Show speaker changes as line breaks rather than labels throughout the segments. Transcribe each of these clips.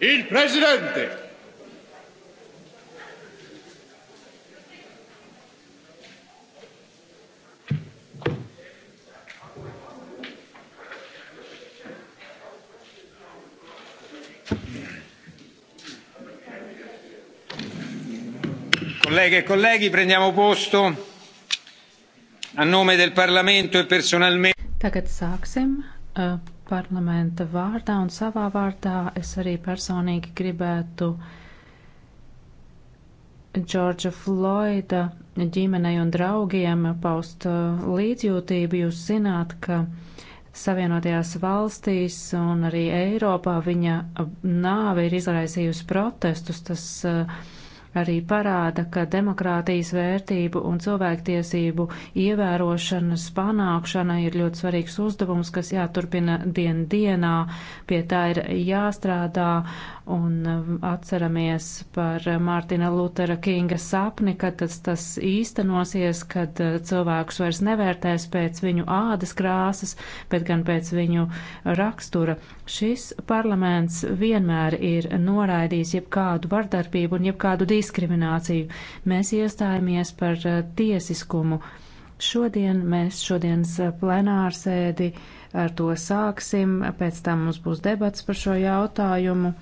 Il Presidente!
Colleghe e colleghi, prendiamo posto a nome del Parlamento e personalmente.
Tagad sāksim. Uh parlamenta vārdā un savā vārdā es arī personīgi gribētu Džordža Floida ģimenei un draugiem paust uh, līdzjūtību. Jūs zināt, ka Savienotajās valstīs un arī Eiropā viņa nāve ir izraisījusi protestus. Tas uh, arī parāda, ka demokrātijas vērtību un cilvēktiesību ievērošanas panākšana ir ļoti svarīgs uzdevums, kas jāturpina dien dienā, pie tā ir jāstrādā un um, atceramies par Mārtina Lutera Kinga sapni, kad tas, tas īstenosies, kad uh, cilvēkus vairs nevērtēs pēc viņu ādas krāsas, bet gan pēc viņu rakstura. Šis parlaments vienmēr ir noraidījis jebkādu vardarbību un jebkādu dienu diskrimināciju. Mēs iestājāmies par eh, tiesiskumu. Šodien mēs šodienas eh, plenārsēdi ar to sāksim, pēc tam mums būs debats par šo jautājumu.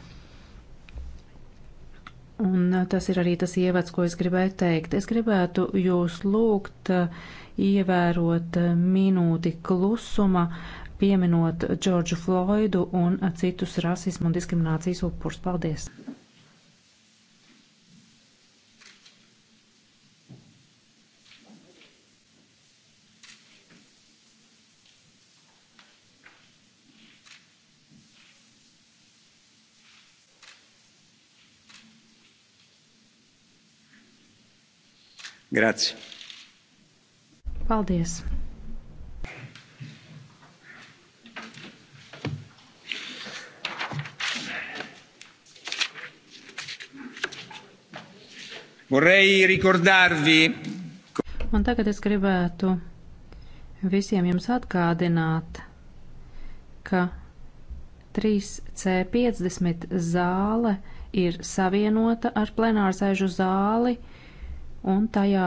Un eh, tas ir arī tas ievads, ko es gribēju teikt. Es gribētu jūs lūgt ievērot minūti klusuma, pieminot Džordžu Floidu un citus rasismu un diskriminācijas upurus. Paldies!
Grazie. Paldies.
Vorrei ricordarvi.
Un tagad es gribētu visiem jums atgādināt, ka 3C50 zāle ir savienota ar plenārsēžu zāli un tajā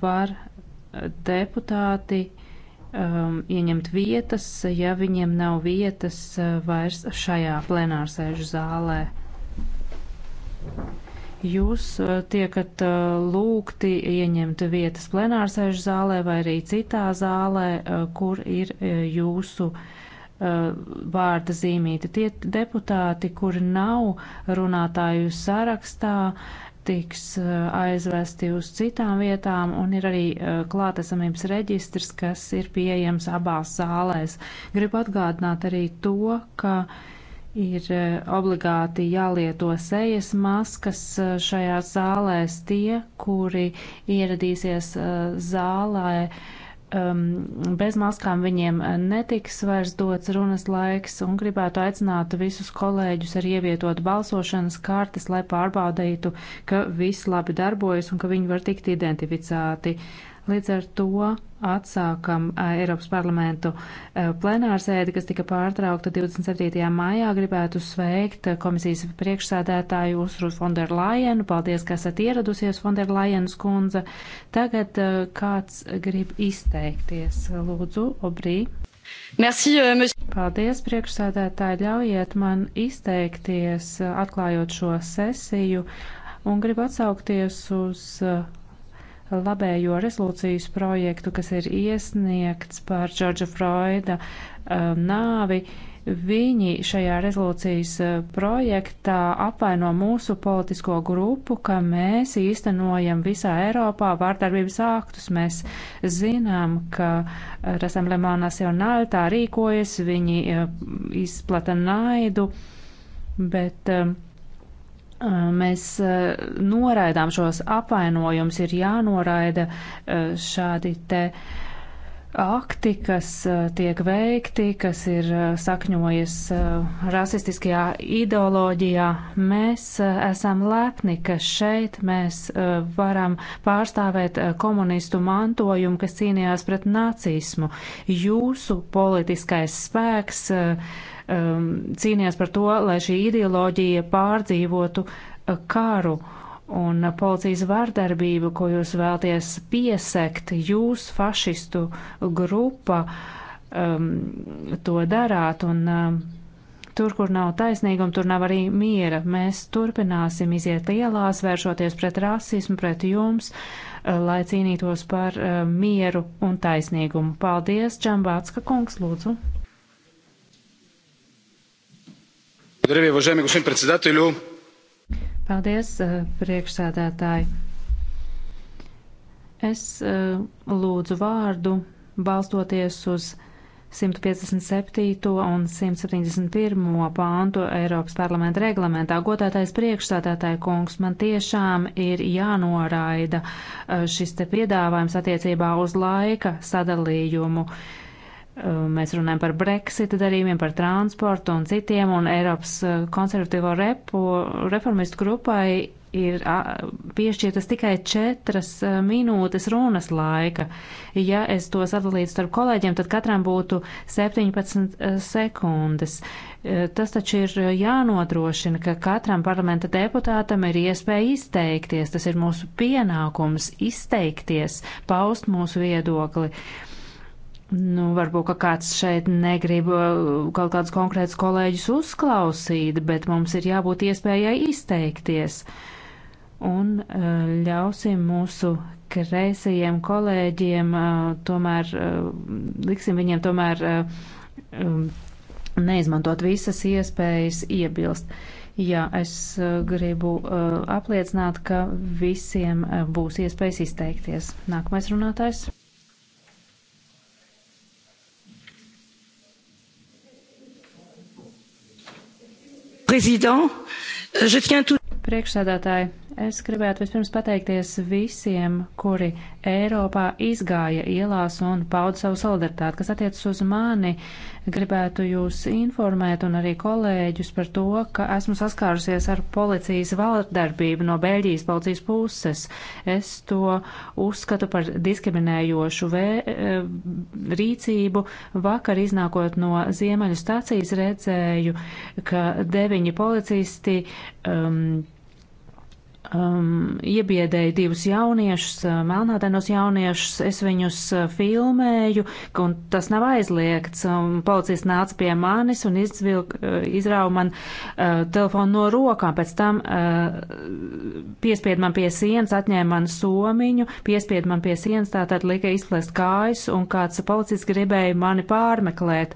var eh, deputāti um, ieņemt vietas, ja viņiem nav vietas uh, vairs šajā plenārsēžu zālē. Jūs uh, tiekat uh, lūgti ieņemt vietas plenārsēžu zālē vai arī citā zālē, uh, kur ir uh, jūsu uh, vārda zīmīti. Tie deputāti, kuri nav runātāju sarakstā, tiks eh, aizvesti uz citām vietām, un ir arī eh, klātesamības reģistrs, kas ir pieejams abās zālēs. Gribu atgādināt arī to, ka ir eh, obligāti jālieto sejas maskas šajās zālēs tie, kuri ieradīsies zālē um, bez maskām viņiem uh, netiks vairs dots runas laiks un gribētu aicināt visus kolēģus arī ievietot balsošanas kartes, lai pārbaudītu, ka viss labi darbojas un ka viņi var tikt identificēti. Uh, Līdz ar to atsākam Eiropas parlamentu plenārsēdi, kas tika pārtraukta 27. maijā. Gribētu sveikt komisijas priekšsādētāju Usru Fonderlajenu. Paldies, ka esat ieradusies, Fonderlajenas kundze. Tagad kāds grib izteikties. Lūdzu, obrī. Merci, monsieur. Paldies, priekšsādētāji. Ļaujiet man izteikties, atklājot šo sesiju, un gribu atsaukties uz labējo rezolūcijas projektu, kas ir iesniegts par Džordža Froida um, nāvi, viņi šajā rezolūcijas uh, projektā apvaino mūsu politisko grupu, ka mēs īstenojam visā Eiropā vārdarbības aktus. Mēs zinām, ka uh, Rasemblēmā Nacionāla tā rīkojas, viņi uh, izplata naidu, bet. Um, Mēs noraidām šos apvainojumus, ir jānoraida šādi te akti, kas tiek veikti, kas ir sakņojies rasistiskajā ideoloģijā. Mēs esam lepni, ka šeit mēs varam pārstāvēt komunistu mantojumu, kas cīnījās pret nacismu. Jūsu politiskais spēks uh, um, cīnījās par to, lai šī ideoloģija pārdzīvotu uh, karu un uh, policijas vārdarbību, ko jūs vēlties piesekt, jūs fašistu grupa um, to darāt. Un, um, Tur, kur nav taisnīguma, tur nav arī miera. Mēs turpināsim iziet ielās, vēršoties pret rasismu, pret jums, uh, lai cīnītos par uh, mieru un taisnīgumu. Paldies, Čambātska kungs, lūdzu!
Благодаря ви, уважаеми господин председателю.
Paldies, э, priekšsēdētāji. Es э, lūdzu vārdu balstoties uz 157. un 171. pāntu Eiropas parlamenta reglamentā. Godātais priekšstādātāja kungs, man tiešām ir jānoraida э, šis te piedāvājums attiecībā uz laika sadalījumu. Uh, Uh, mēs runājam par Brexita darījumiem, par transportu un citiem, un Eiropas uh, konservatīvo repu, reformistu grupai ir piešķirtas tikai četras uh, minūtes runas laika. Ja es to sadalītu starp kolēģiem, tad katram būtu 17 sekundes. Tas taču ir jānodrošina, ka katram parlamenta deputātam ir iespēja izteikties. Tas ir mūsu pienākums izteikties, paust mūsu viedokli. Uh, Nu, varbūt, ka kāds šeit negrib uh, kaut kādus konkrētus kolēģus uzklausīt, bet mums ir jābūt iespējai izteikties. Un uh, ļausim mūsu kreisajiem kolēģiem, uh, tomēr, liksim viņiem tomēr um, neizmantot visas iespējas iebilst. Jā, es gribu apliecināt, ka visiem būs iespējas izteikties. Nākamais runātājs. Euh, Priekšsēdētāji, es gribētu vispirms pateikties visiem, kuri Eiropā izgāja ielās un pauda savu solidaritāti, kas attiecas uz mani. Uh, Gribētu jūs informēt un arī kolēģus par to, ka esmu saskārusies ar policijas vārdarbību no Beļģijas policijas puses. Es to uzskatu par diskriminējošu vē, e, rīcību. Vakar iznākot no Ziemeļu stācijas redzēju, ka deviņi policisti um, um, iebiedēju divus jauniešus, uh, melnādainos jauniešus, es viņus uh, filmēju, un tas nav aizliegts. Um, policists nāca pie manis un izvilk, uh, izrauga man uh, telefonu no rokām, pēc tam uh, piespied man pie sienas, atņēma man somiņu, piespied man pie sienas, tātad lika izplēst kājas, un kāds policists gribēja mani pārmeklēt,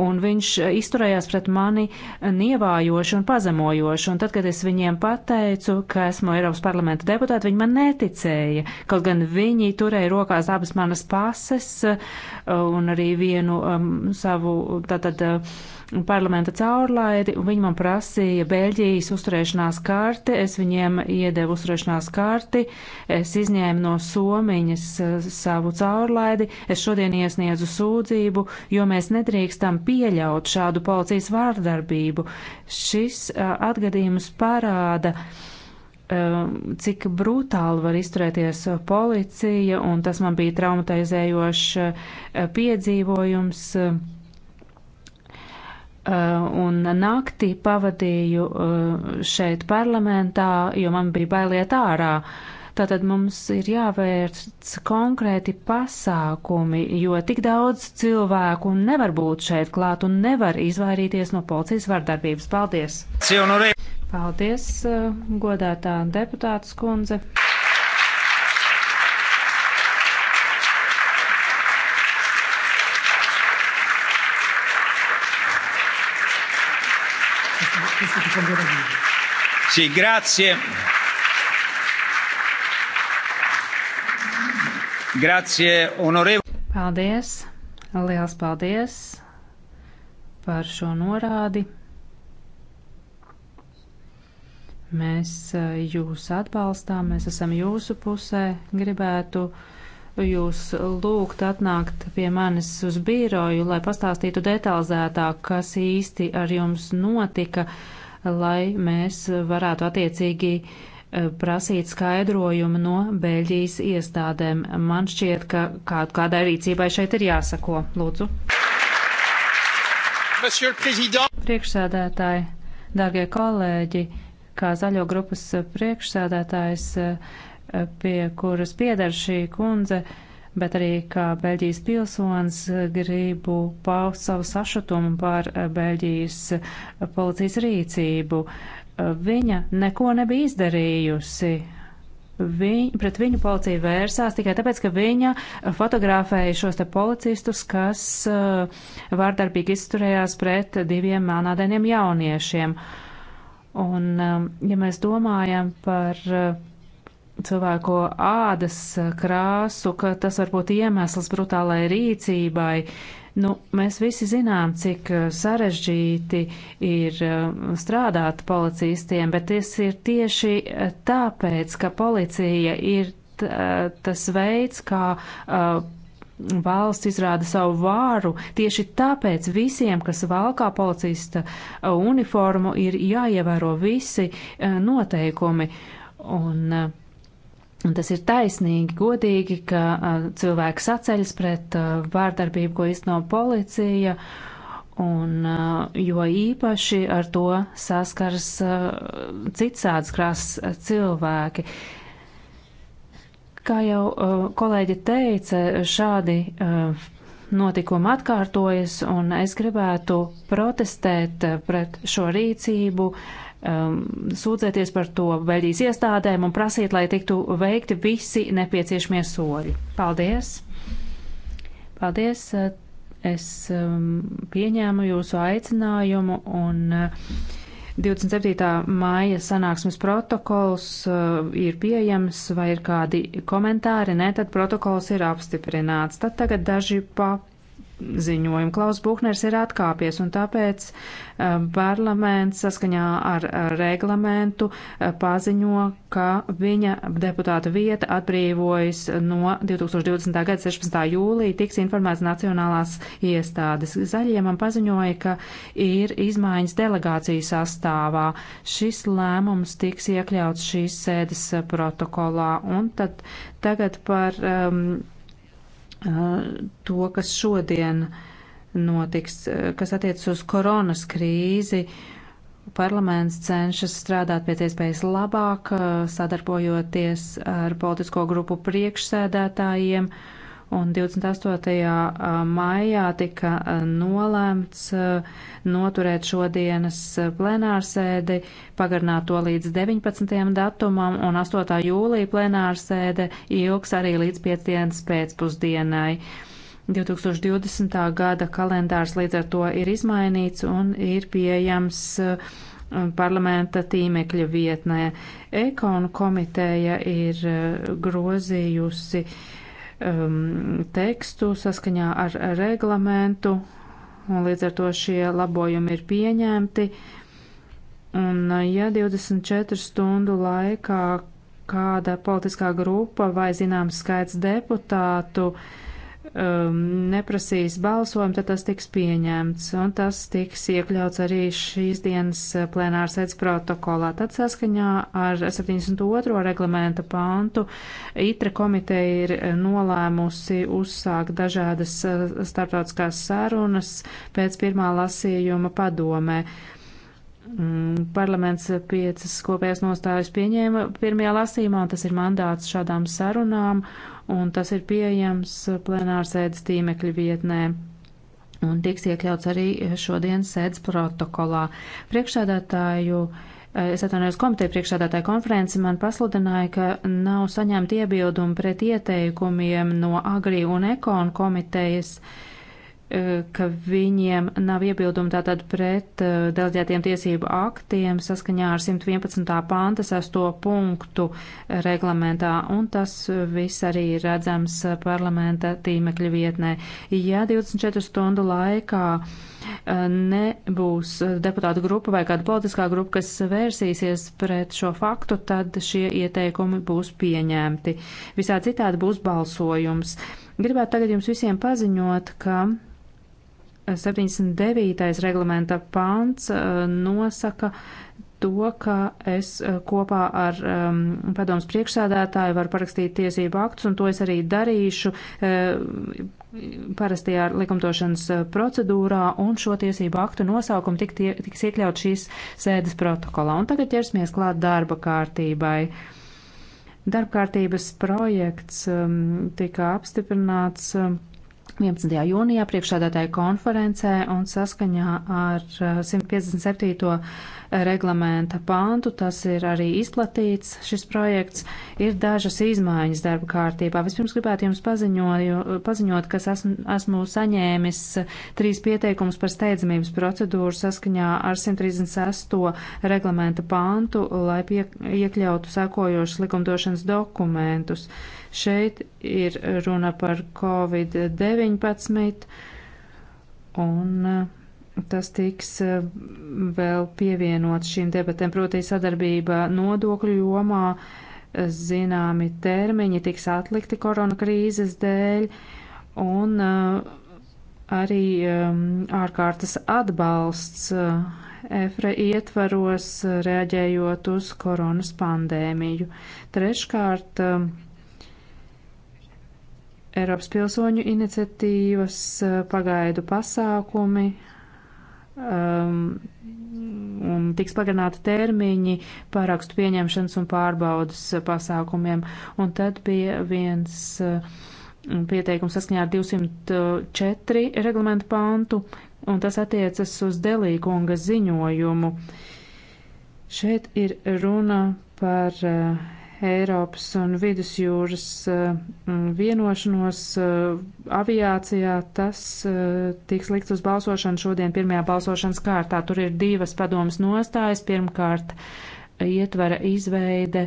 un viņš izturējās pret mani nievājoši un pazemojoši, un tad, kad es viņiem pateicu, ka esmu Eiropas parlamenta deputāti, viņi man neticēja, kaut gan viņi turēja rokās abas manas pases uh, un arī vienu um, savu tātad uh, parlamenta caurlaidi, un viņi man prasīja Beļģijas uzturēšanās karti, es viņiem iedevu uzturēšanās karti, es izņēmu no Somiņas uh, savu caurlaidi, es šodien iesniedzu sūdzību, jo mēs nedrīkstam pieļaut šādu policijas vārdarbību. Šis uh, atgadījums parāda, uh, Um, cik brutāli var izturēties policija, un tas man bija traumatizējošs uh, piedzīvojums. Uh, un naktī pavadīju uh, šeit parlamentā, jo man bija bailiet ārā. Tātad mums ir jāvērts konkrēti pasākumi, jo tik daudz cilvēku nevar būt šeit klāt un nevar izvairīties no policijas vardarbības. Paldies! Paldies, eh, godātā deputātas kundze. Sì, grazie. Grazie, onorevole. Paldies, liels paldies par šo norādi. Mēs eh, jūs atbalstām, mēs esam jūsu pusē, gribētu jūs lūgt atnākt pie manis uz bīroju, lai pastāstītu detalizētāk, kas īsti ar jums notika, lai mēs varētu attiecīgi eh, prasīt skaidrojumu no Beļģijas iestādēm. Man šķiet, ka kād, kādai rīcībai šeit ir jāsako. Lūdzu. Priekšsēdētāji, dārgie kolēģi! kā zaļo grupas priekšsēdētājs, eh, pie kuras piedar šī kundze, bet arī kā Beļģijas pilsonis gribu paust savu sašutumu par eh, Beļģijas eh, policijas rīcību. Viņa neko nebija izdarījusi. Viņ, pret viņu policija vērsās tikai tāpēc, ka viņa fotografēja šos te policistus, kas uh, vārdarbīgi izturējās pret diviem mēlnādainiem jauniešiem. Uh, Un, um, ja mēs domājam par uh, cilvēku ādas uh, krāsu, ka tas var būt iemesls brutālai rīcībai, nu, mēs visi zinām, cik uh, sarežģīti ir strādāt policistiem, bet tas ir tieši tāpēc, ka policija ir tas veids, kā valsts izrāda savu vāru. Tieši tāpēc visiem, kas valkā policista uh, uniformu, ir jāievēro visi uh, noteikumi. Un, uh, un tas ir taisnīgi, godīgi, ka cilvēki saceļas pret vārdarbību, ko izno policija. Un, jo īpaši ar to saskars citsādas krāsas cilvēki. Uh, Kā jau uh, kolēģi teica, šādi uh, notikumi atkārtojas, un es gribētu protestēt uh, pret šo rīcību, um, sūdzēties par to Beļģijas iestādēm un prasīt, lai tiktu veikti visi nepieciešamie soļi. Paldies! Paldies! Es um, pieņēmu jūsu aicinājumu un uh, 27. māja sanāksmes protokols uh, ir pieejams, vai ir kādi komentāri, ne, tad protokols ir apstiprināts. Tad tagad daži papildinājumi ziņojumu. Klaus Buhners ir atkāpies, un tāpēc eh, parlaments saskaņā ar eh, reglamentu eh, paziņo, ka viņa deputāta vieta atbrīvojas no 2020. gada 16. jūlija, tiks informēts nacionālās iestādes. Zaļie man paziņoja, ka ir izmaiņas delegācijas sastāvā. Šis lēmums tiks iekļauts šīs sēdes protokolā, un tad tagad par um, Eh, to, kas šodien notiks, eh, kas attiecas uz koronas krīzi. Parlaments cenšas strādāt pēc iespējas labāk, eh, sadarbojoties ar politisko grupu priekšsēdētājiem. Uh, un 28. maijā tika nolēmts noturēt šodienas plenārsēdi, pagarināt to līdz 19. datumam, un 8. jūlija plenārsēde ilgs arī līdz 5. dienas pēcpusdienai. 2020. gada kalendārs līdz ar to ir izmainīts un ir pieejams parlamenta tīmekļa vietnē. Ekonu komiteja ir grozījusi uh, um, tekstu saskaņā ar reglamentu, un līdz ar to šie labojumi ir pieņemti. Un, uh, ja 24 stundu laikā kāda politiskā grupa vai zināms skaits deputātu uh, um, neprasīs balsojumu, tad tas tiks pieņemts, un tas tiks iekļauts arī šīs dienas uh, plenārsēdes protokolā. Tad saskaņā ar 72. reglamenta pantu ITRE komiteja ir uh, nolēmusi uzsākt dažādas uh, starptautiskās sarunas pēc pirmā lasījuma padomē. Mm, parlaments piecas kopējās nostājas pieņēma pirmajā lasīmā, un tas ir mandāts šādām sarunām, un tas ir pieejams plenārsēdes tīmekļa vietnē. Un tiks iekļauts arī šodienas sēdes protokolā. Priekšsādātāju es atvainojos komiteju priekšsādātāju konferenci, man pasludināja, ka nav saņemti iebildumi pret ieteikumiem no Agri un Ekon komitejas. Uh, ka viņiem nav iebildumi tātad pret eh, delģētiem tiesību aktiem saskaņā ar 111. panta 6. punktu reglamentā, un tas viss arī ir redzams parlamenta tīmekļa vietnē. Ja 24 stundu laikā eh, nebūs deputāta grupa vai kāda politiskā grupa, kas vērsīsies pret šo faktu, tad šie ieteikumi būs pieņemti. Visā citādi būs balsojums. Gribētu tagad jums visiem paziņot, ka 79. reglamenta pāns uh, nosaka to, ka es uh, kopā ar um, padomus priekšsādātāju varu parakstīt tiesību aktus, un to es arī darīšu e, parastajā likumdošanas procedūrā, un šo tiesību aktu nosaukumu tik tie, tiks iekļaut šīs sēdes protokolā. Un tagad ķersimies klāt darba kārtībai. Darbkārtības projekts um, tika apstiprināts. Um, 11. jūnijā priekšādātāja konferencē un saskaņā ar 157. Eh, reglamenta pāntu, tas ir arī izplatīts šis projekts, ir dažas izmaiņas darba kārtībā. Vispirms gribētu jums paziņot, paziņot ka esmu, esmu saņēmis trīs pieteikumus par steidzamības procedūru saskaņā ar 136. reglamenta pāntu, lai pie, iekļautu sekojošus likumdošanas dokumentus. Šeit ir runa par Covid-19 un uh, tas tiks eh, vēl pievienots šīm debatēm, proti sadarbība nodokļu jomā, zināmi termiņi tiks atlikti korona krīzes dēļ un eh, arī eh, ārkārtas atbalsts EFRE ietvaros reaģējot uz koronas pandēmiju. Treškārt, Eiropas pilsoņu iniciatīvas, pagaidu pasākumi, um, un tiks pagarināti termiņi pārakstu pieņemšanas un pārbaudas pasākumiem. Un tad bija viens uh, pieteikums saskaņā ar 204 reglamentu pantu, un tas attiecas uz Delīkunga ziņojumu. Šeit ir runa par uh, Eiropas un Vidusjūras eh, vienošanos eh, aviācijā, tas eh, tiks likts uz balsošanu šodien pirmajā balsošanas kārtā. Tur ir divas padomas nostājas. Pirmkārt, ietvara izveide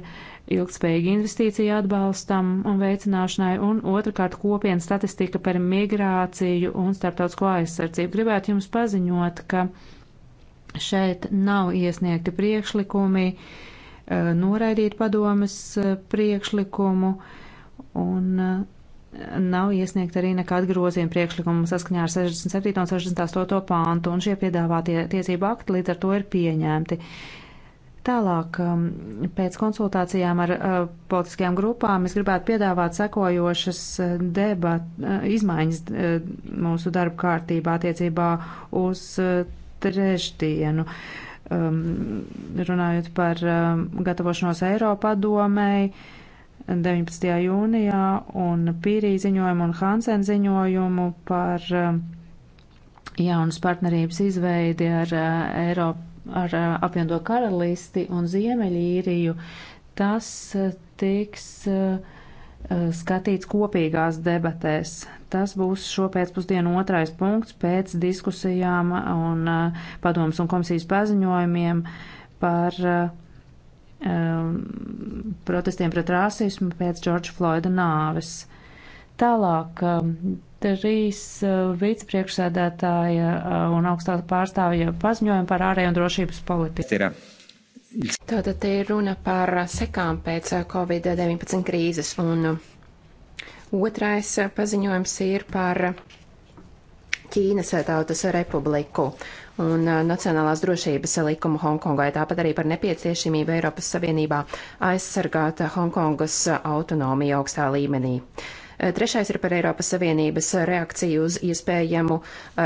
ilgspējīgi investīciju atbalstam un veicināšanai, un otrkārt kopienas statistika par migrāciju un starptautisko aizsardzību. Gribētu jums paziņot, ka šeit nav iesniegti priekšlikumi. Uh, Eh, noraidīt padomas eh, priekšlikumu un eh, nav iesniegt arī nekāda grozījuma priekšlikuma saskaņā ar 67. un 68. pāntu, un šie piedāvātie tiesību akti līdz ar to ir pieņemti. Tālāk, pēc konsultācijām ar politiskajām grupām, es gribētu piedāvāt sekojošas debat, izmaiņas mūsu darba kārtībā attiecībā uz trešdienu. Uh, um, runājot par um, gatavošanos Eiropadomēji 19. jūnijā un Pīrī ziņojumu un Hansen ziņojumu par um, jaunas partnerības izveidi ar uh, Eiropu, ar uh, apvienoto karalisti un Ziemeļīriju. Tas uh, tiks uh, Eh, skatīts kopīgās debatēs. Tas būs šo pēcpusdienu otrais punkts pēc diskusijām un eh, padomas un komisijas paziņojumiem par eh, protestiem pret rasismu pēc Džordža Floida nāves. Tālāk trīs vicepriekšsēdētāja un augstā pārstāvja paziņojumi par ārēju un drošības politiku. Tira. Tātad te ir runa par sekām pēc eh, Covid-19 krīzes, un um,
otrais eh, paziņojums ir par Ķīnas eh, Tautas Republiku un Nacionālās drošības likumu Hongkongai, tāpat arī par nepieciešamību Eiropas Savienībā aizsargāt Hongkongas autonomiju augstā līmenī. Trešais ir par Eiropas Savienības reakciju uz iespējamu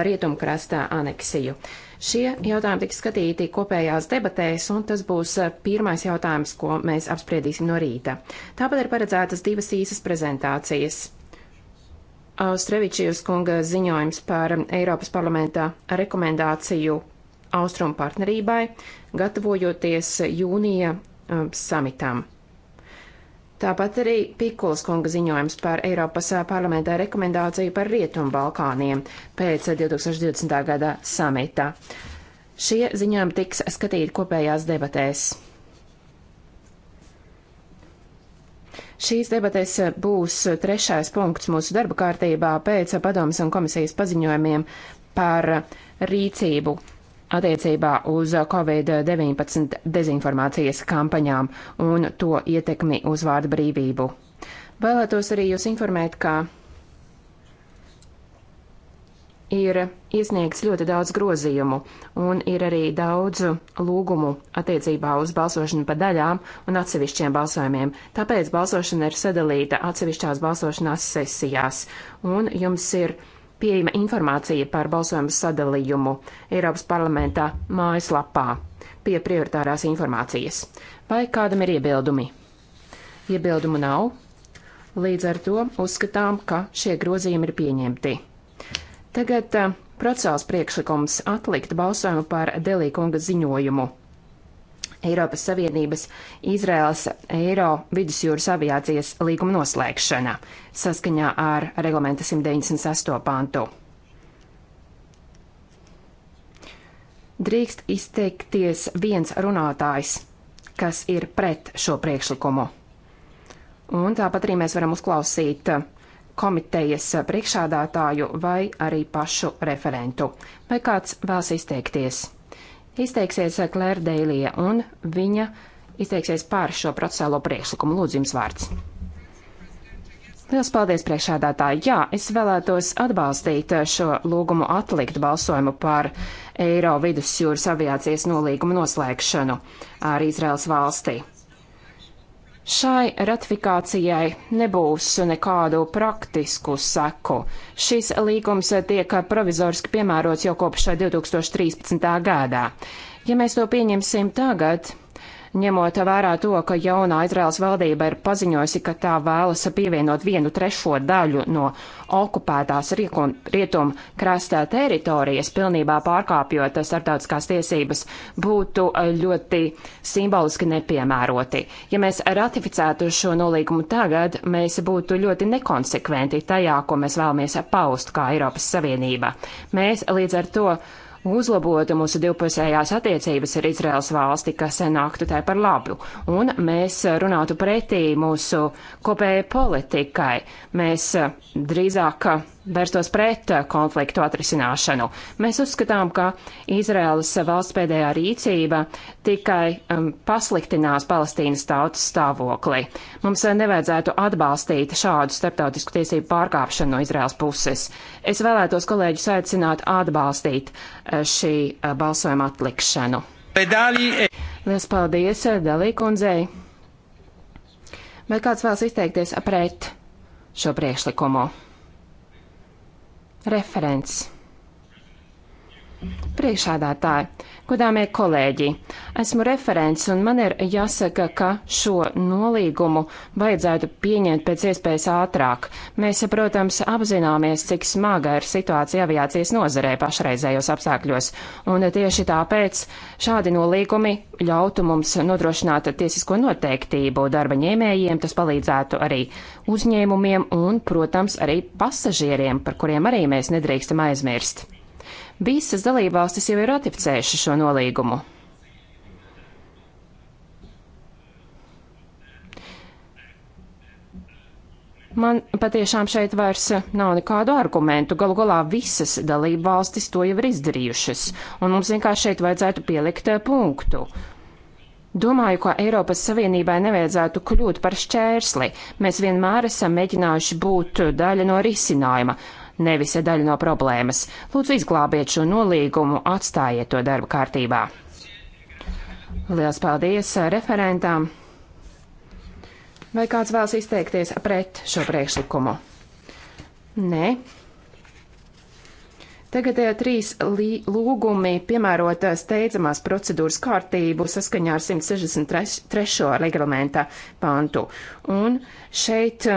rietumkrastā aneksiju. Uh, Šie jautājumi tiks skatīti kopējās debatēs, un tas būs eh, pirmais jautājums, ko mēs apspriedīsim no rīta. Tāpat ir paredzētas divas īsas prezentācijas. Austrevičijas kunga ziņojums par Eiropas parlamentā rekomendāciju Austrumu partnerībai, gatavojoties jūnija um, samitam. Tāpat arī Pikulas kunga ziņojums par Eiropas parlamentā rekomendāciju par Rietumu Balkāniem pēc 2020. gada samita. Šie ziņojumi tiks skatīti kopējās debatēs. Šīs debatēs būs trešais punkts mūsu darba kārtībā pēc padomas un komisijas paziņojumiem par rīcību attiecībā uz Covid-19 dezinformācijas kampaņām un to ietekmi uz vārdu brīvību. Vēlētos arī jūs informēt, ka ir iesniegts ļoti daudz grozījumu, un ir arī daudz lūgumu attiecībā uz balsošanu pa daļām un atsevišķiem balsojumiem. Tāpēc balsošana ir sadalīta atsevišķās balsošanās sesijās, un jums ir pieejama informācija par balsojumu sadalījumu Eiropas parlamentā mājaslapā pie prioritārās informācijas. Vai kādam ir iebildumi? Iebildumu nav. Līdz ar to uzskatām, ka šie grozījumi ir pieņemti. Tagad uh, procesāls priekšlikums atlikt balsojumu par Delīkunga ziņojumu Eiropas Savienības Izraels Eiro vidusjūras aviācijas līguma noslēgšana saskaņā ar reglamenta 198. pantu. Drīkst izteikties viens runātājs, kas ir pret šo priekšlikumu. Un tāpat arī mēs varam uzklausīt komitejas priekšādātāju vai arī pašu referentu. Vai kāds vēlas izteikties? izteiksies Klēra Dēlija, un viņa izteiksies pār šo procesālo priekšlikumu. Lūdzu, jums vārds. Lielas paldies priekšādātāji. Jā, es vēlētos atbalstīt šo lūgumu atlikt balsojumu par Eiro vidusjūras aviācijas nolīgumu noslēgšanu ar Izraels valstī. Šai ratifikācijai nebūs nekādu praktisku seku. Šis līgums tiek provizoriski piemērots jau kopš 2013. gadā. Ja mēs to pieņemsim tagad, ņemot vērā to, ka jaunā Izraels valdība ir paziņojusi, ka tā vēlas pievienot vienu trešo daļu no okupētās rietumu krastā teritorijas, pilnībā pārkāpjot starptautiskās tiesības, būtu ļoti simboliski nepiemēroti. Ja mēs ratificētu šo nolīgumu tagad, mēs būtu ļoti nekonsekventi tajā, ko mēs vēlamies paust kā Eiropas Savienība. Mēs līdz ar to uzlabotu mūsu divpusējās attiecības ar Izraels valsti, kas nāktu tai par labu, un mēs runātu pretī mūsu kopējai politikai. Mēs eh, drīzāk vērstos pret konfliktu atrisināšanu. Mēs uzskatām, ka Izraēlas valsts pēdējā rīcība tikai um, pasliktinās Palestīnas tautas stāvokli. Mums nevajadzētu atbalstīt šādu starptautisku tiesību pārkāpšanu no Izraēlas puses. Es vēlētos kolēģus aicināt atbalstīt uh, šī uh, balsojuma atlikšanu.
Pedāli... E-
Lielas paldies, uh, Dalī kundzei! Vai kāds vēlas izteikties pret šo priekšlikumu? referents. Priekšādātāji, godāmie kolēģi, esmu referents un man ir jāsaka, ka šo nolīgumu vajadzētu pieņemt pēc iespējas ātrāk. Mēs, protams, apzināmies, cik smaga ir situācija aviācijas nozarē pašreizējos apstākļos, un tieši tāpēc šādi nolīgumi ļautu mums nodrošināt tiesisko noteiktību darba ņēmējiem, tas palīdzētu arī uzņēmumiem un, protams, arī pasažieriem, par kuriem arī mēs nedrīkstam aizmirst. Visas dalībvalstis jau ir ratificējušas šo nolīgumu. Man patiešām šeit vairs nav nekādu argumentu. Galu galā visas dalība valstis to jau ir izdarījušas, un mums vienkārši šeit vajadzētu pielikt eh, punktu. Domāju, ka Eiropas Savienībai nevajadzētu kļūt par šķērsli. Mēs vienmēr esam mēģinājuši būt daļa no risinājuma nevis daļa no problēmas. Lūdzu, izglābiet šo nolīgumu, atstājiet to darba kārtībā. Lielas paldies referentām. Vai kāds vēlas izteikties pret šo priekšlikumu? Nē. Tagad trīs lūgumi piemērot steidzamās procedūras kārtību saskaņā ar 163. reglamenta pantu. Un šeit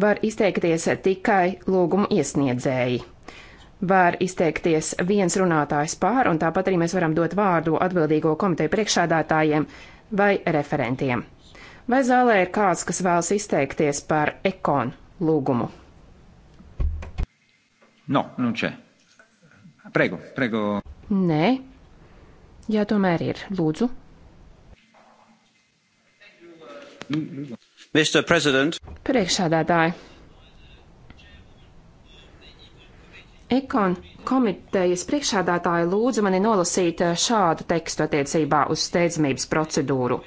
var izteikties tikai lūgumu iesniedzēji. Var izteikties viens runātājs pār, un tāpat arī mēs varam dot vārdu atbildīgo komiteju priekšādātājiem vai referentiem. Vai zālē ir kāds, kas vēlas izteikties par ekonu
lūgumu?
No, nu če. Prego, prego.
Nē. Jā, tomēr ir. Lūdzu. Lūdzu. Nu, nu, Priekšādātāji. Ekon komitejas priekšādātāja lūdza mani nolasīt eh, šādu tekstu attiecībā uz steidzamības procedūru.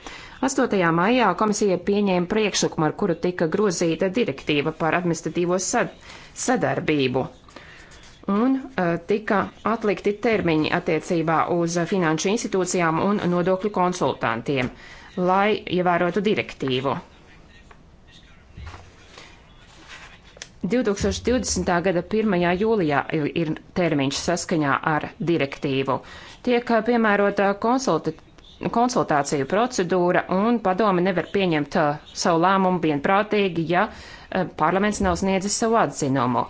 8. maijā komisija pieņēma priekšlikumu, ar kuru tika grozīta direktīva par administratīvo sad sadarbību un eh, tika atlikti termiņi attiecībā uz finanšu institūcijām un nodokļu konsultantiem, lai ievērotu direktīvu. 2020. gada 1. jūlijā ir termiņš saskaņā ar direktīvu. Tiek piemērota konsultāciju procedūra un padome nevar pieņemt savu lēmumu vienprātīgi, ja parlaments nav sniedzis savu atzinumu.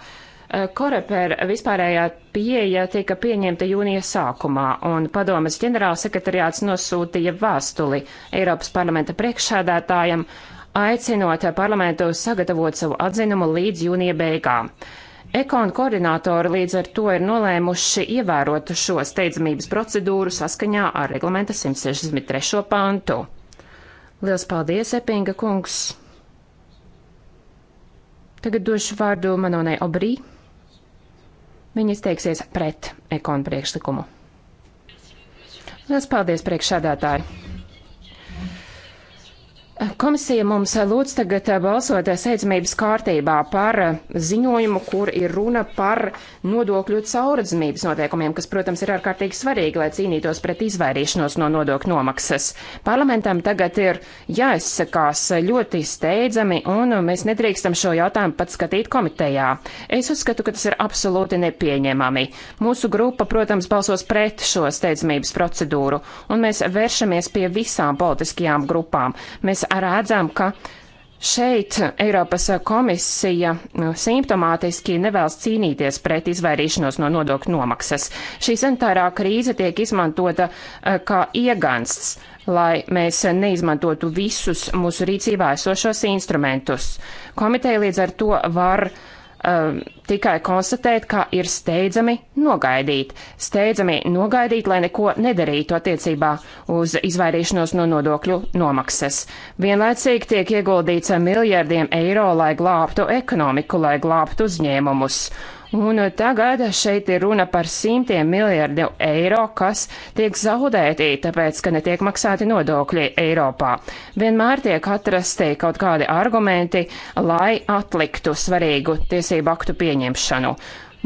Koreper vispārējā pieeja tika pieņemta jūnija sākumā, un padomes ģenerālsekretariāts nosūtīja vēstuli Eiropas parlamenta priekšsēdētājam aicinot parlamentu sagatavot savu atzinumu līdz jūnija beigām. Ekonu koordinātori līdz ar to ir nolēmuši ievērot šo steidzamības procedūru saskaņā ar reglamenta 163. pantu. Lielas paldies, Epinga kungs! Tagad došu vārdu Manonai Obrī. Viņa izteiksies pret ekonu priekšlikumu. Lielas paldies, priekšsēdētāji! Komisija mums lūdz tagad eh, balsot eh, steidzamības kārtībā par eh, ziņojumu, kur ir runa par nodokļu caurredzamības noteikumiem, kas, protams, ir ārkārtīgi svarīgi, lai cīnītos pret izvairīšanos no nodokļu nomaksas. Parlamentam tagad ir jāizsakās ļoti steidzami, un mēs nedrīkstam šo jautājumu pat skatīt komitejā. Es uzskatu, ka tas ir absolūti nepieņemami. Mūsu grupa, protams, balsos pret šo steidzamības procedūru, un mēs vēršamies pie visām politiskajām grupām. Mēs redzam, ka šeit Eiropas komisija simptomātiski nevēlas cīnīties pret izvairīšanos no nodokļu nomaksas. Šī sanitārā krīze tiek izmantota eh, kā iegansts, lai mēs neizmantotu visus mūsu rīcībā esošos instrumentus. Komiteja līdz ar to var uh, um, tikai konstatēt, ka ir steidzami nogaidīt. Steidzami nogaidīt, lai neko nedarītu attiecībā uz izvairīšanos no nodokļu nomaksas. Vienlaicīgi tiek ieguldīts miljardiem eiro, lai glābtu ekonomiku, lai glābtu uzņēmumus. Un tagad šeit ir runa par simtiem miljardu eiro, kas tiek zaudēti, tāpēc, ka netiek maksāti nodokļi Eiropā. Vienmēr tiek atrasti kaut kādi argumenti, lai atliktu svarīgu tiesību aktu pieņemšanu.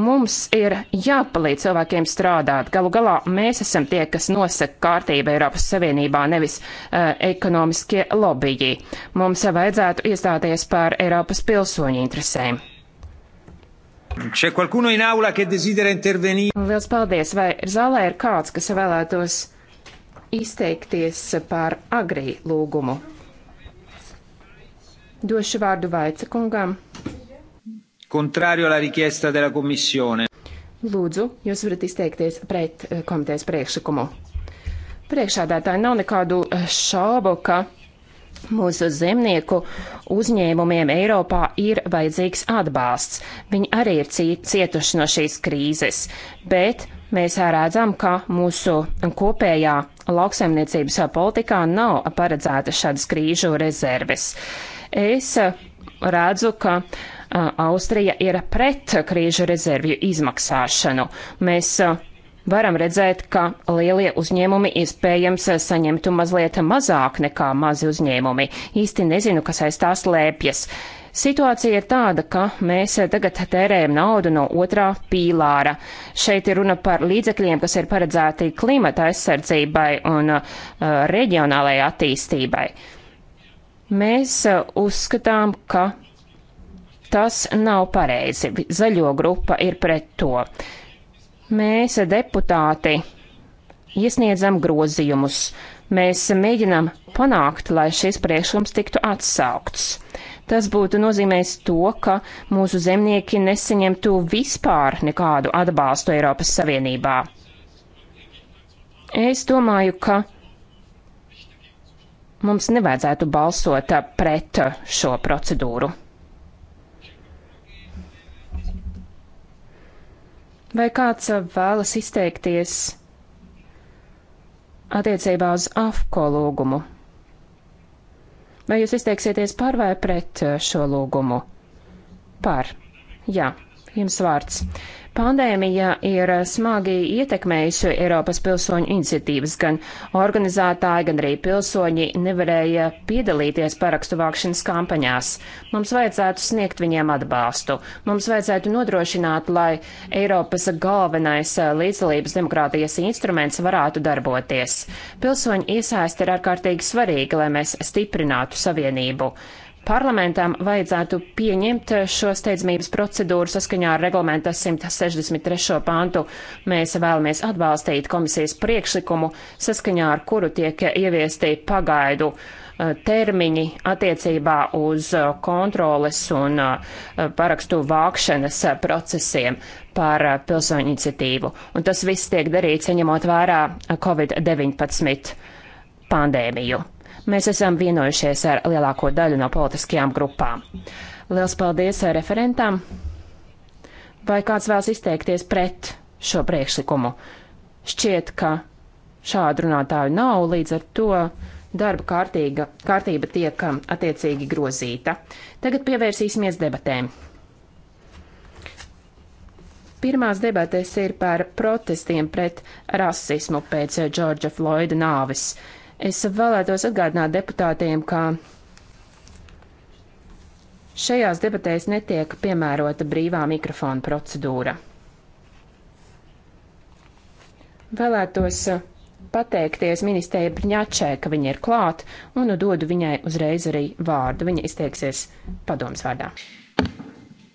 Mums ir jāpalīdz cilvēkiem strādāt. Galu galā mēs esam tie, kas nosaka kārtību Eiropas Savienībā, nevis uh, ekonomiskie lobbyji. Mums vajadzētu iestāties par Eiropas pilsoņu interesēm.
Liels
paldies! Vai zālē ir kāds, kas vēlētos izteikties par agrī lūgumu? Došu vārdu Vaica kungam.
Contrario alla richiesta della Commissione.
Lūdzu, jūs varat izteikties pret eh, komitejas priekšlikumu. Priekšādātāji nav nekādu eh, šaubu, ka Mūsu zemnieku uzņēmumiem Eiropā ir vajadzīgs atbalsts. Viņi arī ir cietuši no šīs krīzes, bet mēs redzam, ka mūsu kopējā lauksaimniecības politikā nav paredzēta šādas krīžu rezerves. Es eh, redzu, ka eh, Austrija ir pret krīžu rezervju izmaksāšanu. Mēs eh, varam redzēt, ka lielie uzņēmumi iespējams saņemtu mazliet mazāk nekā mazi uzņēmumi. Īsti nezinu, kas aiz tās lēpjas. Situācija ir tāda, ka mēs tagad tērējam naudu no otrā pīlāra. Šeit ir runa par līdzekļiem, kas ir paredzēti klimata aizsardzībai un uh, reģionālajai attīstībai. Mēs uh, uzskatām, ka tas nav pareizi. Zaļo grupa ir pret to. Uh, Mēs, deputāti, iesniedzam grozījumus. Mēs mēģinām panākt, lai šis priekšlikums tiktu atsaukts. Tas būtu nozīmējis to, ka mūsu zemnieki nesaņemtu vispār nekādu atbalstu Eiropas Savienībā. Es domāju, ka mums nevajadzētu balsot uh, pret uh, šo procedūru. Vai kāds uh, vēlas izteikties attiecībā uz AFCO lūgumu? Vai jūs izteiksieties par vai pret uh, šo lūgumu? Par. Jā, jums vārds. Pandēmija ir smagi ietekmējusi Eiropas pilsoņu iniciatīvas, gan organizētāji, gan arī pilsoņi nevarēja piedalīties parakstu vākšanas kampaņās. Mums vajadzētu sniegt viņiem atbalstu. Mums vajadzētu nodrošināt, lai Eiropas galvenais līdzdalības demokrātijas instruments varētu darboties. Pilsoņu iesaisti ir ārkārtīgi svarīgi, lai mēs stiprinātu savienību. Parlamentam vajadzētu pieņemt šo steidzamības procedūru saskaņā ar reglamenta 163. pantu. Mēs vēlamies atbalstīt komisijas priekšlikumu, saskaņā ar kuru tiek ieviesti pagaidu uh, termiņi attiecībā uz uh, kontroles un uh, parakstu vākšanas procesiem par pilsoņu iniciatīvu. Un tas viss tiek darīts, ņemot vērā Covid-19 pandēmiju mēs esam vienojušies ar lielāko daļu no politiskajām grupām. Liels paldies eh, referentam! Vai kāds vēlas izteikties pret šo priekšlikumu? Šķiet, ka šādu runātāju nav, līdz ar to darba kārtīga, kārtība tiek um, attiecīgi grozīta. Tagad pievērsīsimies debatēm. Pirmās debates ir par protestiem pret rasismu pēc eh, Džordža Floida nāves. Uh, Es vēlētos atgādināt deputātiem, ka šajās debatēs netiek piemērota brīvā mikrofona procedūra. Vēlētos uh, pateikties ministrei Brņāčē, ka viņa ir klāt, un nu dodu viņai uzreiz arī vārdu. Viņa izteiksies padoms vārdā.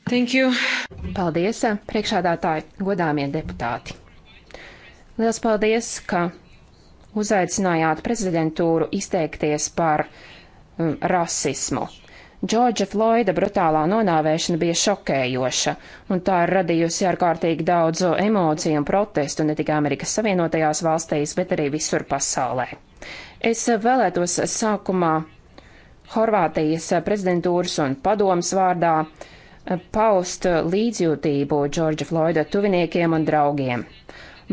Thank you. Paldies, uh, priekšādātāji, godāmie deputāti. Liels paldies, ka uzaicinājāt prezidentūru izteikties par um, rasismu. Džordža Floida brutālā nonāvēšana bija šokējoša, un tā ir radījusi ārkārtīgi daudz emociju un protestu ne tikai Amerikas Savienotajās valstīs, bet arī visur pasaulē. Es vēlētos sākumā Horvātijas prezidentūras un padomas vārdā uh, paust līdzjūtību Džordža Floida tuviniekiem un draugiem.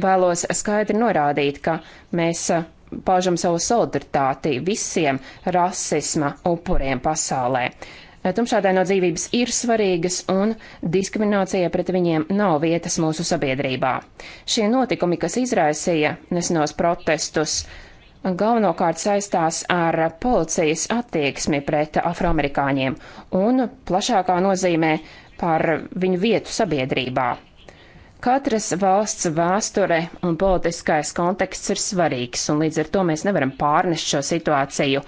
Vēlos skaidri norādīt, ka mēs uh, paužam savu solidaritāti visiem rasisma upuriem pasaulē. Uh, Tumšādēno dzīvības ir svarīgas un diskriminācija pret viņiem nav vietas mūsu sabiedrībā. Šie notikumi, kas izraisīja nesenos protestus, galvenokārt saistās ar policijas attieksmi pret afroamerikāņiem un plašākā nozīmē par viņu vietu sabiedrībā. Katras valsts vēsture un politiskais konteksts ir svarīgs, un līdz ar to mēs nevaram pārnest šo situāciju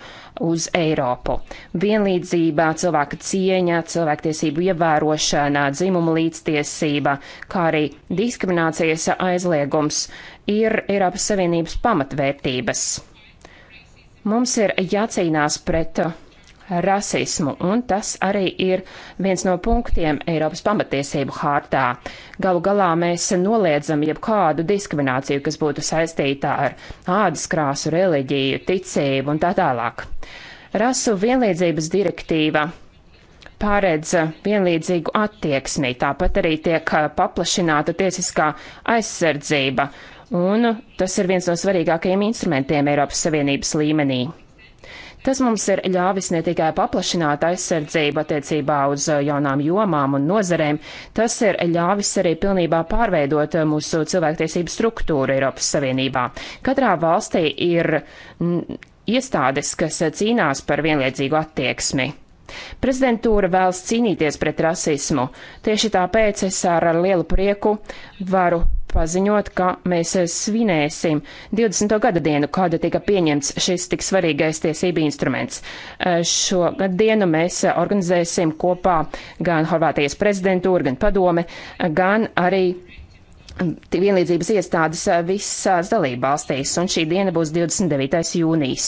uz Eiropu. Vienlīdzība, cilvēka cieņa, cilvēktiesību ievērošana, dzimuma līdztiesība, kā arī diskriminācijas aizliegums ir Eiropas Savienības pamatvērtības. Mums ir jācīnās pret rasismu, un tas arī ir viens no punktiem Eiropas pamatiesību hārtā. Galu galā mēs noliedzam jebkādu diskrimināciju, kas būtu saistītā ar ādas krāsu, reliģiju, ticību un tā tālāk. Rasu vienlīdzības direktīva pārēdz vienlīdzīgu attieksmi, tāpat arī tiek paplašināta tiesiskā aizsardzība, un tas ir viens no svarīgākajiem instrumentiem Eiropas Savienības līmenī. Tas mums ir ļāvis ne tikai paplašināt aizsardzību attiecībā uz uh, jaunām jomām un nozarēm, tas ir ļāvis arī pilnībā pārveidot uh, mūsu cilvēktiesību struktūru Eiropas Savienībā. Katrā valstī ir iestādes, kas uh, cīnās par vienlīdzīgu attieksmi. Prezidentūra vēlas cīnīties pret rasismu. Tieši tāpēc es ar lielu prieku varu paziņot, ka mēs svinēsim 20. gada dienu, kāda tika pieņemts šis tik svarīgais tiesību instruments. Eh, šo gadienu mēs organizēsim kopā gan Horvātijas prezidentūra, gan padome, eh, gan arī Um, vienlīdzības iestādes uh, visās dalībvalstīs, un šī diena būs 29. jūnijas.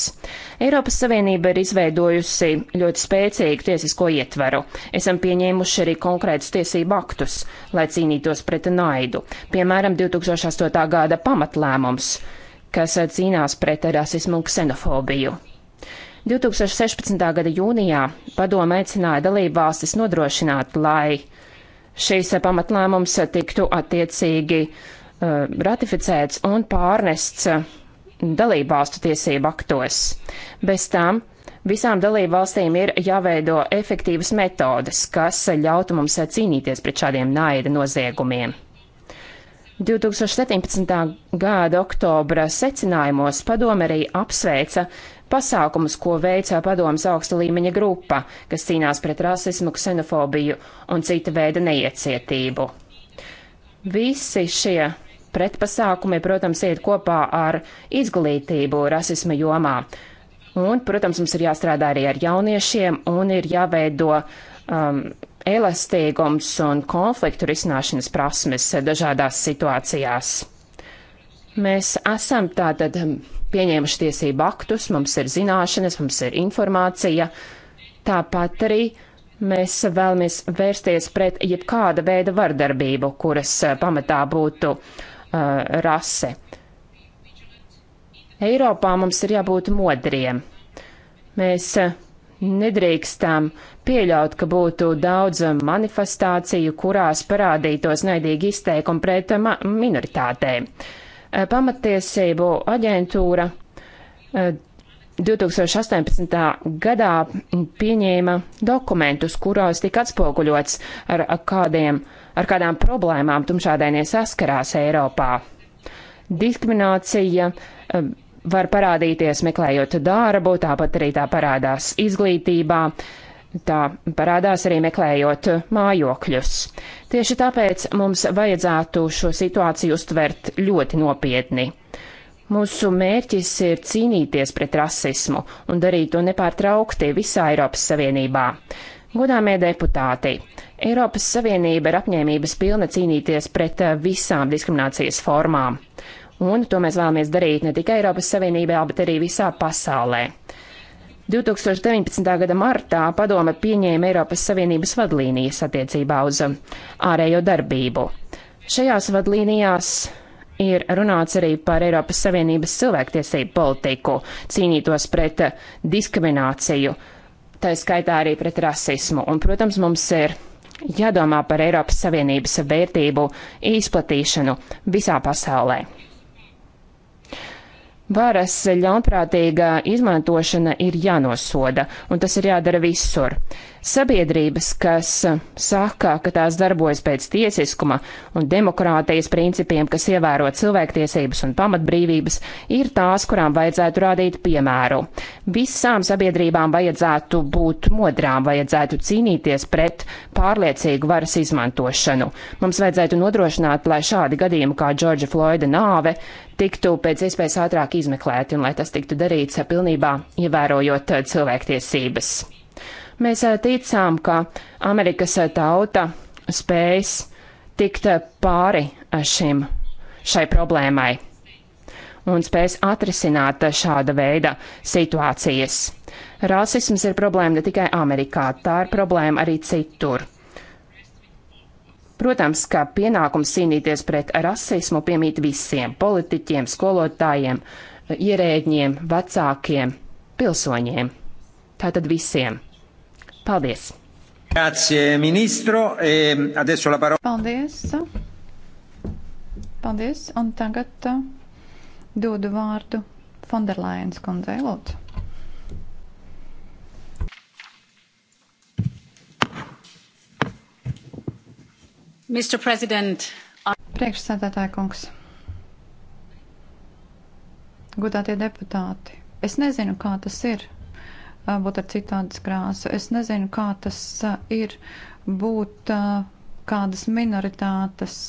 Eiropas Savienība ir izveidojusi ļoti spēcīgu tiesisko ietveru. Esam pieņēmuši arī konkrētus tiesību aktus, lai cīnītos pret naidu. Piemēram, 2008. gada pamatlēmums, kas uh, cīnās pret rasismu un ksenofobiju. 2016. gada jūnijā padome aicināja dalībvalstis nodrošināt, lai šīs pamatlēmums tiktu attiecīgi eh, ratificēts un pārnests eh, dalībvalstu tiesību aktos. Bez tam visām dalībvalstīm ir jāveido efektīvas metodes, kas ļautu mums eh, cīnīties pret šādiem naida noziegumiem. 2017. gada oktobra secinājumos padome arī apsveica pasākumus, ko veica padomas augsta līmeņa grupa, kas cīnās pret rasismu, ksenofobiju un cita veida neiecietību. Visi šie pretpasākumi, protams, iet kopā ar izglītību rasisma jomā. Un, protams, mums ir jāstrādā arī ar jauniešiem un ir jāveido um, elastīgums un konfliktu risināšanas prasmes dažādās situācijās. Mēs esam tātad pieņēmuši tiesību aktus, mums ir zināšanas, mums ir informācija. Tāpat arī mēs vēlamies vērsties pret jebkāda veida vardarbību, kuras eh, pamatā būtu uh, rase. Eiropā mums ir jābūt modriem. Mēs eh, nedrīkstam pieļaut, ka būtu daudz manifestāciju, kurās parādītos naidīgi izteikumi pret minoritātēm. Uh, Eh, pamatiesību aģentūra 2018. Eh, gadā pieņēma dokumentus, kuros tika atspoguļots ar kādiem, ar kādām problēmām tumšādainie saskarās Eiropā. Diskriminācija eh, var parādīties meklējot darbu, tāpat arī tā parādās izglītībā, Tā parādās arī meklējot mājokļus. Tieši tāpēc mums vajadzētu šo situāciju uztvert ļoti nopietni. Mūsu mērķis ir cīnīties pret rasismu un darīt to nepārtraukti visā Eiropas Savienībā. Godāmie deputāti, Eiropas Savienība ir apņēmības pilna cīnīties pret visām diskriminācijas formām. Un to mēs vēlamies darīt ne tikai Eiropas Savienībā, bet arī visā pasaulē. 2019. gada martā padome pieņēma Eiropas Savienības vadlīnijas attiecībā uz um, ārējo darbību. Šajās vadlīnijās ir runāts arī par Eiropas Savienības cilvēktiesību politiku, cīnītos pret uh, diskrimināciju, tā skaitā arī pret rasismu. Un, protams, mums ir jādomā par Eiropas Savienības vērtību izplatīšanu visā pasaulē. Varas ļaunprātīga izmantošana ir jānosoda, un tas ir jādara visur. Sabiedrības, kas saka, ka tās darbojas pēc tiesiskuma un demokrātijas principiem, kas ievēro cilvēktiesības un pamatbrīvības, ir tās, kurām vajadzētu rādīt piemēru. Visām sabiedrībām vajadzētu būt modrām, vajadzētu cīnīties pret pārliecīgu varas izmantošanu. Mums vajadzētu nodrošināt, lai šādi gadījumi kā Džordža Floyda nāve tiktu pēc iespējas ātrāk izmeklēti un lai tas tiktu darīts pilnībā ievērojot eh, cilvēktiesības. Mēs eh, ticām, ka Amerikas eh, tauta spējas tikt pāri šim, šai problēmai un spēs atrisināt šāda veida situācijas. Rasisms ir problēma ne tikai Amerikā, tā ir problēma arī citur. Protams, ka pienākums cīnīties pret rasismu piemīt visiem - politiķiem, skolotājiem, ierēģiem, vecākiem, pilsoņiem. Tātad visiem. Paldies!
Grazie, ministro. E adesso la parola.
Paldies. Paldies. Un tagad uh, dodu vārdu Fonderlainas kundzei Lūdzu.
Uh,
Priekšsēdētāja kungs, godātie deputāti, es nezinu, kā tas ir uh, būt ar citādas krāsu. Es nezinu, kā tas uh, ir būt kādas minoritātes,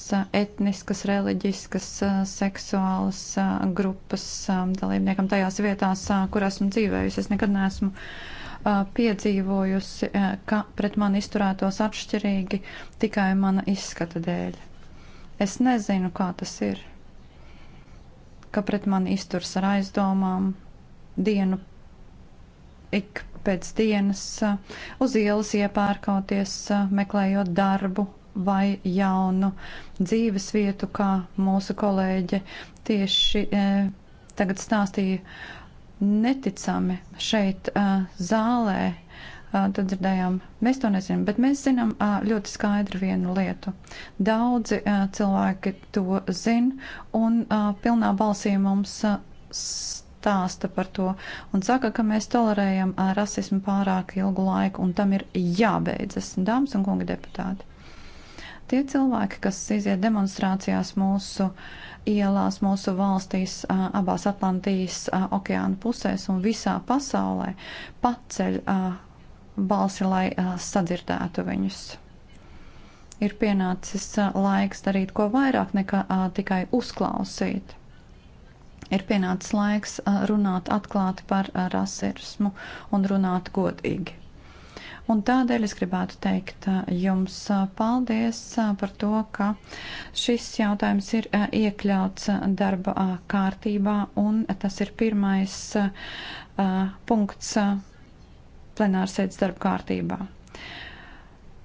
etniskas, reliģiskas, seksuālas grupas um, dalībniekam tajās vietās, kur esmu dzīvējusi. Es nekad neesmu piedzīvojusi, ka pret mani izturētos atšķirīgi tikai mana izskata dēļ. Es nezinu, kā tas ir, ka pret mani izturs ar aizdomām dienu ik pēc dienas, uz ielas iepērkoties, meklējot darbu vai jaunu dzīves vietu, kā mūsu kolēģe tieši tagad stāstīja neticami šeit zālē. Tad dzirdējām, mēs to nezinām, bet mēs zinām ļoti skaidru vienu lietu. Daudzi cilvēki to zina un pilnā balsī mums stāsta par to un saka, ka mēs tolerējam rasismu pārāk ilgu laiku, un tam ir jābeidzas, dāmas un kungi deputāti. Tie cilvēki, kas iziet demonstrācijās mūsu uh, ielās mūsu valstīs, abās Atlantijas okeāna pusēs un visā pasaulē paceļ balsi, lai sadzirdētu viņus. Ir pienācis laiks darīt ko vairāk nekā tikai uzklausīt. Ir pienācis laiks runāt atklāti par rasismu un runāt godīgi. Un tādēļ es gribētu teikt jums paldies par to, ka šis jautājums ir iekļauts darba kārtībā un tas ir pirmais punkts plenārsēdes darba kārtībā.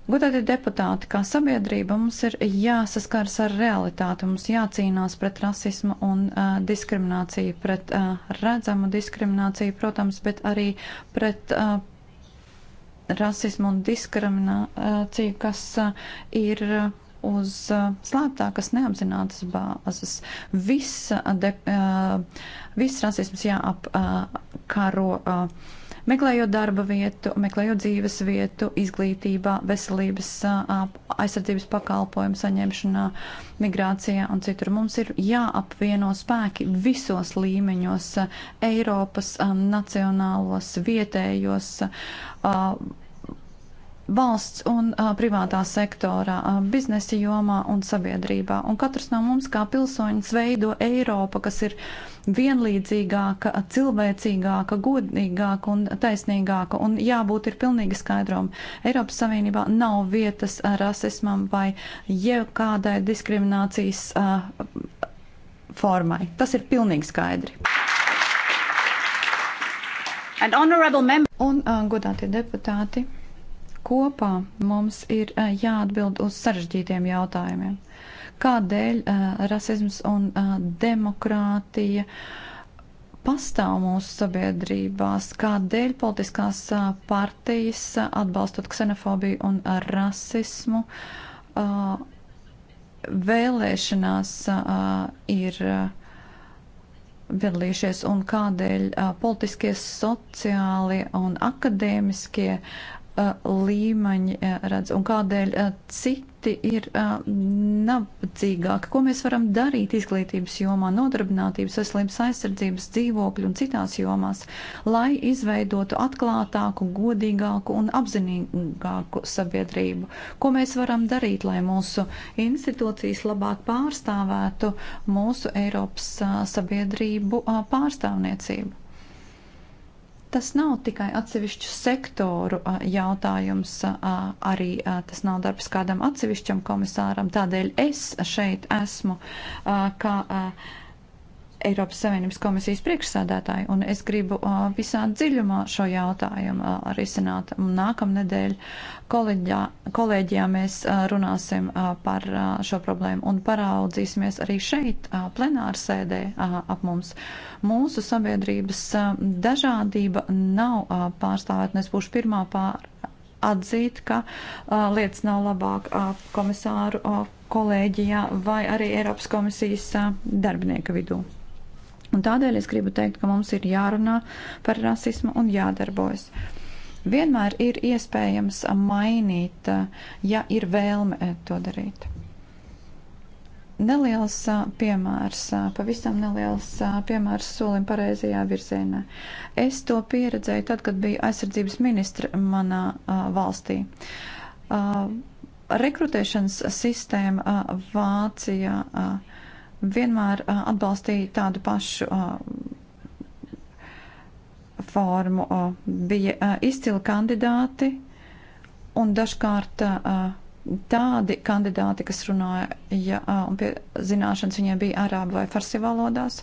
Godātie deputāti, kā sabiedrība mums ir jāsaskars ar realitāti, mums jācīnās pret rasismu un uh, diskrimināciju, pret uh, redzamu diskrimināciju, protams, bet arī pret uh, rasismu un diskrimināciju, kas eh, ir eh, uz eh, slēptākas neapzinātas bāzes. Viss, de, viss rasisms jāapkaro. Uh, meklējot darba vietu, meklējot dzīves vietu, izglītībā, veselības aizsardzības pakalpojumu saņemšanā, migrācijā un citur. Mums ir jāapvieno spēki visos līmeņos - Eiropas, nacionālos, vietējos valsts un a, privātā sektorā, a, biznesa jomā un sabiedrībā. Un katrs no mums kā pilsoņas veido Eiropa, kas ir vienlīdzīgāka, cilvēcīgāka, godīgāka un taisnīgāka. Un jābūt ir pilnīgi skaidrom. Eiropas Savienībā nav vietas rasismam vai jebkādai diskriminācijas a, formai. Tas ir pilnīgi skaidri. Un uh, godātie deputāti kopā mums ir eh, jāatbild uz sarežģītiem jautājumiem. Kādēļ eh, rasisms un eh, demokrātija pastāv mūsu sabiedrībās? Kādēļ politiskās partijas atbalstot ksenofobiju un rasismu vēlēšanās ir piedalījušies un kādēļ politiskie, sociāli un akadēmiskie uh, līmeņi redz un kādēļ citi ir nabadzīgāki. Ko mēs varam darīt izglītības jomā, nodarbinātības, veselības aizsardzības, dzīvokļu un citās jomās, lai izveidotu atklātāku, godīgāku un apzinīgāku sabiedrību? Ko mēs varam darīt, lai mūsu institūcijas labāk pārstāvētu mūsu Eiropas sabiedrību pārstāvniecību? tas nav tikai atsevišķu sektoru jautājums, arī tas nav darbs kādam atsevišķam komisāram. Tādēļ es šeit esmu kā Eiropas Savienības komisijas priekšsādātāju, un es gribu uh, visā dziļumā šo jautājumu uh, risināt. Nākamnedēļ kolēģijā, kolēģijā mēs uh, runāsim uh, par uh, šo problēmu un paraudzīsimies arī šeit, uh, plenārsēdē uh, ap mums. Mūsu sabiedrības uh, dažādība nav uh, pārstāvēt, un es būšu pirmā pār atzīt, ka uh, lietas nav labāk uh, komisāru uh, kolēģijā vai arī Eiropas komisijas darbinieka vidū. Un tādēļ es gribu teikt, ka mums ir jārunā par rasismu un jādarbojas. Vienmēr ir iespējams mainīt, ja ir vēlme eh, to darīt. Neliels eh, piemērs, eh, pavisam neliels piemērs solim pareizajā virzienā. Es to pieredzēju tad, kad biju aizsardzības ministra manā valstī rekrutēšanas sistēma Vācijā vienmēr atbalstīja tādu pašu formu. Bija izcili kandidāti un dažkārt tādi kandidāti, kas runāja ja, un pie zināšanas viņiem bija arābu vai farsi valodās,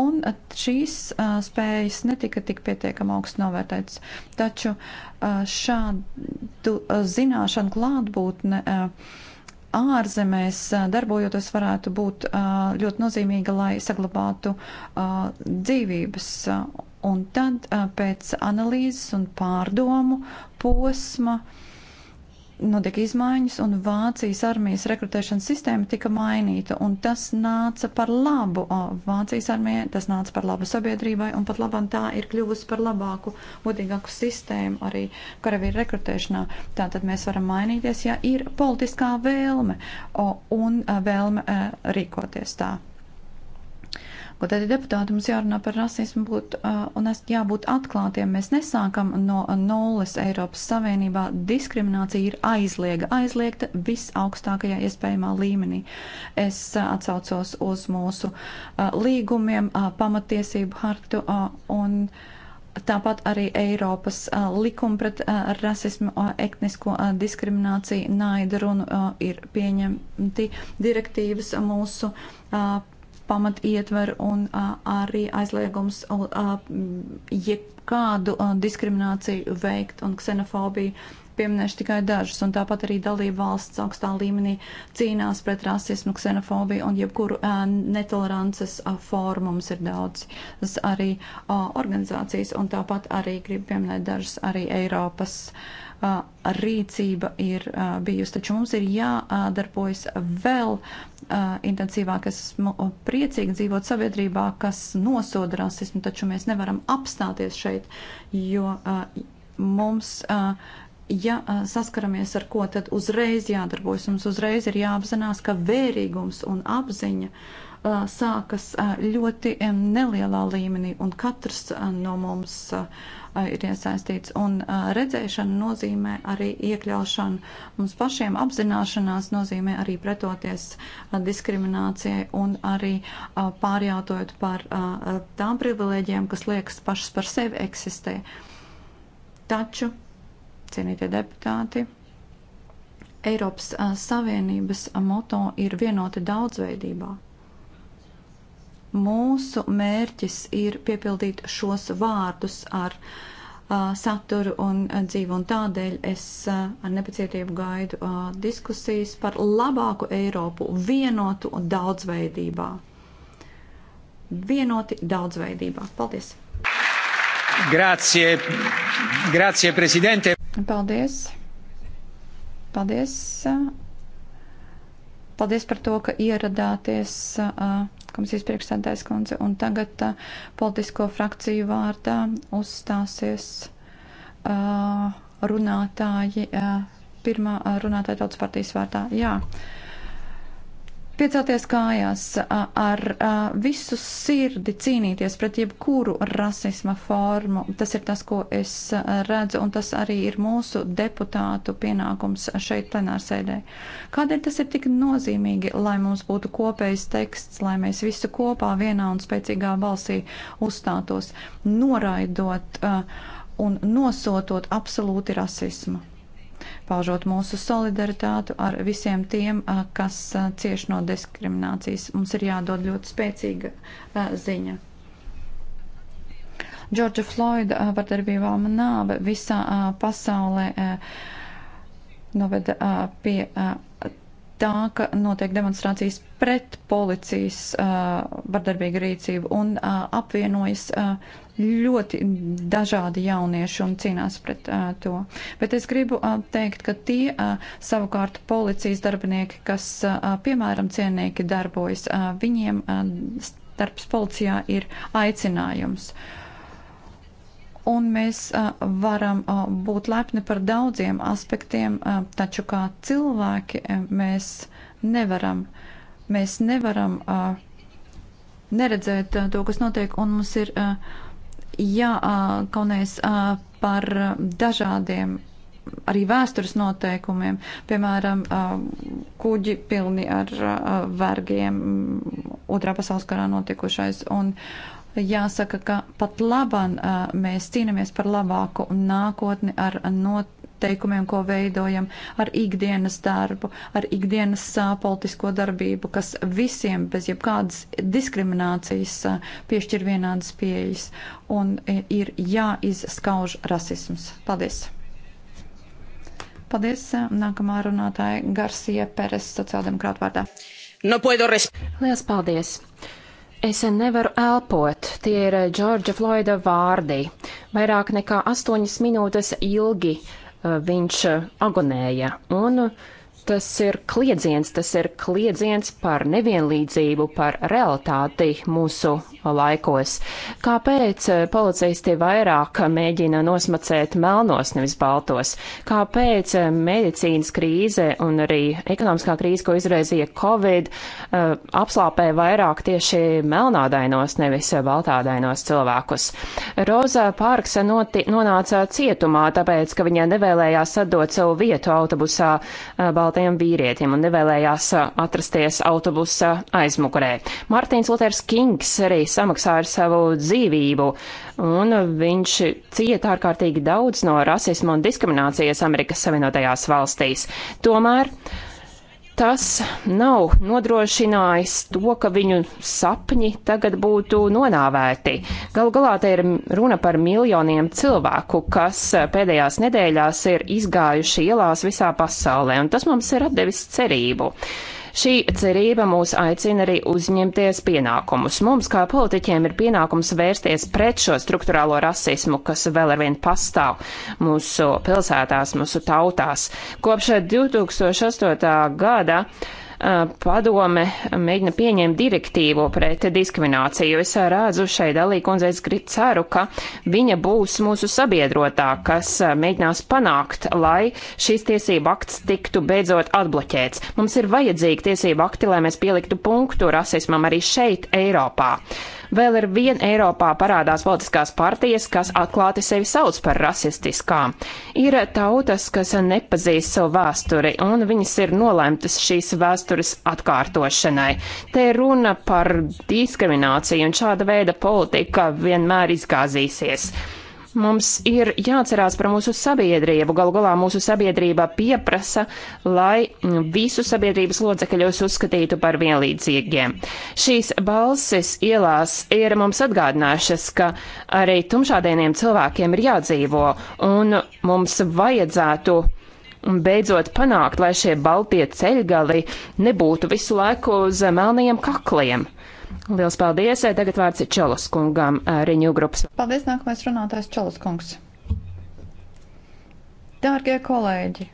un šīs uh, spējas netika tik pietiekam augstu novērtētas. Taču uh, šādu uh, zināšanu klātbūtne. Uh, ārzemēs darbojoties varētu būt ļoti nozīmīga, lai saglabātu dzīvības. Un tad pēc analīzes un pārdomu posma uh, notika izmaiņas, un Vācijas armijas rekrutēšanas sistēma tika mainīta, un tas nāca par labu Vācijas armijai, tas nāca par labu sabiedrībai, un pat labam tā ir kļuvusi par labāku, godīgāku sistēmu arī karavīru rekrutēšanā. Tātad mēs varam mainīties, ja ir politiskā vēlme un vēlme rīkoties tā. Godētie deputāti, mums jārunā par rasismu būt, un es, jābūt atklātiem. Mēs nesākam no nulles Eiropas Savienībā. Diskriminācija ir aizliega, aizliegta visaugstākajā iespējamā līmenī. Es atsaucos uz mūsu līgumiem, pamatiesību hartu un. Tāpat arī Eiropas uh, likuma pret uh, rasismu, uh, etnisko uh, diskrimināciju, naida runu uh, ir pieņemti direktīvas mūsu uh, pamat ietveru un arī aizliegums jebkādu diskrimināciju veikt un ksenofobiju pieminēšu tikai dažus, un tāpat arī dalība valsts augstā līmenī cīnās pret rasismu, ksenofobiju un jebkuru uh, netolerances uh, formu mums ir daudz. Tas arī uh, organizācijas, un tāpat arī gribu pieminēt dažus arī Eiropas uh, rīcība ir bijusi, taču mums ir jādarbojas vēl intensīvāk. Esmu priecīgi dzīvot sabiedrībā, kas nosoda rasismu, taču mēs nevaram apstāties šeit, jo mums ja saskaramies ar ko, tad uzreiz jādarbojas. Mums uzreiz ir jāapzinās, ka vērīgums un apziņa sākas ļoti nelielā līmenī, un katrs no mums Eh, ir iesaistīts. Un eh, redzēšana nozīmē arī iekļaušanu. Mums pašiem apzināšanās nozīmē arī pretoties eh, diskriminācijai un arī pārjautojot par tām privilēģijām, kas liekas pašas par sevi eksistē. Taču, cienītie deputāti, Eiropas Savienības moto ir vienota daudzveidībā. Mūsu mērķis ir piepildīt šos vārdus ar uh, saturu un dzīvi, un tādēļ es uh, ar nepacietību gaidu uh, diskusijas par labāku Eiropu vienotu un daudzveidībā. Vienoti daudzveidībā. Paldies!
Grazie, grazie, prezidente!
Paldies! Paldies! Paldies par to, ka ieradāties. Uh, komisijas priekšsēdājas kundze, un tagad uh, politisko frakciju vārdā uzstāsies uh, runātāji, uh, pirmā uh, runātāja tautas partijas vārdā. Jā. Uh, piecelties kājās ar visu sirdi cīnīties pret jebkuru rasisma formu. Tas ir tas, ko es redzu, un tas arī ir mūsu deputātu pienākums šeit plenārsēdē. Kādēļ tas ir tik nozīmīgi, lai mums būtu kopējs teksts, lai mēs visu kopā vienā un spēcīgā balsī uzstātos, noraidot un nosotot absolūti rasismu? paužot mūsu solidaritātu ar visiem tiem, kas cieš no diskriminācijas. Mums ir jādod ļoti spēcīga ziņa. Džordža Floyda vardarbībā un nāve visā pasaulē noveda pie tā, ka notiek demonstrācijas pret policijas uh, vardarbīgu rīcību un uh, apvienojas uh, ļoti dažādi jaunieši un cīnās pret uh, to. Bet es gribu uh, teikt, ka tie uh, savukārt policijas darbinieki, kas, uh, piemēram, cienīgi darbojas, uh, viņiem uh, darbs policijā ir aicinājums. Uh, un mēs varam būt lepni par daudziem aspektiem, taču kā cilvēki mēs nevaram, mēs nevaram neredzēt to, kas notiek, un mums ir jākaunēs par dažādiem arī vēstures noteikumiem, piemēram, kuģi pilni ar vergiem otrā pasaules karā notikušais. Un, uh, Jāsaka, ka pat labam mēs cīnāmies par labāku nākotni ar noteikumiem, ko veidojam, ar ikdienas darbu, ar ikdienas politisko darbību, kas visiem bez jebkādas diskriminācijas piešķir vienādas pieejas un ir jāizskauž rasisms. Paldies! Paldies. Nākamā runātāja Garcija Peres sociāldemokrāta vārdā.
No puedo res.
Lielas paldies. Es nevaru
elpot, tie ir Džordža Floida vārdi. Vairāk nekā astoņas minūtes ilgi eh, viņš agonēja, un uh, Tas ir kliedziens, tas ir kliedziens par nevienlīdzību, par realitāti mūsu laikos. Kāpēc eh, policisti vairāk mēģina nosmacēt melnos, nevis baltos? Kāpēc eh, medicīnas krīze un arī ekonomiskā krīze, ko izraisīja Covid, eh, apslāpē vairāk tieši melnādainos, nevis baltādainos cilvēkus? Roza Parks nonāca cietumā, tāpēc, ka viņa nevēlējās atdot savu vietu autobusā baltādainos ievainotajam vīrietim un nevēlējās atrasties autobusa aizmugurē. Mārtiņš Luters Kings arī samaksāja ar savu dzīvību, un viņš cieta ārkārtīgi daudz no rasisma un diskriminācijas Amerikas Savienotajās valstīs. Tomēr uh, tas nav nodrošinājis to, ka viņu sapņi tagad būtu nonāvēti. Gal galā te ir runa par miljoniem cilvēku, kas pēdējās nedēļās ir izgājuši ielās visā pasaulē, un tas mums ir atdevis cerību. Uh, Šī cerība mūs aicina arī uzņemties pienākumus. Mums, kā politiķiem, ir pienākums vērsties pret šo struktūrālo rasismu, kas vēl ar vienu pastāv mūsu pilsētās, mūsu tautās. Kopš 2008. gada padome mēģina pieņemt direktīvu pret diskrimināciju. Es redzu šeit dalīkundze, es ceru, ka viņa būs mūsu sabiedrotā, kas mēģinās panākt, lai šis tiesību akts tiktu beidzot atbloķēts. Mums ir vajadzīgi tiesību akti, lai mēs pieliktu punktu rasismam arī šeit, Eiropā. Uh, Vēl ar vien Eiropā parādās politiskās partijas, kas atklāti sevi sauc par rasistiskām. Ir tautas, kas nepazīst savu vēsturi, un viņas ir nolemtas šīs vēstures atkārtošanai. Te runa par diskrimināciju, un šāda veida politika vienmēr izgāzīsies. Mums ir jāatcerās par mūsu sabiedrību. Galu galā mūsu sabiedrība pieprasa, lai visu sabiedrības locekļos uzskatītu par vienlīdzīgiem. Šīs balsis ielās ir mums atgādinājušas, ka arī tumšādieniem cilvēkiem ir jādzīvo, un mums vajadzētu beidzot panākt, lai šie baltie ceļgali nebūtu visu laiku uz melnajiem kakliem. Liels paldies! Tagad vārds ir Čolas kungam, eh, Riņu grupas.
Paldies, nākamais runātājs Čolas kungs. Dārgie kolēģi,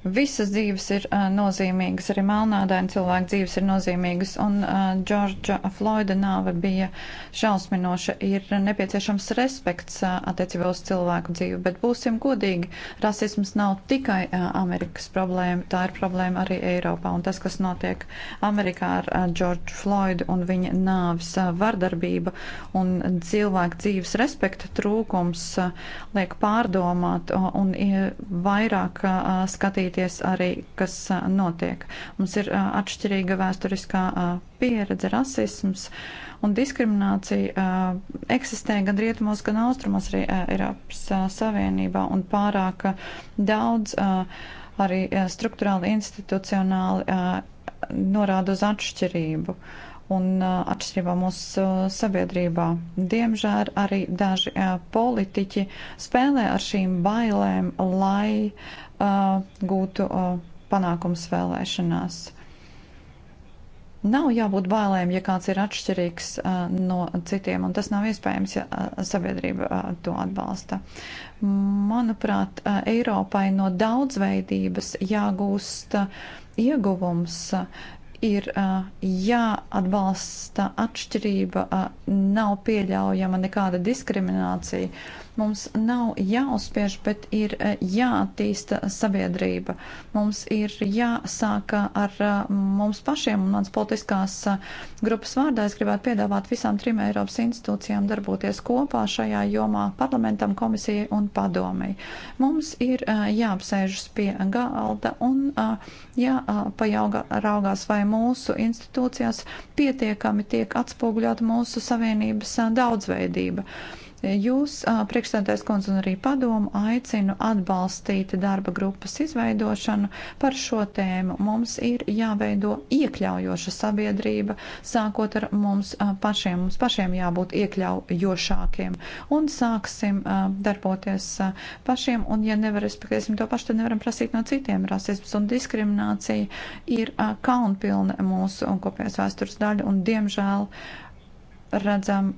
Visas dzīves ir uh, nozīmīgas, arī melnādaina cilvēka dzīves ir nozīmīgas, un uh, Džordža Floida nāve bija šausminoša. Ir nepieciešams respekts uh, attiecībā uz cilvēku dzīvi, bet būsim godīgi, rasisms nav tikai uh, Amerikas problēma, tā ir problēma arī Eiropā, un tas, kas notiek Amerikā ar uh, Džordžu Floidu un viņa nāves uh, vardarbība un cilvēku dzīves respekta trūkums, uh, liek pārdomāt uh, un uh, vairāk uh, skatīt skatīties arī, kas notiek. Mums ir atšķirīga vēsturiskā pieredze, rasisms un diskriminācija eksistē gan rietumos, gan austrumos arī Eiropas Savienībā un pārāk daudz arī struktūrāli, institucionāli norāda uz atšķirību un atšķirībā mūsu sabiedrībā. Diemžēl arī daži politiķi spēlē ar šīm bailēm, lai Uh, gūtu uh, panākums vēlēšanās. Nav jābūt bailēm, ja kāds ir atšķirīgs uh, no citiem, un tas nav iespējams, ja uh, sabiedrība uh, to atbalsta. Manuprāt, uh, Eiropai no daudzveidības jāgūst uh, ieguvums, uh, ir uh, jāatbalsta atšķirība, uh, nav pieļaujama nekāda diskriminācija. Uh, Mums nav jāuzspiež, bet ir eh, jāattīsta sabiedrība. Mums ir jāsāk ar eh, mums pašiem un mans politiskās eh, grupas vārdā. Es gribētu piedāvāt visām trim Eiropas institūcijām darboties kopā šajā jomā - parlamentam, komisijai un padomei. Mums ir jāapsēžas pie galda un jāpajaugās, vai mūsu institūcijās pietiekami tiek atspoguļot mūsu savienības daudzveidība. Jūs, priekšstādājs kundze un arī padomu, aicinu atbalstīt darba grupas izveidošanu par šo tēmu. Mums ir jāveido iekļaujoša sabiedrība, sākot ar mums pašiem. Mums pašiem jābūt iekļaujošākiem un sāksim darboties pašiem. Un, ja nevar respektēsim to pašu, tad nevaram prasīt no citiem. Rasisms un diskriminācija ir kaunpilna mūsu kopējās vēstures daļa un, diemžēl, uh, redzam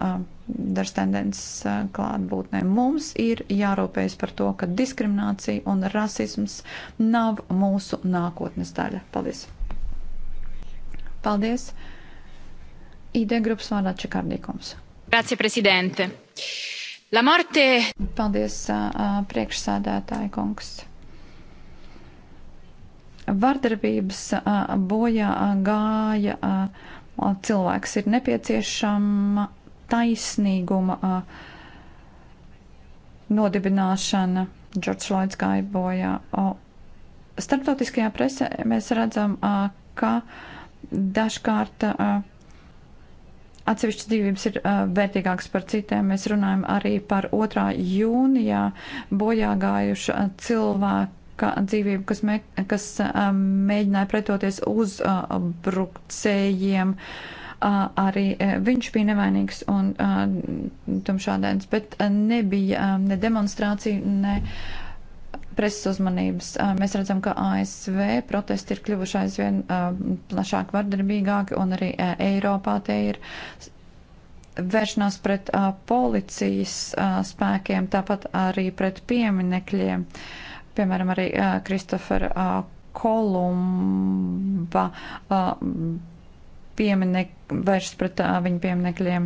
dažas tendences klātbūtnē. Mums ir jārūpējas par to, ka diskriminācija un rasisms nav mūsu nākotnes daļa. Paldies! Paldies! ID grupas vārdā Čekardīkums. Grazie, prezidente! La morte! Paldies, priekšsādātāja kungs! Vardarbības bojā gāja cilvēks ir nepieciešama taisnīguma uh, nodibināšana. Džordžs Lloyds gāja bojā. Uh, starptautiskajā presē mēs redzam, uh, ka dažkārt atsevišķas dzīvības ir uh, vērtīgākas par citiem. Mēs runājam arī par 2. jūnijā bojā gājušu cilvēku ka dzīvību, kas, me, kas um, mēģināja pretoties uzbrucējiem, uh, uh, arī uh, viņš bija nevainīgs un tumšādēns, bet nebija um, ne demonstrācija, ne preses uzmanības. Mēs redzam, ka ASV protesti ir kļuvuši aizvien plašāk vardarbīgāki un arī Eiropā tie ir vēršanās pret policijas spēkiem, tāpat arī pret pieminekļiem. Uh, Piemēram, arī uh, Kristofera uh, Kolumba uh, pieminek, vēršas pret uh, viņa pieminekļiem,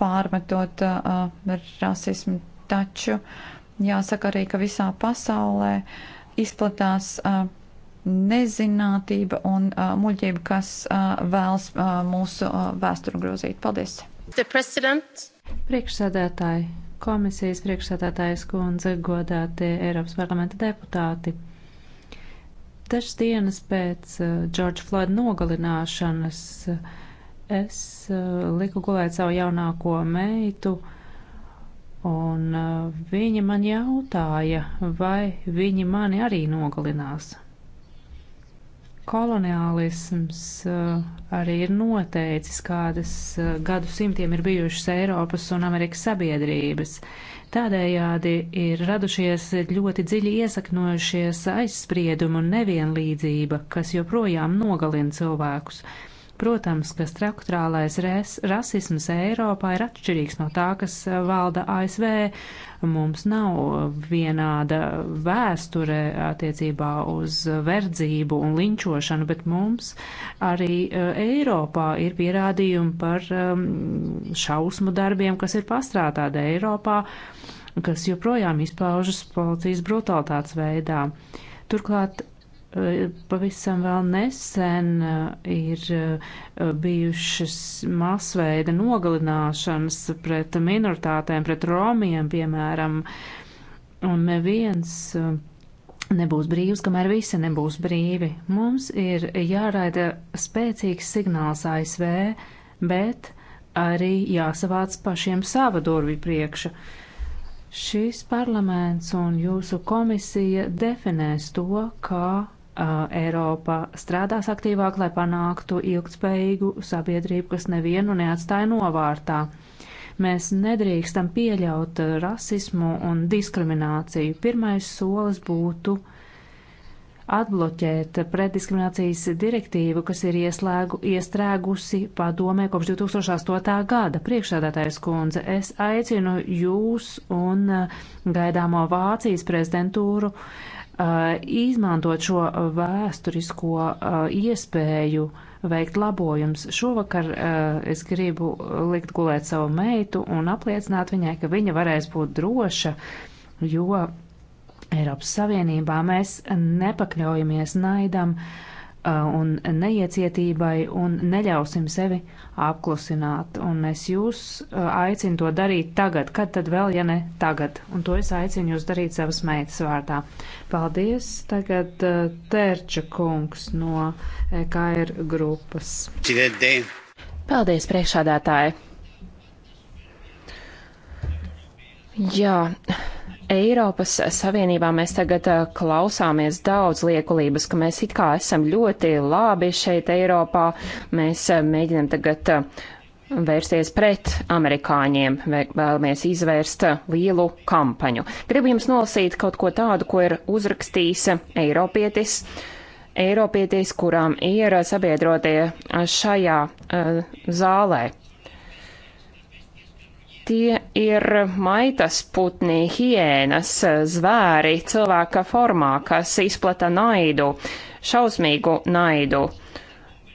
pārmetot uh, rasismu. Taču jāsaka arī, ka visā pasaulē izplatās uh, nezinātība un uh, muļķība, kas uh, vēlas uh,
mūsu uh, vēsturu grozīt. Paldies! Priekšsēdētāji, komisijas priekšsētātājas kundze, godātie Eiropas parlamenta deputāti. Dažas dienas pēc uh, George Floyd nogalināšanas uh, es uh, liku gulēt savu jaunāko meitu, un uh, viņa man jautāja, vai viņi mani arī nogalinās koloniālisms eh, arī ir noteicis, kādas eh, gadsimtiem ir bijušas Eiropas un Amerikas sabiedrības. Tādējādi ir radušies ļoti dziļi iesaknojušies aizspriedumi un nevienlīdzība, kas joprojām nogalina cilvēkus. Protams, ka strukturālais res, rasisms Eiropā ir atšķirīgs no tā, kas eh, valda ASV, Mums nav vienāda vēsture attiecībā uz verdzību un linčošanu, bet mums arī e, Eiropā ir pierādījumi par e, šausmu darbiem, kas ir pastrādāti Eiropā, kas joprojām izpaužas policijas brutalitātes veidā. Turklāt Pavisam vēl nesen uh, ir uh, bijušas masveida nogalināšanas pret minoritātēm, pret romiem, piemēram, un neviens uh, nebūs brīvs, kamēr visi nebūs brīvi. Mums ir jāraida spēcīgs signāls ASV, bet arī jāsavāc pašiem sava durvju priekša. Šis parlaments un jūsu komisija definēs to, kā Eiropa strādās aktīvāk, lai panāktu ilgtspējīgu sabiedrību, kas nevienu neatstāja novārtā. Mēs nedrīkstam pieļaut rasismu un diskrimināciju. Pirmais solis būtu atbloķēt pretdiskriminācijas direktīvu, kas ir ieslēgu, iestrēgusi padomē kopš 2008. gada. Priekšsēdētājs kundze, es aicinu jūs un gaidāmo Vācijas prezidentūru uh, Uh, izmantot šo uh, vēsturisko uh, iespēju veikt labojums. Šovakar es gribu likt gulēt savu meitu un apliecināt viņai, ka viņa varēs būt droša, jo Eiropas Savienībā mēs nepakļaujamies naidam. Uh, Uh, un neiecietībai un neļausim sevi apklusināt. Un es jūs uh, aicinu to darīt tagad, kad tad vēl, ja ne tagad. Un to es aicinu jūs darīt savas meitas vārdā. Paldies. Tagad uh, Tērča kungs no e KR grupas.
Paldies,
priekšādātāji.
Jā, Eiropas Savienībā mēs tagad uh, klausāmies daudz liekulības, ka mēs it kā esam ļoti labi šeit Eiropā. Mēs uh, mēģinam tagad uh, vērsties pret amerikāņiem, vēlamies izvērst lielu kampaņu. Gribu jums nolasīt kaut ko tādu, ko ir uzrakstījis Eiropietis. Eiropietis, kurām ir sabiedrotie šajā uh, zālē. Tie ir maitas putni, hienas, zvēri cilvēka formā, kas izplata naidu, šausmīgu naidu.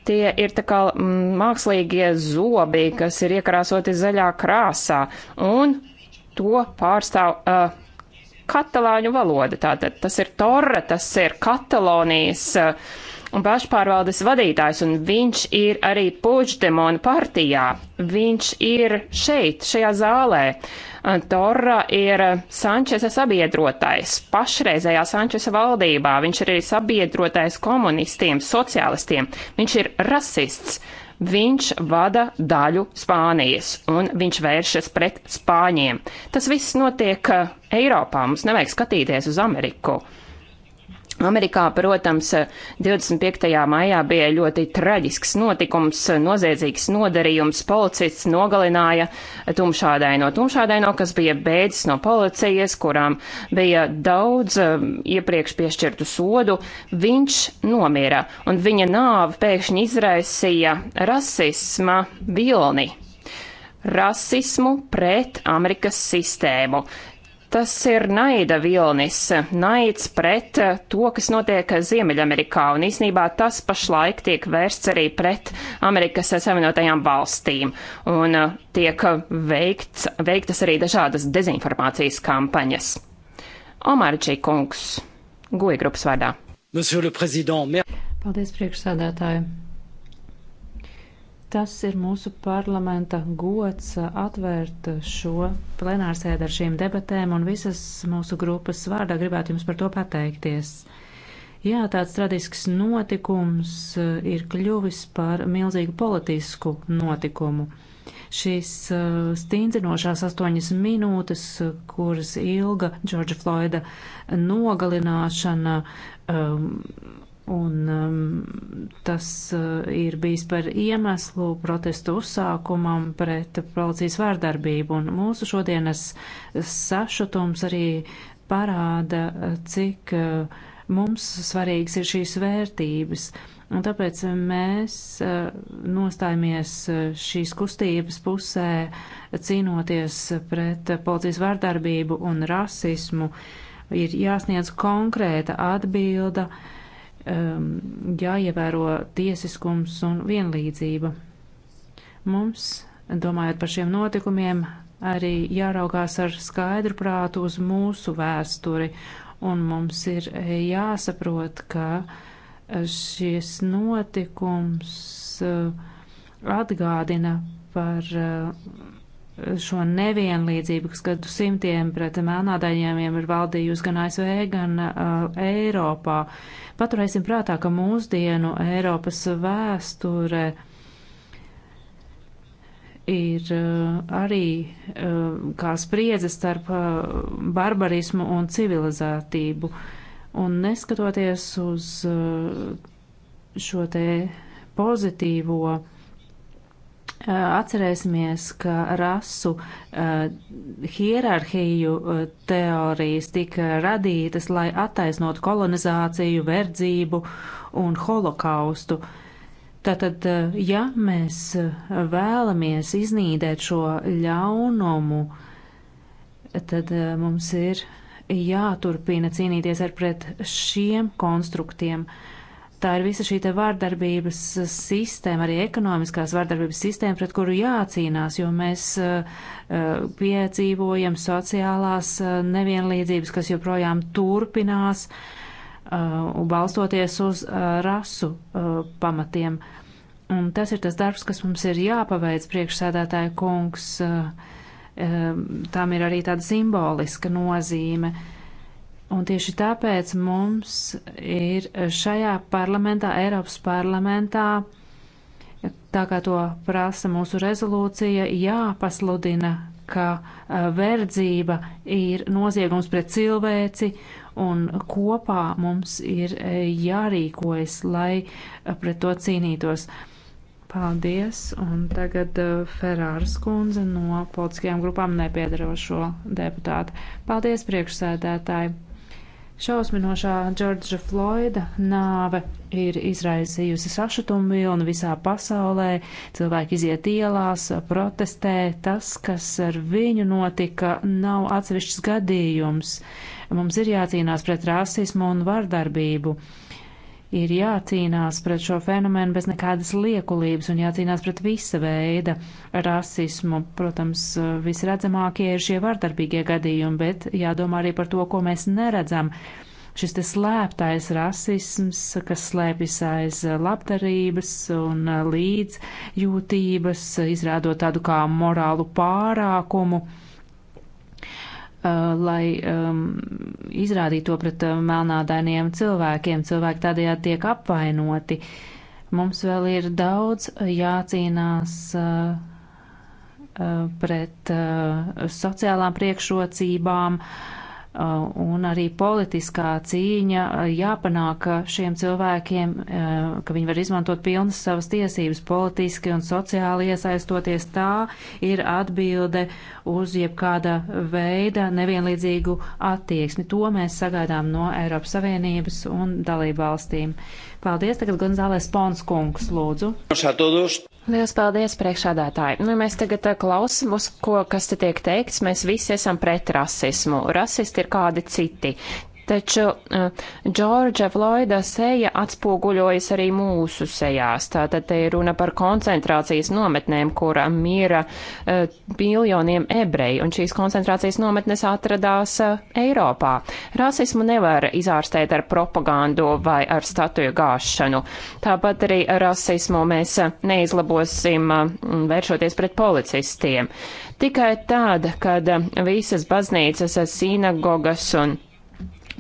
Tie ir tā kā mm, mākslīgie zobi, kas ir iekrāsoti zaļā krāsā, un to pārstāv uh, katalāņu valoda. Tātad tas ir Torre, tas ir Katalonijas uh, pašpārvaldes vadītājs, un viņš ir arī Puģdemona partijā. Viņš ir šeit, šajā zālē. Uh, Torra ir Sančesa sabiedrotais, pašreizējā Sančesa valdībā. Viņš ir arī sabiedrotais komunistiem, sociālistiem. Viņš ir rasists. Viņš vada daļu Spānijas, un viņš vēršas pret Spāņiem. Tas viss notiek uh, Eiropā. Mums nevajag skatīties uz Ameriku. Amerikā, protams, 25. maijā bija ļoti traģisks notikums, noziedzīgs nodarījums. Policists nogalināja tumšādaino tumšādaino, kas bija bēdzis no policijas, kurām bija daudz um, iepriekš piešķirtu sodu. Viņš nomira, un viņa nāve pēkšņi izraisīja rasisma vilni. Rasismu pret Amerikas sistēmu. Tas ir naida vilnis, naids pret to, kas notiek Ziemeļamerikā, un īsnībā tas pašlaik tiek vērsts arī pret Amerikas Savienotajām valstīm, un uh, tiek veikts, veiktas arī dažādas dezinformācijas kampaņas. Omarģī kungs, Guja grupas vārdā.
Paldies,
priekšsādātāji! Tas ir mūsu parlamenta gods uh, atvērt uh, šo plenārsēdu ar šīm debatēm, un visas mūsu grupas vārdā gribētu jums par to pateikties. Jā, tāds traģisks notikums uh, ir kļuvis par milzīgu politisku notikumu. Šīs stingzinošās astoņas minūtes, kuras ilga Džordža Floida nogalināšana, um, Un um, tas uh, ir bijis par iemeslu protestu uzsākumam pret policijas vārdarbību. Un mūsu šodienas sašutums arī parāda, uh, cik uh, mums svarīgs ir šīs vērtības. Un tāpēc mēs uh, nostājamies uh, šīs kustības pusē, cīnoties pret policijas vārdarbību un rasismu. Ir jāsniedz konkrēta atbilda. Uh, um, jāievēro tiesiskums un vienlīdzība. Mums, domājot par šiem notikumiem, arī jāraugās ar skaidru prātu uz mūsu vēsturi, un mums ir jāsaprot, ka šis notikums uh, atgādina par uh, šo nevienlīdzību, kas gadu simtiem pret mēlnādaņiem ir valdījusi gan ASV, gan uh, Eiropā. Paturēsim prātā, ka mūsdienu Eiropas vēsture ir uh, arī uh, kā spriedze starp uh, barbarismu un civilizētību. Un neskatoties uz uh, šo te pozitīvo uh, Atcerēsimies, ka rasu uh, hierarhiju uh, teorijas tika radītas, lai attaisnotu kolonizāciju, verdzību un holokaustu. Tātad, uh, ja mēs vēlamies iznīdēt šo ļaunumu, tad uh, mums ir jāturpina cīnīties ar pret šiem konstruktiem. Uh, tā ir visa šī te vārdarbības eh, sistēma, arī ekonomiskās vārdarbības sistēma, pret kuru jācīnās, jo mēs uh, piedzīvojam sociālās uh, nevienlīdzības, kas joprojām turpinās, uh, balstoties uz rasu pamatiem. Un tas ir tas darbs, kas mums ir jāpaveic priekšsēdētāja kungs. Tam ir arī tāda simboliska nozīme. Uh, Un tieši tāpēc mums ir šajā parlamentā, Eiropas parlamentā, tā kā to prasa mūsu rezolūcija, jāpasludina, ka e, verdzība ir noziegums pret cilvēci un kopā mums ir e, jārīkojas, lai e, pret to cīnītos. Paldies, un tagad Ferāras kundze no politiskajām grupām nepiedarošo deputātu. Paldies, priekšsēdētāji! Šausminošā Džordža Floida nāve ir izraisījusi sašutumu vilnu visā pasaulē. Cilvēki iziet ielās, protestē. Tas, kas ar viņu notika, nav atsevišķs gadījums. Mums ir jācīnās pret rasismu un vardarbību ir jācīnās pret šo fenomenu bez nekādas liekulības un jācīnās pret visa veida rasismu. Protams, visredzamākie ir šie vardarbīgie gadījumi, bet jādomā arī par to, ko mēs neredzam. Šis te slēptais rasisms, kas slēpjas aiz labdarības un līdzjūtības, izrādot tādu kā morālu pārākumu. Uh, Uh, lai um, izrādītu to pret uh, melnādainiem cilvēkiem. Cilvēki tādējādi tiek apvainoti. Mums vēl ir daudz jācīnās uh, uh pret uh, sociālām priekšrocībām. Uh, Uh, un arī politiskā cīņa uh, jāpanāk uh, šiem cilvēkiem, ka viņi var izmantot pilnas savas tiesības politiski un sociāli iesaistoties. Tā ir atbilde uz jebkāda veida nevienlīdzīgu attieksmi. To mēs sagaidām no Eiropas Savienības un dalību valstīm. Paldies, tagad Gonzālais Ponskungs, lūdzu. Lielas paldies,
priekšādātāji. Nu, mēs tagad eh, klausamies, ko, kas te tiek teikts. Mēs visi esam pret rasismu. Rasisti ir kādi citi. Taču eh, Džordža uh, Floida seja atspoguļojas arī mūsu sejās. Tātad te ir runa par koncentrācijas nometnēm, kura miera uh, eh, miljoniem ebreju, un šīs koncentrācijas nometnes atradās uh, Eiropā. Rasismu nevar izārstēt ar propagandu vai ar statuju gāšanu. Tāpat arī rasismu mēs neizlabosim vēršoties pret policistiem. Tikai tad, kad visas baznīcas, sinagogas un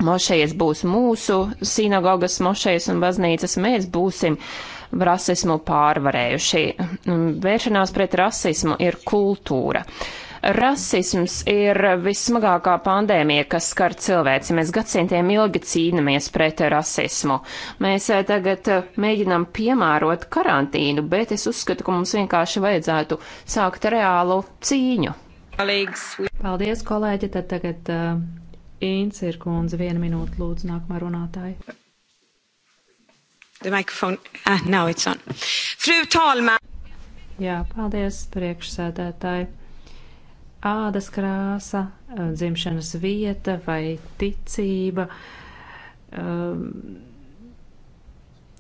Mošejas būs mūsu sinagogas, mošejas un baznīcas, mēs būsim rasismu pārvarējuši. Vēršanās pret rasismu ir kultūra. Rasisms ir vissmagākā pandēmija, kas skar cilvēci. Mēs gadsimtiem ilgi cīnāmies pret rasismu. Mēs eh, tagad eh, mēģinām piemērot karantīnu, bet es uzskatu, ka mums vienkārši
vajadzētu sākt reālu cīņu. Paldies, kolēģi! Tad tagad uh, Incer kundze, viena minūte lūdzu nākamā runātāja.
The microphone, ah, now it's on. Fru talman!
Jā, paldies, priekšsēdētāji. Ādas krāsa, eh, dzimšanas vieta vai ticība. Um,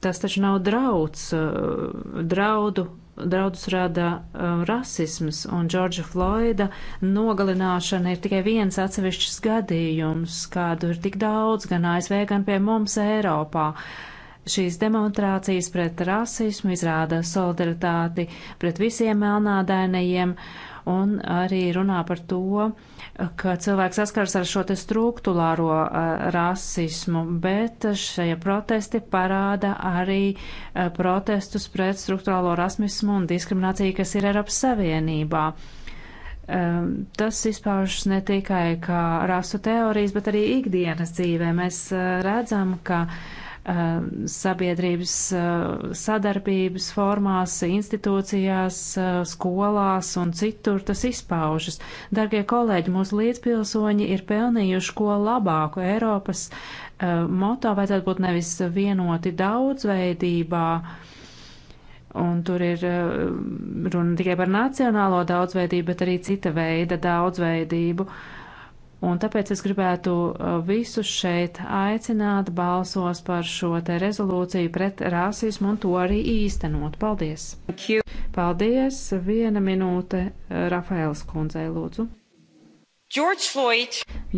tas taču nav drauds, eh, draudu draudus rada uh, rasisms, un Džordža Floida nogalināšana ir tikai viens atsevišķs gadījums, kādu ir tik daudz gan ASV, gan pie mums Eiropā. Šīs demonstrācijas pret rasismu izrāda solidaritāti pret visiem melnādainajiem un arī runā par to, uh, ka cilvēki saskars ar šo te struktūrālo uh, rasismu, bet šie protesti parāda arī uh, protestus pret struktūrālo rasismu un diskrimināciju, kas ir Eiropas Savienībā. Um, tas izpaužas ne tikai kā rasu teorijas, bet arī ikdienas dzīvē. Mēs uh, redzam, ka uh, Eh, sabiedrības eh, sadarbības formās, institūcijās, eh, skolās un citur tas izpaužas. Dargie kolēģi, mūsu līdzpilsoņi ir pelnījuši ko labāku Eiropas moto, vajadzētu būt nevis vienoti daudzveidībā, un tur ir runa tikai par nacionālo daudzveidību, bet arī cita veida daudzveidību. Uh, Un tāpēc es gribētu uh, visus šeit aicināt balsos par šo te rezolūciju pret rasismu un to arī īstenot. Paldies! Paldies! Viena minūte uh, Rafaēlas kundzei lūdzu.
George Floyd.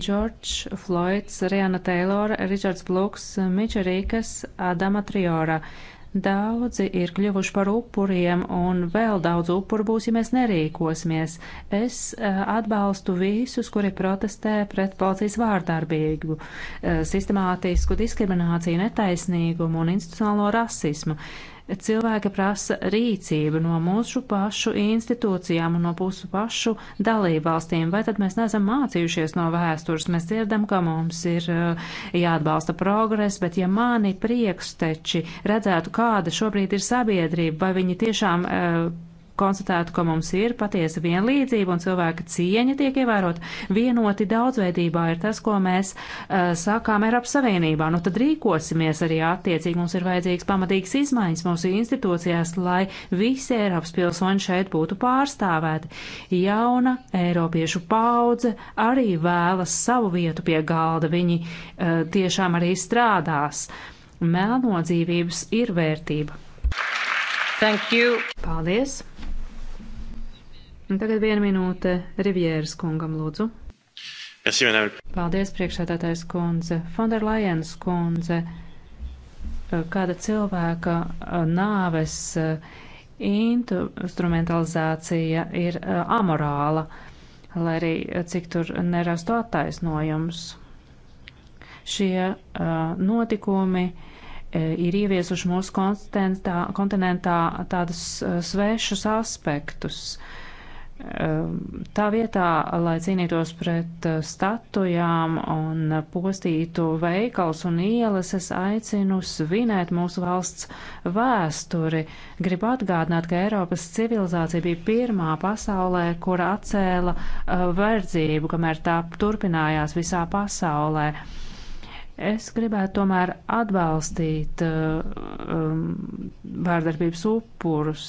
George Floyds, Rihanna Taylora, Richards Bluks, Mičerīkas, Adama Triora. Uh, Daudzi ir kļuvuši par upuriem, un vēl daudz upuru būs, ja mēs nerīkosimies. Es eh, atbalstu visus, kuri protestē pret policijas vārdarbību, eh, sistemātisku diskrimināciju, netaisnīgumu un institucionālo rasismu cilvēki prasa rīcību no mūsu pašu institūcijām un no mūsu pašu dalībvalstīm. Vai tad mēs neesam mācījušies no vēstures? Mēs dzirdam, ka mums ir eh, jāatbalsta progress, bet ja mani prieksteči redzētu, kāda šobrīd ir sabiedrība, vai viņi tiešām eh, konstatētu, ka mums ir patiesa vienlīdzība un cilvēka cieņa tiek ievērot. Vienoti daudzveidībā ir tas, ko mēs uh, sākām Eiropas Savienībā. Nu tad rīkosimies arī attiecīgi. Mums ir vajadzīgs pamatīgs izmaiņas mūsu institūcijās, lai visi Eiropas pilsoņi šeit būtu pārstāvēti. Jauna Eiropiešu paudze arī vēlas savu vietu pie galda. Viņi uh, tiešām arī strādās. Melnodzīvības ir vērtība. Thank you. Paldies. Un tagad viena minūte Rivjēras kungam lūdzu. Es jau nevaru. Paldies, priekšsēdētājs kundze. Fonderlajens kundze, eh, kāda cilvēka eh, nāves eh, instrumentalizācija ir amorāla, lai arī cik tur nerastu attaisnojums. Šie notikumi E, ir ieviesuši mūsu kontinentā, kontinentā tādus e, svešus aspektus. E, tā vietā, lai cīnītos pret statujām un postītu veikals un ielas, es aicinu svinēt mūsu valsts vēsturi. Gribu atgādināt, ka Eiropas civilizācija bija pirmā pasaulē, kura atcēla verdzību, kamēr tā turpinājās visā pasaulē. Uh, Es gribētu tomēr atbalstīt uh, um, vārdarbības upurus.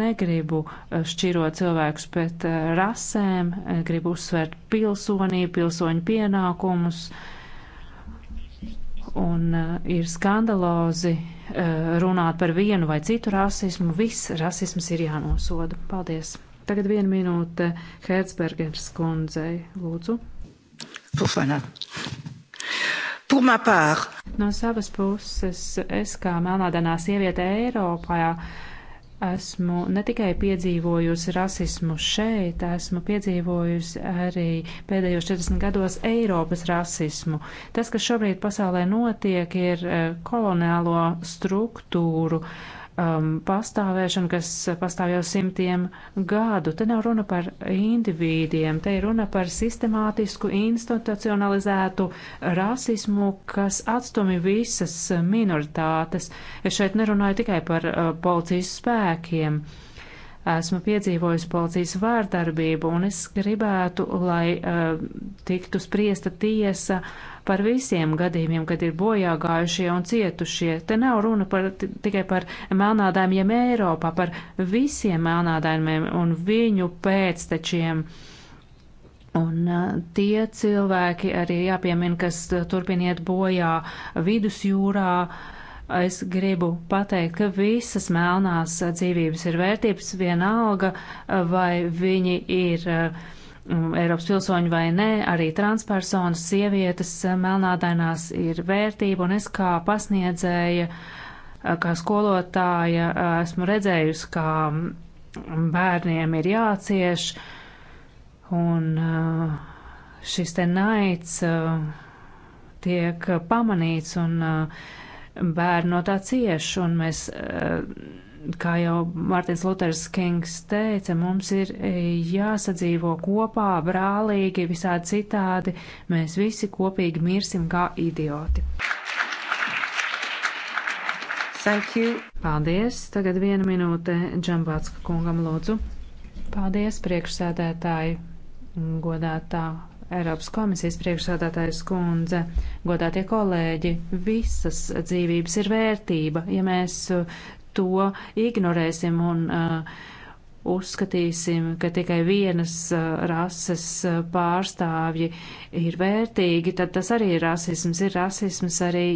Negribu uh, šķirot cilvēkus pēc uh, rasēm, gribu uzsvērt pilsonību, pilsoņu pienākumus. Un uh, ir skandalozi uh, runāt par vienu vai citu rasismu. Viss rasisms ir jānosoda. Paldies. Tagad viena minūte Herzbergers kundzei. Lūdzu. Pufenā. No savas puses, es kā melnādanā sieviete Eiropā esmu ne tikai piedzīvojusi rasismu šeit, esmu piedzīvojusi arī pēdējos 40 gados Eiropas rasismu. Tas, kas šobrīd pasaulē notiek, ir eh, koloniālo struktūru uh, um, pastāvēšanu, kas pastāv jau simtiem gadu. Te nav runa par individiem, te ir runa par sistemātisku, institucionalizētu rasismu, kas atstumi visas minoritātes. Es šeit nerunāju tikai par uh, policijas spēkiem. Esmu piedzīvojusi policijas vārdarbību, un es gribētu, lai uh, tiktu spriesta tiesa uh, par visiem gadījumiem, kad ir bojā gājušie un cietušie. Te nav runa par, tikai par melnādājumiem Eiropā, par visiem melnādājumiem un viņu pēctečiem. Un tie cilvēki arī jāpiemina, kas turpiniet bojā vidusjūrā. Es gribu pateikt, ka visas melnās dzīvības ir vērtības vienalga, vai viņi ir uh, Mm, Eiropas pilsoņi vai nē, arī transpersonas, sievietes eh, melnādainās ir vērtība, un es kā pasniedzēja, eh, kā skolotāja eh, esmu redzējusi, kā mm, bērniem ir jācieš, un šis te naids tiek pamanīts, un bērni no tā cieš, un mēs kā jau Mārtiņš Luters Kings teica, mums ir e, jāsadzīvo kopā, brālīgi, visādi citādi. Mēs visi kopīgi mirsim kā idioti. Thank you. Paldies. Tagad viena minūte Džambātska kungam lūdzu. Paldies, priekšsēdētāji, godātā Eiropas komisijas priekšsādātājs kundze, godātie kolēģi, visas dzīvības ir vērtība. Ja mēs to ignorēsim un uh, uzskatīsim, ka tikai vienas uh, rases uh, pārstāvji ir vērtīgi, tad tas arī ir rasisms. Ir rasisms arī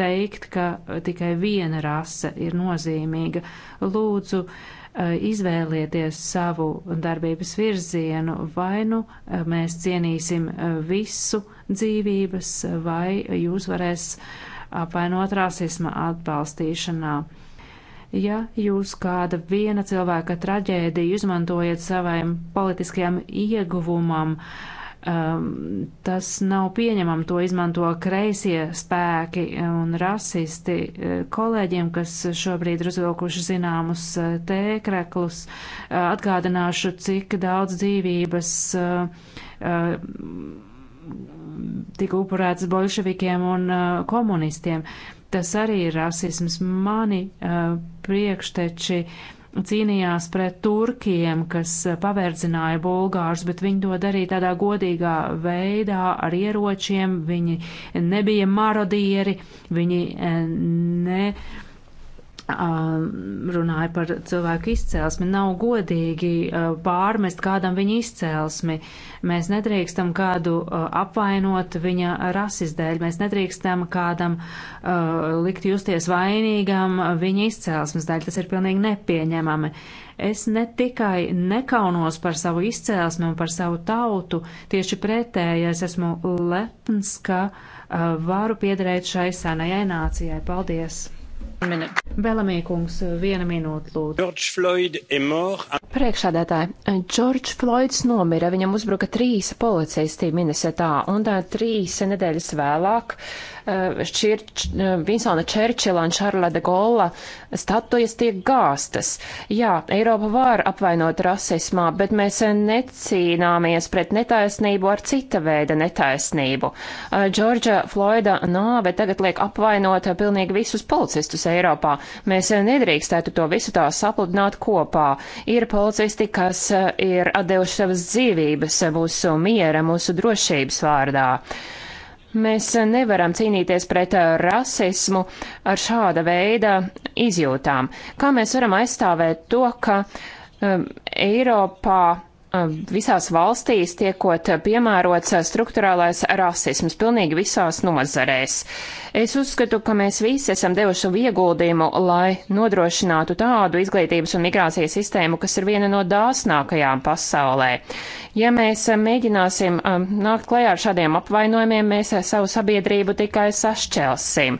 teikt, ka tikai viena rase ir nozīmīga. Lūdzu, uh, izvēlieties savu darbības virzienu, vai nu mēs cienīsim visu dzīvības, vai jūs varēs apvainot rasisma atbalstīšanā. Ja jūs kāda viena cilvēka traģēdiju izmantojat saviem politiskajam ieguvumam, um, tas nav pieņemam, to izmanto kreisie spēki un rasisti eh, kolēģiem, kas šobrīd ir uzvilkuši zināmus eh, tēkreklus. Eh, atgādināšu, cik daudz dzīvības. Uh, uh, tika upurēts bolševikiem un uh, komunistiem. Uh, Tas arī ir rasisms. Mani uh, priekšteči cīnījās pret turkiem, kas uh, paverdzināja bulgārus, bet viņi to darīja tādā godīgā veidā ar ieročiem. Viņi nebija marodieri, viņi uh, ne runāja par cilvēku izcelsmi. Nav godīgi pārmest kādam viņa izcelsmi. Mēs nedrīkstam kādu apvainot viņa rases dēļ. Mēs nedrīkstam kādam likt justies vainīgam viņa izcelsmes dēļ. Tas ir pilnīgi nepieņemami. Es ne tikai nekaunos par savu izcēlesmi un par savu tautu, tieši pretēji es esmu lepns, ka uh, varu piederēt šai senajai nācijai. Paldies! Vēlamie kungs, viena minūte
lūdzu.
Priekšādātāji, Džordž Floyds nomira, viņam uzbruka trīs policisti Minnesotā, un tā trīs nedēļas vēlāk uh, Čir, eh, eh, Vinsona Čērčila un Šarla de Golla statujas tiek gāstas. Jā, Eiropa var apvainot rasismā, bet mēs necīnāmies pret netaisnību ar cita veida netaisnību. Eh, Džordža Floida nāve tagad liek apvainot pilnīgi visus policistus Eiropā. Mēs nedrīkstētu to visu tā sapludināt kopā. Ir policisti, kas ir atdevuši savas dzīvības mūsu miera, mūsu drošības vārdā. Mēs eh, nevaram cīnīties pret eh, rasismu ar šāda veida izjūtām. Kā mēs varam aizstāvēt to, ka um, Eiropā um, visās valstīs tiekot piemērots struktūrālais rasisms pilnīgi visās nozarēs? Uh, Es uzskatu, ka mēs visi esam devuši savu ieguldījumu, lai nodrošinātu tādu izglītības un migrācijas sistēmu, kas ir viena no dāsnākajām pasaulē. Ja mēs eh, mēģināsim eh, nākt klajā ar šādiem apvainojumiem, mēs eh, savu sabiedrību tikai sašķelsim.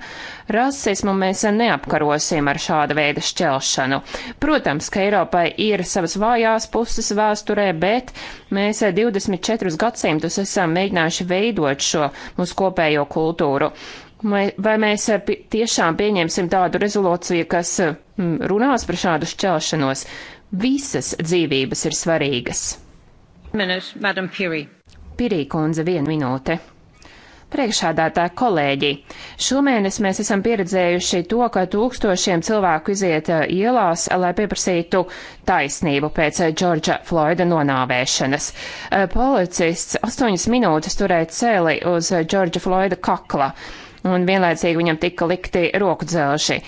Rasismu mēs neapkarosim ar šāda veida šķelšanu. Protams, ka Eiropai ir savas vājās puses vēsturē, bet mēs 24 gadsimtus esam mēģinājuši veidot šo mūsu kopējo kultūru. Vai mēs eh, tiešām pieņemsim tādu rezolūciju, kas eh, runās par šādu šķelšanos? Visas dzīvības ir svarīgas.
Minute,
Pirī kundze, viena minūte. Priekšādātāji kolēģi, šomēnes mēs esam pieredzējuši to, ka tūkstošiem cilvēku iziet eh, ielās, lai pieprasītu taisnību pēc Džordža Floida nonāvēšanas. Policists astoņas minūtes turēja cēli uz Džordža Floida kakla un vienlaicīgi viņam tika likti rokdzelži.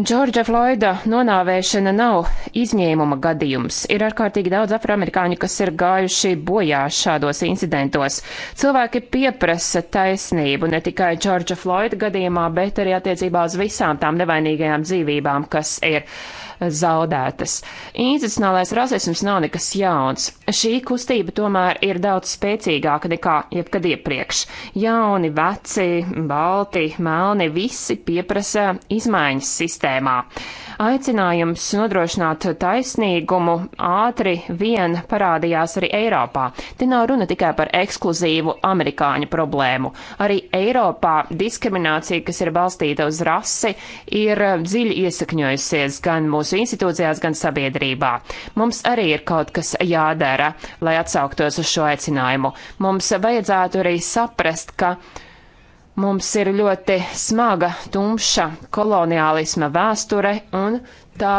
Džordža Floida nonāvēšana nav izņēmuma gadījums. Ir ārkārtīgi daudz afroamerikāņu, kas ir gājuši bojā šādos incidentos. Cilvēki pieprasa taisnību ne tikai Džordža Floida gadījumā, bet arī attiecībā uz visām tām nevainīgajām dzīvībām, kas ir uh, zaudētas. Institucionālais rasisms nav nekas jauns. Šī kustība tomēr ir daudz spēcīgāka nekā jebkad iepriekš. Jauni, veci, balti, melni visi pieprasa izmaiņas sistēmā. Aicinājums nodrošināt taisnīgumu ātri vien parādījās arī Eiropā. Te nav runa tikai par ekskluzīvu amerikāņu problēmu. Arī Eiropā diskriminācija, kas ir balstīta uz rasi, ir dziļi iesakņojusies gan mūsu mūsu institūcijās, gan sabiedrībā. Mums arī ir kaut kas jādara, lai atsauktos uz šo aicinājumu. Mums vajadzētu arī saprast, ka mums ir ļoti smaga, tumša koloniālisma vēsture un tā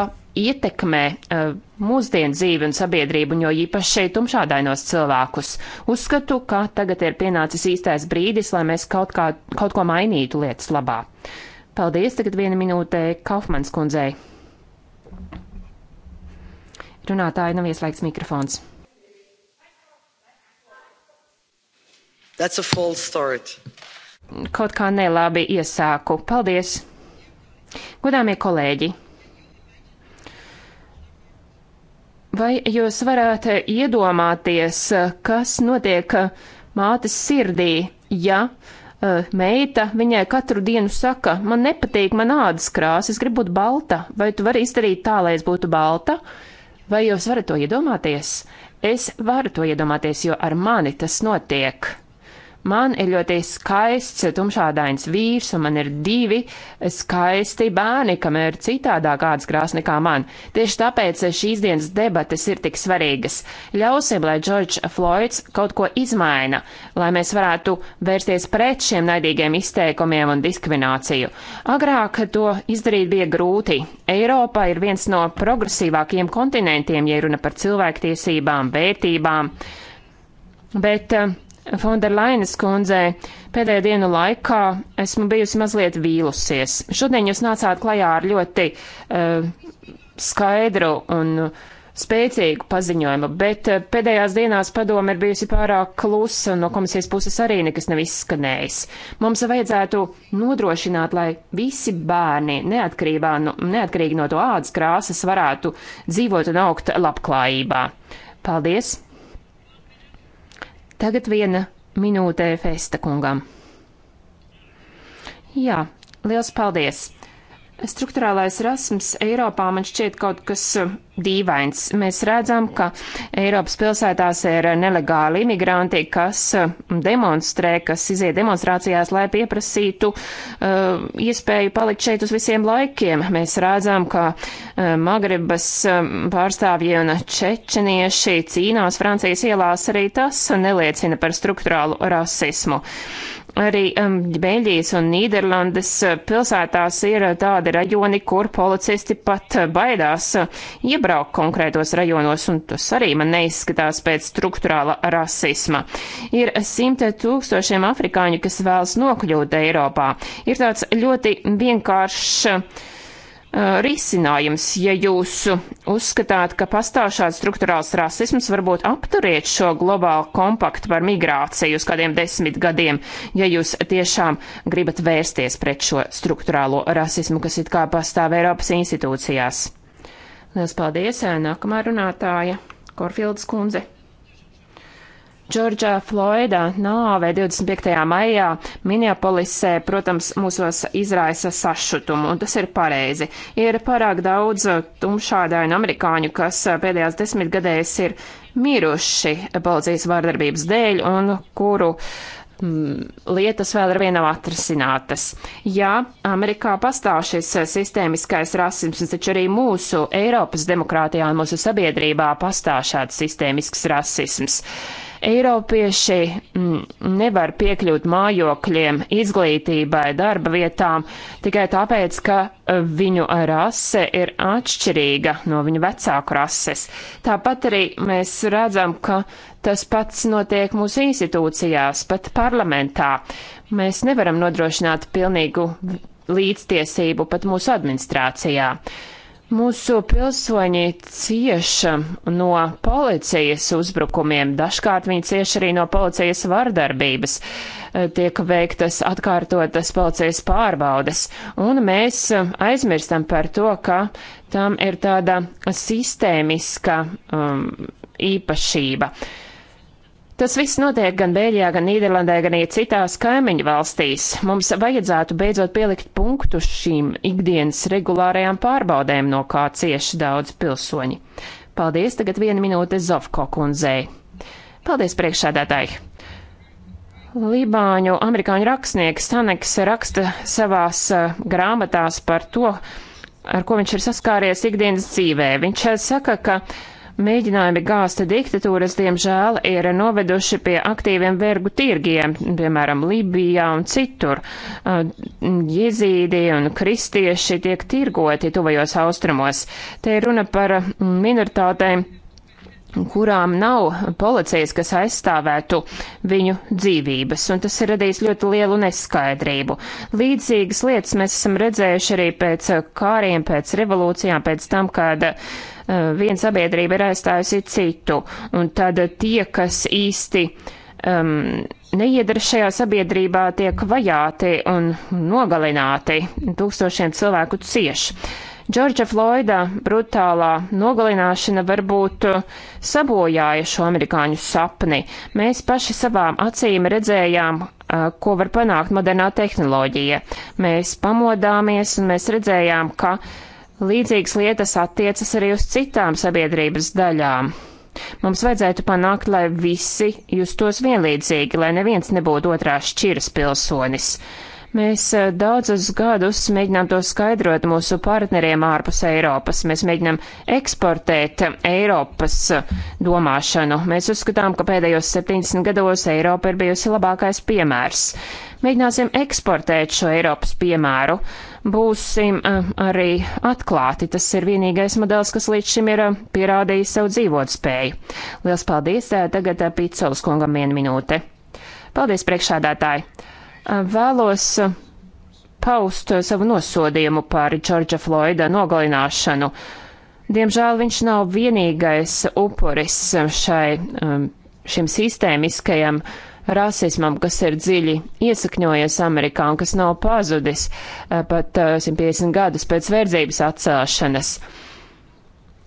ietekmē uh, mūsdienu dzīvi un sabiedrību, jo īpaši tumšādainos cilvēkus. Uzskatu, ka tagad ir pienācis īstais brīdis, lai mēs kaut, kā, kaut ko mainītu lietas labā. Paldies, tagad viena minūte Kaufmanas kundzei. Runātāji nav ieslēgts mikrofons.
That's a false start.
Kaut kā nelabi iesāku. Paldies! Godāmie kolēģi! Vai jūs varētu iedomāties, kas notiek mātes sirdī, ja e, meita viņai katru dienu saka, man nepatīk man ādas krāsa, es gribu būt balta, vai tu vari izdarīt tā, lai es būtu balta? Uh, Vai jūs varat to iedomāties? Es varu to iedomāties, jo ar mani tas notiek. Man ir ļoti skaists, tumšādains vīrs, un man ir divi skaisti bērni, kam ir citādāk ādas krāsa nekā man. Tieši tāpēc šīs dienas debates ir tik svarīgas. Ļausim, lai Džordžs Floyds kaut ko izmaina, lai mēs varētu vērsties pret šiem naidīgiem izteikumiem un diskrimināciju. Agrāk to izdarīt bija grūti. Eiropa ir viens no progresīvākajiem kontinentiem, ja runa par cilvēktiesībām, vērtībām. Bet uh, Fonderlainas kundzē, pēdējo dienu laikā esmu bijusi mazliet vīlusies. Šodien jūs nācāt klajā ar ļoti uh, skaidru un spēcīgu paziņojumu, bet eh, pēdējās dienās padoma ir bijusi pārāk klusa un no komisijas puses arī nekas nav izskanējis. Mums vajadzētu nodrošināt, lai visi bērni, no, neatkarīgi no to ādas krāsas, varētu dzīvot un augt labklājībā. Paldies! Tagad viena minūte Festa kungam. Jā, liels paldies! Struktūrālais rasms Eiropā man šķiet kaut kas uh, dīvains. Mēs redzam, ka Eiropas pilsētās ir nelegāli imigranti, kas uh, demonstrē, kas iziet demonstrācijās, lai pieprasītu uh, iespēju palikt šeit uz visiem laikiem. Mēs redzam, ka uh, Magrebas um, pārstāvji un čečenieši cīnās Francijas ielās arī tas neliecina par struktūrālu rasismu. Uh, Arī um, Beļģijas un Nīderlandes uh, pilsētās ir uh, tādi rajoni, kur policisti pat uh, baidās iebraukt konkrētos rajonos, un tas arī man neizskatās pēc struktūrāla rasisma. Ir simte tūkstošiem afrikāņu, kas vēlas nokļūt Eiropā. Ir tāds ļoti vienkāršs Eh, risinājums. Ja jūs uzskatāt, ka pastāv šāds struktūrāls rasisms, varbūt apturiet šo globālu kompaktu par migrāciju uz kādiem desmit gadiem, ja jūs tiešām gribat vērsties pret šo struktūrālo rasismu, kas it kā pastāv Eiropas institūcijās. Lielas paldies! Eh, nākamā runātāja - Korfildas kundze. Džordža Floida nāve 25. maijā Minneapolisē, protams, mūsos izraisa sašutumu, un tas ir pareizi. Ir pārāk daudz tumšādainu amerikāņu, kas pēdējās desmitgadēs ir miruši policijas vārdarbības dēļ, un kuru m, mm, lietas vēl ar vienu nav atrasinātas. Jā, Amerikā pastāv šis sistēmiskais rasisms, taču arī mūsu Eiropas demokrātijā un mūsu sabiedrībā pastāv šāds sistēmisks rasisms. Uh, Eiropieši mm, nevar piekļūt mājokļiem, izglītībai, darba vietām tikai tāpēc, ka e, viņu rase ir atšķirīga no viņu vecāku rases. Tāpat arī mēs redzam, ka tas pats notiek mūsu institūcijās, pat parlamentā. Mēs nevaram nodrošināt pilnīgu līdztiesību pat mūsu administrācijā. Uh, Mūsu pilsoņi cieša no policijas uzbrukumiem, dažkārt viņi cieši arī no policijas vardarbības, tiek veiktas atkārtotas policijas pārbaudes, un mēs aizmirstam par to, ka tam ir tāda sistēmiska um, īpašība. Uh, Tas viss notiek gan Bēļijā, gan Nīderlandē, gan arī citās kaimiņu valstīs. Mums vajadzētu beidzot pielikt punktu šīm ikdienas regulārajām pārbaudēm, no kā cieši daudz pilsoņi. Paldies, tagad viena minūte Zovko kundzei. Paldies priekšsēdētāji! Libāņu amerikāņu rakstnieks Saneks raksta savās uh, grāmatās par to, ar ko viņš ir saskāries ikdienas dzīvē. Viņš uh, saka, ka Mēģinājumi gāsta diktatūras, diemžēl, ir noveduši pie aktīviem vergu tirgiem, piemēram, Libijā un citur. Uh, jezīdi un kristieši tiek tirgoti tuvajos austrumos. Te ir runa par minoritātēm kurām nav policijas, kas aizstāvētu viņu dzīvības, un tas ir radījis ļoti lielu neskaidrību. Līdzīgas lietas mēs esam redzējuši arī pēc kāriem, pēc revolūcijām, pēc tam, kad uh, Eh, viena sabiedrība ir aizstājusi citu, un tad tie, kas īsti um, neiedara šajā sabiedrībā, tiek vajāti un nogalināti, tūkstošiem cilvēku cieši. Džordža Floida brutālā nogalināšana varbūt eh, sabojāja šo amerikāņu sapni. Mēs paši savām acīm redzējām, eh, ko var panākt modernā tehnoloģija. Mēs pamodāmies un mēs redzējām, ka uh, Līdzīgas lietas attiecas arī uz citām sabiedrības daļām. Mums vajadzētu panākt, lai visi justos vienlīdzīgi, lai neviens nebūtu otrās šķiras pilsonis. Uh, Mēs eh, daudzus gadus mēģinām to skaidrot mūsu partneriem ārpus Eiropas. Mēs mēģinām eksportēt eh, Eiropas eh, domāšanu. Mēs uzskatām, ka pēdējos 70 gados Eiropa ir bijusi labākais piemērs. Mēģināsim eksportēt šo Eiropas piemēru. Būsim arī atklāti. Tas ir vienīgais modelis, kas līdz šim ir pierādījis savu dzīvotspēju. Lielas paldies! Tagad Pīcolas kungam viena minūte. Paldies, priekšādātāji! Vēlos uh, paust uh, savu nosodījumu par Džordža Floida nogalināšanu. Diemžēl viņš nav vienīgais upuris uh, šai, um, šim sistēmiskajam rasismam, kas ir dziļi iesakņojies Amerikā un kas nav pazudis pat 150 gadus pēc verdzības atcelšanas. Uh,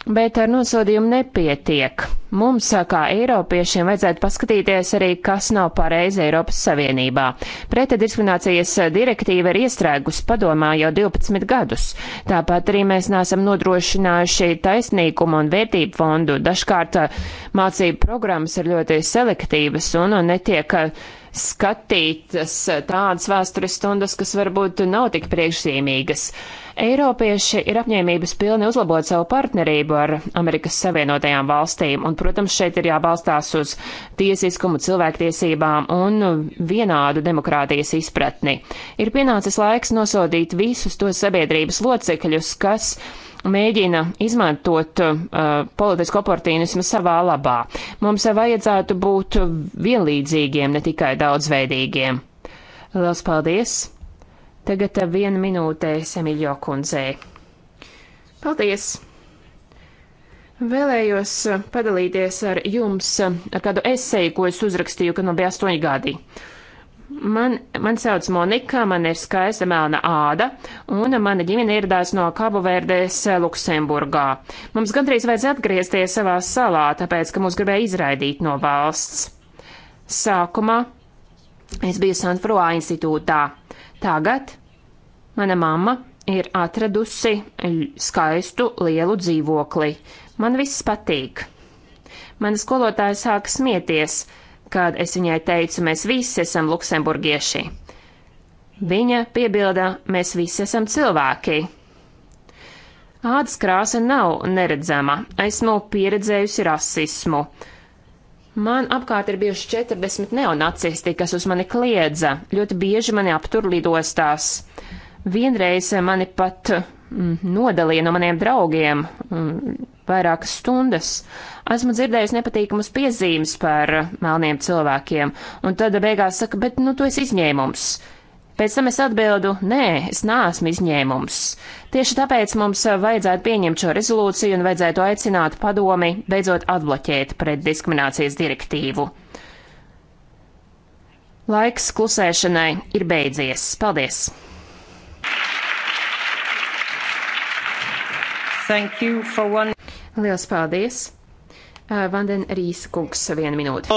Bet ar nosodījumu nepietiek. Mums, kā Eiropiešiem, vajadzētu paskatīties arī, kas nav pareizi Eiropas Savienībā. Pretediskriminācijas direktīva ir iestrēgusi padomā jau 12 gadus. Tāpat arī mēs neesam nodrošinājuši taisnīgumu un vērtību fondu. Dažkārt mācību programmas ir ļoti selektīvas un netiek skatītas tādas vēstures stundas, kas varbūt nav tik priekšzīmīgas. Uh, Eiropieši ir apņēmības pilni uzlabot savu partnerību ar Amerikas Savienotajām valstīm, un, protams, šeit ir jābalstās uz tiesiskumu, cilvēktiesībām un vienādu demokrātijas izpratni. Ir pienācis laiks nosodīt visus tos sabiedrības locekļus, kas mēģina izmantot uh, politisko oportunismu savā labā. Mums vajadzētu būt vienlīdzīgiem, ne tikai daudzveidīgiem. Lielas paldies! Tagad eh, viena minūte Semiljo kundzei. Paldies! Vēlējos eh, padalīties ar jums eh, ar kādu eseju, ko es uzrakstīju, kad man bija astoņi gadi. Man, man sauc Monika, man ir skaista melna āda, un mana ģimene ieradās no Kabu Verdes Luksemburgā. Mums gandrīz vajadzēja atgriezties savā salā, tāpēc, ka mūs gribēja izraidīt no valsts. Sākumā es biju Sanfroā institūtā. Tagad mana mamma ir atradusi skaistu lielu dzīvokli. Man viss patīk. Mana skolotāja sāka smieties, kad es viņai teicu, mēs visi esam luksemburgieši. Viņa piebilda, mēs visi esam cilvēki. Ādas krāsa nav neredzama. Esmu pieredzējusi rasismu. Man apkārt ir bijuši 40 neonacisti, kas uz mani kliedza. Ļoti bieži mani aptur lidostās. Vienreiz mani pat mm, nodalīja no maniem draugiem mm, vairākas stundas. Esmu dzirdējusi nepatīkamas piezīmes par melniem cilvēkiem, un tad beigās saka, bet nu tu esi izņēmums. Pēc tam es atbildu, nē, es neesmu izņēmums. Tieši tāpēc mums vajadzētu pieņemt šo rezolūciju un vajadzētu aicināt padomi beidzot atbloķēt pret diskriminācijas direktīvu. Laiks klusēšanai ir beidzies. Paldies! One... Liels paldies! Eh,
Vanden Rīskungs, viena minūte.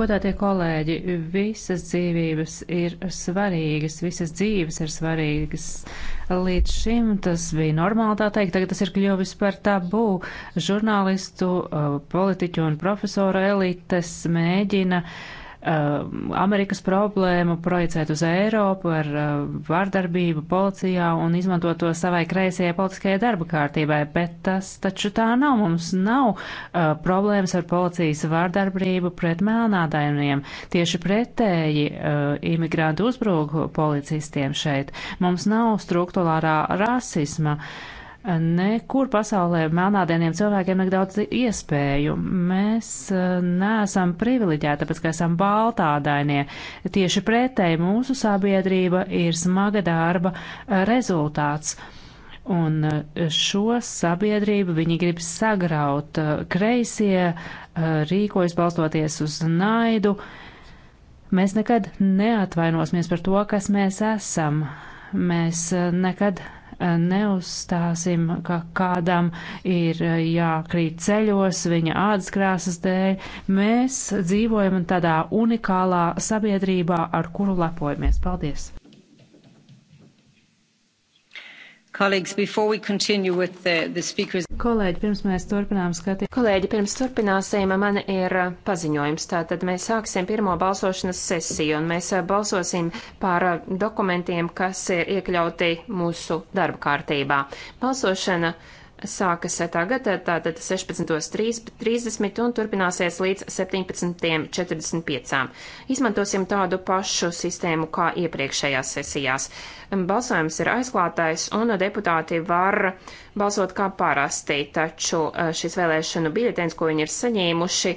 Godātie kolēģi, visas dzīvības ir svarīgas, visas dzīves ir svarīgas. Līdz šim tas bija normāli tā teikt, tagad tas ir kļuvis par tabū. Žurnālistu, eh, politiķu un profesoru elites mēģina uh, Um, Amerikas problēmu projicēt uz Eiropu ar uh, vārdarbību policijā un izmantot to savai kreisajai politiskajai darba kārtībai, bet tas taču tā nav. Mums nav uh, problēmas ar policijas vārdarbību pret mēlnādainiem. Tieši pretēji uh, imigrantu uzbruku policistiem šeit. Mums nav struktūrālā rasisma. Uh, Nekur pasaulē melnādieniem cilvēkiem nav daudz iespēju. Mēs eh, neesam privileģēti, tāpēc, ka esam baltādainie. Tieši pretēji mūsu sabiedrība ir smaga darba eh, rezultāts. Un eh, šo sabiedrību viņi grib sagraut. Kreisie rīkojas balstoties uz naidu. Mēs nekad neatvainosimies par to, kas mēs esam. Mēs nekad neuzstāsim, ka kādam ir eh, jākrīt ceļos viņa ādas krāsas dēļ. Mēs dzīvojam tādā unikālā sabiedrībā, ar kuru lepojamies. Paldies! Kolēģi, pirms mēs turpinām skatīt. Kolēģi, pirms turpināsim,
man ir uh, paziņojums. Tātad mēs sāksim pirmo balsošanas sesiju un mēs uh, balsosim par uh, dokumentiem, kas ir iekļauti mūsu darba kārtībā. Balsošana sākas tagad, tātad 16.30 un turpināsies līdz 17.45. Izmantosim tādu pašu sistēmu kā iepriekšējās sesijās. Balsojums ir aizklātais un deputāti var balsot kā parasti, taču e, šis vēlēšanu biļetens, ko viņi ir saņēmuši,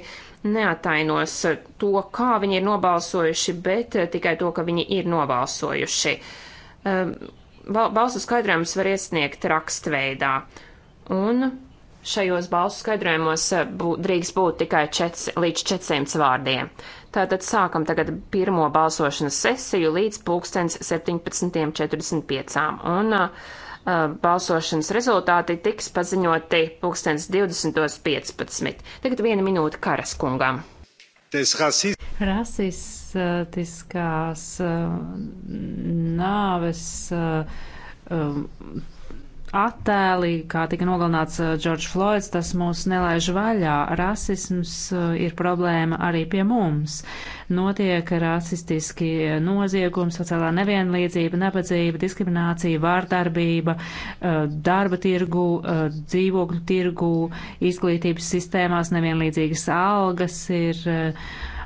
neatainos to, kā viņi ir nobalsojuši, bet e, tikai to, ka viņi ir nobalsojuši. Balsu skaidrojums var iesniegt rakstveidā. Un šajos balsu skaidrojumos eh, bū, drīkst būt tikai čets, līdz 400 vārdiem. Tātad sākam tagad pirmo balsošanas sesiju līdz pulkstens 17.45. Un uh, balsošanas rezultāti tiks paziņoti pulkstens 20.15. Tagad viena minūte karas kungām.
Rasistiskās uh, nāves. Uh, um, attēli, kā tika nogalināts uh, George Floyds, tas mūs nelaiž vaļā. Rasisms uh, ir problēma arī pie mums. Notiek rasistiski noziegumi, sociālā nevienlīdzība, nabadzība, diskriminācija, vārdarbība, uh, darba tirgu, dzīvokļu tirgu, izglītības sistēmās nevienlīdzīgas algas ir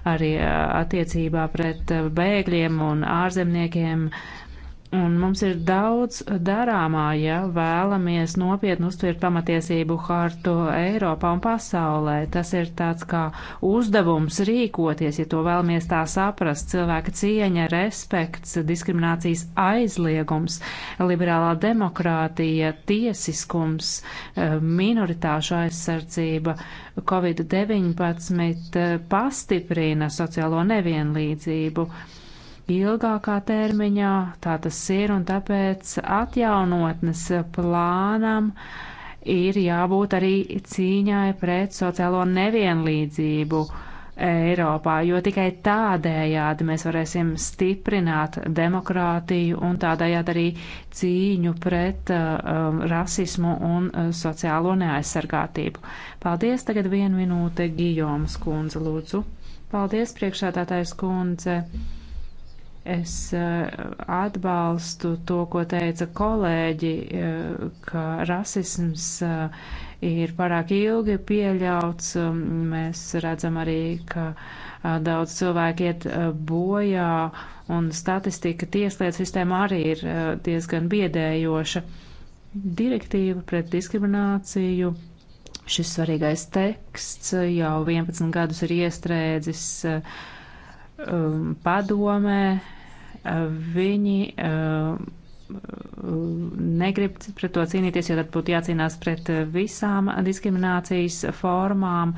arī attiecībā pret bēgļiem un ārzemniekiem. Uh, Un mums ir daudz darāmā, ja vēlamies nopietni uztvērt pamatiesību hartu Eiropā un pasaulē. Tas ir tāds kā uzdevums rīkoties, ja to vēlamies tā saprast. Cilvēka cieņa, respekts, diskriminācijas aizliegums, liberālā demokrātija, tiesiskums, eh, minoritāšu aizsardzība, Covid-19 eh, pastiprina sociālo nevienlīdzību ilgākā termiņā, tā tas ir, un tāpēc atjaunotnes plānam ir jābūt arī cīņai pret sociālo nevienlīdzību Eiropā, jo tikai tādējādi mēs varēsim stiprināt demokrātiju un tādējādi arī cīņu pret uh, rasismu un uh, sociālo neaizsargātību. Paldies, tagad vienu minūte Gijomas kundze, lūdzu. Paldies, priekšādātājs kundze. Mm. Es eh, atbalstu to, ko teica kolēģi, eh, ka rasisms eh, ir pārāk ilgi pieļauts. Um, mēs redzam arī, ka daudz cilvēku iet bojā, un statistika tieslietu sistēma arī ir diezgan biedējoša. Direktīva pret diskrimināciju šis svarīgais teksts jau 11 gadus ir iestrēdzis um, padomē, Viņi eh, negrib pret to cīnīties, jo tad būtu jācīnās pret eh, visām diskriminācijas formām,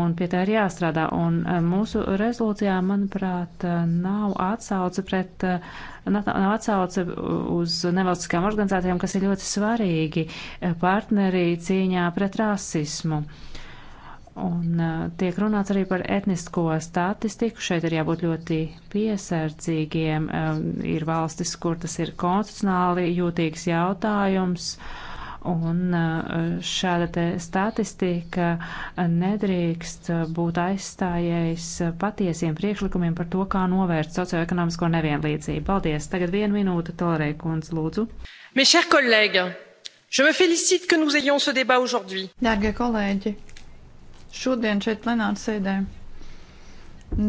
un pie tā ir jāstrādā. Un eh, mūsu rezolūcijā, manuprāt, nav atsauce pret, nav atsauce uz nevalstiskām organizācijām, kas ir ļoti svarīgi partnerī cīņā pret rasismu. Uh, Un uh, tiek runāts arī par etnisko statistiku. Šeit ir jābūt ļoti piesardzīgiem. Um, ir valstis, kur tas ir konstitucionāli jūtīgs jautājums. Un uh, šāda te statistika nedrīkst būt aizstājējis patiesiem priekšlikumiem par to, kā novērst socioekonomisko nevienlīdzību. Paldies! Tagad vienu minūtu Torei kundz lūdzu.
Mes chers collègues, je me félicite que nous ayons ce débat aujourd'hui.
Dārgie kolēģi, Šodien šeit
plenāra sēdē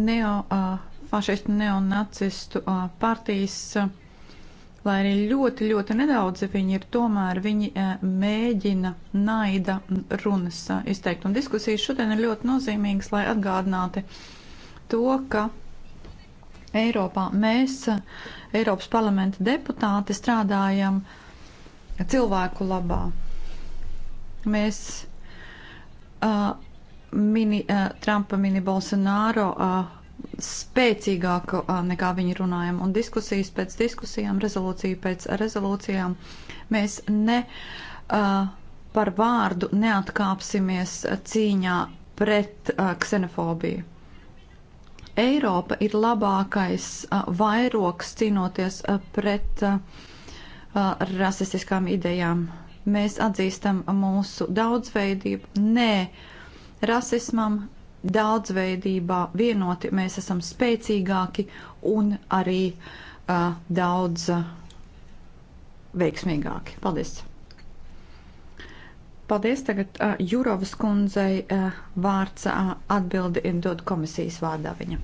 neofašistu, uh, neonacistu uh, partijas, uh, lai arī ļoti, ļoti nedaudzi viņi ir, tomēr viņi uh, mēģina naida runas uh, izteikt. Un diskusijas šodien ir ļoti nozīmīgas, lai atgādinātu to, ka Eiropā mēs, uh, Eiropas parlamenta deputāti, strādājam uh, cilvēku labā. Mēs uh, mini uh, Trumpa, mini Bolsonaro uh, spēcīgāku uh, nekā viņi runājam. Un diskusijas pēc diskusijām, rezolūcija pēc rezolūcijām mēs ne uh, par vārdu neatkāpsimies cīņā pret uh, ksenofobiju. Eiropa ir labākais uh, vairoks cīnoties uh, pret uh, rasistiskām idejām. Mēs atzīstam mūsu daudzveidību. Nē, uh, rasismam, daudzveidībā vienoti mēs esam spēcīgāki un arī uh, daudz uh, veiksmīgāki. Paldies! Paldies tagad uh, Jurovas kundzei uh, vārds uh, atbildi dod komisijas vārdā viņa.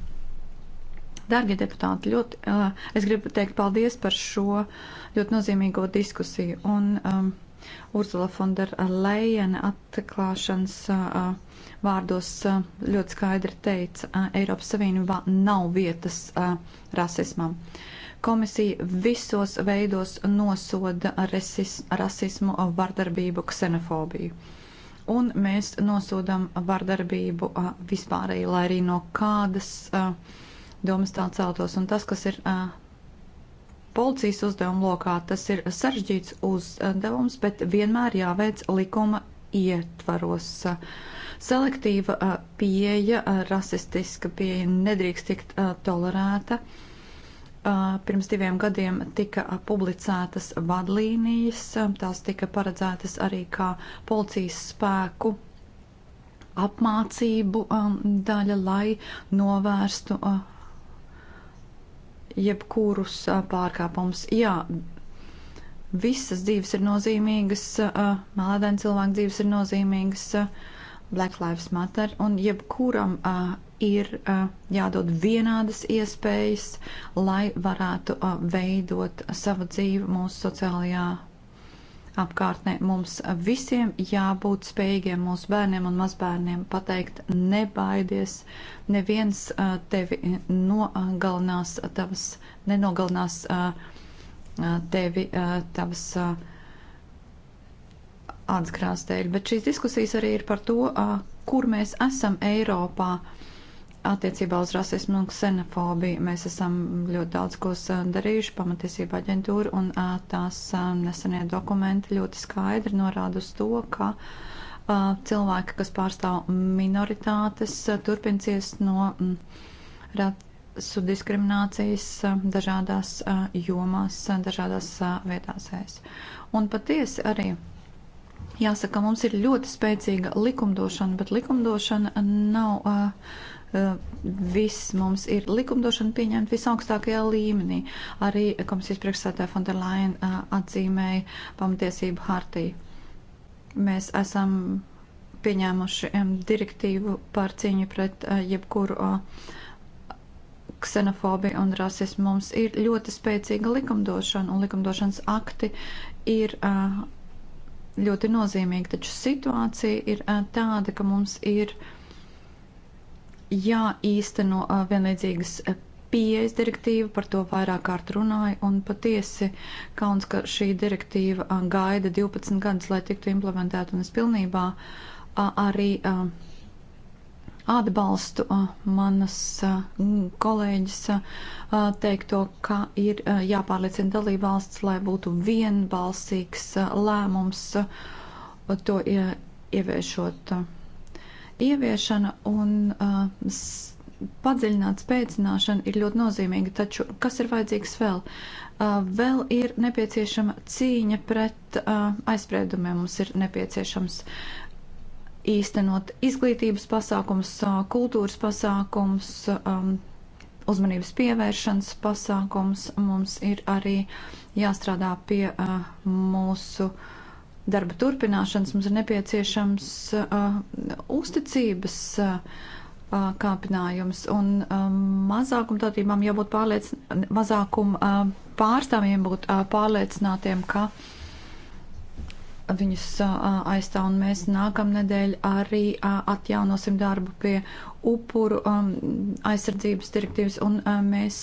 Dārgie deputāti, ļoti, uh, es gribu teikt paldies par šo ļoti nozīmīgo diskusiju. Un, um, Urzula Fonderleina atklāšanas vārdos ļoti skaidri teica, Eiropas Savienībā nav vietas rasismam komisija visos veidos nosoda resis, rasismu, vardarbību, ksenofobiju. Un mēs nosodam vardarbību vispārēji, lai arī no kādas domas tā celtos. Un tas, kas ir policijas uzdevuma lokā. Tas ir sarežģīts uzdevums, bet vienmēr jāveic likuma ietvaros. Selektīva pieeja, rasistiska pieeja nedrīkst tikt tolerēta. Pirms diviem gadiem tika publicētas vadlīnijas, tās tika paredzētas arī kā policijas spēku apmācību daļa, lai novērstu jebkurus pārkāpumus. Jā, visas dzīves ir nozīmīgas, melēdēna cilvēka dzīves ir nozīmīgas, Black Lives Matter, un jebkuram ir jādod vienādas iespējas, lai varētu veidot savu dzīvi mūsu sociālajā apkārtnē. Mums visiem jābūt spējīgiem mūsu bērniem un mazbērniem pateikt, nebaidies, neviens uh, tevi nogalinās, uh, tavas, nenogalinās uh, tevi, tavas atskrāstēļ. Bet šīs diskusijas arī ir par to, kur mēs esam Eiropā attiecībā uz rasismu un ksenofobiju mēs esam ļoti daudz ko darījuši, pamatiesība aģentūra un tās nesenie dokumenti ļoti skaidri norāda uz to, ka cilvēki, kas pārstāv minoritātes, turpinsies no rasu diskriminācijas dažādās jomās, dažādās vietās. Un patiesi arī jāsaka, mums ir ļoti spēcīga likumdošana, bet likumdošana nav. Uh, Eh, viss mums ir likumdošana pieņemta visaugstākajā līmenī. Arī komisijas priekšsētāja Fonderlaina eh, atzīmēja pamatiesību hartiju. Mēs esam pieņēmuši direktīvu par cīņu pret eh, jebkuru ksenofobiju un rasismu. Mums ir ļoti spēcīga likumdošana un likumdošanas akti ir ļoti nozīmīgi, taču situācija ir tāda, ka mums ir uh, jāīsteno vienlīdzīgas pieejas direktīva, par to vairāk kārt runāju, un patiesi kauns, ka šī direktīva gaida 12 gadus, lai tiktu implementēta, un es pilnībā arī atbalstu manas kolēģis teikto, ka ir jāpārliecina dalībvalsts, lai būtu vienbalsīgs lēmums to ieviešot. Ja, ieviešana un uh, padziļināta spēcināšana ir ļoti nozīmīga, taču kas ir vajadzīgs vēl? Uh, vēl ir nepieciešama cīņa pret uh, aizspriedumiem, mums ir nepieciešams īstenot izglītības pasākums, uh, kultūras pasākums, um, uzmanības pievēršanas pasākums, mums ir arī jāstrādā pie uh, mūsu uh, darba turpināšanas mums ir nepieciešams uh, uzticības uh, kāpinājums, un um, mazākumtautībām jābūt pārliecinātām, mazākum uh, pārstāvjiem būt uh, pārliecinātiem, ka uh, viņus aizstāv, un mēs nākamnedēļ arī atjaunosim darbu pie upuru aizsardzības direktīvas, un mēs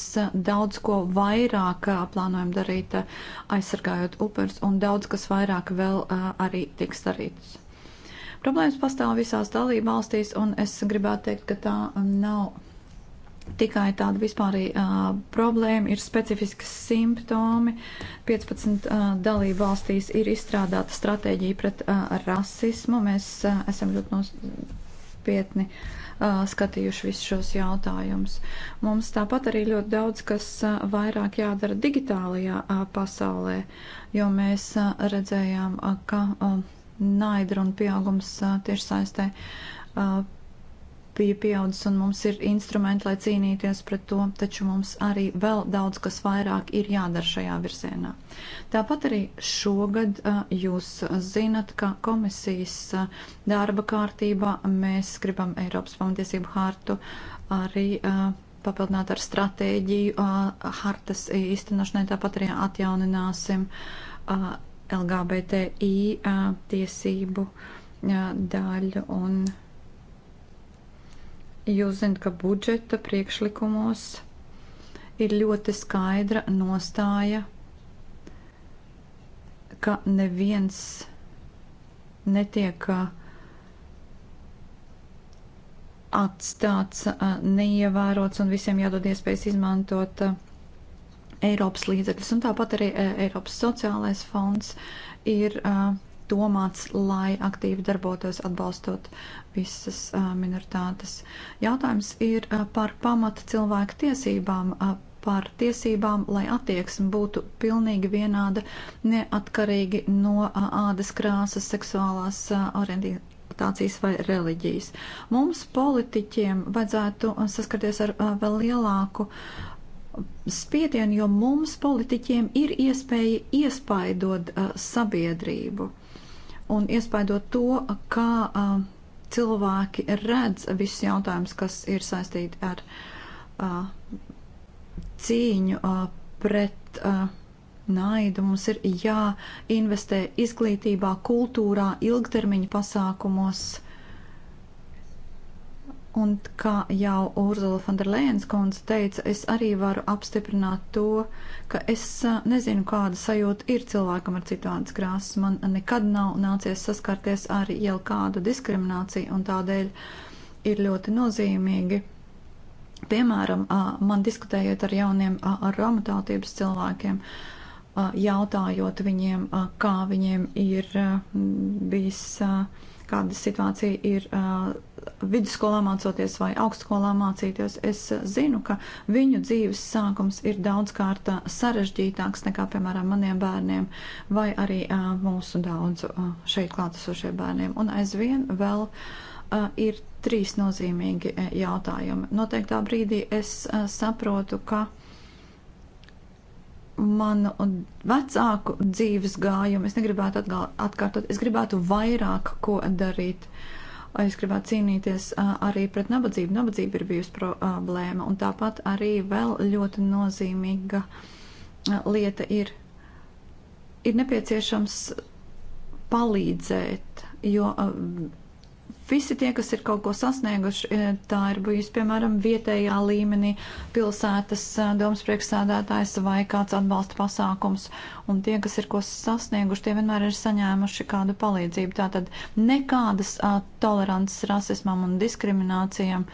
daudz ko vairāk plānojam darīt, aizsargājot upurus, un daudz kas vairāk vēl arī tiks darīts. Problēmas pastāv visās dalība valstīs, un es gribētu teikt, ka tā nav tikai tāda vispārīga uh, problēma, ir specifiski simptomi. 15 uh, dalību valstīs ir izstrādāta stratēģija pret uh, rasismu. Mēs uh, esam ļoti nospietni uh, skatījuši visus šos jautājumus. Mums tāpat arī ļoti daudz, kas uh, vairāk jādara digitālajā uh, pasaulē, jo mēs uh, redzējām, uh, ka uh, naidra un pieaugums uh, tieši saistē. Uh, bija pieaudzis un mums ir instrumenti, lai cīnīties pret to, taču mums arī vēl daudz kas vairāk ir jādara šajā virzienā. Tāpat arī šogad jūs zinat, ka komisijas darba kārtībā mēs gribam Eiropas pamatiesību hartu arī papildināt ar stratēģiju hartas īstenošanai, tāpat arī atjaunināsim LGBTI tiesību daļu un Jūs zinat, ka budžeta priekšlikumos ir ļoti skaidra nostāja, ka neviens netiek atstāts neievērots un visiem jādod iespējas izmantot Eiropas līdzekļus. Un tāpat arī e, Eiropas sociālais fonds ir domāts, lai aktīvi darbotos atbalstot visas minoritātes. Jautājums ir par pamata cilvēku tiesībām, par tiesībām, lai attieksme būtu pilnīgi vienāda, neatkarīgi no ādas krāsas, seksuālās orientācijas vai reliģijas. Mums politiķiem vajadzētu saskarties ar vēl lielāku spiedienu, jo mums politiķiem ir iespēja iespaidot sabiedrību un iespaidot to, kā cilvēki redz visus jautājumus, kas ir saistīti ar uh, cīņu uh, pret uh, naidu. Mums ir jāinvestē izglītībā, kultūrā, ilgtermiņa pasākumos. Un kā jau Urzula Fonderlēns kundze teica, es arī varu apstiprināt to, ka es nezinu, kāda sajūta ir cilvēkam ar citādas krāsas. Man nekad nav nācies saskarties ar jau kādu diskrimināciju, un tādēļ ir ļoti nozīmīgi. Piemēram, man diskutējot ar jauniem ar romu tautības cilvēkiem, jautājot viņiem, kā viņiem ir bijis kāda situācija ir uh, vidusskolā mācoties vai augstskolā mācīties. Es zinu, ka viņu dzīves sākums ir daudzkārt sarežģītāks nekā, piemēram, maniem bērniem vai arī uh, mūsu daudzu uh, šeit klātesošie bērniem. Un aizvien vēl uh, ir trīs nozīmīgi jautājumi. Noteiktā brīdī es uh, saprotu, ka uh, manu vecāku dzīves gājumu. Es negribētu atkārtot, es gribētu vairāk ko darīt. Es gribētu cīnīties arī pret nabadzību. Nabadzība ir bijusi problēma, un tāpat arī vēl ļoti nozīmīga lieta ir, ir nepieciešams palīdzēt, jo Visi tie, kas ir kaut ko sasnieguši, e, tā ir bijusi, piemēram, vietējā līmenī pilsētas e, domas priekšsādātājs vai kāds atbalsta pasākums, un tie, kas ir ko sasnieguši, tie vienmēr ir saņēmuši kādu palīdzību. Tātad nekādas uh, tolerances rasismam un diskriminācijam.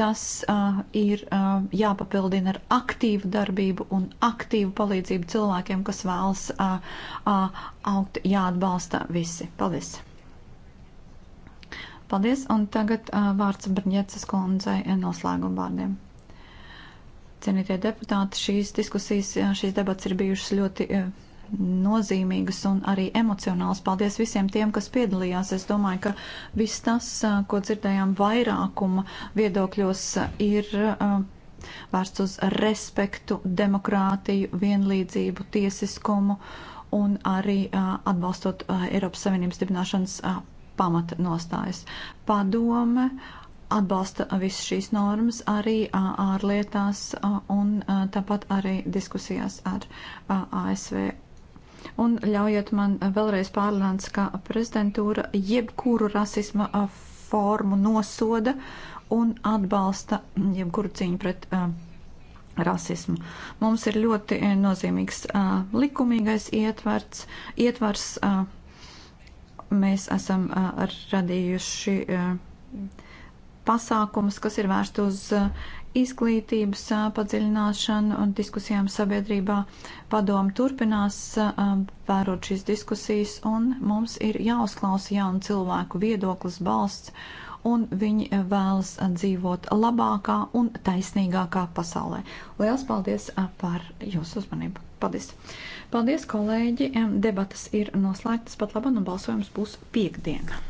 Tas uh, ir uh, jāpapildina ar aktīvu darbību un aktīvu palīdzību cilvēkiem, kas vēlas uh, uh, augt, jāatbalsta visi. Paldies! Paldies, un tagad uh, vārds Brņiecas kundzei noslēguma vārdiem. Cienītie deputāti, šīs diskusijas, uh, šīs debats ir bijušas ļoti uh, nozīmīgas un arī emocionālas. Paldies visiem tiem, kas piedalījās. Es domāju, ka viss tas, uh, ko dzirdējām vairākuma viedokļos, uh, ir uh, vērsts uz respektu, demokrātiju, vienlīdzību, tiesiskumu un arī uh, atbalstot Eiropas Savienības dibināšanas pamata nostājas. Padome atbalsta visas šīs normas arī ārlietās un tāpat arī diskusijās ar ASV Un ļaujiet man vēlreiz pārlēns, ka prezidentūra jebkuru rasisma formu nosoda un atbalsta jebkuru cīņu pret uh, rasismu. Mums ir ļoti e, nozīmīgs uh, likumīgais ietverts, ietvars. Uh, mēs esam radījuši pasākumus, kas ir vērsti uz izglītības padziļināšanu un diskusijām sabiedrībā. Padomu turpinās vērot šīs diskusijas, un mums ir jāuzklausa jaunu cilvēku viedoklis balsts, un viņi vēlas dzīvot labākā un taisnīgākā pasaulē. Lielas paldies par jūsu uzmanību! Paldies! Paldies, kolēģi! Debatas ir noslēgtas pat labam, un nu, balsojums būs piekdiena.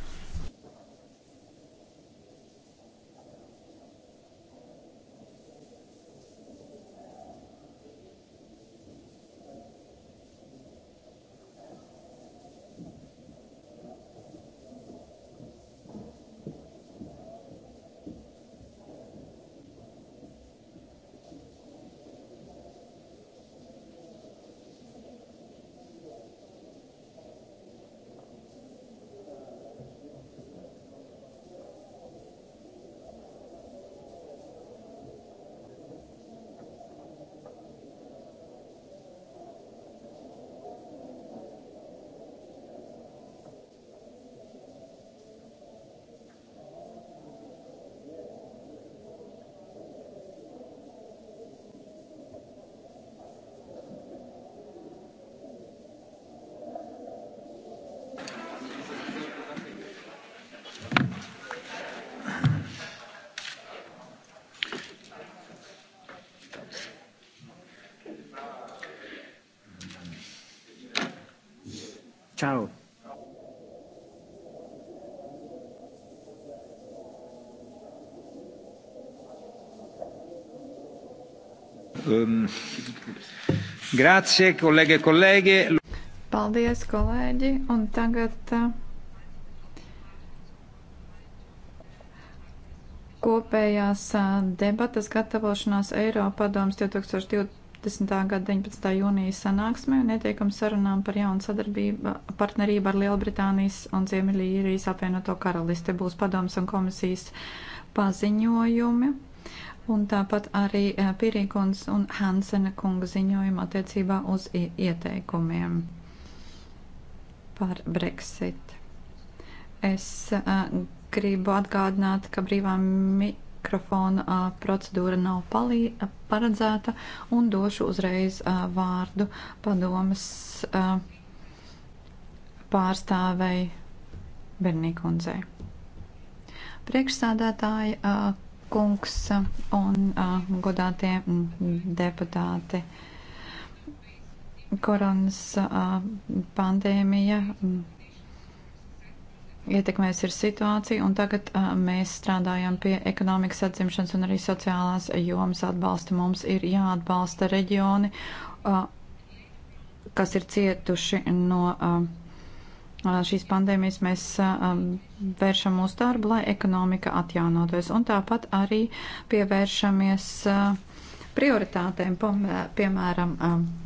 Ciao.
Um, grazie, kolēģi, e kolēģi.
Paldies, kolēģi. Un tagad uh, kopējās uh, debatas gatavošanās Eiropadoms 2020. 2010. gada 19. jūnija sanāksmē netiekam sarunām par jaunu sadarbību partnerību ar Lielbritānijas un Ziemeļīrijas apvienoto karalisti. Būs padoms un komisijas paziņojumi. Un tāpat arī e, Pirīkons un Hansena kunga ziņojumi attiecībā uz ieteikumiem par Brexit. Es uh, gribu atgādināt, ka brīvā mi mikrofona procedūra nav palī, paredzēta un došu uzreiz vārdu padomas pārstāvei Bernīkundzei. Priekšsādātāji, kungs un godātie deputāti. Koronas pandēmija ietekmēs ir situācija, un tagad uh, mēs strādājam pie ekonomikas atzimšanas un arī sociālās jomas atbalsta. Mums ir jāatbalsta reģioni, uh, kas ir cietuši no uh, šīs pandēmijas. Mēs uh, vēršam mūsu darbu, lai ekonomika atjaunotos, un tāpat arī pievēršamies. Uh, prioritātēm, piemēram,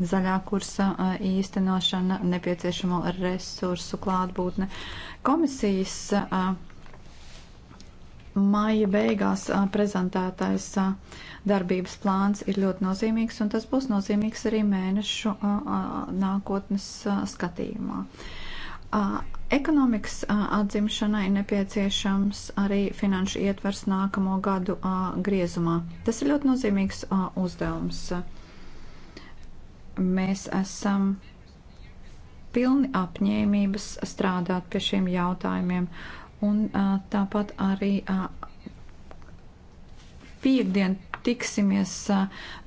zaļā kursa īstenošana, nepieciešamo resursu klātbūtne. Uh, Komisijas maija beigās prezentētais darbības plāns ir ļoti nozīmīgs, un tas būs nozīmīgs arī mēnešu nākotnes skatījumā. Ekonomikas atzimšanai nepieciešams arī finanšu ietvers nākamo gadu griezumā. Tas ir ļoti nozīmīgs uzdevums. Mēs esam pilni apņēmības strādāt pie šiem jautājumiem. Un tāpat arī piekdien tiksimies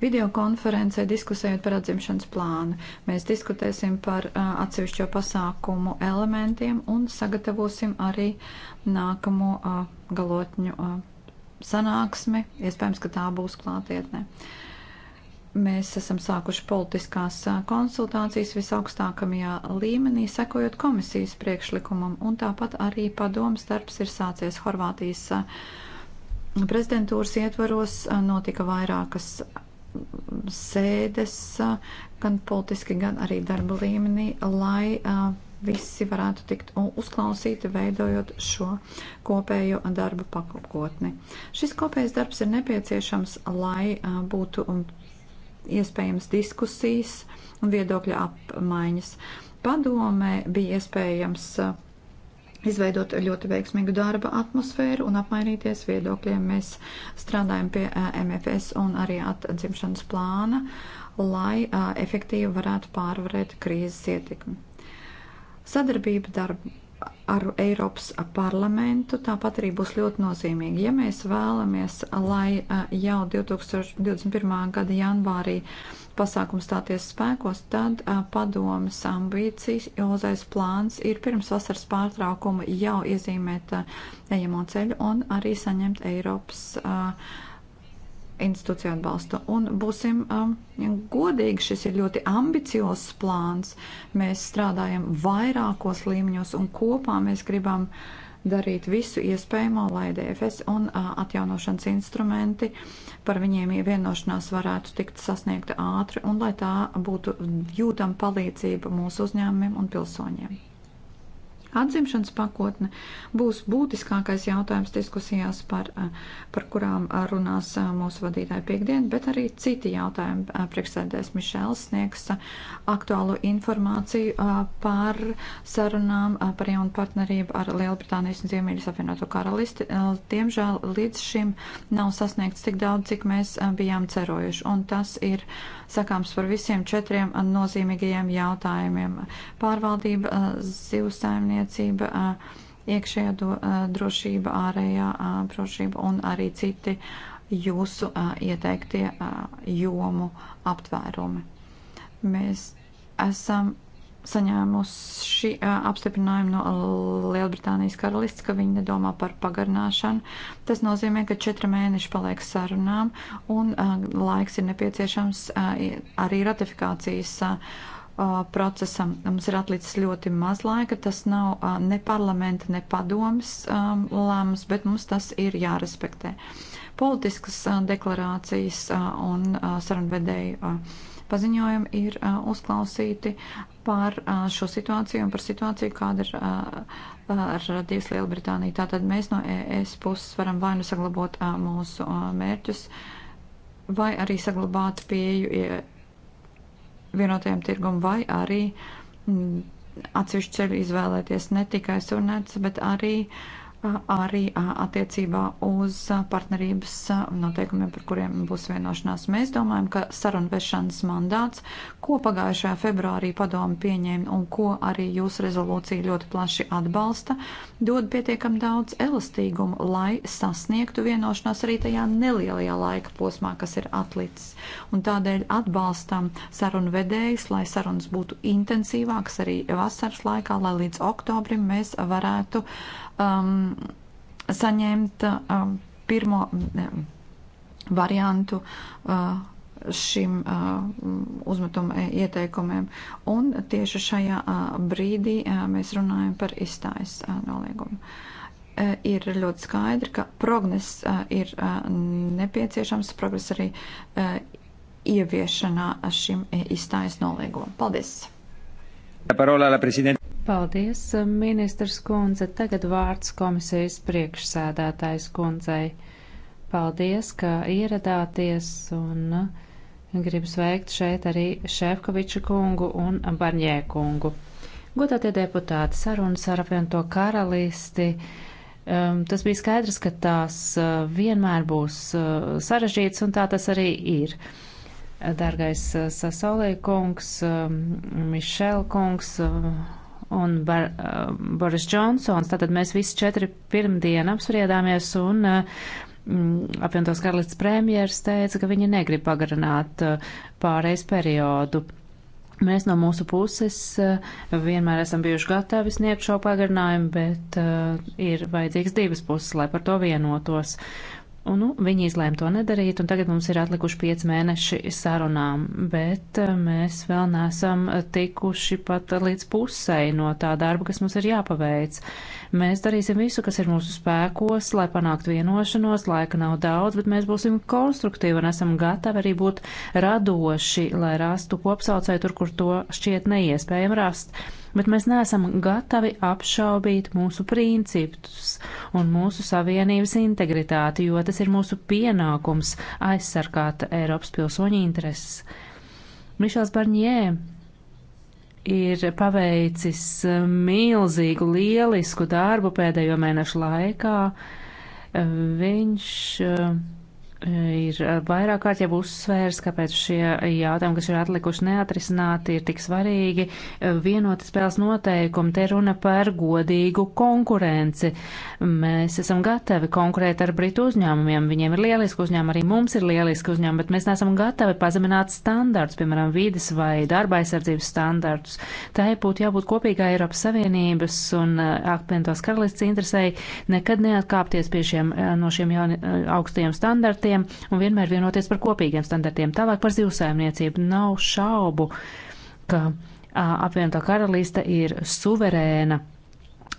videokonferencē diskusējot par atzimšanas plānu. Mēs diskutēsim par atsevišķo pasākumu elementiem un sagatavosim arī nākamo galotņu sanāksmi. Iespējams, ka tā būs klātietnē. Ne. Mēs esam sākuši politiskās konsultācijas visaugstākajā līmenī, sekojot komisijas priekšlikumam, un tāpat arī padomas darbs ir sācies Horvātijas prezidentūras ietvaros. Notika vairākas sēdes, gan politiski, gan arī darba līmenī, lai visi varētu tikt uzklausīti, veidojot šo kopējo darbu pakopotni. Šis kopējais darbs ir nepieciešams, lai būtu iespējams diskusijas un viedokļa apmaiņas. Padomē bija iespējams eh, izveidot ļoti veiksmīgu darba atmosfēru un apmainīties viedokļiem. Mēs strādājam pie eh, MFS un arī atdzimšanas plāna, lai eh, efektīvi varētu pārvarēt krīzes ietekmi. Sadarbība darba ar Eiropas parlamentu tāpat arī būs ļoti nozīmīgi. Ja mēs vēlamies, lai jau 2021. gada janvārī pasākums stāties spēkos, tad padomas ambīcijas, ilgais plāns ir pirms vasaras pārtraukuma jau iezīmēt ejamo ceļu un arī saņemt Eiropas. Uh, institūciju atbalsta. Un būsim um, godīgi, šis ir ļoti ambiciozs plāns. Mēs strādājam vairākos līmeņos un kopā mēs gribam darīt visu iespējamo, lai DFS un uh, atjaunošanas instrumenti par viņiem vienošanās varētu tikt sasniegta ātri un lai tā būtu jūtama palīdzība mūsu uzņēmumiem un pilsoņiem. Atzimšanas pakotne būs būtiskākais jautājums diskusijās, par, eh, par kurām eh, runās eh, mūsu vadītāji piekdien, bet arī citi jautājumi. Priekšsēdēs Mišēls sniegs aktuālu informāciju par sarunām par jaunu partnerību ar Lielbritānijas un Ziemeļas apvienoto karalisti. Diemžēl līdz šim nav sasniegts tik daudz, cik mēs bijām cerojuši, un tas ir sakāms par visiem četriem nozīmīgajiem jautājumiem - pārvaldība, zivsaimniecība, iekšējā do, drošība, ārējā drošība un arī citi jūsu ieteiktie jomu aptvērumi. Mēs esam saņēmuši apstiprinājumu no Lielbritānijas karalists, ka viņi nedomā par pagarināšanu. Tas nozīmē, ka četri mēneši paliek sarunām un laiks ir nepieciešams arī ratifikācijas procesam. Mums ir atlicis ļoti maz laika, tas nav ne parlamenta, ne padomas lēmums, bet mums tas ir jārespektē. Politiskas deklarācijas un sarunvedēju paziņojumi ir uzklausīti par šo situāciju un par situāciju, kāda ir radījusi Lielbritānija. Tātad mēs no ES puses varam vai nu saglabāt mūsu mērķus, vai arī saglabāt pieju vienotajam tirgum, vai arī mm, atsevišķu ceļu izvēlēties ne tikai sunētas, bet arī uh, arī attiecībā uz partnerības noteikumiem, par kuriem būs vienošanās. Mēs domājam, ka sarunvešanas mandāts, ko pagājušajā februārī padomu pieņēma un ko arī jūsu rezolūcija ļoti plaši atbalsta, dod pietiekam daudz elastīgumu, lai sasniegtu vienošanos arī tajā nelielajā laika posmā, kas ir atlicis. Un tādēļ atbalstam sarunu vedējus, lai sarunas būtu intensīvākas arī vasaras laikā, lai līdz oktobrim mēs varētu uh, um, saņemt um, pirmo um, variantu. Uh, šim uh, uzmetuma ieteikumiem. Un tieši šajā uh, brīdī uh, mēs runājam par izstājas uh, noliegumu. Uh, ir ļoti skaidri, ka progress uh, ir uh, nepieciešams, progress arī uh, ieviešanā šim uh, izstājas
noliegumam. Paldies!
La parola alla Presidente.
Paldies, ministrs kundze. Tagad vārds komisijas priekšsēdētājs kundzei. Paldies, ka ieradāties un gribu sveikt šeit arī Šefkoviča kungu un Barņē kungu. Godātie deputāti, sarunas ar apvienoto karalisti. Um, tas bija skaidrs, ka tās uh, vienmēr būs uh, sarežģītas, un tā tas arī ir. Dargais uh, Sasolī kungs, um, Mišel kungs, uh, un Bar, uh, Boris Džonsons. Tātad mēs visi četri pirmdien apspriedāmies un uh, mm, apvienotās karalists premjeras teica, ka viņi negrib pagarināt uh, pārejas periodu. Mēs no mūsu puses uh, vienmēr esam bijuši gatavi sniegt šo pagarinājumu, bet uh, ir vajadzīgs divas puses, lai par to vienotos. Uh, Un, nu, viņi izlēma to nedarīt, un tagad mums ir atlikuši pieci mēneši sarunām, bet eh, mēs vēl neesam tikuši pat līdz pusei no tā darba, kas mums ir jāpaveic. Mēs darīsim visu, kas ir mūsu spēkos, lai panāktu vienošanos, laika nav daudz, bet mēs būsim konstruktīvi un esam gatavi arī būt radoši, lai rastu kopsaucēju tur, kur to šķiet neiespējami rast bet mēs neesam gatavi apšaubīt mūsu principus un mūsu savienības integritāti, jo tas ir mūsu pienākums aizsargāt Eiropas pilsoņu intereses. Mišels Barņē ir paveicis milzīgu, lielisku darbu pēdējo mēnešu laikā. Viņš uh, ir eh, vairāk kārt jau uzsvērs, kāpēc šie jautājumi, kas ir atlikuši neatrisināti, ir tik svarīgi. Eh, vienoti spēles noteikumi, te runa par godīgu konkurenci. Mēs esam gatavi konkurēt ar Britu uzņēmumiem, viņiem ir lieliski uzņēmumi, arī mums ir lieliski uzņēmumi, bet mēs neesam gatavi pazemināt standartus, piemēram, vīdes vai darba aizsardzības standartus. Tā būtu jābūt kopīgā Eiropas Savienības un eh, apvienotās karalists interesei nekad neatkāpties pie šiem, no šiem jauni, augstajiem standartiem standartiem un vienmēr vienoties par kopīgiem standartiem. Tālāk par zivsaimniecību nav šaubu, ka apvienotā karalīste ir suverēna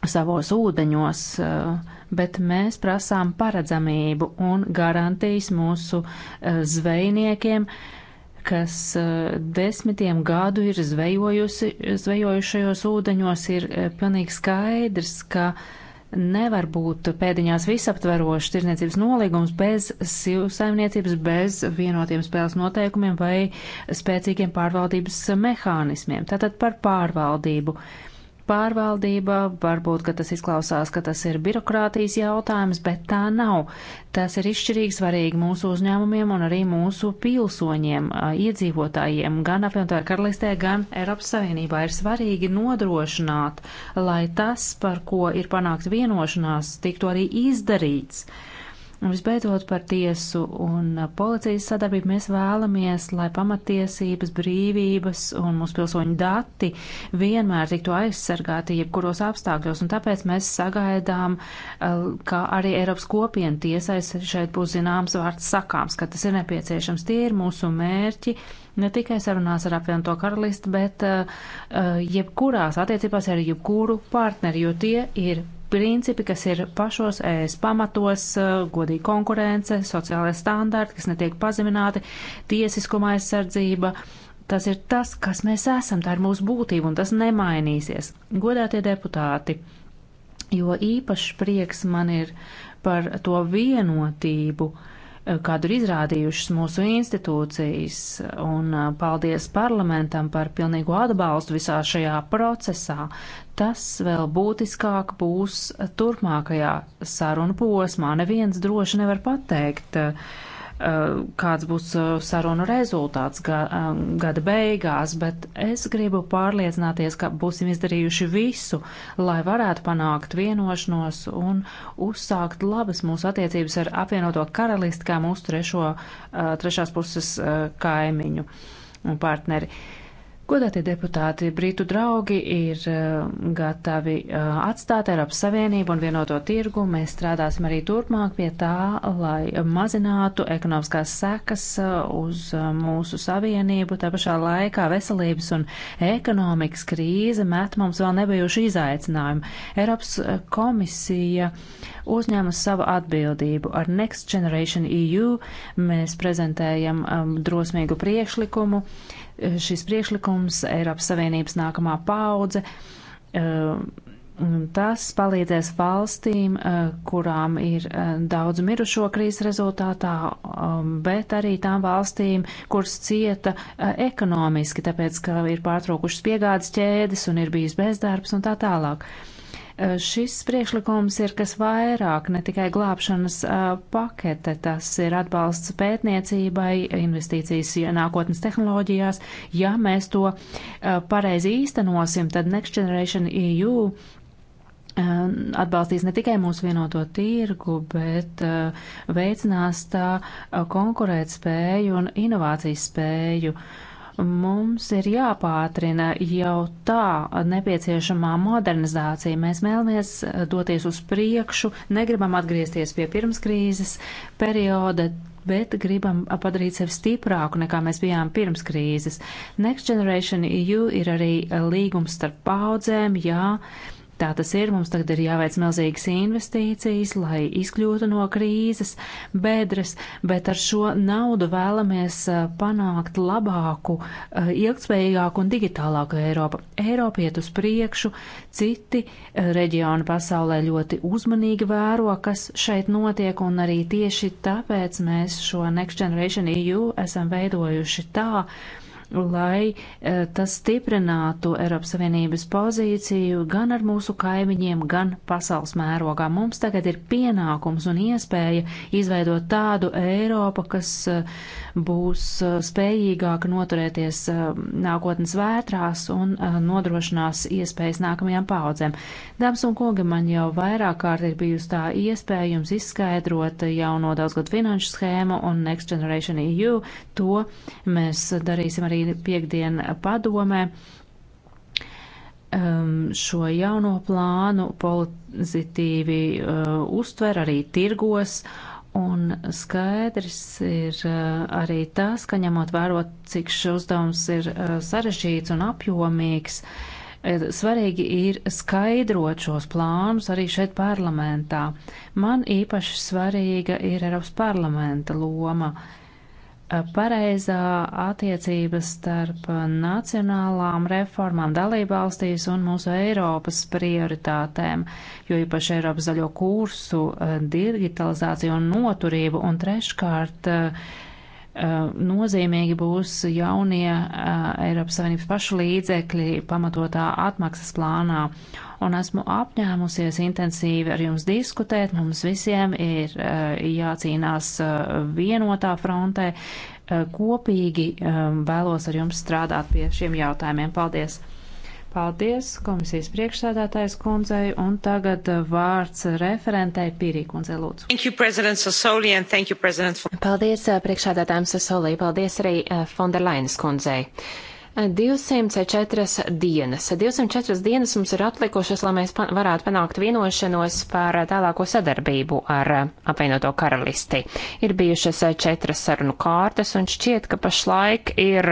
savos ūdeņos, bet mēs prasām paredzamību un garantijas mūsu zvejniekiem, kas desmitiem gadu ir zvejojuši šajos ūdeņos, ir pilnīgi skaidrs, ka uh, nevar būt pēdiņās visaptverošs tirniecības nolīgums bez sīvsaimniecības, bez vienotiem spēles noteikumiem vai spēcīgiem pārvaldības mehānismiem. Tātad par pārvaldību. Uh, pārvaldība, varbūt, ka tas izklausās, ka tas ir birokrātijas jautājums, bet tā nav. Tas ir izšķirīgi svarīgi mūsu uzņēmumiem un arī mūsu pilsoņiem, iedzīvotājiem, gan apvienotāju karalistē, gan Eiropas Savienībā. Ir svarīgi nodrošināt, lai tas, par ko ir panākt vienošanās, tiktu arī izdarīts. Uh, Un visbeidzot par tiesu un uh, policijas sadarbību mēs vēlamies, lai pamatiesības, brīvības un mūsu pilsoņu dati vienmēr tiktu aizsargāti jebkuros apstākļos. Un tāpēc mēs sagaidām, uh, ka arī Eiropas kopienu tiesais šeit būs zināms vārds sakāms, ka tas ir nepieciešams. Tie ir mūsu mērķi. Ne tikai sarunās ar apvienoto karalisti, bet uh, uh jebkurās attiecībās ar jebkuru partneri, jo tie ir principi, kas ir pašos ES pamatos, eh, godīga konkurence, sociālai standarti, kas netiek pazemināti, tiesiskuma aizsardzība. Tas ir tas, kas mēs esam, tā ir mūsu būtība, un tas nemainīsies. Godātie deputāti, jo īpašs prieks man ir par to vienotību, uh, kādu ir izrādījušas mūsu institūcijas, un paldies parlamentam par pilnīgu atbalstu visā šajā procesā. Tas vēl būtiskāk būs turpmākajā sarunu posmā. Neviens droši nevar pateikt, uh, Eh, kāds būs eh, sarunu rezultāts eh, gada beigās, bet es gribu pārliecināties, ka būsim izdarījuši visu, lai varētu panākt vienošanos un uzsākt labas mūsu attiecības ar apvienoto karalisti kā mūsu trešo, trešās puses kaimiņu un partneri. Uh, Godātie deputāti, brītu draugi ir eh, gatavi eh, atstāt Eiropas Savienību un vienoto tirgu. Mēs strādāsim arī turpmāk pie tā, lai mazinātu ekonomiskās sekas eh, uz mūsu savienību. Tā pašā laikā veselības un ekonomikas krīze met mums vēl nebijuši izaicinājumu. Eiropas komisija uzņēmas savu atbildību. Ar Next Generation EU mēs prezentējam drosmīgu priekšlikumu. Uh, šis priekšlikums Eiropas Savienības nākamā paudze. Eh, tas palīdzēs valstīm, eh, kurām ir eh, daudz mirušo krīzes rezultātā, um, bet arī tām valstīm, kuras cieta ekonomiski, tāpēc, ka ir pārtraukušas piegādes ķēdes un ir bijis bezdarbs un tā tālāk. Eh, šis priekšlikums ir kas vairāk, ne tikai glābšanas eh, pakete, tas ir atbalsts pētniecībai, investīcijas nākotnes tehnoloģijās. Ja mēs to eh, pareizi īstenosim, tad Next Generation EU atbalstīs ne tikai mūsu vienoto tirgu, bet uh, veicinās tā konkurēt spēju un inovācijas spēju. Uh, Mums ir jāpātrina jau tā nepieciešamā modernizācija. Mēs vēlamies doties uz priekšu, negribam atgriezties pie pirmskrīzes perioda, bet gribam padarīt sevi stiprāku nekā mēs bijām pirms krīzes. Next Generation EU ir arī līgums starp paudzēm, jā. Uh, Tā tas ir, mums tagad ir jāveic milzīgas investīcijas, lai izkļūtu no krīzes, bedres, bet ar šo naudu vēlamies panākt labāku, ilgspējīgāku un digitālāku Eiropu. Eiropa iet uz priekšu, citi reģioni pasaulē ļoti uzmanīgi vēro, kas šeit notiek, un arī tieši tāpēc mēs šo Next Generation EU esam veidojuši tā, lai e, tas stiprinātu Eiropas Savienības pozīciju gan ar mūsu kaimiņiem, gan pasaules mērogā. Mums tagad ir pienākums un iespēja izveidot tādu Eiropu, kas e, būs e, spējīgāka noturēties nākotnes vētrās un nodrošinās iespējas nākamajām paudzēm. Dāmas un kungi, man jau vairāk kārt ir bijusi tā iespēja jums izskaidrot jauno daudzgad finanšu schēmu un Next Generation EU. To mēs darīsim arī piekdien padomē um, šo jauno plānu pozitīvi uh, uztver arī tirgos. Un skaidrs ir uh, arī tas, ka ņemot vērot, cik šis uzdevums ir uh, sarežģīts un apjomīgs, svarīgi ir skaidrot šos plānus arī šeit parlamentā. Man īpaši svarīga ir Eiropas parlamenta loma. Uh, pareizā attiecības starp nacionālām reformām dalībvalstīs un mūsu Eiropas prioritātēm, jo īpaši Eiropas zaļo kursu, eh, digitalizāciju un noturību, un treškārt eh, Eh, nozīmīgi būs jaunie eh, Eiropas Savienības pašu līdzekļi pamatotā atmaksas plānā. Un esmu apņēmusies intensīvi ar jums diskutēt. Mums visiem ir eh, jācīnās vienotā frontē. Kopīgi vēlos ar jums strādāt pie šiem jautājumiem. Paldies! Paldies komisijas priekšsādātājs kundzei un tagad uh, vārds referentei Pīrī kundzei lūdzu. Thank you, President Sasoli, and thank you, President.
Paldies uh, priekšsādātājiem Sasoli, paldies arī Fonderlainas uh, kundzei. 204 dienas. 204 dienas mums ir atlikušas, lai mēs pa varētu panākt vienošanos par tālāko sadarbību ar apvienoto karalisti. Ir bijušas četras sarunu kārtas, un šķiet, ka pašlaik ir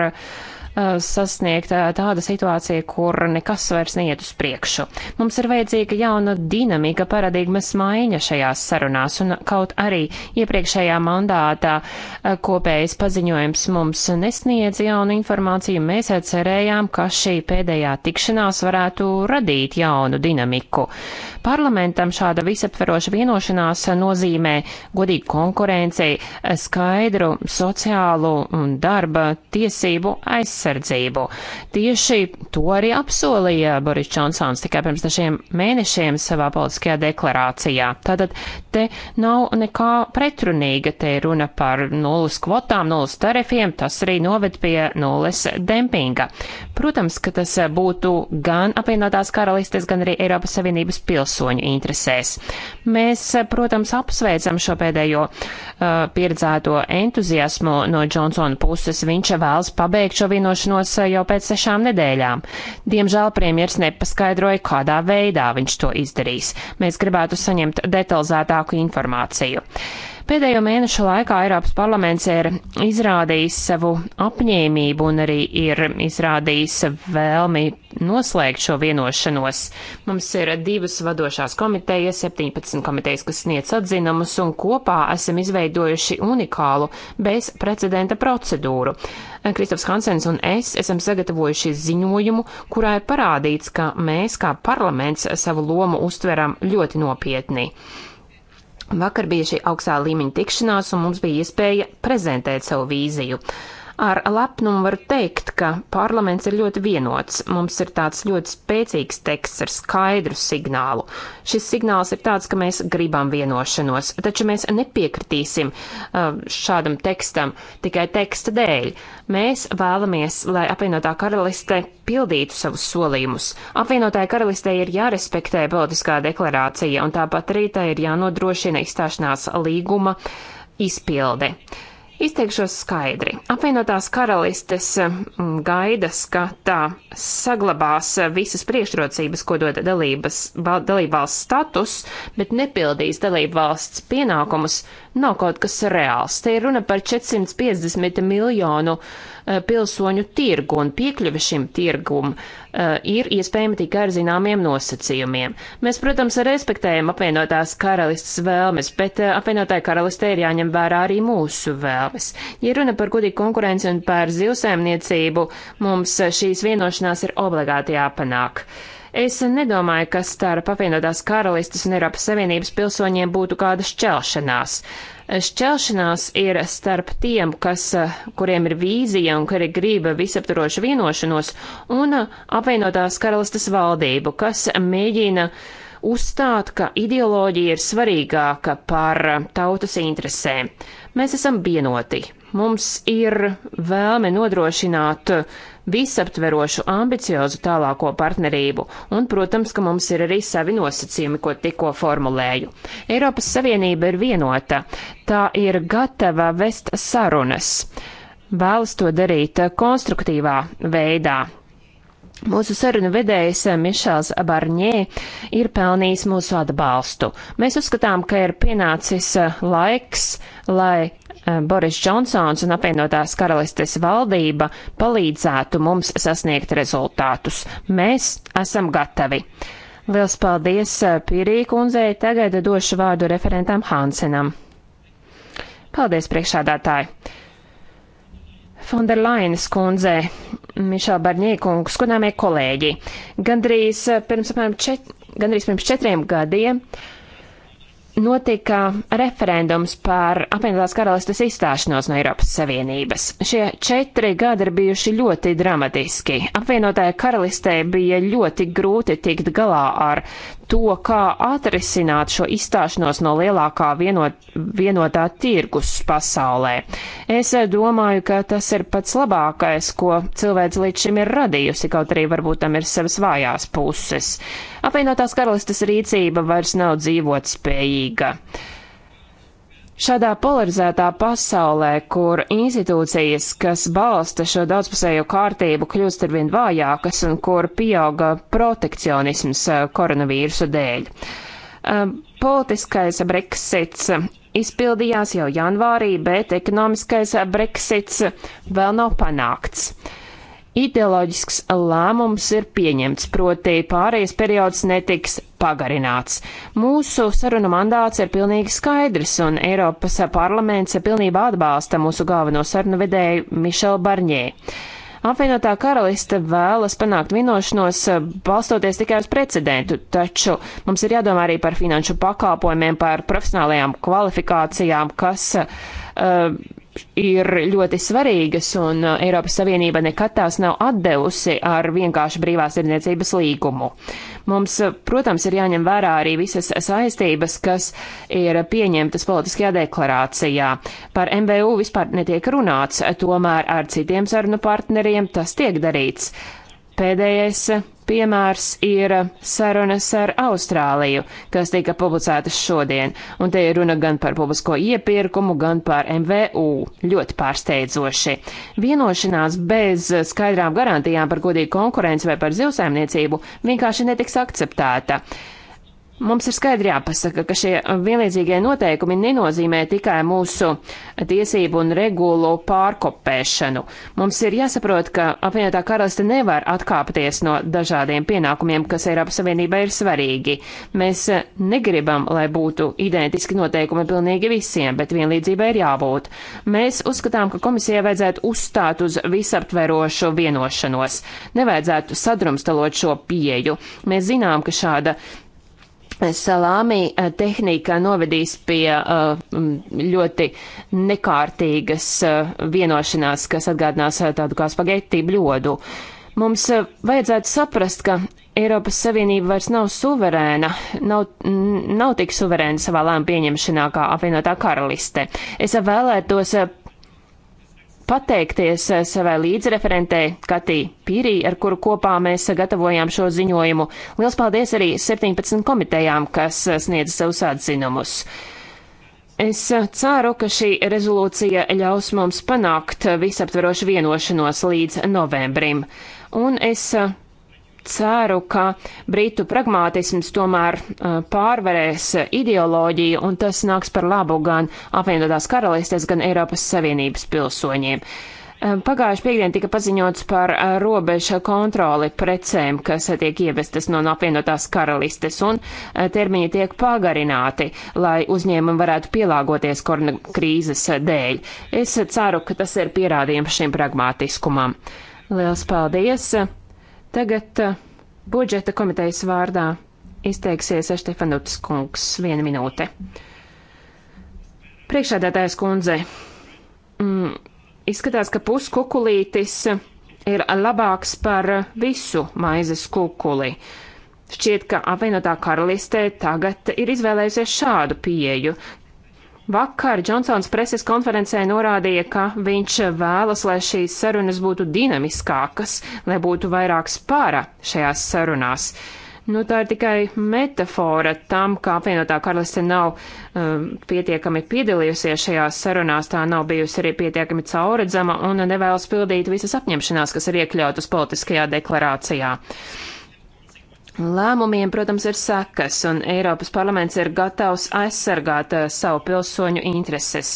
Uh, sasniegt uh, tāda situācija, kur nekas vairs neiet uz priekšu. Mums ir vajadzīga jauna dinamika, paradigmas maiņa šajās sarunās, un kaut arī iepriekšējā mandātā uh, kopējais paziņojums mums nesniedz jaunu informāciju, mēs cerējām, ka šī pēdējā tikšanās varētu radīt jaunu dinamiku. Parlamentam šāda visaptveroša vienošanās nozīmē godīgu konkurenci, skaidru sociālu un darba tiesību aizsardzību aizsardzību. Tieši to arī apsolīja Boris Džonsons tikai pirms dažiem mēnešiem savā politiskajā deklarācijā. Tātad te nav nekā pretrunīga, te runa par nulles kvotām, nulles tarifiem, tas arī noved pie nulles dempinga. Protams, ka tas būtu gan apvienotās karalistes, gan arī Eiropas Savienības pilsoņu interesēs. Mēs, protams, apsveicam šo pēdējo uh, pieredzēto entuziasmu no Džonsona puses. Viņš vēlas pabeigt šo vienošanos vienošanos eh, jau pēc sešām nedēļām. Diemžēl premjers nepaskaidroja, kādā veidā viņš to izdarīs. Mēs gribētu saņemt detalizētāku informāciju. Pēdējo mēnešu laikā Eiropas parlaments ir izrādījis savu apņēmību un arī ir izrādījis vēlmi noslēgt šo vienošanos. Mums ir divas vadošās komitejas, 17 komitejas, kas sniedz atzinumus, un kopā esam izveidojuši unikālu bezprecedenta procedūru. Kristofs Hansens un es esam sagatavojuši ziņojumu, kurā ir parādīts, ka mēs kā parlaments savu lomu uztveram ļoti nopietni. Vakar bija šī augstā līmeņa tikšanās, un mums bija iespēja prezentēt savu vīziju. Ar lepnumu varu teikt, ka parlaments ir ļoti vienots. Mums ir tāds ļoti spēcīgs teksts ar skaidru signālu. Šis signāls ir tāds, ka mēs gribam vienošanos, taču mēs nepiekritīsim uh, šādam tekstam tikai teksta dēļ. Mēs vēlamies, lai apvienotā karaliste pildītu savus solījumus. Apvienotāja karalistē ir jārespektē politiskā deklarācija, un tāpat arī tai ir jānodrošina izstāšanās līguma izpilde. Izteikšos skaidri. Apvienotās karalistes gaidas, ka tā saglabās visas priekšrocības, ko dod dalības, dalībvalsts status, bet nepildīs dalībvalsts pienākumus, nav kaut kas reāls. Te ir runa par 450 miljonu uh, Eh, pilsoņu tirgu, un piekļuve šim tirgum eh, ir iespējama tikai ar zināmiem nosacījumiem. Mēs, protams, respektējam apvienotās karalistas vēlmes, bet eh, apvienotāja karalistē ir jāņem vērā arī mūsu vēlmes. Ja runa par godīgu konkurenci un par zivsēmniecību, mums šīs vienošanās ir obligāti jāpanāk. Es nedomāju, ka starp apvienotās karalistas un Eiropas Savienības pilsoņiem būtu kāda šķelšanās šķelšanās ir starp tiem, kas, eh, kuriem ir vīzija un kuri grib visaptarošu vienošanos, un eh, apvienotās karalistas valdību, kas mēģina uzstāt, ka ideoloģija ir svarīgāka par eh, tautas interesēm. Mēs esam vienoti. Mums ir vēlme nodrošināt uh, visaptverošu, ambiciozu tālāko partnerību, un, protams, ka mums ir arī savi nosacījumi, ko tikko formulēju. Eiropas Savienība ir vienota, tā ir gatava vest sarunas, vēlas to darīt konstruktīvā veidā. Mūsu sarunu vedējs Mišels Barņē ir pelnījis mūsu atbalstu. Mēs uzskatām, ka ir pienācis laiks, lai Eh, Boris Džonsons un apvienotās karalistes valdība palīdzētu mums sasniegt rezultātus. Mēs esam gatavi. Liels paldies eh, Pirī kundzei, tagad došu vārdu referentam Hansenam. Paldies, priekšādātāji! Fonderlainas kundze, Mišela Barņīkungs, godāmie kolēģi, gandrīz eh, pirms, apmēram, čet, gandrīz pirms četriem gadiem uh, notika referendums par apvienotās karalistas izstāšanos no Eiropas Savienības. Šie četri gadi ir bijuši ļoti dramatiski. Apvienotāja karalistē bija ļoti grūti tikt galā ar to, kā atrisināt šo izstāšanos no lielākā vienot, vienotā tirgus pasaulē. Es domāju, ka tas ir pats labākais, ko cilvēks līdz šim ir radījusi, kaut arī varbūt tam ir savas vājās puses. Apvienotās karalistas rīcība vairs nav dzīvot spējīga. Uh, Šādā polarizētā pasaulē, kur institūcijas, kas balsta šo daudzpusējo kārtību, kļūst arvien vājākas un kur pieauga protekcionisms eh, koronavīrusa dēļ. Eh, politiskais Brexits izpildījās jau janvārī, bet ekonomiskais Brexits vēl nav panākts ideoloģisks lēmums ir pieņemts, proti pārējais periods netiks pagarināts. Mūsu saruna mandāts ir pilnīgi skaidrs, un Eiropas parlaments pilnībā atbalsta mūsu galveno sarunu vedēju Mišelu Barņē. Apvienotā karaliste vēlas panākt vienošanos, balstoties tikai uz precedentu, taču mums ir jādomā arī par finanšu pakalpojumiem, par profesionālajām kvalifikācijām, kas uh, ir ļoti svarīgas, un uh, Eiropas Savienība nekad tās nav atdevusi ar vienkārši brīvās tirdzniecības līgumu. Mums, uh, protams, ir jāņem vērā arī visas saistības, kas ir pieņemtas politiskajā deklarācijā. Par MVU vispār netiek runāts, tomēr ar citiem sarunu partneriem tas tiek darīts. Pēdējais Piemērs ir sarunas ar Austrāliju, kas tika publicētas šodien, un te ir runa gan par publisko iepirkumu, gan par MVU. Ļoti pārsteidzoši. Vienošanās bez skaidrām garantijām par godīgu konkurenci vai par zivsaimniecību vienkārši netiks akceptēta. Uh, Mums ir skaidri jāpasaka, ka šie vienlīdzīgie noteikumi nenozīmē tikai mūsu tiesību un regulu pārkopēšanu. Mums ir jāsaprot, ka apvienotā karaliste nevar atkāpties no dažādiem pienākumiem, kas Eiropas Savienībā ir svarīgi. Mēs negribam, lai būtu identiski noteikumi pilnīgi visiem, bet vienlīdzībai ir jābūt. Mēs uzskatām, ka komisijai vajadzētu uzstāt uz visaptverošu vienošanos. Nevajadzētu sadrumstalot šo pieju. Mēs zinām, ka šāda salāmī eh, tehnika novedīs pie eh, ļoti nekārtīgas eh, vienošanās, kas atgādinās tādu kā spagetti bļodu. Mums vajadzētu saprast, ka Eiropas Savienība vairs nav suverēna, nav, nav tik suverēna savā lēmu pieņemšanā kā apvienotā karaliste. Es vēlētos pateikties eh, savai līdzreferentei Katī Pīrī, ar kuru kopā mēs gatavojām šo ziņojumu. Liels paldies arī 17 komitejām, kas eh, sniedza savus atzinumus. Es eh, ceru, ka šī rezolūcija ļaus mums panākt visaptverošu vienošanos līdz novembrim. Un es ceru, ka Britu pragmātisms tomēr uh, pārvarēs ideoloģiju un tas nāks par labu gan apvienotās karalistes, gan Eiropas Savienības pilsoņiem. Uh, pagājuši piekdien tika paziņots par uh, robeža kontroli precēm, kas tiek ievestas no apvienotās karalistes, un termiņi tiek pagarināti, lai uzņēmumi varētu pielāgoties korona krīzes dēļ. Es ceru, ka tas ir pierādījums šim pragmātiskumam. Liels paldies! Tagad uh, budžeta komitejas vārdā izteiksies Eštefanuts kungs. Viena minūte. Priekšādātājs kundze, mm, izskatās, ka puskukulītis ir labāks par visu maizes kukuli. Šķiet, ka apvienotā karalistē tagad ir izvēlējusies šādu pieju. Vakar Džonsons preses konferencē norādīja, ka viņš vēlas, lai šīs sarunas būtu dinamiskākas, lai būtu vairāk spāra šajās sarunās. Nu, tā ir tikai metafora tam, ka apvienotā karaliste nav um, pietiekami piedalījusies šajās sarunās, tā nav bijusi arī pietiekami cauredzama un nevēlas pildīt visas apņemšanās, kas ir iekļautas politiskajā deklarācijā. Uh, Lēmumiem, protams, ir sekas, un Eiropas parlaments ir gatavs aizsargāt uh, savu pilsoņu intereses.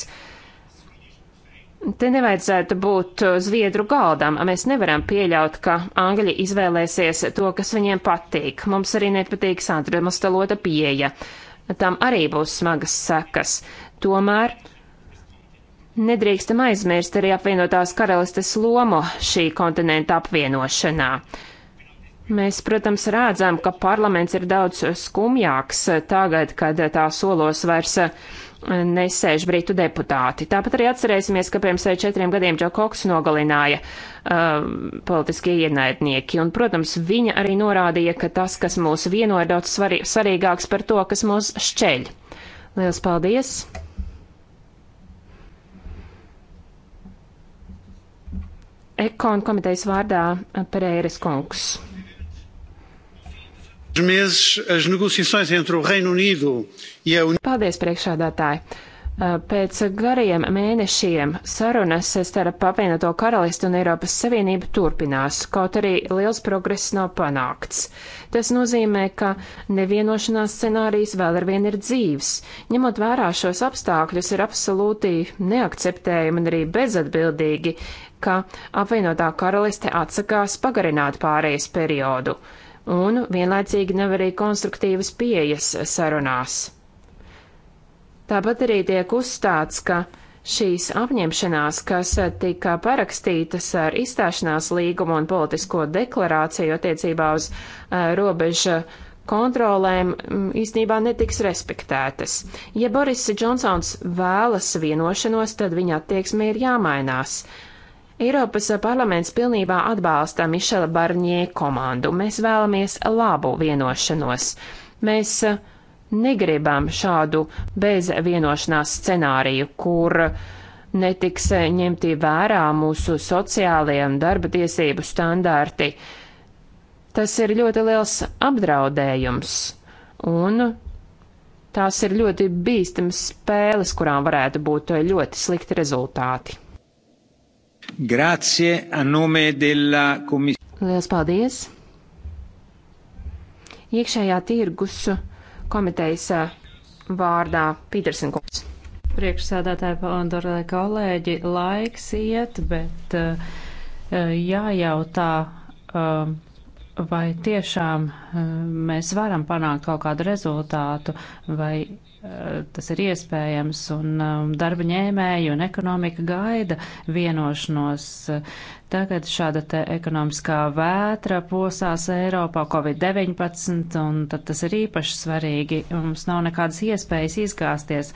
Te nevajadzētu būt eh, zviedru galdam. Mēs nevaram pieļaut, ka Angļi izvēlēsies to, kas viņiem patīk. Mums arī nepatīk Sandra Mastalota pieeja. Tam arī būs smagas sekas. Tomēr nedrīkstam aizmirst arī apvienotās karalistes lomu šī kontinenta apvienošanā. Uh, Mēs, protams, redzam, ka parlaments ir daudz skumjāks tagad, kad tā solos vairs eh, nesēž britu deputāti. Tāpat arī atcerēsimies, ka pirms eh, četriem gadiem Džo Koks nogalināja uh, eh, politiskie ienaidnieki. Un, protams, viņa arī norādīja, ka tas, kas mūs vieno, ir daudz svarī, svarīgāks par to, kas mūs šķeļ. Lielas paldies! Ekon komitejas vārdā Pereiras kungs. E Paldies, priekšādātāji! Uh, pēc gariem mēnešiem sarunas starp apvienoto karalistu un Eiropas Savienību turpinās, kaut arī liels progress nav panākts. Tas nozīmē, ka nevienošanās scenārijs vēl ar vienu ir dzīves. Ņemot vērā šos apstākļus, ir absolūti neakceptējami un arī bezatbildīgi, ka apvienotā karaliste atsakās pagarināt pārējais periodu un vienlaicīgi nav arī konstruktīvas pieejas sarunās. Tāpat arī tiek uzstāts, ka šīs apņemšanās, kas tika parakstītas ar izstāšanās līgumu un politisko deklarāciju attiecībā uz robežu kontrolēm īstenībā netiks respektētas. Ja Boris Džonsons vēlas vienošanos, tad viņa attieksme ir jāmainās. Eiropas parlaments pilnībā atbalsta Mišela Barņē komandu. Mēs vēlamies labu vienošanos. Mēs eh, negribam šādu bez vienošanās scenāriju, kur netiks eh, ņemti vērā mūsu sociālie un darba tiesību standārti. Tas ir ļoti liels apdraudējums, un tās ir ļoti bīstamas spēles, kurām varētu būt eh, ļoti slikti rezultāti.
Grazie a nome della komisija. Lielas
paldies! Iekšējā tirgus komitejas eh,
vārdā Pītersenkungs. Priekšsēdētāji, Pandora kolēģi, laiks iet, bet uh, jājautā, uh, vai tiešām uh, mēs varam panākt kaut kādu rezultātu, vai Eh, tas ir iespējams, un um, darba ņēmēji un ekonomika gaida vienošanos. Tagad šāda te ekonomiskā vētra posās Eiropā Covid-19, un tad tas ir īpaši svarīgi. Mums nav nekādas iespējas izgāsties.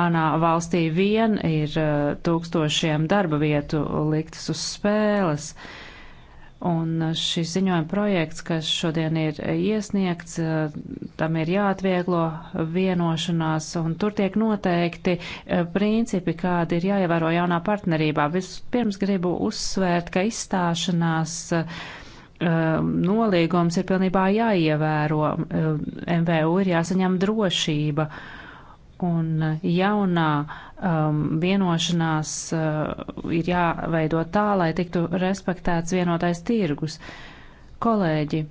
Manā valstī vien ir eh, tūkstošiem darba vietu liktas uz spēles. Uh, Un šis ziņojuma projekts, kas šodien ir iesniegts, tam ir jāatvieglo vienošanās, un tur tiek noteikti e, principi, kādi ir jāievēro jaunā partnerībā. Vispirms gribu uzsvērt, ka izstāšanās e, nolīgums ir pilnībā jāievēro. E, MVU ir jāsaņem drošība. Un jaunā um, vienošanās uh, ir jāveido tā, lai tiktu respektēts vienotais tirgus. Kolēģi,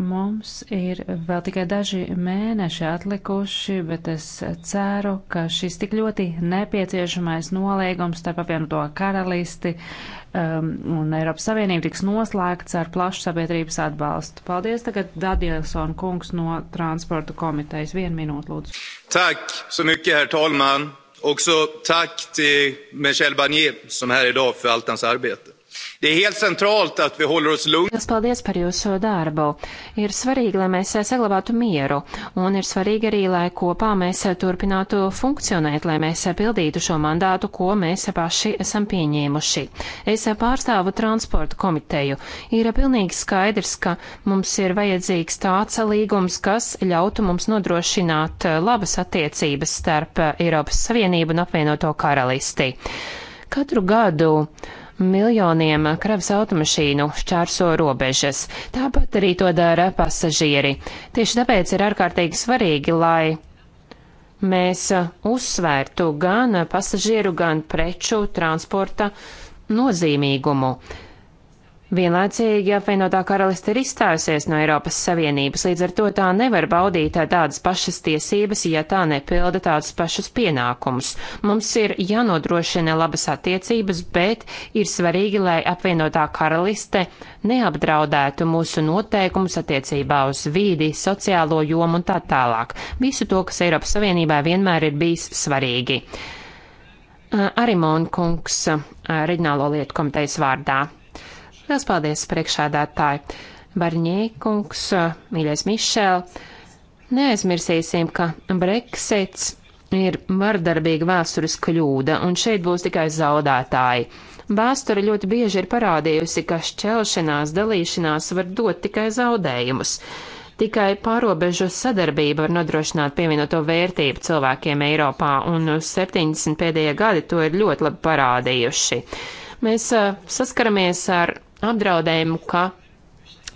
mums ir vēl tikai daži mēneši atlikuši, bet es ceru, ka šis tik ļoti nepieciešamais nolīgums starp apvienoto karalisti um, un Eiropas Savienību tiks noslēgts ar plašu sabiedrības atbalstu. Paldies tagad Dadielson kungs no transporta komitejas. Vienu minūtu lūdzu.
Tak, so mycket, herr talman. Också tack till Michel Barnier som är här idag för allt hans arbete. Jūs paldies
par jūsu darbu. Ir svarīgi, lai mēs saglabātu mieru, un ir svarīgi arī, lai kopā mēs turpinātu funkcionēt, lai mēs pildītu šo mandātu, ko mēs paši esam pieņēmuši. Es pārstāvu transportu komiteju. Ir pilnīgi skaidrs, ka mums ir vajadzīgs tāds līgums, kas ļautu mums nodrošināt labas attiecības starp Eiropas Savienību un apvienoto karalisti. Katru gadu uh, Miljoniem kravas automašīnu šķērso robežas, tāpat arī to dara pasažieri. Tieši tāpēc ir ārkārtīgi svarīgi, lai mēs uzsvērtu gan pasažieru, gan preču transporta nozīmīgumu. Vienlaicīgi apvienotā karaliste ir izstājusies no Eiropas Savienības, līdz ar to tā nevar baudīt tādas pašas tiesības, ja tā nepilda tādus pašus pienākumus. Mums ir jānodrošina labas attiecības, bet ir svarīgi, lai apvienotā karaliste neapdraudētu mūsu noteikumus attiecībā uz vīdi, sociālo jomu un tā tālāk. Visu to, kas Eiropas Savienībā vienmēr ir bijis svarīgi. Arī Monkungs, reģionālo lietu komitejas vārdā. Lielas paldies, priekšādātāji! Barņēkungs, mīļais Mišēl, neaizmirsīsim, ka Brexits ir vardarbīga vēstures kļūda, un šeit būs tikai zaudētāji. Vēsture ļoti bieži ir parādījusi, ka šķelšanās, dalīšanās var dot tikai zaudējumus. Tikai pārobežu sadarbība var nodrošināt pievienoto vērtību cilvēkiem Eiropā, un 70 pēdējie gadi to ir ļoti labi parādījuši. Mēs eh, saskaramies ar apdraudējumu, ka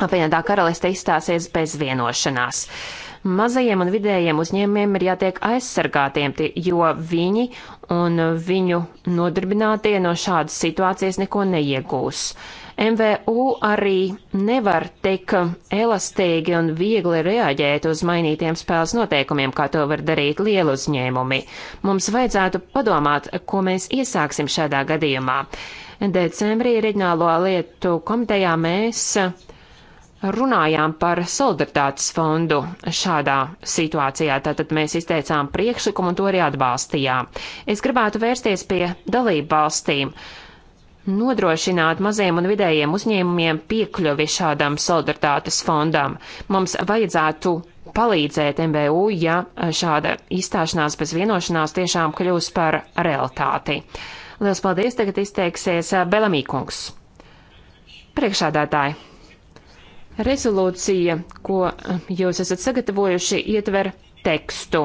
apvienotā karaliste izstāsies bez vienošanās. Mazajiem un vidējiem uzņēmumiem ir jātiek aizsargātiem, jo viņi un viņu nodarbinātie no šādas situācijas neko neiegūs. MVU arī nevar tik elastīgi un viegli reaģēt uz mainītiem spēles noteikumiem, kā to var darīt lielu uzņēmumi. Mums vajadzētu padomāt, ko mēs iesāksim šādā gadījumā decembrī Reģionālo lietu komitejā mēs runājām par solidaritātes fondu šādā situācijā, tātad mēs izteicām priekšlikumu un to arī atbalstījām. Es gribētu vērsties pie dalību valstīm, nodrošināt maziem un vidējiem uzņēmumiem piekļuvi šādam solidaritātes fondam. Mums vajadzētu palīdzēt MBU, ja šāda izstāšanās bez vienošanās tiešām kļūs par realitāti. Lielas paldies, tagad izteiksies eh, Belamīkungs. Priekšādātāji, rezolūcija, ko eh, jūs esat sagatavojuši, ietver tekstu,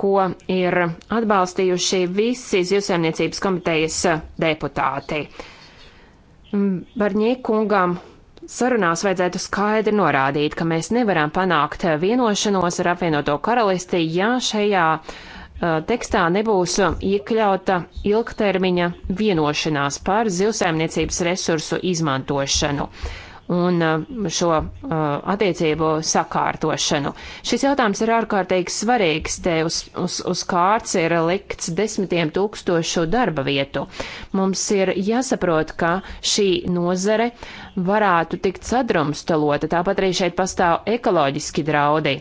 ko ir atbalstījuši visi zivsaimniecības komitejas eh, deputāti. Mm, Barņīkungam sarunās vajadzētu skaidri norādīt, ka mēs nevaram panākt vienošanos ar apvienoto karalisti, ja šajā uh, tekstā nebūs iekļauta ilgtermiņa vienošanās par zivsaimniecības resursu izmantošanu. Uh, un uh, šo uh, attiecību sakārtošanu. Šis jautājums ir ārkārtīgi svarīgs. Te uz, uz, uz kārts ir likts desmitiem tūkstošu darba vietu. Mums ir jāsaprot, ka šī nozare varētu tikt sadrumstalota. Tāpat arī šeit pastāv ekoloģiski draudi.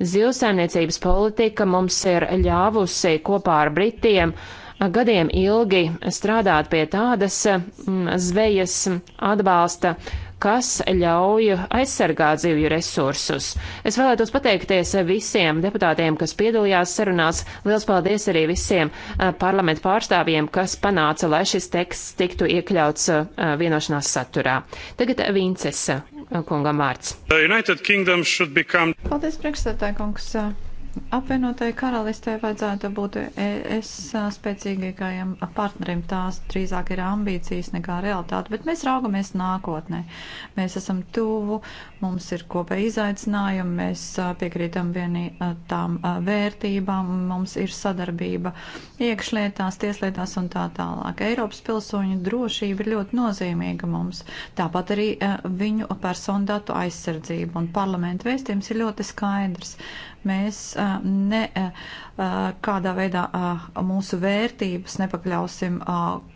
Zilsēmniecības politika mums ir ļāvusi kopā ar Britiem gadiem ilgi strādāt pie tādas mm, zvejas atbalsta kas ļauj aizsargāt zivju resursus. Es vēlētos pateikties visiem deputātiem, kas piedalījās sarunās. Liels paldies arī visiem parlamentu pārstāvjiem, kas panāca, lai šis teksts tiktu iekļauts vienošanās saturā. Tagad Vinces
kungam vārds.
Paldies, priekšstādākungs.
Apvienotai karalistē vajadzētu būt es spēcīgākajam partnerim. Tās drīzāk ir ambīcijas nekā realitāte, bet mēs raugamies nākotnē. Mēs esam tuvu, mums ir kopēji izaicinājumi, mēs piekrītam vienī tām vērtībām, mums ir sadarbība iekšlietās, tieslietās un tā tālāk. Eiropas pilsoņu drošība ir ļoti nozīmīga mums. Tāpat arī viņu personu datu aizsardzība un parlamentu vēstījums ir ļoti skaidrs mēs ne kādā veidā mūsu vērtības nepakļausim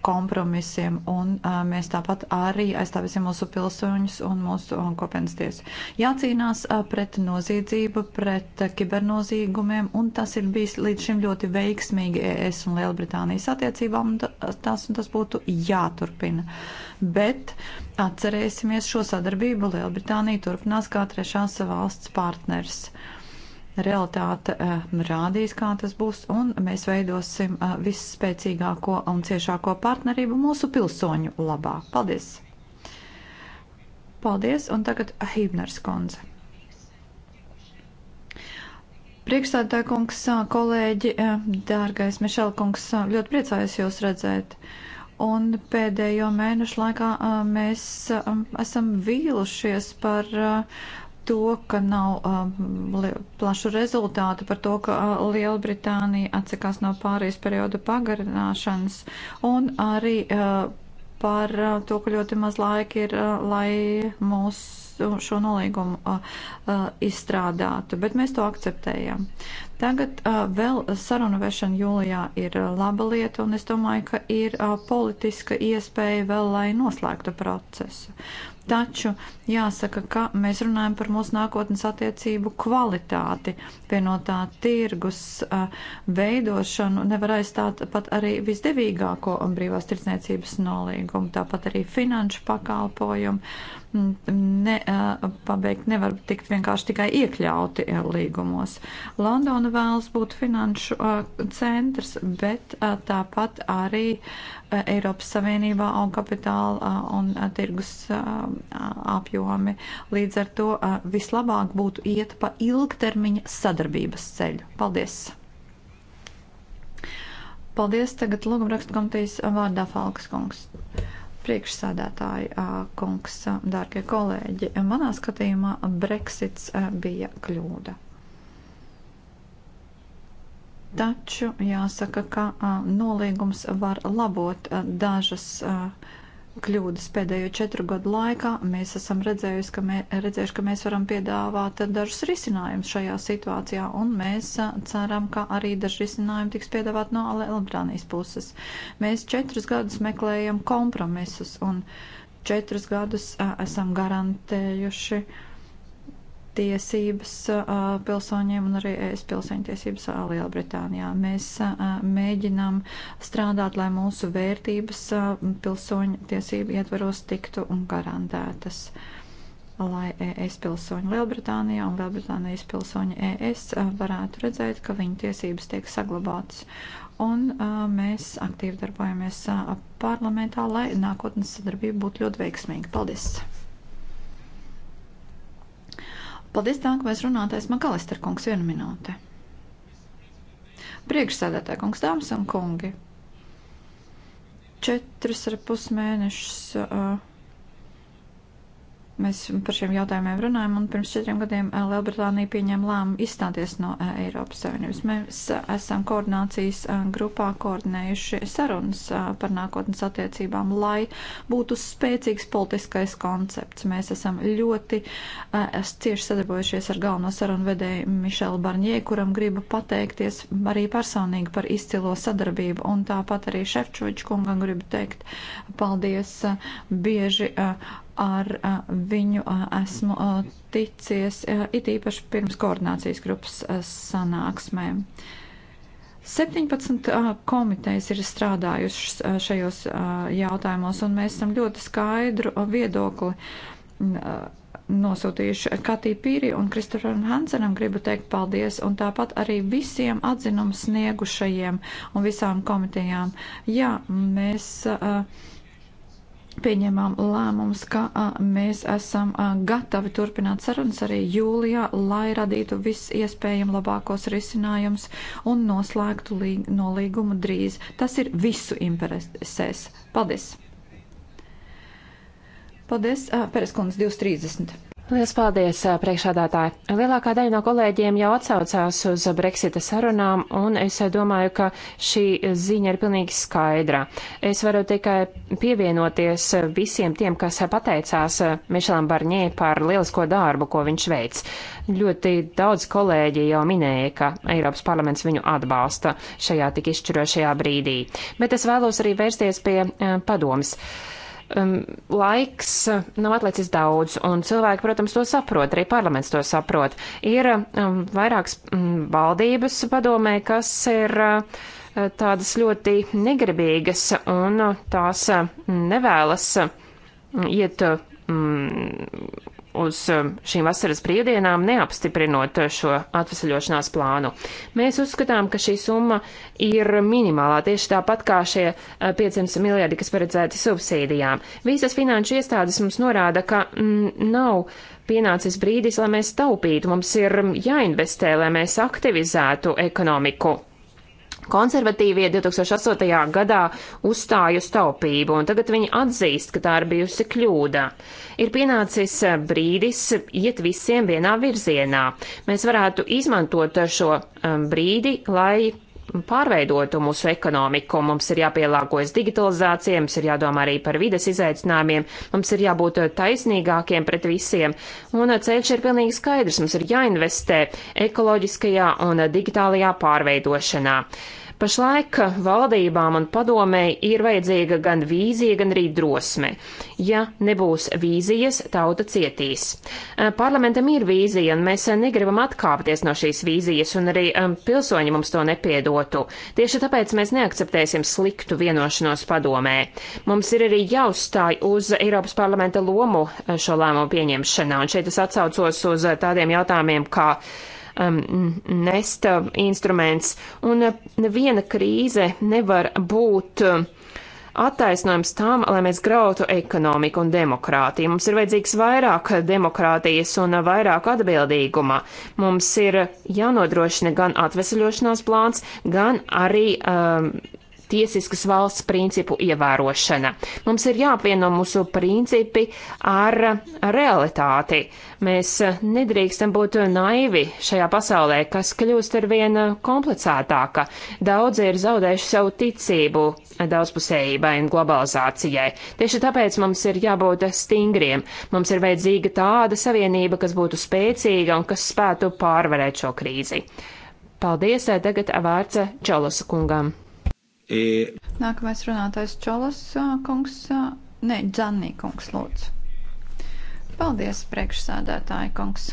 kompromisiem, un mēs tāpat arī aizstāvēsim mūsu pilsoņus un mūsu kopienas tiesu. Jācīnās pret noziedzību, pret kibernozīgumiem, un tas ir bijis līdz šim ļoti veiksmīgi ES un Lielbritānijas attiecībām, un tas, un tas būtu jāturpina. Bet atcerēsimies šo sadarbību, Lielbritānija turpinās kā trešās valsts partners realitāte eh, rādīs, kā tas būs, un mēs veidosim eh, visspēcīgāko un ciešāko partnerību mūsu pilsoņu labā. Paldies! Paldies, un tagad Hībners kundze. Priekšstādātāja kungs, eh, kolēģi, dārgais Mišela kungs, ļoti priecājos jūs redzēt. Un pēdējo mēnešu laikā mēs esam vīlušies par uh, to, ka nav um, plašu rezultātu par to, ka uh, Lielbritānija atsakās no pārējais perioda pagarināšanas un arī uh, par uh, to, ka ļoti maz laika ir, uh, lai mūsu šo nolīgumu uh, uh, izstrādātu, bet mēs to akceptējam. Tagad uh, vēl sarunu vešana jūlijā ir uh, laba lieta, un es domāju, ka ir uh, politiska iespēja vēl, lai noslēgtu procesu. Uh, Taču jāsaka, ka mēs runājam par mūsu nākotnes attiecību kvalitāti, vienotā tirgus veidošanu nevar aizstāt pat arī visdevīgāko brīvās tirdzniecības nolīgumu, tāpat arī finanšu pakalpojumu, ne, pabeigt nevar tikt vienkārši tikai iekļauti līgumos. Londona vēlas būt finanšu centrs, bet tāpat arī Eiropas Savienībā un kapitāla un tirgus apjomi. Līdz ar to vislabāk būtu iet pa ilgtermiņa sadarbības ceļu. Paldies! Paldies tagad lūgumrakstu komitejas vārdā Falks kungs. Priekšsēdētāji, kungs, dārgie kolēģi, manā skatījumā Brexits bija kļūda. Taču jāsaka, ka nolīgums var labot dažas uh, kļūdas. Pēdējo četru gadu laikā mēs esam redzējuši, ka, mē, redzējuši, ka mēs varam piedāvāt dažus risinājumus šajā situācijā, un mēs ceram, ka arī daži risinājumi tiks piedāvāt no Lielbritānijas puses. Mēs četrus gadus meklējam kompromisus, un četrus gadus a, esam garantējuši. Uh, tiesības pilsoņiem un arī es pilsēņu tiesības Lielbritānijā. Mēs mēģinām strādāt, lai mūsu vērtības pilsoņu tiesību ietvaros tiktu un garantētas. Lai ES pilsoņi Lielbritānijā un Lielbritānijas pilsoņi ES varētu redzēt, ka viņu tiesības tiek saglabātas. Un mēs aktīvi darbojamies parlamentā, lai nākotnes sadarbība būtu ļoti veiksmīga. Paldies! Paldies, nākamais runātais Makalister kungs, viena minūte. Priekšsēdētāji kungs, dāmas un kungi. Četras ar pus mēnešus. Uh, Mēs par šiem jautājumiem runājam, un pirms četriem gadiem eh, Lielbritānija pieņēma lēmumu izstāties no eh, Eiropas Savienības. Mēs eh, esam koordinācijas grupā koordinējuši sarunas par nākotnes attiecībām, lai būtu spēcīgs politiskais koncepts. Mēs esam ļoti es cieši sadarbojušies ar galveno sarunu vedēju Mišelu Barņē, kuram gribu pateikties arī personīgi par izcilo sadarbību, un tāpat arī Šefčoviču kungam gribu teikt paldies. Bieži ar viņu esmu ticies, it īpaši pirms koordinācijas grupas sanāksmēm. 17 komitejas ir strādājušas šajos jautājumos, un mēs esam ļoti skaidru viedokli nosūtījuši Katī Pīri un Kristoferam Hansenam gribu teikt paldies, un tāpat arī visiem atzinumu sniegušajiem un visām komitejām. Jā, mēs uh, pieņemām lēmums, ka a, mēs esam a, gatavi turpināt sarunas arī jūlijā, lai radītu viss iespējami labākos risinājums un noslēgtu līg, nolīgumu drīz. Tas ir visu interesēs. Paldies! Paldies, Pereskundze, 230.
Lielas paldies, priekšādātāji. Lielākā daļa no kolēģiem jau atsaucās uz Brexita sarunām, un es domāju, ka šī ziņa ir pilnīgi skaidra. Es varu tikai pievienoties visiem tiem, kas pateicās Mišelam Barņē par lielisko darbu, ko viņš veic. Ļoti daudz kolēģi jau minēja, ka Eiropas parlaments viņu atbalsta šajā tik izšķirošajā brīdī. Bet es vēlos arī vērsties pie padomas. Uh, um, laiks nav atlicis daudz, un cilvēki, protams, to saprot, arī parlaments to saprot. Ir um, vairākas um, valdības padomē, kas ir uh, tādas ļoti negribīgas, un tās uh, nevēlas uh, iet. Um, uz um, šīm vasaras brīvdienām, neapstiprinot šo atvesaļošanās plānu. Mēs uzskatām, ka šī summa ir minimālā, tieši tāpat kā šie 500 uh, miljardi, kas paredzēti subsīdijām. Visas finanšu iestādes mums norāda, ka mm, nav pienācis brīdis, lai mēs taupītu, mums ir jāinvestē, lai mēs aktivizētu ekonomiku. Konservatīvie 2008. gadā uzstāja uz taupību, un tagad viņi atzīst, ka tā ir bijusi kļūda. Ir pienācis brīdis iet visiem vienā virzienā. Mēs varētu izmantot šo um, brīdi, lai pārveidotu mūsu ekonomiku. Mums ir jāpielāgojas digitalizācijai, mums ir jādomā arī par vides izaicinājumiem, mums ir jābūt taisnīgākiem pret visiem. Un ceļš ir pilnīgi skaidrs. Mums ir jāinvestē ekoloģiskajā un digitālajā pārveidošanā. Pašlaik valdībām un padomēji ir vajadzīga gan vīzija, gan arī drosme. Ja nebūs vīzijas, tauta cietīs. Eh, parlamentam ir vīzija, un mēs negribam atkāpties no šīs vīzijas, un arī eh, pilsoņi mums to nepiedotu. Tieši tāpēc mēs neakceptēsim sliktu vienošanos padomē. Mums ir arī jāuzstāj uz Eiropas parlamenta lomu eh, šo lēmumu pieņemšanā, un šeit es atsaucos uz tādiem jautājumiem kā uh, um, nest instruments. Un uh, neviena krīze nevar būt uh, attaisnojums tam, lai mēs grautu ekonomiku un demokrātiju. Mums ir vajadzīgs vairāk demokrātijas un vairāk atbildīguma. Mums ir jānodrošina gan atvesaļošanās plāns, gan arī um, tiesiskas valsts principu ievērošana. Mums ir jāapvieno mūsu principi ar realitāti. Mēs nedrīkstam būt naivi šajā pasaulē, kas kļūst ar vien komplicētāka. Daudzi ir zaudējuši savu ticību daudzpusējībai un globalizācijai. Tieši tāpēc mums ir jābūt stingriem. Mums ir vajadzīga tāda savienība, kas būtu spēcīga un kas spētu pārvarēt šo krīzi.
Paldies, tagad vārds
Čalas kungam.
E...
Nākamais runātājs Čolas kungs, ne, Dzannī kungs, lūdzu. Paldies, priekšsādātāja kungs.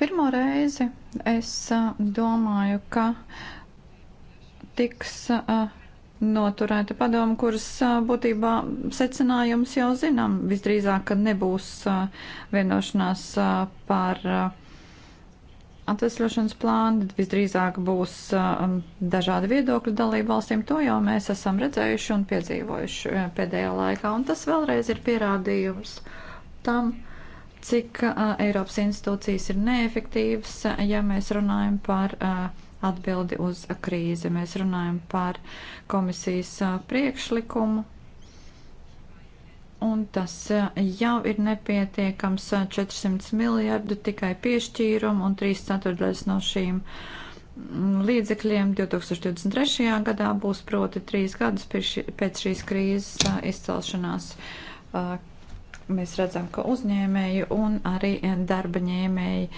Pirmo reizi es domāju, ka tiks noturēta padoma, kuras būtībā secinājums jau zinām. Visdrīzāk, ka nebūs vienošanās par atvesļošanas plāni, visdrīzāk būs um, dažādi viedokļi dalību valstīm. To jau mēs esam redzējuši un piedzīvojuši uh, pēdējā laikā, un tas vēlreiz ir pierādījums tam, cik uh, Eiropas institūcijas ir neefektīvas, ja mēs runājam par uh, atbildi uz krīzi. Mēs runājam par komisijas uh, priekšlikumu un tas eh, jau ir nepietiekams 400 eh, miljardu tikai piešķīrumu un 3 ceturtdaļas no šīm mm, līdzekļiem 2023. gadā būs proti 3 gadus pēc šīs krīzes eh, izcelšanās. Mēs redzam, ka uzņēmēji un arī darba ņēmēji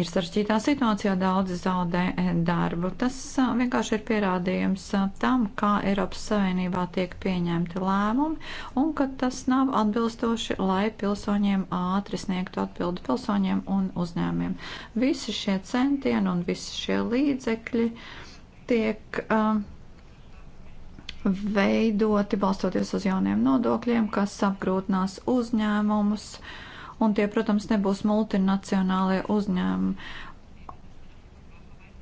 ir sarežģītā situācijā, daudzi zaudē eh, darbu. Tas eh, vienkārši ir pierādījums eh, tam, kā Eiropas Savienībā tiek pieņemti lēmumi un ka tas nav atbilstoši, lai pilsoņiem ātri sniegtu atbildi pilsoņiem un uzņēmiem. Visi šie centieni un visi šie līdzekļi tiek uh, veidoti balstoties uz jauniem nodokļiem, kas apgrūtinās uzņēmumus. Uh, un tie, protams, nebūs multinacionālie uzņēmumi.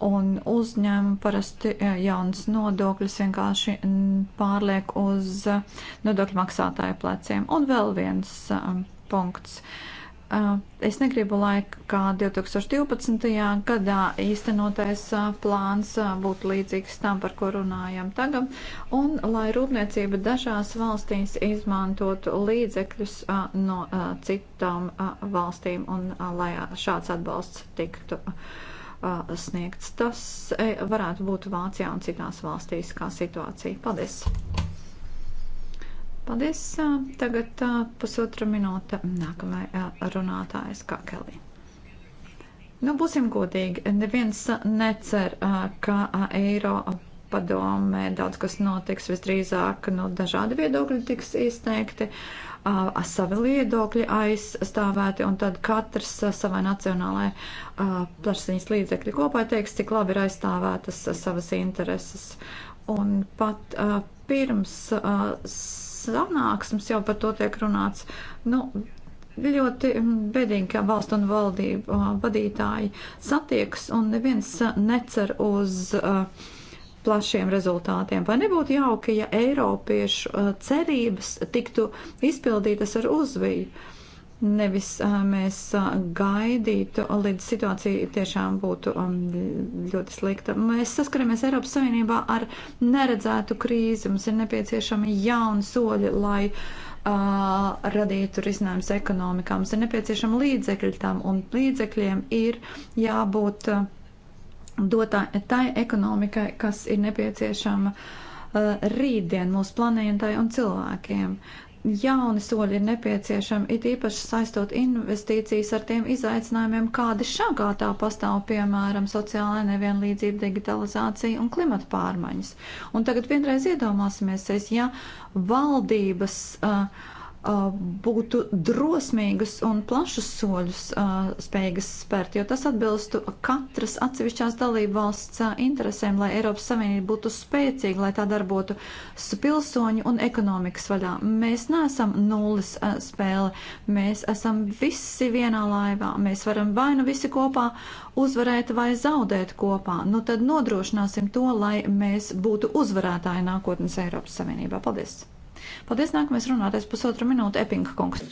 Un uzņēmumi parasti e, jaunas nodokļas vienkārši pārliek uz e, nodokļu maksātāju pleciem. Un vēl viens e, punkts. Uh, Es negribu, lai kā 2012. gadā īstenotais plāns būtu līdzīgs tam, par ko runājam tagad, un lai rūpniecība dažās valstīs izmantotu līdzekļus no citām valstīm un lai šāds atbalsts tiktu sniegts. Tas e, varētu būt Vācijā un citās valstīs kā situācija. Paldies! Paldies. Tagad pusotra minūte nākamajai runātājas Kakelī. Nu, būsim godīgi. Neviens necer, ka eiro padomē daudz kas notiks. Visdrīzāk nu, dažādi viedokļi tiks izteikti, savi viedokļi aizstāvēti, un tad katrs savai nacionālajai plašsaziņas līdzekļi kopā teiks, cik labi ir aizstāvētas savas intereses. Un pat pirms sanāksmes jau par to tiek runāts. Nu, ļoti bēdīgi, ka valsts un valdību uh, vadītāji satiekas un neviens uh, necer uz uh, plašiem rezultātiem. Vai nebūtu jauki, ja eiropiešu uh, cerības tiktu izpildītas ar uzviju? Nevis mēs gaidītu, līdz situācija tiešām būtu ļoti slikta. Mēs saskaramies Eiropas Savienībā ar neredzētu krīzi. Mums ir nepieciešami jauni soļi, lai uh, radītu risinājums ekonomikā. Mums ir nepieciešami līdzekļi tam, un līdzekļiem ir jābūt uh, dotā tai ekonomikai, kas ir nepieciešama uh, rītdien mūsu planētai un cilvēkiem jauni soļi ir nepieciešami, it īpaši saistot investīcijas ar tiem izaicinājumiem, kādi šagātā pastāv, piemēram, sociālā nevienlīdzība, digitalizācija un klimata pārmaiņas. Un tagad vienreiz iedomāsimies, es, ja valdības uh, būtu drosmīgas un plašas soļus spējīgas spērt, jo tas atbilstu katras atsevišķās dalību valsts interesēm, lai Eiropas Savienība būtu spēcīga, lai tā darbotu pilsoņu un ekonomikas vaļā. Mēs neesam nulles spēle, mēs esam visi vienā laivā, mēs varam vai nu visi kopā uzvarēt vai zaudēt kopā. Nu tad nodrošināsim to, lai mēs būtu uzvarētāji nākotnes Eiropas Savienībā. Paldies! Paldies, nākamais runātais
pusotra minūte, Epinga kungs.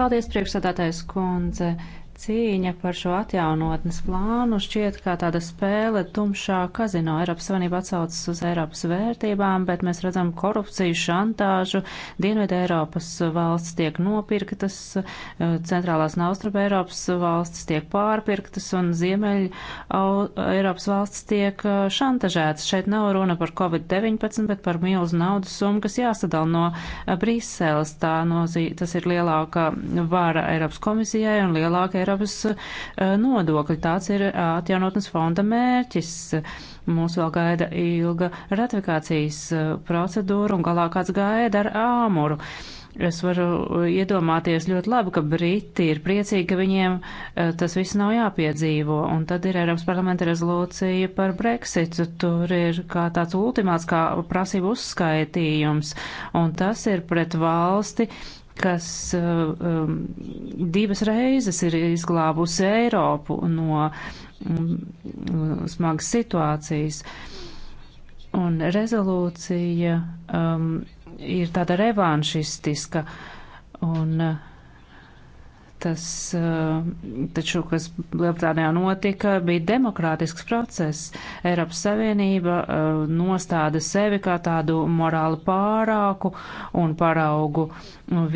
Paldies, priekšsādātais kundze. Cīņa par šo atjaunotnes plānu šķiet kā tāda spēle tumšā kazino. Eiropas Savienība atsaucas uz Eiropas vērtībām, bet mēs redzam korupciju, šantāžu. Dienvidē Eiropas valsts tiek nopirktas, centrālās un austrup Eiropas valstis tiek pārpirktas un ziemeļ Eiropas valstis tiek uh, šantažētas. Šeit nav runa par Covid-19, bet par milzu naudas summu, kas jāsadala no uh, Briseles. Tā nozī, tas ir lielāka vara Eiropas komisijai un lielāka Eiropas. Eiropas eh, nodokļi. Tāds ir eh, atjaunotnes fonda mērķis. Mūs vēl gaida ilga ratifikācijas eh, procedūra un galā kāds gaida ar āmuru. Es varu iedomāties ļoti labi, ka Briti ir priecīgi, ka viņiem tas viss nav jāpiedzīvo. Un tad ir Eiropas parlamenta rezolūcija par Brexitu. Tur ir kā tāds ultimāts, kā prasību uzskaitījums. Un tas ir pret valsti, kas uh, um, divas reizes ir izglābusi Eiropu no um, smagas situācijas. Un rezolūcija um, ir tāda revanšistiska. Un, uh, tas, eh, taču, kas Lielbritānijā notika, bija demokrātisks process. Eiropas Savienība eh, nostāda sevi kā tādu morāli pārāku un paraugu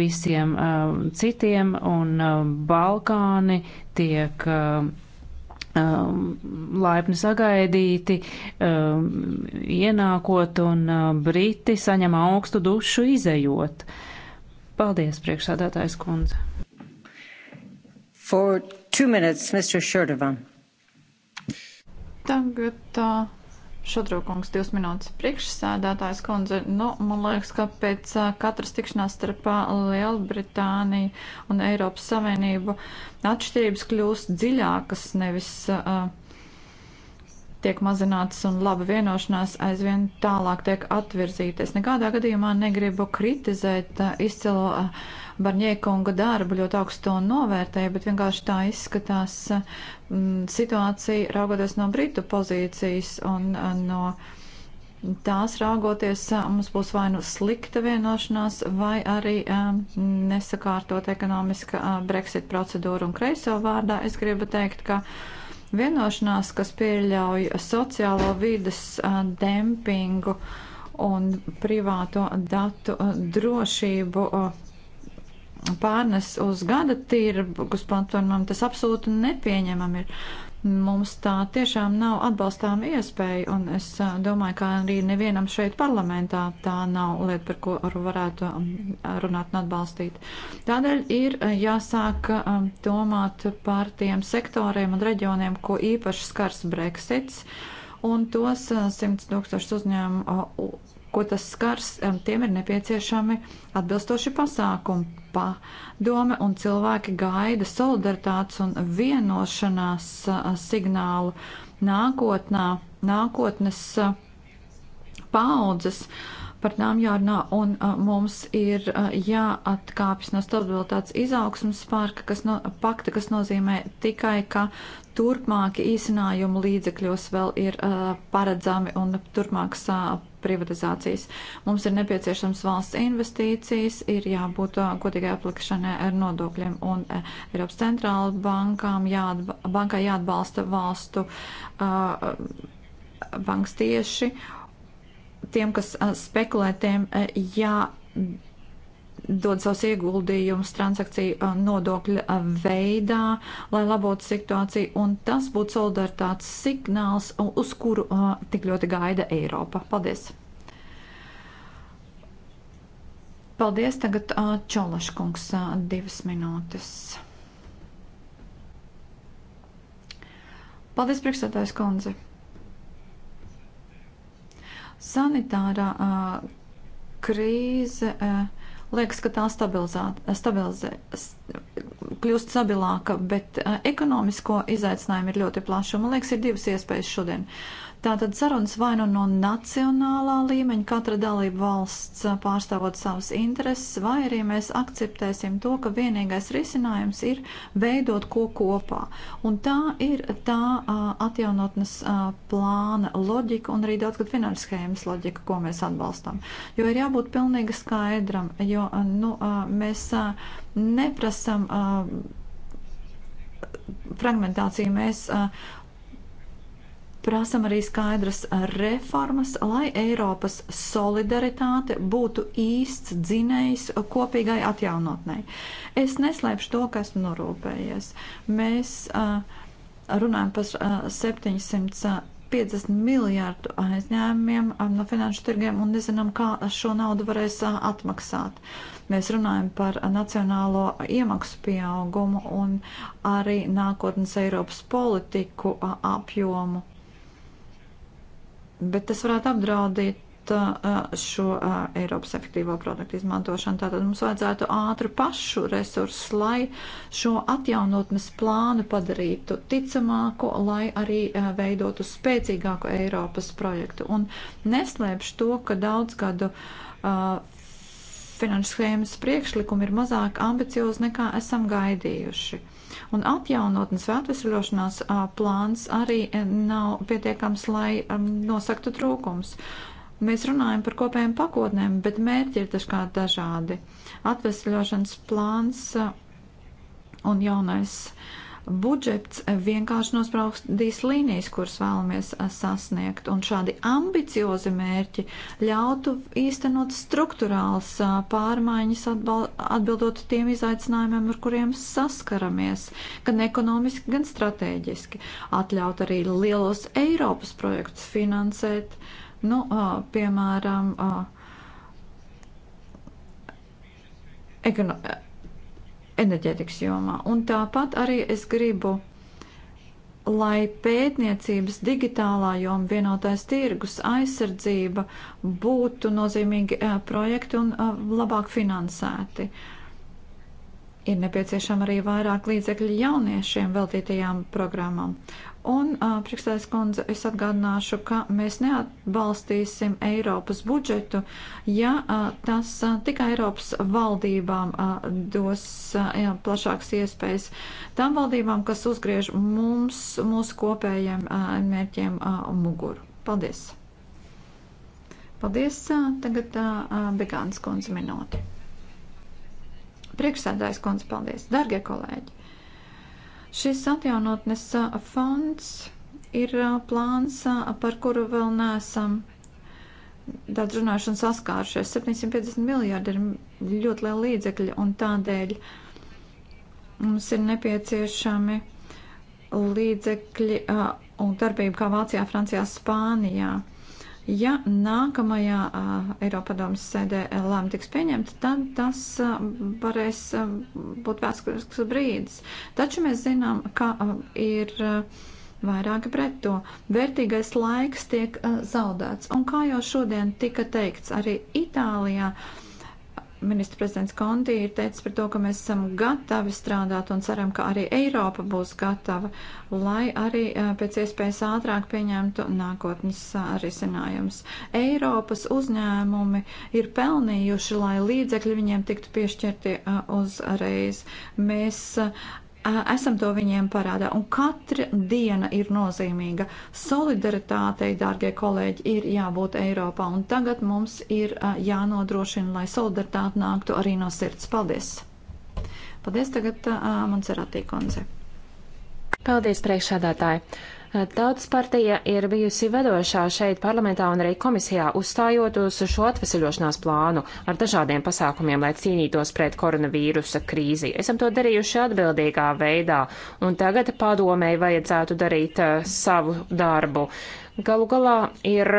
visiem eh, citiem, un Balkāni tiek laipni sagaidīti, ienākot, un Briti saņem augstu dušu izējot. Paldies, priekšsādātājs kundze! For two minutes, Mr. Šordovan.
Tagad uh, Šodrokungs divas minūtes priekšsēdētājs kundze. Nu, man liekas, ka pēc uh, katras tikšanās starp uh, Lielbritāniju un Eiropas Savienību atšķirības kļūst dziļākas, nevis uh, tiek mazinātas un laba vienošanās aizvien tālāk tiek atvirzīta. Es nekādā gadījumā negribu kritizēt uh, izcilo uh, Barņēkunga darbu, ļoti augstu novērtēju, bet vienkārši tā izskatās uh, situācija raugoties no Britu pozīcijas un no tās raugoties, mums būs vai nu slikta vienošanās, vai arī um, nesakārtot ekonomiska uh, Brexit procedūra. Un kreiso vārdā es gribu teikt, ka Vienošanās, kas pieļauj sociālo vidas dempingu un privāto datu drošību pārnes uz gada tirgus platformām, tas absolūti nepieņemam ir. Mums tā tiešām nav atbalstām iespēja, un es domāju, ka arī nevienam šeit parlamentā tā nav lieta, par ko varētu runāt un atbalstīt. Tādēļ ir jāsāk domāt par tiem sektoriem un reģioniem, ko īpaši skars Brexits, un tos 100 tūkstošus uzņēmumu ko tas skars, um, tiem ir nepieciešami atbilstoši pasākumi. Padome un cilvēki gaida solidaritātes un vienošanās uh, signālu nākotnā, nākotnes uh, paudzes par tām jārunā, un a, uh, mums ir a, jāatkāpjas no stabilitātes izaugsmas pārka, kas no, pakta, kas nozīmē tikai, ka Turpmāki īsinājumi līdzekļos vēl ir uh, paredzami un turpmākas uh, privatizācijas. Mums ir nepieciešams valsts investīcijas, ir jābūt uh, godīgai aplikšanai ar nodokļiem un uh, Eiropas centrāla bankām jāatba, bankai jāatbalsta valstu uh, banks tieši. Tiem, kas uh, spekulē, tiem uh, jā dod savus ieguldījumus transakciju nodokļa veidā, lai labotu situāciju, un tas būtu solidaritātes signāls, uz kuru tik ļoti gaida Eiropa. Paldies! Paldies, tagad Čolaškungs divas minūtes. Paldies, priekšsētājs kundze! sanitārā krīze. Uh, Liekas, ka tā stabilizē, kļūst stabilāka, bet eh, ekonomisko izaicinājumu ir ļoti plaši. Un, man liekas, ir divas iespējas šodien. Uh, Tātad sarunas vai nu no nacionālā līmeņa, katra dalība valsts pārstāvot savas intereses, vai arī mēs akceptēsim to, ka vienīgais risinājums ir veidot ko kopā. Un tā ir tā atjaunotnes plāna loģika un arī daudzgad finanšu schēmas loģika, ko mēs atbalstam. Jo ir jābūt pilnīgi skaidram, jo nu, mēs neprasam fragmentāciju. Mēs Prasam arī skaidras reformas, lai Eiropas solidaritāte būtu īsts dzinējs kopīgai atjaunotnei. Es neslēpšu to, kas norūpējies. Mēs uh, runājam par uh, 700 50 miljārdu aizņēmumiem no finanšu tirgiem un nezinām, kā šo naudu varēs atmaksāt. Mēs runājam par nacionālo iemaksu pieaugumu un arī nākotnes Eiropas politiku apjomu bet tas varētu apdraudīt uh, uh, šo uh, Eiropas efektīvo produktu izmantošanu. Tātad mums vajadzētu ātri pašu resursus, lai šo atjaunotnes plānu padarītu ticamāku, lai arī veidotu spēcīgāku Eiropas projektu. Un neslēpšu to, ka daudz gadu finanšu schēmas priekšlikumi ir mazāk ambiciozi nekā esam gaidījuši. Un atjaunotnes vētvesaļošanās plāns arī nav pietiekams, lai nosaktu trūkums. Mēs runājam par kopējiem pakotnēm, bet mērķi ir dažkārt dažādi. Atvesaļošanas plāns un jaunais uh, budžets vienkārši nospraustīs līnijas, kuras vēlamies sasniegt, un šādi ambiciozi mērķi ļautu īstenot struktūrāls pārmaiņas atbildot tiem izaicinājumiem, ar kuriem saskaramies, gan ekonomiski, gan strateģiski. Atļaut arī lielos Eiropas projektus finansēt, nu, piemēram, ekonomiski enerģētikas jomā. Un tāpat arī es gribu, lai pētniecības digitālā joma, vienotais tirgus, aizsardzība būtu nozīmīgi projekti un labāk finansēti. Ir nepieciešama arī vairāk līdzekļu jauniešiem veltītajām programmām. Un, priekšstādājas kundze, es atgādināšu, ka mēs neatbalstīsim Eiropas budžetu, ja a, tas a, tikai Eiropas valdībām a, dos jā, plašākas iespējas. Tām valdībām, kas uzgriež mums, mūsu kopējiem mērķiem muguru. Paldies! Paldies! Tagad Begāns kundze minūte. Priekšsēdājas kundze, paldies! Dargie kolēģi! Šis atjaunotnes fonds ir plāns, par kuru vēl neesam daudz runājuši un saskāršies. 750 miljārdi ir ļoti liela līdzekļa un tādēļ mums ir nepieciešami līdzekļi un darbība kā Vācijā, Francijā, Spānijā. Ja nākamajā Eiropadomas sēdē lēma tiks pieņemta, tad tas varēs būt vēsturisks brīdis. Taču mēs zinām, ka ir vairāki pret to. Vērtīgais laiks tiek zaudēts. Un kā jau šodien tika teikts, arī Itālijā. Uh, ministra prezidents Kondi ir teicis par to, ka mēs esam gatavi strādāt un ceram, ka arī Eiropa būs gatava, lai arī eh, pēc iespējas ātrāk pieņemtu nākotnes eh, risinājumus. Eiropas uzņēmumi ir pelnījuši, lai līdzekļi viņiem tiktu piešķirti eh, uzreiz. Mēs esam to viņiem parādā. Un katra diena ir nozīmīga. Solidaritātei, dārgie kolēģi, ir jābūt Eiropā. Un tagad mums ir jānodrošina, lai solidaritāte nāktu arī no sirds. Paldies! Paldies tagad uh, Monserratī kundze. Paldies
priekšādātāji! Tautas partija ir bijusi vedošā šeit parlamentā un arī komisijā uzstājot uz šo atveseļošanās plānu ar dažādiem pasākumiem, lai cīnītos pret koronavīrusa krīzi. Esam to darījuši atbildīgā veidā, un tagad padomēji vajadzētu darīt uh, savu darbu. Galu galā ir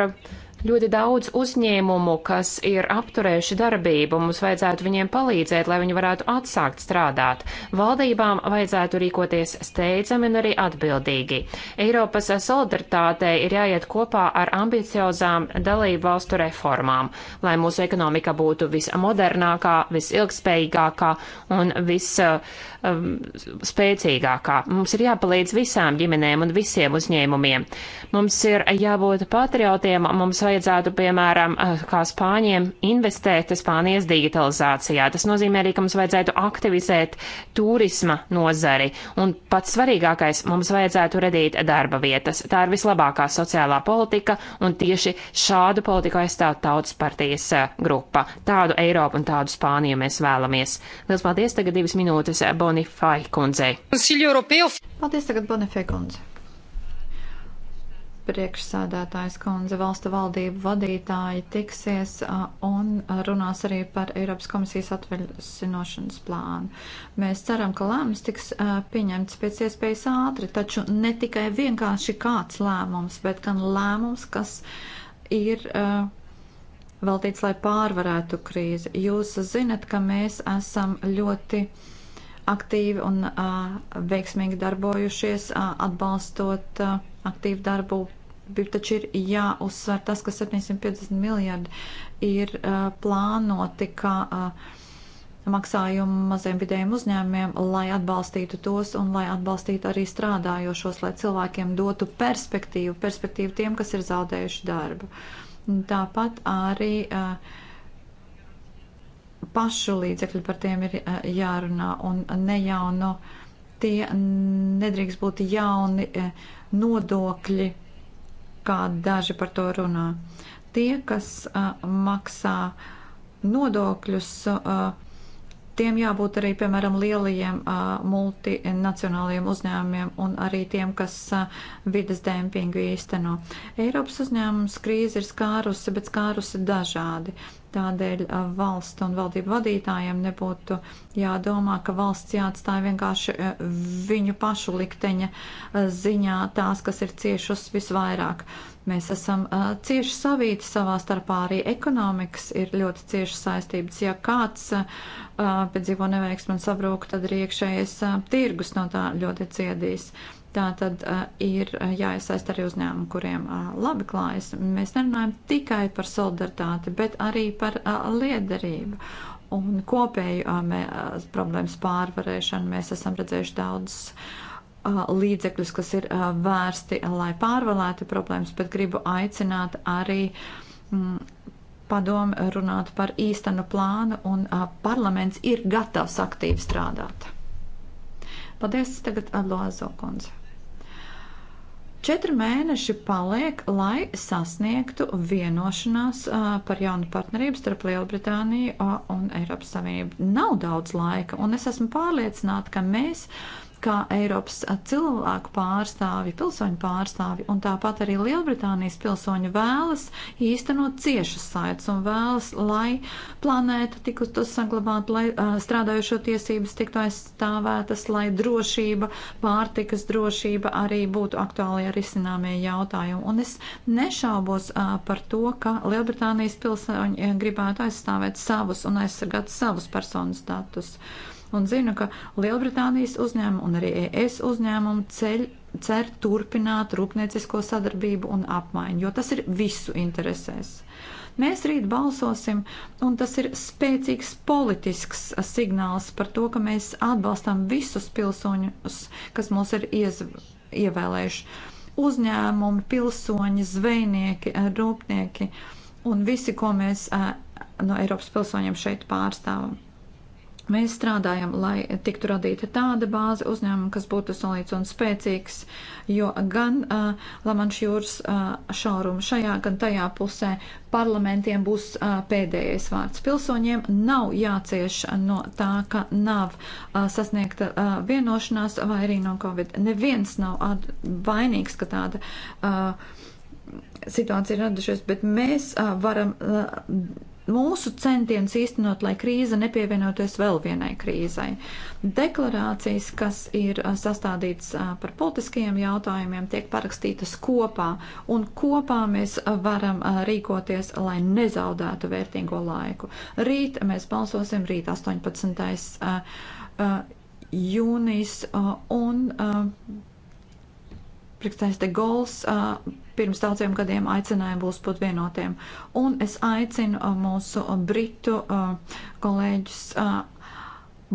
ļoti daudz uzņēmumu, kas ir apturējuši darbību. Mums vajadzētu viņiem palīdzēt, lai viņi varētu atsākt strādāt. Valdībām vajadzētu rīkoties steidzami un arī atbildīgi. Eiropas solidaritātei ir jāiet kopā ar ambiciozām dalību valstu reformām, lai mūsu ekonomika būtu vismodernākā, visilgspējīgākā un visspēcīgākā. Um, Mums ir jāpalīdz visām ģimenēm un visiem uzņēmumiem. Mums ir jābūt patriotiem, mums vajag vajadzētu, piemēram, kā Spāņiem, investēt Spānijas digitalizācijā. Tas nozīmē arī, ka mums vajadzētu aktivizēt turisma nozari. Un pats svarīgākais - mums vajadzētu radīt darba vietas. Tā ir vislabākā sociālā politika, un tieši šādu politiku aizstāv tautas partijas grupa. Tādu Eiropu un tādu Spāniju mēs vēlamies. Liels paldies tagad divas minūtes Bonifai kundzei.
Paldies tagad Bonifai kundzei priekšsādātājs kundze, valstu valdību vadītāji tiksies un runās arī par Eiropas komisijas atveļasinošanas plānu. Mēs ceram, ka lēmums tiks pieņemts pēc iespējas ātri, taču ne tikai vienkārši kāds lēmums, bet gan lēmums, kas ir veltīts, lai pārvarētu krīzi. Jūs zinat, ka mēs esam ļoti aktīvi un uh, veiksmīgi darbojušies, uh, atbalstot uh, aktīvu darbu. Bet taču ir jāuzsver tas, ka 750 miljardi ir uh, plānoti, kā uh, maksājumu maziem vidējiem uzņēmumiem, lai atbalstītu tos un lai atbalstītu arī strādājošos, lai cilvēkiem dotu perspektīvu, perspektīvu tiem, kas ir zaudējuši darbu. Tāpat arī uh, pašu līdzekļi par tiem ir eh, jārunā un ne jauno, tie nedrīkst būt jauni eh, nodokļi, kā daži par to runā. Tie, kas eh, maksā nodokļus, tiem jābūt arī, piemēram, lielajiem multinacionālajiem uzņēmumiem un arī tiem, kas vidas dēmpingu īsteno. Eiropas uzņēmums krīze ir skārusi, bet skārusi dažādi. Tādēļ valsts un valdību vadītājiem nebūtu jādomā, ka valsts jāatstāja vienkārši viņu pašu likteņa ziņā tās, kas ir ciešus visvairāk. Mēs esam uh, cieši savīti savā starpā, arī ekonomikas ir ļoti cieši saistības. Ja kāds uh, piedzīvo neveiksmi un sabrūk, tad arī iekšējais uh, tirgus no tā ļoti ciedīs. Tā tad uh, ir jāiesaist arī uzņēmumi, kuriem uh, labi klājas. Mēs nerunājam tikai par solidaritāti, bet arī par uh, liederību un kopēju uh, mē, uh, problēmas pārvarēšanu. Mēs esam redzējuši daudz uh, līdzekļus, kas ir uh, vērsti, lai pārvalētu problēmas, bet gribu aicināt arī mm, padomu runāt par īstenu plānu, un uh, parlaments ir gatavs aktīvi strādāt. Paldies, tagad Lozo kundze. Četri mēneši paliek, lai sasniegtu vienošanās par jaunu partnerību starp Lielbritāniju un Eiropas Savienību. Nav daudz laika, un es esmu pārliecināta, ka mēs kā Eiropas cilvēku pārstāvi, pilsoņu pārstāvi un tāpat arī Lielbritānijas pilsoņu vēlas īstenot ciešas saites un vēlas, lai planēta tiktu saglabāta, lai uh, strādājušo tiesības tiktu aizstāvētas, lai drošība, pārtikas drošība arī būtu aktuāli ar izcināmie jautājumi. Un es nešaubos uh, par to, ka Lielbritānijas pilsoņi gribētu aizstāvēt savus un aizsargāt savus personas datus. Uh, un zinu, ka Lielbritānijas uzņēmumi un arī ES uzņēmumi ceļ, cer turpināt rūpniecisko sadarbību un apmaiņu, jo tas ir visu interesēs. Mēs rīt balsosim, un tas ir spēcīgs politisks signāls par to, ka mēs atbalstām visus pilsoņus, kas mūs ir iez, ievēlējuši. Uzņēmumi, pilsoņi, zvejnieki, rūpnieki un visi, ko mēs no Eiropas pilsoņiem šeit pārstāvam. Mēs strādājam, lai tiktu radīta tāda bāze uzņēmuma, kas būtu solīts un spēcīgs, jo gan uh, Lamanš jūras uh, šaurumu šajā, gan tajā pusē parlamentiem būs uh, pēdējais vārds. Pilsoņiem nav jācieš no tā, ka nav uh, sasniegta uh, vienošanās vai arī no Covid. Neviens nav vainīgs, ka tāda uh, situācija ir radušies, bet mēs uh, varam. Uh, mūsu centienus īstenot, lai krīze nepievienoties vēl vienai krīzai. Deklarācijas, kas ir sastādītas par politiskajiem jautājumiem, tiek parakstītas kopā, un kopā mēs varam rīkoties, lai nezaudētu vērtīgo laiku. Rīt mēs balsosim, rīt 18. jūnijas, un Priekšstājas te Gols pirms daudziem gadiem aicināja būs būt vienotiem. Un es aicinu mūsu britu kolēģus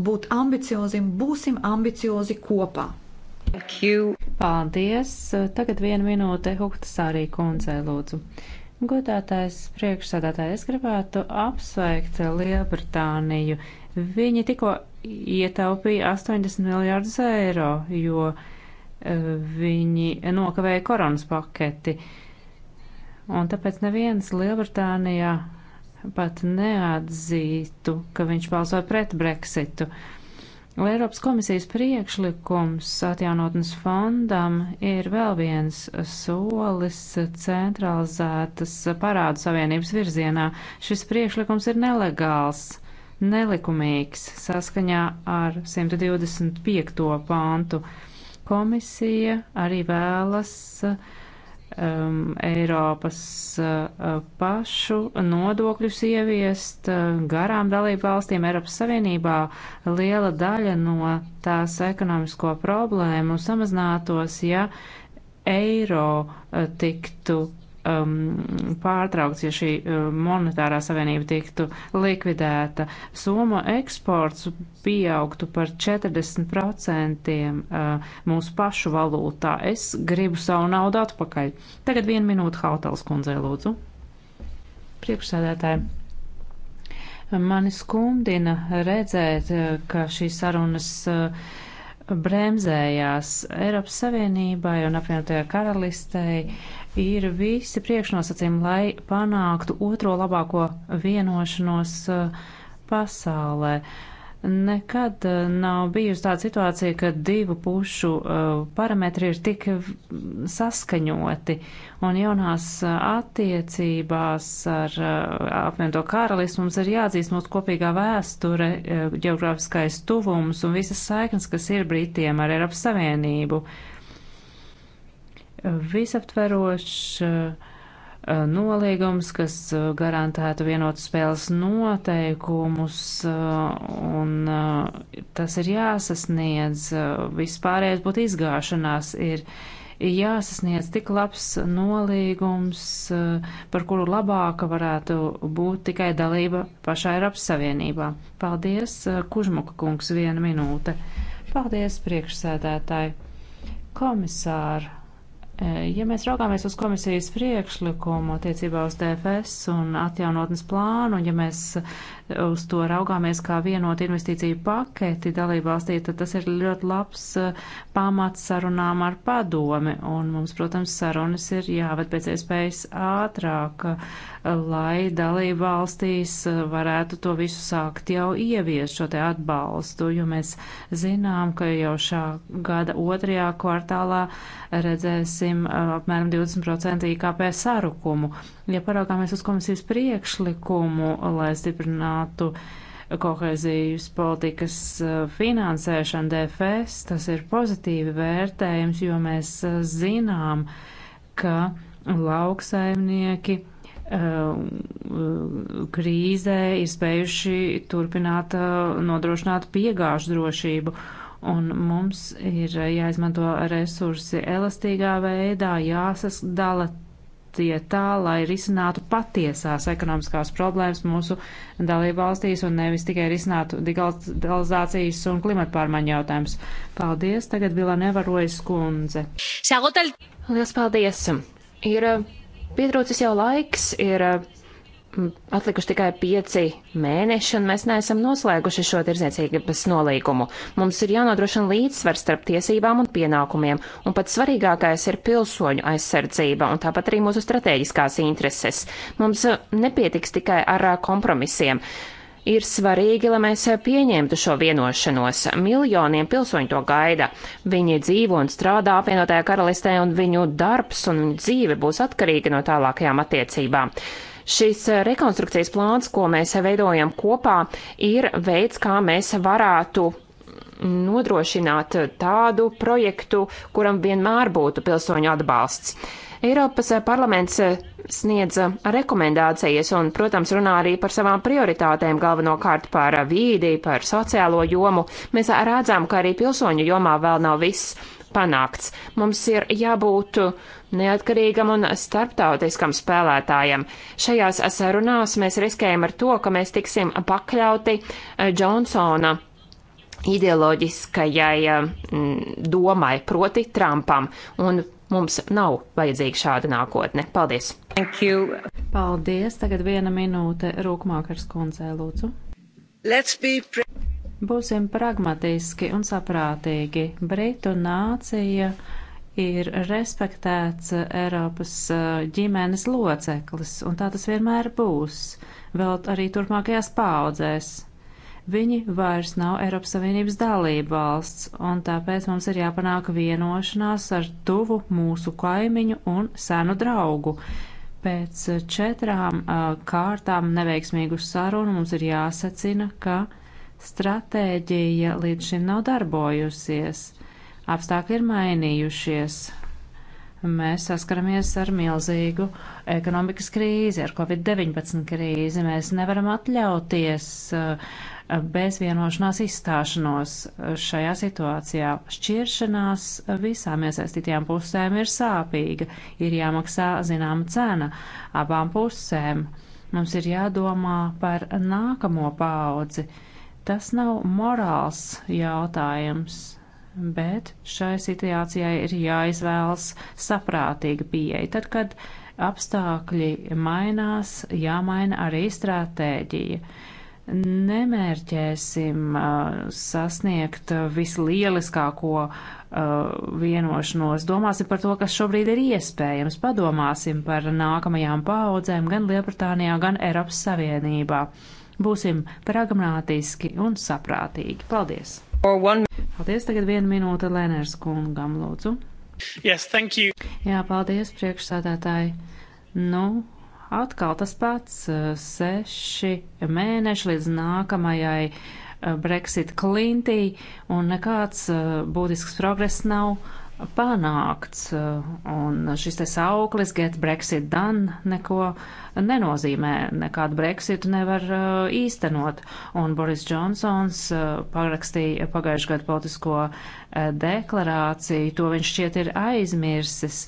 būt ambicioziem, būsim ambiciozi kopā. Paldies! Tagad viena minūte Huktasārī kundzei lūdzu. Godātais priekšsādātāji, es gribētu apsveikt Lielbritāniju. Viņi tikko ietaupīja 80 miljārdus eiro, jo uh, viņi nokavēja koronas paketi. Un tāpēc neviens Lielbritānijā pat neatzītu, ka viņš balsoja pret Brexitu. Eiropas komisijas priekšlikums atjaunotnes fondam ir vēl viens solis centralizētas parādu savienības virzienā. Šis priekšlikums ir nelegāls, nelikumīgs saskaņā ar 125. pāntu Komisija arī vēlas um, Eiropas uh, pašu nodokļus ieviest uh, garām dalību valstīm Eiropas Savienībā. Liela daļa no tās ekonomisko problēmu samazinātos, ja eiro uh, tiktu um, pārtraukts, ja šī um, monetārā savienība tiktu likvidēta. Soma eksports pieaugtu par 40% uh, mūsu pašu valūtā. Es gribu savu naudu atpakaļ. Tagad vienu minūtu Hautals kundzei lūdzu. Priekšsēdētāji. Mani skumdina redzēt, uh, ka šīs sarunas uh, bremzējās Eiropas Savienībai un apvienotajā karalistei. Uh, ir visi priekšnosacījumi, lai panāktu otro labāko vienošanos uh, pasaulē. Nekad uh, nav bijusi tāda situācija, ka divu pušu uh, parametri ir tik saskaņoti, un jaunās attiecībās ar apvienoto karalistu mums ir jāatzīst mūsu kopīgā vēsture, geogrāfiskais tuvums un visas saiknes, kas ir Britiem ar Eiropas Savienību. Uh, visaptverošs eh, noliegums, kas eh, garantētu vienotu spēles noteikumus, eh, un tas ir jāsasniedz. Vispārējais būtu izgāšanās, ir jāsasniedz tik labs nolīgums, par kuru labāka varētu būt tikai dalība pašā Eiropas Savienībā. Paldies, Kužmuka kungs, viena minūte. Paldies, priekšsēdētāji. Komisāri Eh, ja mēs raugāmies uz komisijas priekšlikumu attiecībā uz DFS un atjaunotnes plānu, un ja mēs uz to raugāmies kā vienot investīciju paketi dalībvalstī, tad tas ir ļoti labs eh, pamats sarunām ar padomi. Un mums, protams, sarunas ir jāved pēc iespējas ātrāk, eh, lai dalībvalstīs eh, varētu to visu sākt jau ievies šo te atbalstu, jo mēs zinām, ka jau šā gada otrajā kvartālā redzēsim apmēram 20% IKP sarukumu. Ja paraugāmies uz komisijas priekšlikumu, lai stiprinātu kohēzijas politikas eh, finansēšanu DFS, tas ir pozitīvi vērtējums, jo mēs eh, zinām, ka lauksaimnieki eh, krīzē ir spējuši turpināt nodrošināt piegāžu drošību. Un mums ir jāizmanto resursi elastīgā veidā, jāsasdala cietā, lai risinātu patiesās ekonomiskās problēmas mūsu dalībvalstīs un nevis tikai risinātu digitalizācijas un klimata pārmaiņu jautājumus. Paldies, tagad Vila Nevarojas kundze. Liels paldies! Ir eh, pietrūcis jau laiks, ir eh,
atlikuši tikai pieci mēneši, un mēs neesam noslēguši šo tirdzniecības nolīgumu. Mums ir jānodrošina līdzsvars starp tiesībām un pienākumiem, un pats svarīgākais ir pilsoņu aizsardzība un tāpat arī mūsu strateģiskās intereses. Mums nepietiks tikai ar kompromisiem. Ir svarīgi, lai mēs pieņemtu šo vienošanos. Miljoniem pilsoņu to gaida. Viņi dzīvo un strādā apvienotajā karalistē, un viņu darbs un viņu dzīve būs atkarīga no tālākajām attiecībām. Šis eh, rekonstrukcijas plāns, ko mēs veidojam kopā, ir veids, kā mēs varētu nodrošināt tādu projektu, kuram vienmēr būtu pilsoņu atbalsts. Eiropas eh, parlaments eh, sniedza rekomendācijas un, protams, runā arī par savām prioritātēm, galvenokārt par vīdi, par sociālo jomu. Mēs redzam, ka arī pilsoņu jomā vēl nav viss panākts. Mums ir jābūt uh, neatkarīgam un starptautiskam spēlētājam. Šajās sarunās mēs riskējam ar to, ka mēs tiksim pakļauti eh, Džonsona ideoloģiskajai eh, domai, proti Trumpam, un mums nav vajadzīga šāda nākotne. Paldies! Paldies! Tagad
viena minūte Rūkmākars kundzē, lūdzu. Būsim pragmatiski un saprātīgi. Britu nācija ir respektēts eh, Eiropas eh, ģimenes loceklis, un tā tas vienmēr būs, vēl arī turpmākajās paudzēs. Viņi vairs nav Eiropas Savienības dalība valsts, un tāpēc mums ir jāpanāk vienošanās ar tuvu mūsu kaimiņu un senu draugu. Pēc eh, četrām kārtām neveiksmīgu sarunu mums ir jāsacina, ka stratēģija līdz šim nav darbojusies apstākļi ir mainījušies. Mēs saskaramies ar milzīgu ekonomikas krīzi, ar Covid-19 krīzi. Mēs nevaram atļauties eh, bez vienošanās izstāšanos šajā situācijā. Šķiršanās visām iesaistītajām pusēm ir sāpīga, ir jāmaksā zināma cena abām pusēm. Mums ir jādomā par nākamo paudzi. Tas nav morāls jautājums bet šai situācijai ir jāizvēlas saprātīga pieeja. Tad, kad apstākļi mainās, jāmaina arī stratēģija. Nemērķēsim uh, sasniegt vislieliskāko uh, vienošanos. Domāsim par to, kas šobrīd ir iespējams. Padomāsim par nākamajām paaudzēm gan Lielbritānijā, gan Eiropas Savienībā. Būsim pragmātiski un saprātīgi. Paldies! Paldies, tagad viena minūte Lēners kungam, lūdzu.
Yes, thank you.
Jā, paldies, priekšsādātāji. Nu, atkal tas pats eh, seši mēneši līdz nākamajai eh, Brexit klintī, un nekāds eh, būtisks progress nav panākts, uh, un šis te sauklis Get Brexit Done neko nenozīmē, nekādu Brexitu nevar uh, īstenot, un Boris Johnsons uh, parakstīja pagājušajā gadu politisko deklarāciju, to viņš šķiet ir aizmirsis.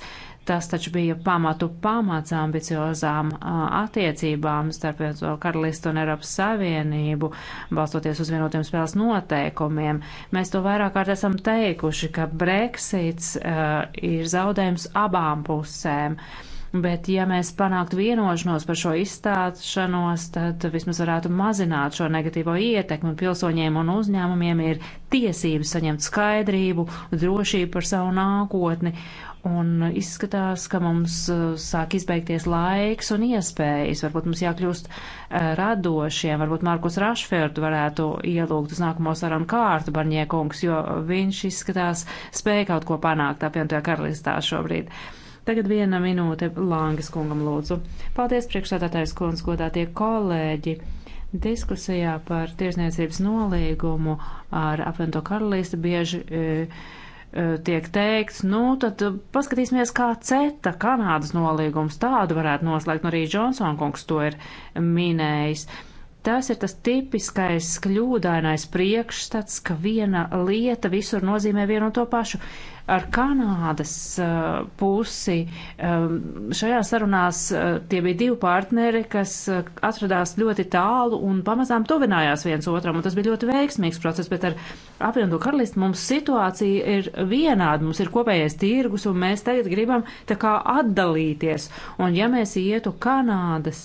Tas taču bija pamatu pamats ambiciozām attiecībām starp karalistu un Eiropas Savienību, balstoties uz vienotiem spēles noteikumiem. Mēs to vairāk kārt esam teikuši, ka Brexits uh, ir zaudējums abām pusēm. Bet, ja mēs panāktu vienošanos par šo izstāšanos, tad vismaz varētu mazināt šo negatīvo ietekmi. Pilsoņiem un uzņēmumiem ir tiesības saņemt skaidrību, drošību par savu nākotni Un izskatās, ka mums uh, sāk izbeigties laiks un iespējas. Varbūt mums jākļūst uh, radošiem. Varbūt Markus Rašferdu varētu ielūgt uz nākamo sarunu kārtu, Barņiekungs, jo viņš izskatās spēja kaut ko panākt apvienotajā karalistā šobrīd. Tagad viena minūte Langas kungam lūdzu. Paldies, priekšsādātais kundz, godā tie kolēģi. Diskusijā par tiesniecības nolīgumu ar apvienoto karalisti bieži. E, Eh, tiek teikts, nu, tad eh, paskatīsimies, kā CETA, Kanādas nolīgums, tādu varētu noslēgt. Nu, arī Džonsona kungs to ir minējis. Tas ir tas tipiskais kļūdainais priekšstats, ka viena lieta visur nozīmē vienu un to pašu ar Kanādas eh, pusi. Eh, Šajā sarunās eh, tie bija divi partneri, kas atradās ļoti tālu un pamazām tuvinājās viens otram, un tas bija ļoti veiksmīgs process, bet ar apvienoto karalistu mums situācija ir vienāda, mums ir kopējais tirgus, un mēs tagad gribam tā kā atdalīties, un ja mēs ietu Kanādas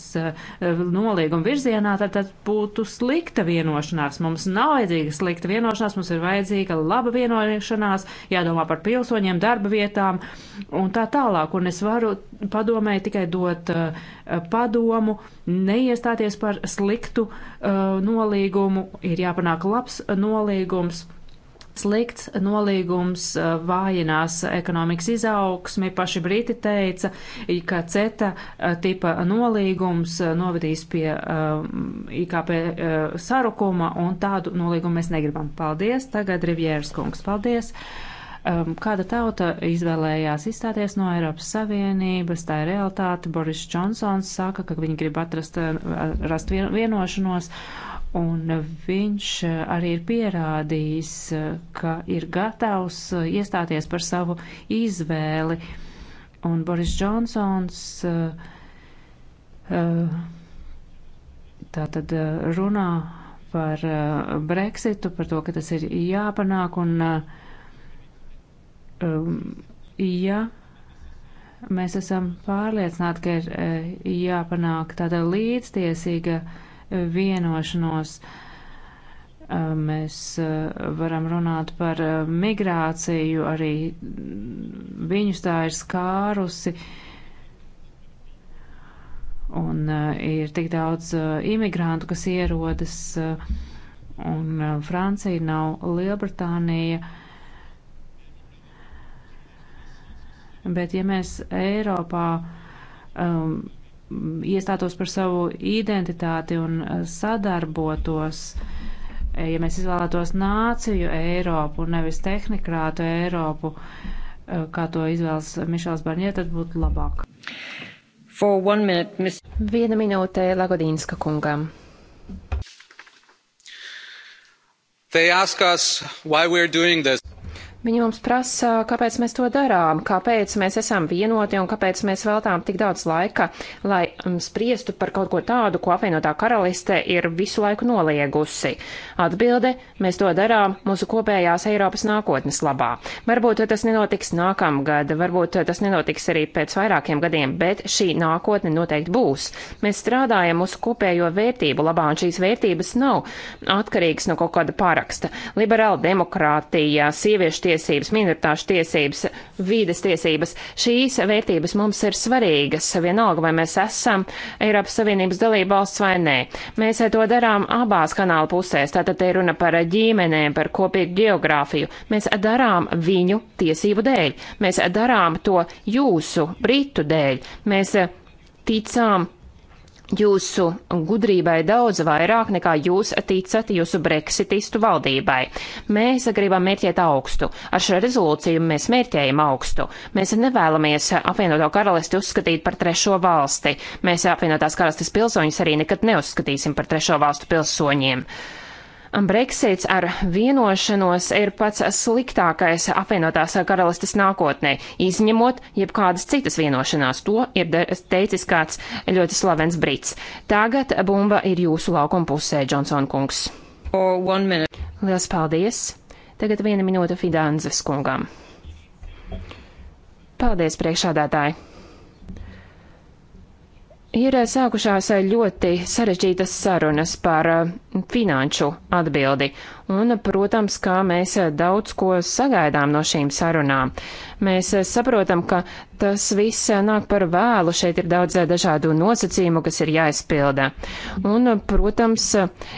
nolīguma virzienā, tad, tad būtu slikta vienošanās. Mums nav vajadzīga slikta vienošanās, mums ir vajadzīga laba vienošanās, jādomā par pilnību pilsoņiem, darba vietām un tā tālāk. Un es varu padomēji tikai dot uh, padomu, neiestāties par sliktu uh, nolīgumu, ir jāpanāk labs nolīgums. Slikts nolīgums eh, vājinās ekonomikas izaugsmi. Paši Briti teica, ka CETA tipa nolīgums novedīs pie uh, IKP uh, sarukuma, un tādu nolīgumu mēs negribam. Paldies! Tagad Rivjēras kungs, paldies! Uh, um, kāda tauta izvēlējās izstāties no Eiropas Savienības, tā ir realitāte. Boris Džonsons saka, ka viņi grib atrast, uh, rast vienošanos, un viņš uh, arī ir pierādījis, uh, ka ir gatavs iestāties par savu izvēli. Un Boris Džonsons uh, uh, tātad runā par uh, Brexitu, par to, ka tas ir jāpanāk, un uh, um, ja mēs esam pārliecināti, ka ir uh, jāpanāk tāda līdztiesīga vienošanos, uh, mēs uh, varam runāt par uh, migrāciju, arī viņus tā ir skārusi. Un uh, ir tik daudz uh, imigrantu, kas ierodas, uh, un uh, Francija nav Lielbritānija. Uh, bet ja mēs Eiropā um, iestātos par savu identitāti un uh, sadarbotos, eh, ja mēs izvēlētos nāciju Eiropu un nevis tehnikrātu Eiropu, eh, kā to izvēlas Mišels Barņē, tad būtu labāk. Minute, miss... Viena minūte
Lagodīnska kungam.
They ask us why we're doing this.
Viņi mums prasa, kāpēc mēs to darām, kāpēc mēs esam vienoti un kāpēc mēs veltām tik daudz laika, lai um, spriestu par kaut ko tādu, ko apvienotā karaliste ir visu laiku noliegusi. Atbilde - mēs to darām mūsu kopējās Eiropas nākotnes labā. Varbūt tas nenotiks nākamgad, varbūt tas nenotiks arī pēc vairākiem gadiem, bet šī nākotne noteikti būs. Mēs strādājam mūsu kopējo vērtību labā, un šīs vērtības nav atkarīgas no kaut kāda paraksta. Liberāla demokrātija, sieviešu tiesības tiesības, minoritāšu tiesības, vīdes tiesības. Šīs vērtības mums ir svarīgas, vienalga vai mēs esam Eiropas Savienības dalība valsts vai nē. Mēs to darām abās kanāla pusēs, tātad te runa par ģimenēm, par kopīgu geogrāfiju. Mēs darām viņu tiesību dēļ, mēs darām to jūsu, britu dēļ. Mēs ticām jūsu gudrībai daudz vairāk nekā jūs ticat jūsu breksitistu valdībai. Mēs gribam mērķēt augstu. Ar šo rezolūciju mēs mērķējam augstu. Mēs nevēlamies apvienoto karalisti uzskatīt par trešo valsti. Mēs apvienotās karalistes pilsoņus arī nekad neuzskatīsim par trešo valstu pilsoņiem. Uh, Brexits ar vienošanos ir pats sliktākais apvienotās karalistes nākotnē, izņemot jebkādas citas vienošanās. To ir teicis kāds ļoti slavens brits. Tagad bumba ir jūsu laukuma pusē, Johnson kungs. Lielas paldies! Tagad viena minūte Fidanzes kungam. Paldies, priekšādātāji! Ir eh, sākušās eh, ļoti sarežģītas sarunas par eh, finanšu atbildi, un, protams, kā mēs eh, daudz ko sagaidām no šīm sarunām. Mēs eh, saprotam, ka tas viss eh, nāk par vēlu, šeit ir daudz dažādu nosacījumu, kas ir jāizpilda. Un, protams,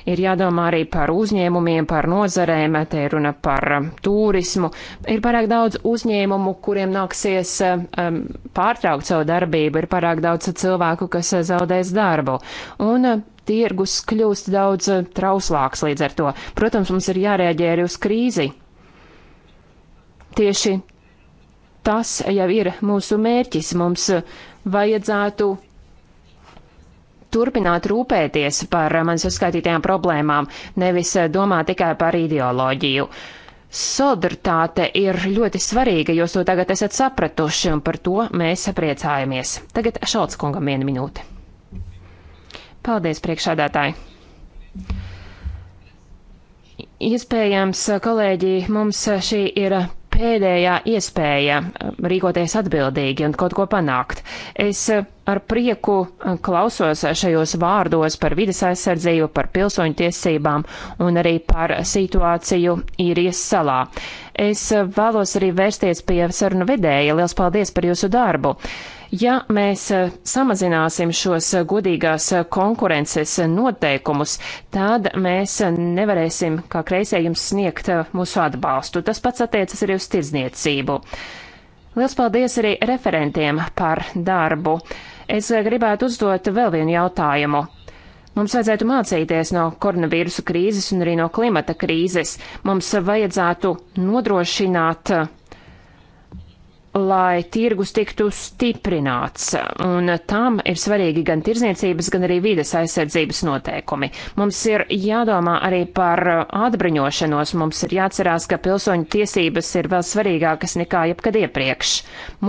ir jādomā arī par uzņēmumiem, par nozarēm, te ir runa par turismu. Ir pārāk daudz uzņēmumu, kuriem nāksies um, pārtraukt savu darbību, ir pārāk daudz cilvēku, kas zaudēs darbu. Un tirgus kļūst daudz eh, trauslāks līdz ar to. Protams, mums ir jārēģē arī uz krīzi. Tieši tas jau ir mūsu mērķis. Mums eh, vajadzētu turpināt rūpēties par man saskaitītajām problēmām, nevis eh, domāt tikai par ideoloģiju. Solidaritāte ir ļoti svarīga, jūs to tagad esat sapratuši, un par to mēs priecājamies. Tagad Šalts kungam vienu minūti. Paldies, priekšādātāji! Iespējams, kolēģi, mums šī ir pēdējā iespēja rīkoties atbildīgi un kaut ko panākt. Es ar prieku klausos šajos vārdos par vidas aizsardzību, par pilsoņu tiesībām un arī par situāciju īrijas salā. Es vēlos arī vērsties pie sarunu vedēja. Liels paldies par jūsu darbu! Ja mēs eh, samazināsim šos eh, godīgās eh, konkurences noteikumus, tad mēs nevarēsim, kā kreisē jums, sniegt mūsu atbalstu. Tas pats attiecas arī uz tirdzniecību. Liels paldies arī referentiem par darbu. Es gribētu uzdot vēl vienu jautājumu. Mums vajadzētu mācīties no koronavīrusa krīzes un arī no klimata krīzes. Mums vajadzētu nodrošināt lai tirgus tiktu stiprināts, un tam ir svarīgi gan tirzniecības, gan arī vides aizsardzības noteikumi. Mums ir jādomā arī par atbruņošanos, mums ir jāatcerās, ka pilsoņu tiesības ir vēl svarīgākas nekā jebkad iepriekš.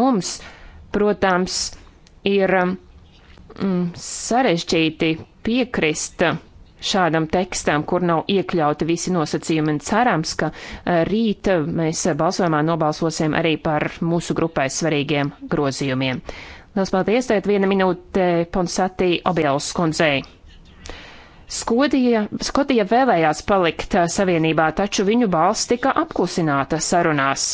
Mums, protams, ir mm, sarežģīti piekrist šādam tekstam, kur nav iekļauti visi nosacījumi, un cerams, ka eh, rīt eh, mēs balsojumā nobalsosim arī par mūsu grupai svarīgiem grozījumiem. Lielas paldies, tēt viena minūte Ponsatī Obielas skundzei. Skodija, Skotija vēlējās palikt eh, savienībā, taču viņu balss tika apklusināta sarunās.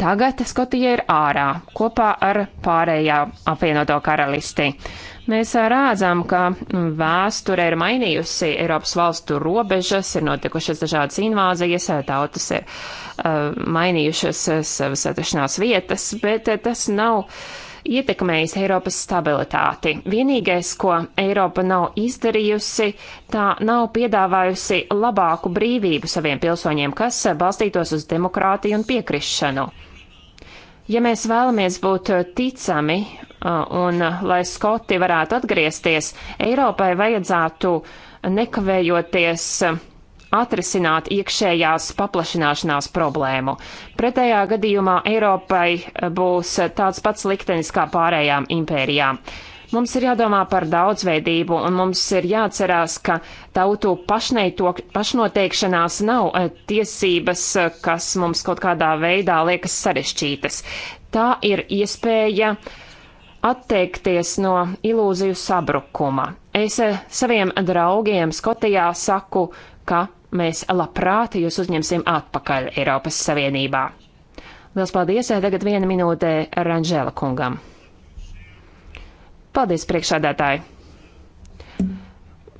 Tagad Skotija ir ārā kopā ar pārējā apvienoto karalisti. Uh, Mēs rādzām, ka mm, vēsture ir mainījusi Eiropas valstu robežas, ir notikušas dažādas invāzijas, tautas ir uh, mainījušas savas atrašanās vietas, bet tas nav ietekmējis Eiropas stabilitāti. Vienīgais, ko Eiropa nav izdarījusi, tā nav piedāvājusi labāku brīvību saviem pilsoņiem, kas balstītos uz demokrātiju un piekrišanu. Ja mēs vēlamies būt uh, ticami uh, un uh, lai Skoti varētu atgriezties, Eiropai vajadzētu nekavējoties atrisināt iekšējās paplašināšanās problēmu. Pretējā gadījumā Eiropai būs tāds pats liktenis kā pārējām impērijām. Mums ir jādomā par daudzveidību, un mums ir jāatcerās, ka tautu pašnoteikšanās nav eh, tiesības, eh, kas mums kaut kādā veidā liekas sarešķītas. Tā ir iespēja atteikties no ilūziju sabrukuma. Es eh, saviem draugiem Skotijā saku, ka mēs labprāt jūs uzņemsim atpakaļ Eiropas Savienībā. Lielas paldies, tagad viena minūte Ranžēla kungam. Paldies, priekšādātāji!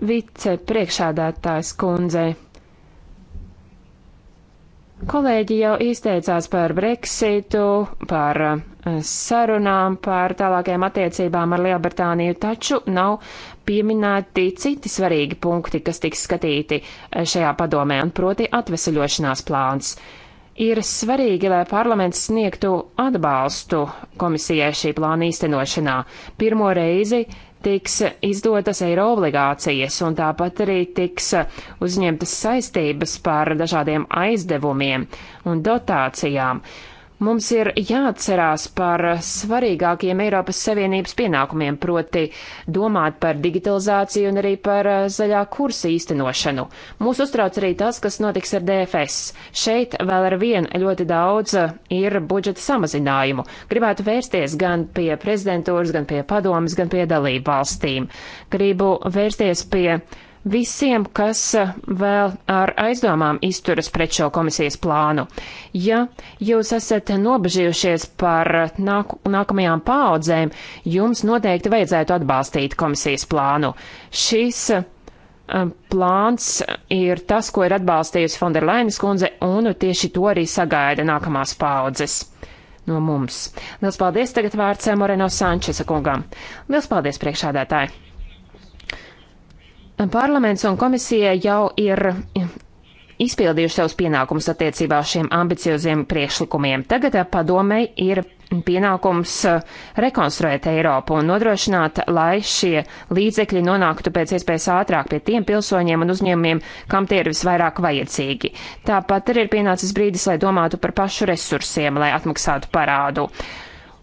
Vice priekšādātājs kundzei. Kolēģi jau izteicās par Brexitu, par eh, sarunām, par tālākajām attiecībām ar Lielbritāniju, taču nav pieminēti citi svarīgi punkti, kas tiks skatīti eh, šajā padomē, un proti atvesaļošanās plāns. Ir svarīgi, lai parlaments sniegtu atbalstu komisijai šī plāna īstenošanā. Pirmo reizi tiks izdotas eiro obligācijas, un tāpat arī tiks uzņemtas saistības par dažādiem aizdevumiem un dotācijām. Mums ir jāatcerās par svarīgākiem Eiropas Savienības pienākumiem, proti domāt par digitalizāciju un arī par eh, zaļā kursa īstenošanu. Mūs uztrauc arī tas, kas notiks ar DFS. Šeit vēl ar vien ļoti daudz eh, ir budžeta samazinājumu. Gribētu vērsties gan pie prezidentūras, gan pie padomas, gan pie dalību valstīm. Gribu vērsties pie visiem, kas eh, vēl ar aizdomām izturas pret šo komisijas plānu. Ja jūs esat nobežījušies par eh, nāk nākamajām paaudzēm, jums noteikti vajadzētu atbalstīt komisijas plānu. Šis eh, plāns ir tas, ko ir atbalstījusi Fonderlainas kundze, un tieši to arī sagaida nākamās paaudzes. No mums. Lielas paldies tagad vārds Moreno Sančesa kungam. Lielas paldies priekšādātāji! Parlaments un komisija jau ir izpildījuši savus pienākumus attiecībā uz šiem ambicioziem priekšlikumiem. Tagad eh, padomei ir pienākums eh, rekonstruēt Eiropu un nodrošināt, lai šie līdzekļi nonāktu pēc iespējas ātrāk pie tiem pilsoņiem un uzņēmumiem, kam tie ir visvairāk vajadzīgi. Tāpat arī ir pienācis brīdis, lai domātu par pašu resursiem, lai atmaksātu parādu.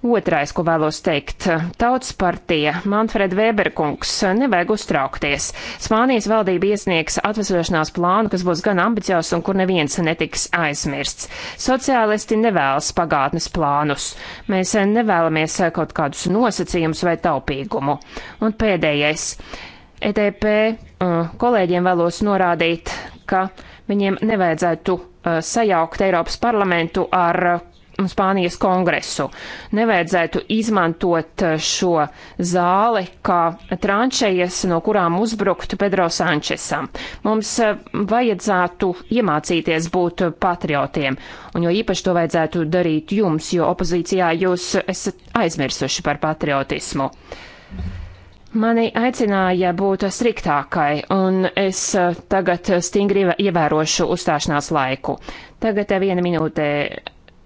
Otrais, ko vēlos teikt, tautas partija, Manfred Weberkungs, nevajag uztraukties. Spānijas valdība iesniegs atvesļošanās plānu, kas būs gan ambiciozs un kur neviens netiks aizmirsts. Sociālisti nevēlas pagātnes plānus. Mēs nevēlamies kaut kādus nosacījumus vai taupīgumu. Un pēdējais. ETP uh, kolēģiem vēlos norādīt, ka viņiem nevajadzētu uh, sajaukt Eiropas parlamentu ar uh, Spānijas kongresu. Nevajadzētu izmantot šo zāli kā tranšejas, no kurām uzbrukt Pedro Sančesam. Mums eh, vajadzētu iemācīties būt patriotiem, un jo īpaši to vajadzētu darīt jums, jo opozīcijā jūs esat aizmirsuši par patriotismu. Mani aicināja būt striktākai, un es eh, tagad stingri ievērošu uzstāšanās laiku. Tagad eh, viena minūte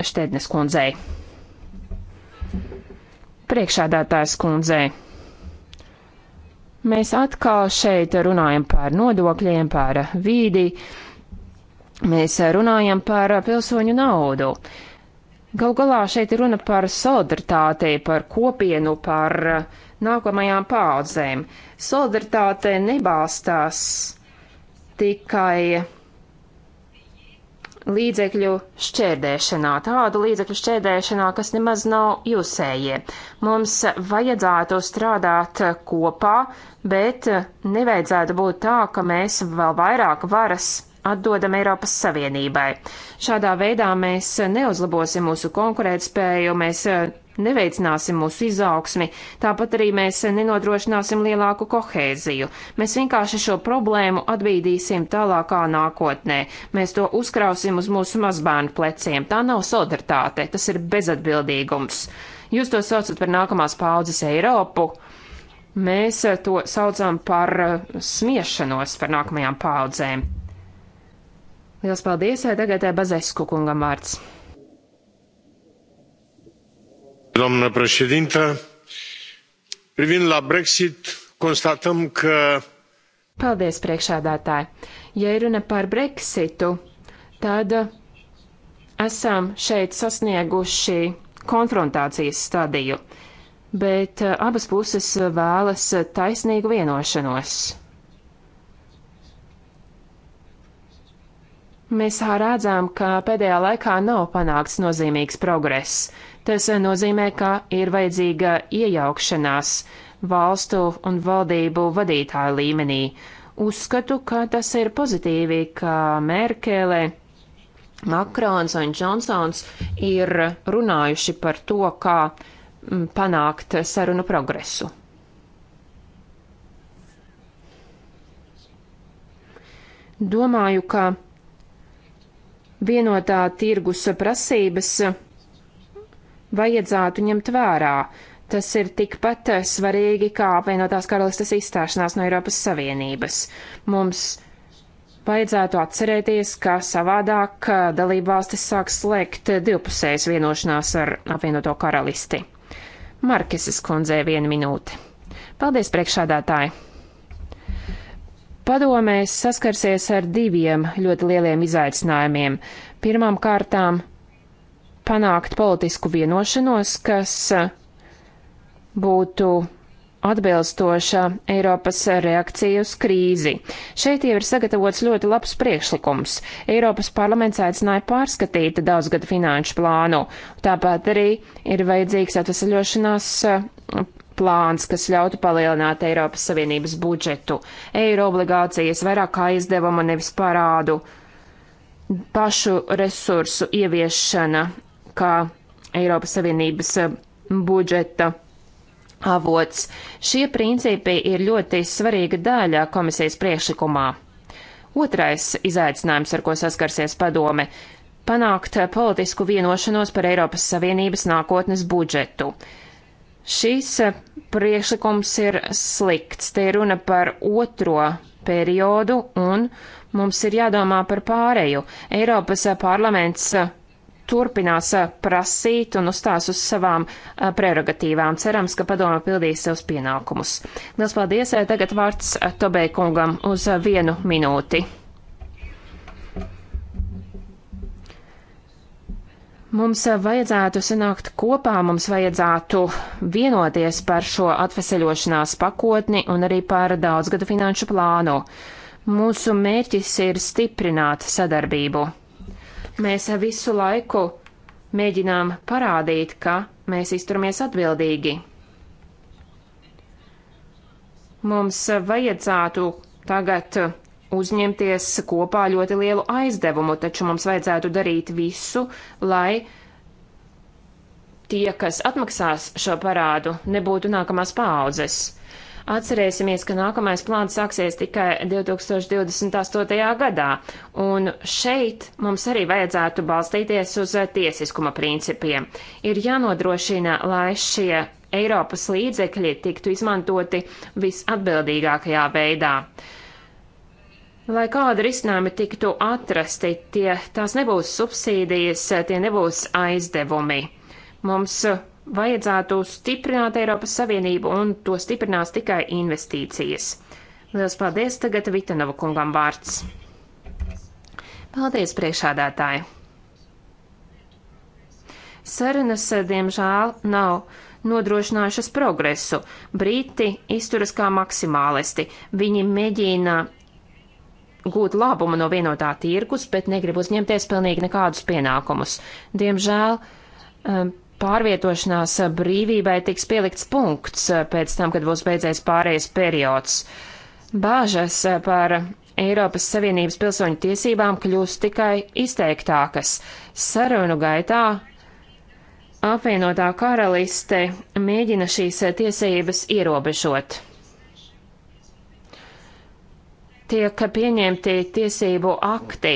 Štednes kundzei. Priekšādātājs kundzei. Mēs atkal šeit runājam par nodokļiem, par vīdi, mēs runājam par pilsoņu naudu. Gal galā šeit ir runa par solidaritāti, par kopienu, par nākamajām paudzēm. Solidaritāte nebalstās tikai līdzekļu šķērdēšanā, tādu līdzekļu šķērdēšanā, kas nemaz nav jūsējie. Mums vajadzētu strādāt kopā, bet nevajadzētu būt tā, ka mēs vēl vairāk varas atdodam Eiropas Savienībai. Šādā veidā mēs neuzlabosim mūsu konkurētspēju, mēs neveicināsim mūsu izaugsmi, tāpat arī mēs nenodrošināsim lielāku kohēziju. Mēs vienkārši šo problēmu atbīdīsim tālākā nākotnē. Mēs to uzkrausim uz mūsu mazbērnu pleciem. Tā nav solidaritāte, tas ir bezatbildīgums. Jūs to saucat par nākamās paudzes Eiropu. Mēs to saucam par uh, smiešanos par nākamajām paudzēm. Lielas paldies, tagad uh, Bazesku kungam vārds
doamnă președintă privind la brexit konstatăm
ka.
Paldies, priekšādātāji. Ja runa par Brexitu, tad esam šeit sasnieguši konfrontācijas stadiju, bet eh, abas puses vēlas taisnīgu vienošanos. Mēs redzam, ka pēdējā laikā nav panākts nozīmīgs progress Tas nozīmē, ka ir vajadzīga iejaukšanās valstu un valdību vadītāju līmenī. Uzskatu, ka tas ir pozitīvi, ka Merkele, Makrons un Džonsons ir runājuši par to, kā mm, panākt sarunu progresu. Domāju, ka vienotā tirgus prasības vajadzētu ņemt vērā. Tas ir tikpat svarīgi kā apvienotās karalistas izstāšanās no Eiropas Savienības. Mums vajadzētu atcerēties, ka savādāk dalībvalstis sāks slēgt divpusējas vienošanās ar apvienoto karalisti. Markeses kundzē viena minūte. Paldies priekšādātāji! Padomēs saskarsies ar diviem ļoti lieliem izaicinājumiem. Pirmām kārtām panākt politisku vienošanos, kas būtu atbilstoša Eiropas reakcija uz krīzi. Šeit jau ir sagatavots ļoti labs priekšlikums. Eiropas parlaments aicināja pārskatīt daudzgadu finanšu plānu. Tāpat arī ir vajadzīgs atvesaļošanās eh, plāns, kas ļautu palielināt Eiropas Savienības budžetu, eiro obligācijas, vairāk kā aizdevuma nevis parādu, pašu resursu ieviešana kā Eiropas Savienības eh, budžeta avots. Šie principi ir ļoti svarīga daļa komisijas priekšlikumā. Otrais izaicinājums, ar ko saskarsies padome - panākt politisku vienošanos par Eiropas Savienības nākotnes budžetu. Šis eh, priekšlikums ir slikts. Te ir runa par otro periodu un mums ir jādomā par pārēju. Eiropas eh, parlaments turpinās eh, prasīt un uzstās uz savām eh, prerogatīvām. Cerams, ka padoma pildīs savus pienākumus. Lielas paldies! Eh, tagad vārds Tobei kungam uz vienu minūti. Mums vajadzētu sanākt kopā, mums vajadzētu vienoties par šo atveseļošanās pakotni un arī par daudzgadu finanšu plānu. Mūsu mērķis ir stiprināt sadarbību. Mēs visu laiku mēģinām parādīt, ka mēs izturamies atbildīgi. Mums vajadzētu tagad uzņemties kopā ļoti lielu aizdevumu, taču mums vajadzētu darīt visu, lai tie, kas atmaksās šo parādu, nebūtu nākamās paaudzes. Atcerēsimies, ka nākamais plāns sāksies tikai 2028. gadā, un šeit mums arī vajadzētu balstīties uz eh, tiesiskuma principiem. Ir jānodrošina, lai šie Eiropas līdzekļi tiktu izmantoti visatbildīgākajā veidā. Lai kāda risinājuma tiktu atrasti, tie, tās nebūs subsīdijas, tie nebūs aizdevumi. Mums vajadzētu stiprināt Eiropas Savienību, un to stiprinās tikai investīcijas. Lielas paldies tagad Vitanova kungam vārds. Paldies, priekšādātāji! Sarunas, diemžēl, nav nodrošinājušas progresu. Briti izturas kā maksimālisti. Viņi mēģina gūt labumu no vienotā tirgus, bet negrib uzņemties pilnīgi nekādus pienākumus. Diemžēl um, pārvietošanās brīvībai tiks pielikts punkts eh, pēc tam, kad būs beidzies pārējais periods. Bāžas eh, par Eiropas Savienības pilsoņu tiesībām kļūst tikai izteiktākas. Sarunu gaitā apvienotā karaliste mēģina šīs eh, tiesības ierobežot. Tiek pieņemti tiesību akti,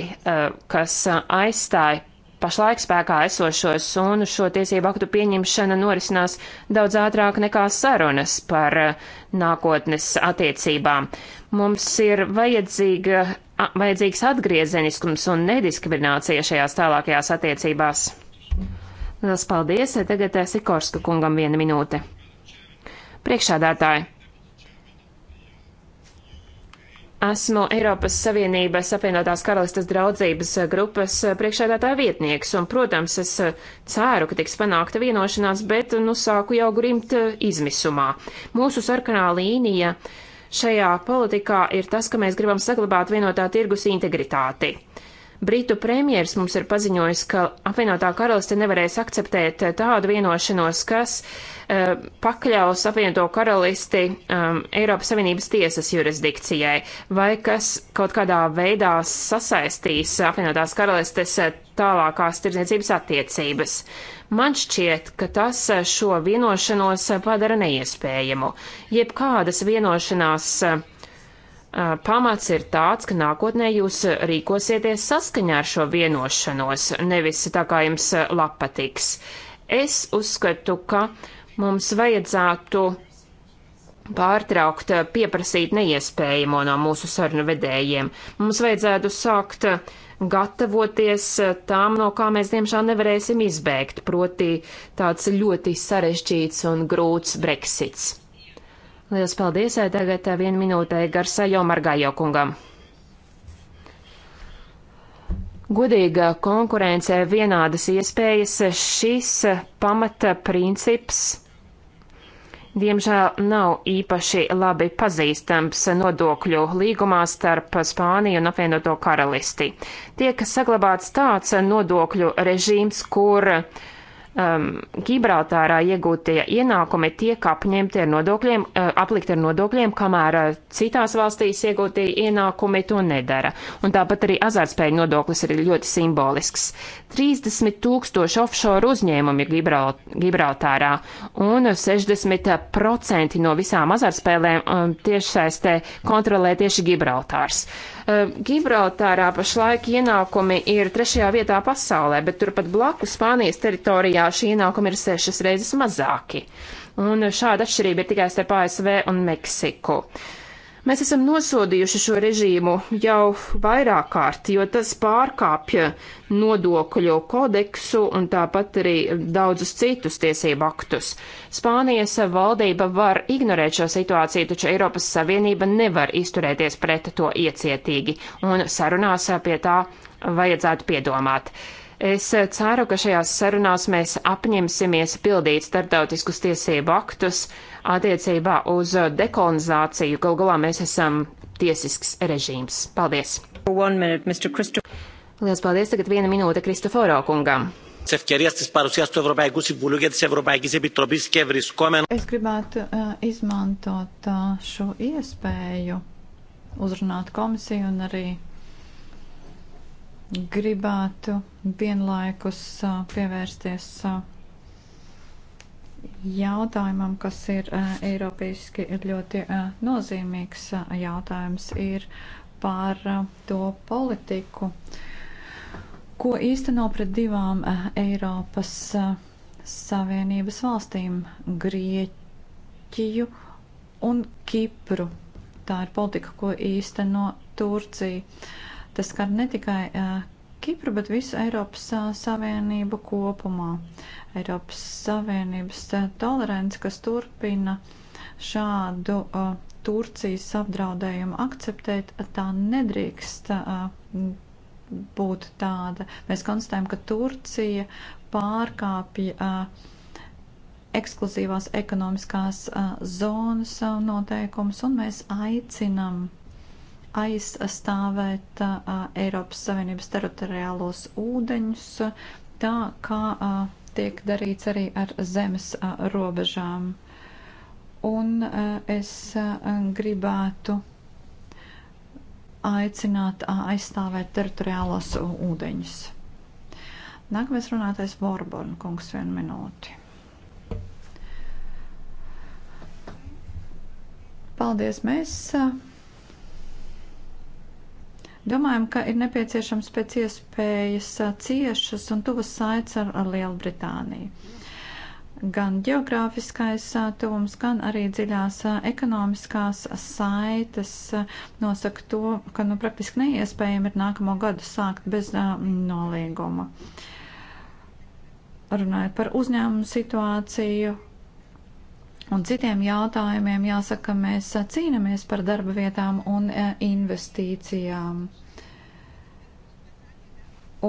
kas aizstāja pašlaik spēkā esošos, un šo tiesību aktu pieņemšana norisinās daudz ātrāk nekā sarunas par eh, nākotnes attiecībām. Mums ir vajadzīga, vajadzīgs atgriezeniskums un nediskriminācija šajās tālākajās attiecībās. Lielas paldies! Tagad eh, Sikorska kungam viena minūte. Priekšādātāji! Esmu Eiropas Savienības apvienotās karalistas draudzības eh, grupas eh, priekšēdētāja vietnieks, un, protams, es eh, ceru, ka tiks panākta vienošanās, bet, nu, sāku jau grimt izmisumā. Mūsu sarkanā līnija šajā politikā ir tas, ka mēs gribam saglabāt vienotā tirgus integritāti. Uh, Britu premjers mums ir paziņojis, ka apvienotā karaliste nevarēs akceptēt eh, tādu vienošanos, kas uh, pakļaus apvienoto karalisti um, Eiropas Savienības tiesas jurisdikcijai, vai kas kaut kādā veidā sasaistīs apvienotās karalistes eh, tālākās tirdzniecības attiecības. Man šķiet, ka tas šo vienošanos padara neiespējamu. Jebkādas vienošanās uh, pamats ir tāds, ka nākotnē jūs rīkosieties saskaņā ar šo vienošanos, nevis tā kā jums lapatiks. Es uzskatu, ka mums vajadzētu pārtraukt, pieprasīt neiespējamo no mūsu sarunu vedējiem. Mums vajadzētu sākt gatavoties tām, no kā mēs diemžēl nevarēsim izbēgt, proti tāds ļoti sarežģīts un grūts Brexits. Lielas paldies, eh, tagad eh, vienu minūtē Garsajo Margājo kungam. Godīga konkurence, vienādas iespējas, šis eh, pamata princips diemžēl nav īpaši labi pazīstams nodokļu līgumā starp Spāniju un apvienoto karalisti. Tiek saglabāts tāds nodokļu režīms, kur uh, um, Gibraltārā iegūtie ienākumi tiek apņemti ar nodokļiem, uh, aplikti ar nodokļiem, kamēr uh, citās valstīs iegūtie ienākumi to nedara. Un tāpat arī azartspēļu nodoklis ir ļoti simbolisks. 30 tūkstoši offshore uzņēmumi Gibraltārā un 60% no visām azartspēlēm um, tiešsaistē kontrolē tieši Gibraltārs. Um, Gibraltārā pašlaik ienākumi ir trešajā vietā pasaulē, bet turpat blakus Spānijas teritorijā šie ienākumi ir sešas reizes mazāki. Un šāda atšķirība ir tikai starp ASV un Meksiku. Uh, Mēs esam nosodījuši šo režīmu jau vairāk kārt, jo tas pārkāpja nodokļu kodeksu un tāpat arī daudzus citus tiesību aktus. Spānijas valdība var ignorēt šo situāciju, taču Eiropas Savienība nevar izturēties pret to iecietīgi, un sarunās pie tā vajadzētu piedomāt. Es ceru, ka šajās sarunās mēs apņemsimies pildīt starptautiskus tiesību aktus, uh, attiecībā uz uh, dekolonizāciju. Galu galā mēs esam tiesisks režīms. Paldies! Minute, Lielas paldies! Tagad viena minūte Kristoforo kungam.
Es
gribētu uh, izmantot uh, šo iespēju uzrunāt komisiju un arī gribētu vienlaikus uh, pievērsties uh, jautājumam, kas ir eiropeiski ļoti nozīmīgs jautājums, ir par to politiku, ko īsteno pret divām Eiropas Savienības valstīm - Grieķiju un Kipru. Tā ir politika, ko īsteno Turcija. Tas skar ne tikai Kipru, bet visu Eiropas Savienību kopumā. Eiropas Savienības eh, tolerants, kas turpina šādu uh, Turcijas apdraudējumu akceptēt, tā nedrīkst uh, būt tāda. Mēs konstatējam, ka Turcija pārkāpja uh, ekskluzīvās ekonomiskās uh, zonas uh, noteikumus, un mēs aicinam aizstāvēt uh, Eiropas Savienības teritoriālos ūdeņus, tā kā uh, tiek darīts arī ar zemes robežām. Un es gribētu aicināt aizstāvēt teritoriālos ūdeņus. Nākamais runātais Vorborn kungs vienu minūti. Paldies, mēs. Uh, Domājam, ka ir nepieciešams pēc iespējas ciešas un tuvas saites ar, ar Lielbritāniju. Gan geogrāfiskais tuvums, gan arī dziļās ekonomiskās saites nosaka to, ka nu, praktiski neiespējami ir nākamo gadu sākt bez uh, nolīguma. Runājot par uzņēmumu situāciju, un citiem jautājumiem jāsaka, ka mēs cīnāmies par darba vietām un e, investīcijām.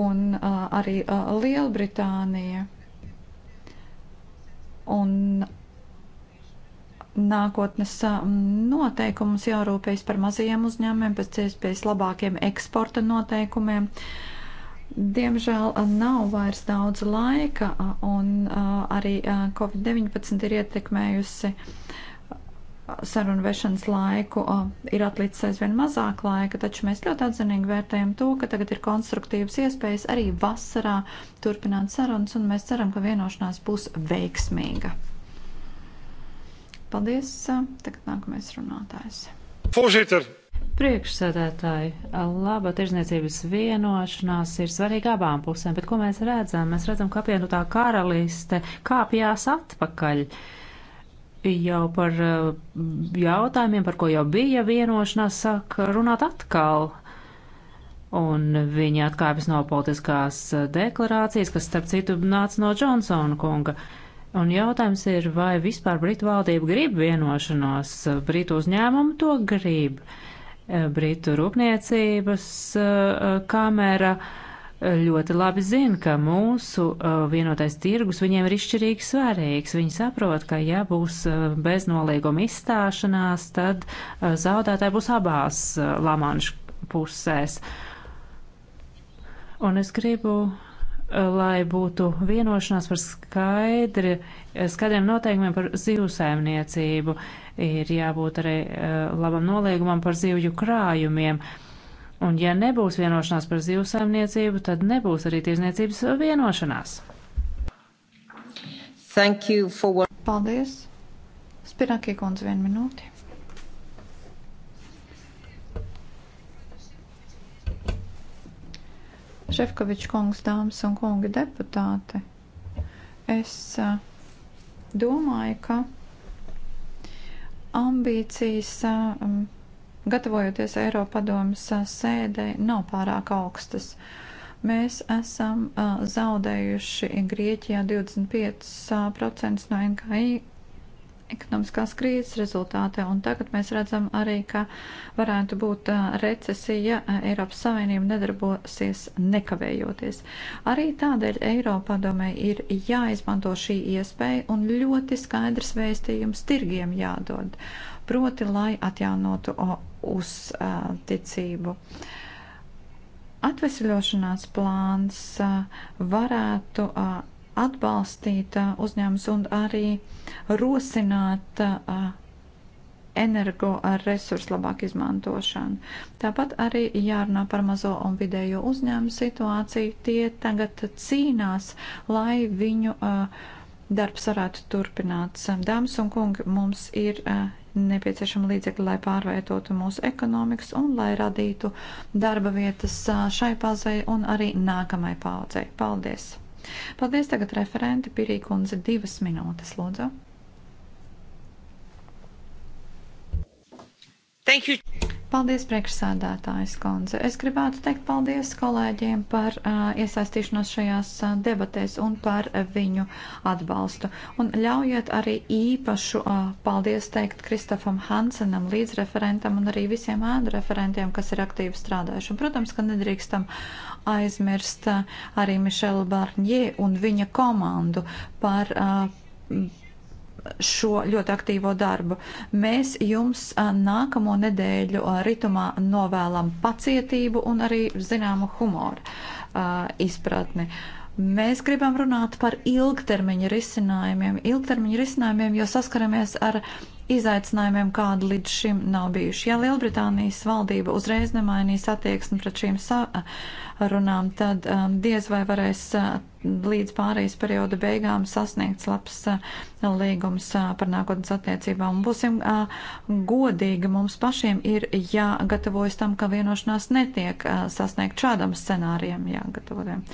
Un e, arī e, Lielbritānija. Un nākotnes noteikumus jārūpējas par mazajiem uzņēmumiem, pēc iespējas labākiem eksporta noteikumiem. Uh, Diemžēl nav vairs daudz laika, un arī Covid-19 ir ietekmējusi sarunu vešanas laiku. Ir atlicis aizvien mazāk laika, taču mēs ļoti atzinīgi vērtējam to, ka tagad ir konstruktīvas iespējas arī vasarā turpināt sarunas, un mēs ceram, ka vienošanās būs veiksmīga. Paldies!
Tagad nākamais runātājs. Voorzitter, Priekšsēdētāji, laba tirzniecības vienošanās ir svarīga abām pusēm, bet ko mēs redzam? Mēs redzam, ka apvienotā karaliste kāpjās atpakaļ jau par eh, jautājumiem, par ko jau bija vienošanās, sāk runāt atkal. Un viņi atkāpjas no politiskās deklarācijas, kas starp citu nāca no Džonsona kunga. Un jautājums ir, vai vispār Britu valdība grib vienošanos, Britu uzņēmumu to grib. Uh, Eh, Britu rūpniecības eh, eh, kamera ļoti labi zina, ka mūsu vienotais tirgus viņiem ir izšķirīgi svarīgs. Viņi saprot, ka ja būs beznolīguma izstāšanās, tad zaudētāji būs abās lamanšu pusēs. Un es gribu lai būtu vienošanās par skaidri, skaidriem noteikumiem par zivu saimniecību. Ir jābūt arī eh, labam noliegumam par zivju krājumiem. Un ja nebūs vienošanās par zivu saimniecību, tad nebūs arī tirzniecības vienošanās. For... Paldies! Spirākie kundze, vienu minūti.
Šefkovičs kungs, dāmas un kungi deputāti, es domāju, ka ambīcijas gatavojoties Eiropadomas sēdē nav pārāk augstas. Mēs esam zaudējuši Grieķijā 25% no NKI ekonomiskās krīzes rezultātā, un tagad mēs redzam arī, ka varētu būt recesija, ja Eiropas Savienība nedarbosies nekavējoties. Arī tādēļ Eiropā, domāju, ir jāizmanto šī iespēja un ļoti skaidrs vēstījums tirgiem jādod, proti, lai atjaunotu uzticību. Uh, Atvesļošanās plāns uh, varētu uh, atbalstīt uzņēmums un arī rosināt energo resursu labāku izmantošanu. Tāpat arī jārunā par mazo un vidējo uzņēmumu situāciju. Tie tagad cīnās, lai viņu uh, darbs varētu turpināts. Dāmas un kungi, mums ir uh, nepieciešama līdzekļa, lai pārvietotu mūsu ekonomikas un lai radītu darba vietas uh, šai pazai un arī nākamai paudzei. Paldies! Paldies tagad referenti Pirīkundze divas minūtes, lūdzu. Thank you. Paldies, priekšsādātājs Konze. Es gribētu teikt paldies kolēģiem par uh, iesaistīšanos šajās uh, debatēs un par uh, viņu atbalstu. Un ļaujiet arī īpašu uh, paldies teikt Kristofam Hansenam, līdzreferentam un arī visiem ēnu referentiem, kas ir aktīvi strādājuši. Un, protams, ka nedrīkstam aizmirst uh, arī Mišelu Barņē un viņa komandu par uh, šo ļoti aktīvo darbu. Mēs jums uh, nākamo nedēļu ritumā novēlam pacietību un arī zināmu humoru izpratni. Mēs gribam runāt par ilgtermiņa risinājumiem, ilgtermiņa risinājumiem, jo saskaramies ar izaicinājumiem, kādi līdz šim nav bijuši. Ja Lielbritānijas valdība uzreiz nemainīs attieksmi pret šīm sa runām, tad um, diez vai varēs uh, līdz pārejas perioda beigām sasniegts labs uh, līgums uh, par nākotnes attiecībām. Būsim uh, godīgi, mums pašiem ir jāgatavojas tam, ka vienošanās netiek uh, sasniegt šādam scenārijam jāgatavotiem.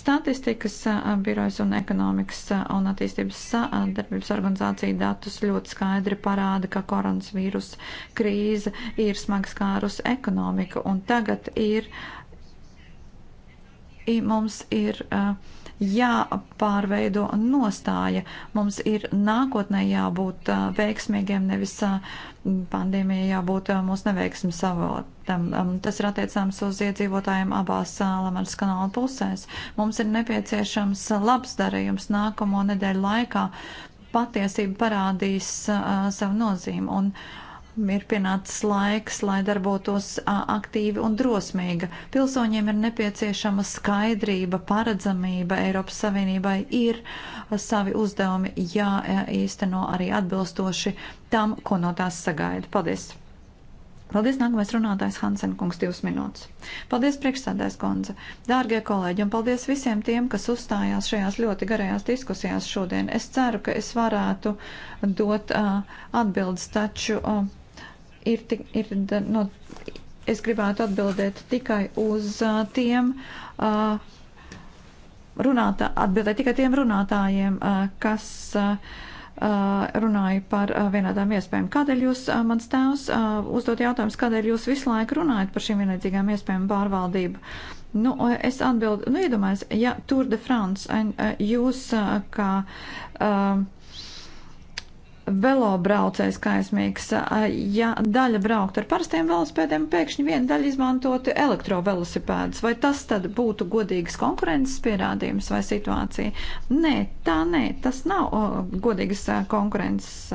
Statistikas uh, birojas un ekonomikas uh, un attīstības sadarbības uh, organizācija datus ļoti skaidri parāda, ka koronavīrus krīze ir smagi skārus ekonomiku un tagad ir uh, mums ir jāpārveido nostāja. Mums ir nākotnē jābūt veiksmīgiem, nevis pandēmija jābūt mūsu neveiksmes avotam. Tas ir attiecāms uz iedzīvotājiem abās Lamaras kanāla pusēs. Mums ir nepieciešams labs darījums nākamo nedēļu laikā. Patiesība parādīs uh, savu nozīmi, un ir pienācis laiks, lai darbotos aktīvi un drosmīga. Pilsoņiem ir nepieciešama skaidrība, paredzamība. Eiropas Savienībai ir savi uzdevumi jāīsteno arī atbilstoši tam, ko no tās sagaida. Paldies! Paldies, nākamais runātājs Hansen kungs, divas minūtes. Paldies, priekšsēdājs kundze, dārgie kolēģi, un paldies visiem tiem, kas uzstājās šajās ļoti garajās diskusijās šodien. Es ceru, ka es varētu dot uh, atbildes, taču uh, ir, ir no, nu, es gribētu atbildēt tikai uz uh, tiem. Uh, Runātā, atbildēt tikai tiem runātājiem, uh, kas uh, runāja par uh, vienādām iespējām. Kādēļ jūs, uh, mans tēvs, uh, uzdot jautājumus, kādēļ jūs visu laiku runājat par šīm vienādīgām iespējām pārvaldību? Nu, es atbildu, nu, iedomājos, ja Tour de France, jūs kā. Uh, velobraucējs kaismīgs, ja daļa braukt ar parastiem velosipēdiem, pēkšņi viena daļa izmantotu elektrovelosipēdus, vai tas tad būtu godīgas konkurences pierādījums vai situācija? Nē, tā nē, tas nav godīgas konkurences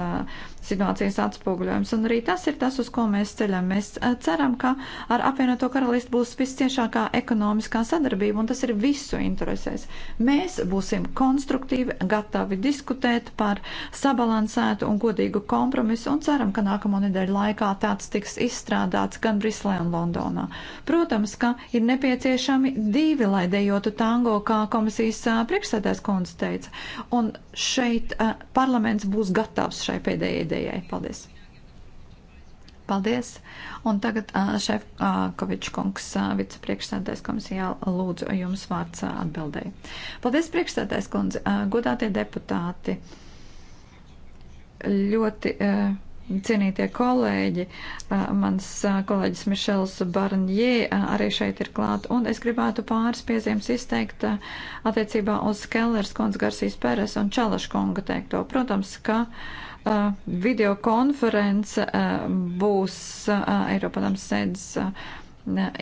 situācijas atspoguļojums. Un arī tas ir tas, uz ko mēs ceļam. Mēs eh, ceram, ka ar apvienoto karalistu būs visciešākā ekonomiskā sadarbība, un tas ir visu interesēs. Mēs būsim konstruktīvi, gatavi diskutēt par sabalansētu un godīgu kompromisu, un ceram, ka nākamo nedēļu laikā tāds tiks izstrādāts gan Brislē un Londonā. Protams, ka ir nepieciešami divi, lai dejotu tango, kā komisijas eh, priekšsēdēs kundze teica. Un šeit eh, parlaments būs gatavs šai pēdējai idejai pēdējai. Paldies! Paldies! Un tagad Šefkovičs kungs, vicepriekšsēdētājs komisijā, lūdzu jums vārds atbildēji. Paldies, priekšsēdētājs kundze, godātie deputāti, ļoti cienītie kolēģi, mans kolēģis Mišels Barnjē arī šeit ir klāt, un es gribētu pāris piezīmes izteikt attiecībā uz Kellers kundz Garsīs Peres un Čalaškonga teikto. Protams, ka. Uh, video konference būs Eiropadams sēdes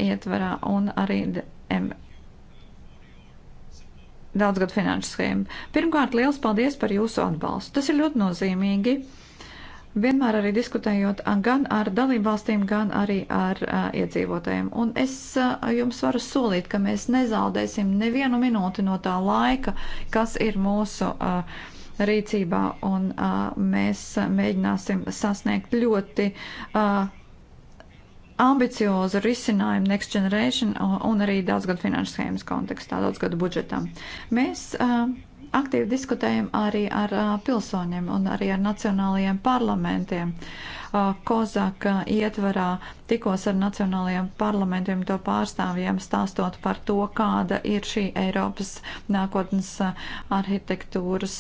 ietvarā un arī daudzgad finanšu schēma. Pirmkārt, liels paldies par jūsu atbalstu. Tas ir ļoti nozīmīgi. Vienmēr arī diskutējot gan ar dalībvalstīm, gan arī ar a, iedzīvotājiem. Un es a, jums varu solīt, ka mēs nezaudēsim nevienu minūti no tā laika, kas ir mūsu. A, rīcībā, un uh, mēs mēģināsim sasniegt ļoti uh, ambiciozu risinājumu Next Generation un arī daudzgadu finanšu schēmas kontekstā, daudzgadu budžetam. Mēs uh, aktīvi diskutējam arī ar pilsoņiem un arī ar nacionālajiem parlamentiem. Kozaka ietvarā tikos ar nacionālajiem parlamentiem to pārstāvjiem stāstot par to, kāda ir šī Eiropas nākotnes arhitektūras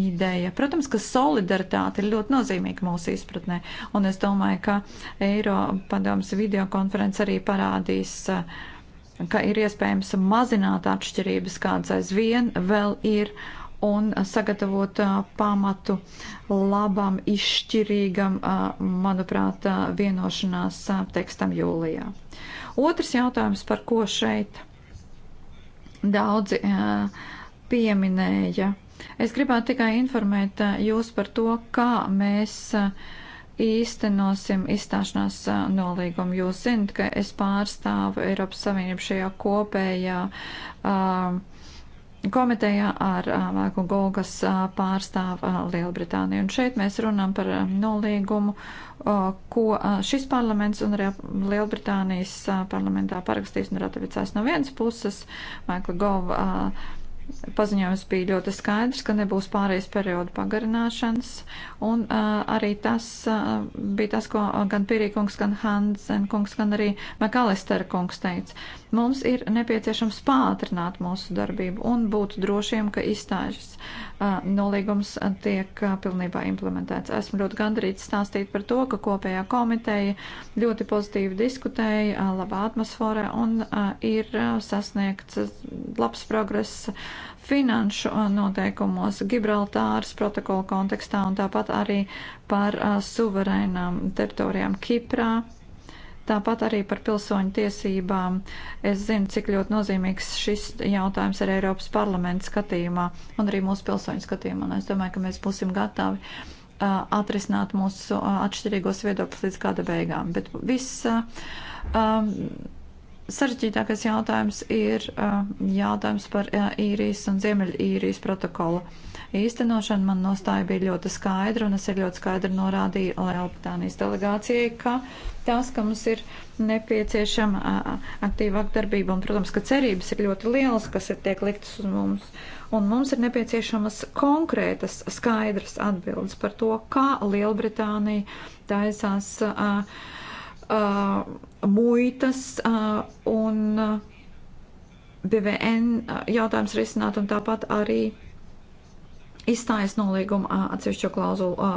ideja. Protams, ka solidaritāte ir ļoti nozīmīga mūsu izpratnē, un es domāju, ka Eiropadoms videokonferences arī parādīs uh, ka ir iespējams mazināt atšķirības, kādas aizvien vēl ir, un sagatavot pamatu labam, izšķirīgam, manuprāt, vienošanās tekstam jūlijā. Otrs jautājums, par ko šeit daudzi pieminēja. Es gribētu tikai informēt jūs par to, kā mēs uh, īstenosim izstāšanās nolīgumu. Jūs zinat, ka es pārstāvu Eiropas Savienību šajā kopējā uh, komitejā ar Vēku Golgas pārstāvu Lielbritāniju. Un šeit mēs runām par nolīgumu, ko šis parlaments un arī Lielbritānijas parlamentā parakstīs un ratificēs no vienas puses Vēku Golga paziņojums bija ļoti skaidrs, ka nebūs pārējais periodu pagarināšanas, un uh, arī tas uh, bija tas, ko gan Pirīkungs, gan Hansen kungs, gan arī Makalester kungs teica. Mums ir nepieciešams pātrināt mūsu darbību un būt drošiem, ka izstāžas nolīgums tiek pilnībā implementēts. Esmu ļoti gandarīts stāstīt par to, ka kopējā komiteja ļoti pozitīvi diskutēja labā atmosfērā un ir sasniegts labs progress finanšu noteikumos, Gibraltāras protokola kontekstā un tāpat arī par suverēnām teritorijām Kiprā Tāpat arī par pilsoņu tiesībām. Es zinu, cik ļoti nozīmīgs šis jautājums ir Eiropas parlamenta skatījumā un arī mūsu pilsoņu skatījumā. Un es domāju, ka mēs būsim gatavi atrisināt mūsu atšķirīgos viedokļus līdz kāda beigām. Bet viss um, sarežģītākais jautājums ir jautājums par Īrijas un Ziemeļīrijas protokolu īstenošanu. Man nostāja bija ļoti skaidra, un es ir ļoti skaidri norādīju Lielbritānijas delegācijai, ka tas, ka mums ir nepieciešama aktīvāka darbība, un, protams, ka cerības ir ļoti lielas, kas ir tiek liktas uz mums. Un mums ir nepieciešamas konkrētas, skaidras atbildes par to, kā Lielbritānija taisās uh, uh, muitas uh, un BVN jautājums risināt, un tāpat arī izstājas nolīguma atsevišķo klauzulu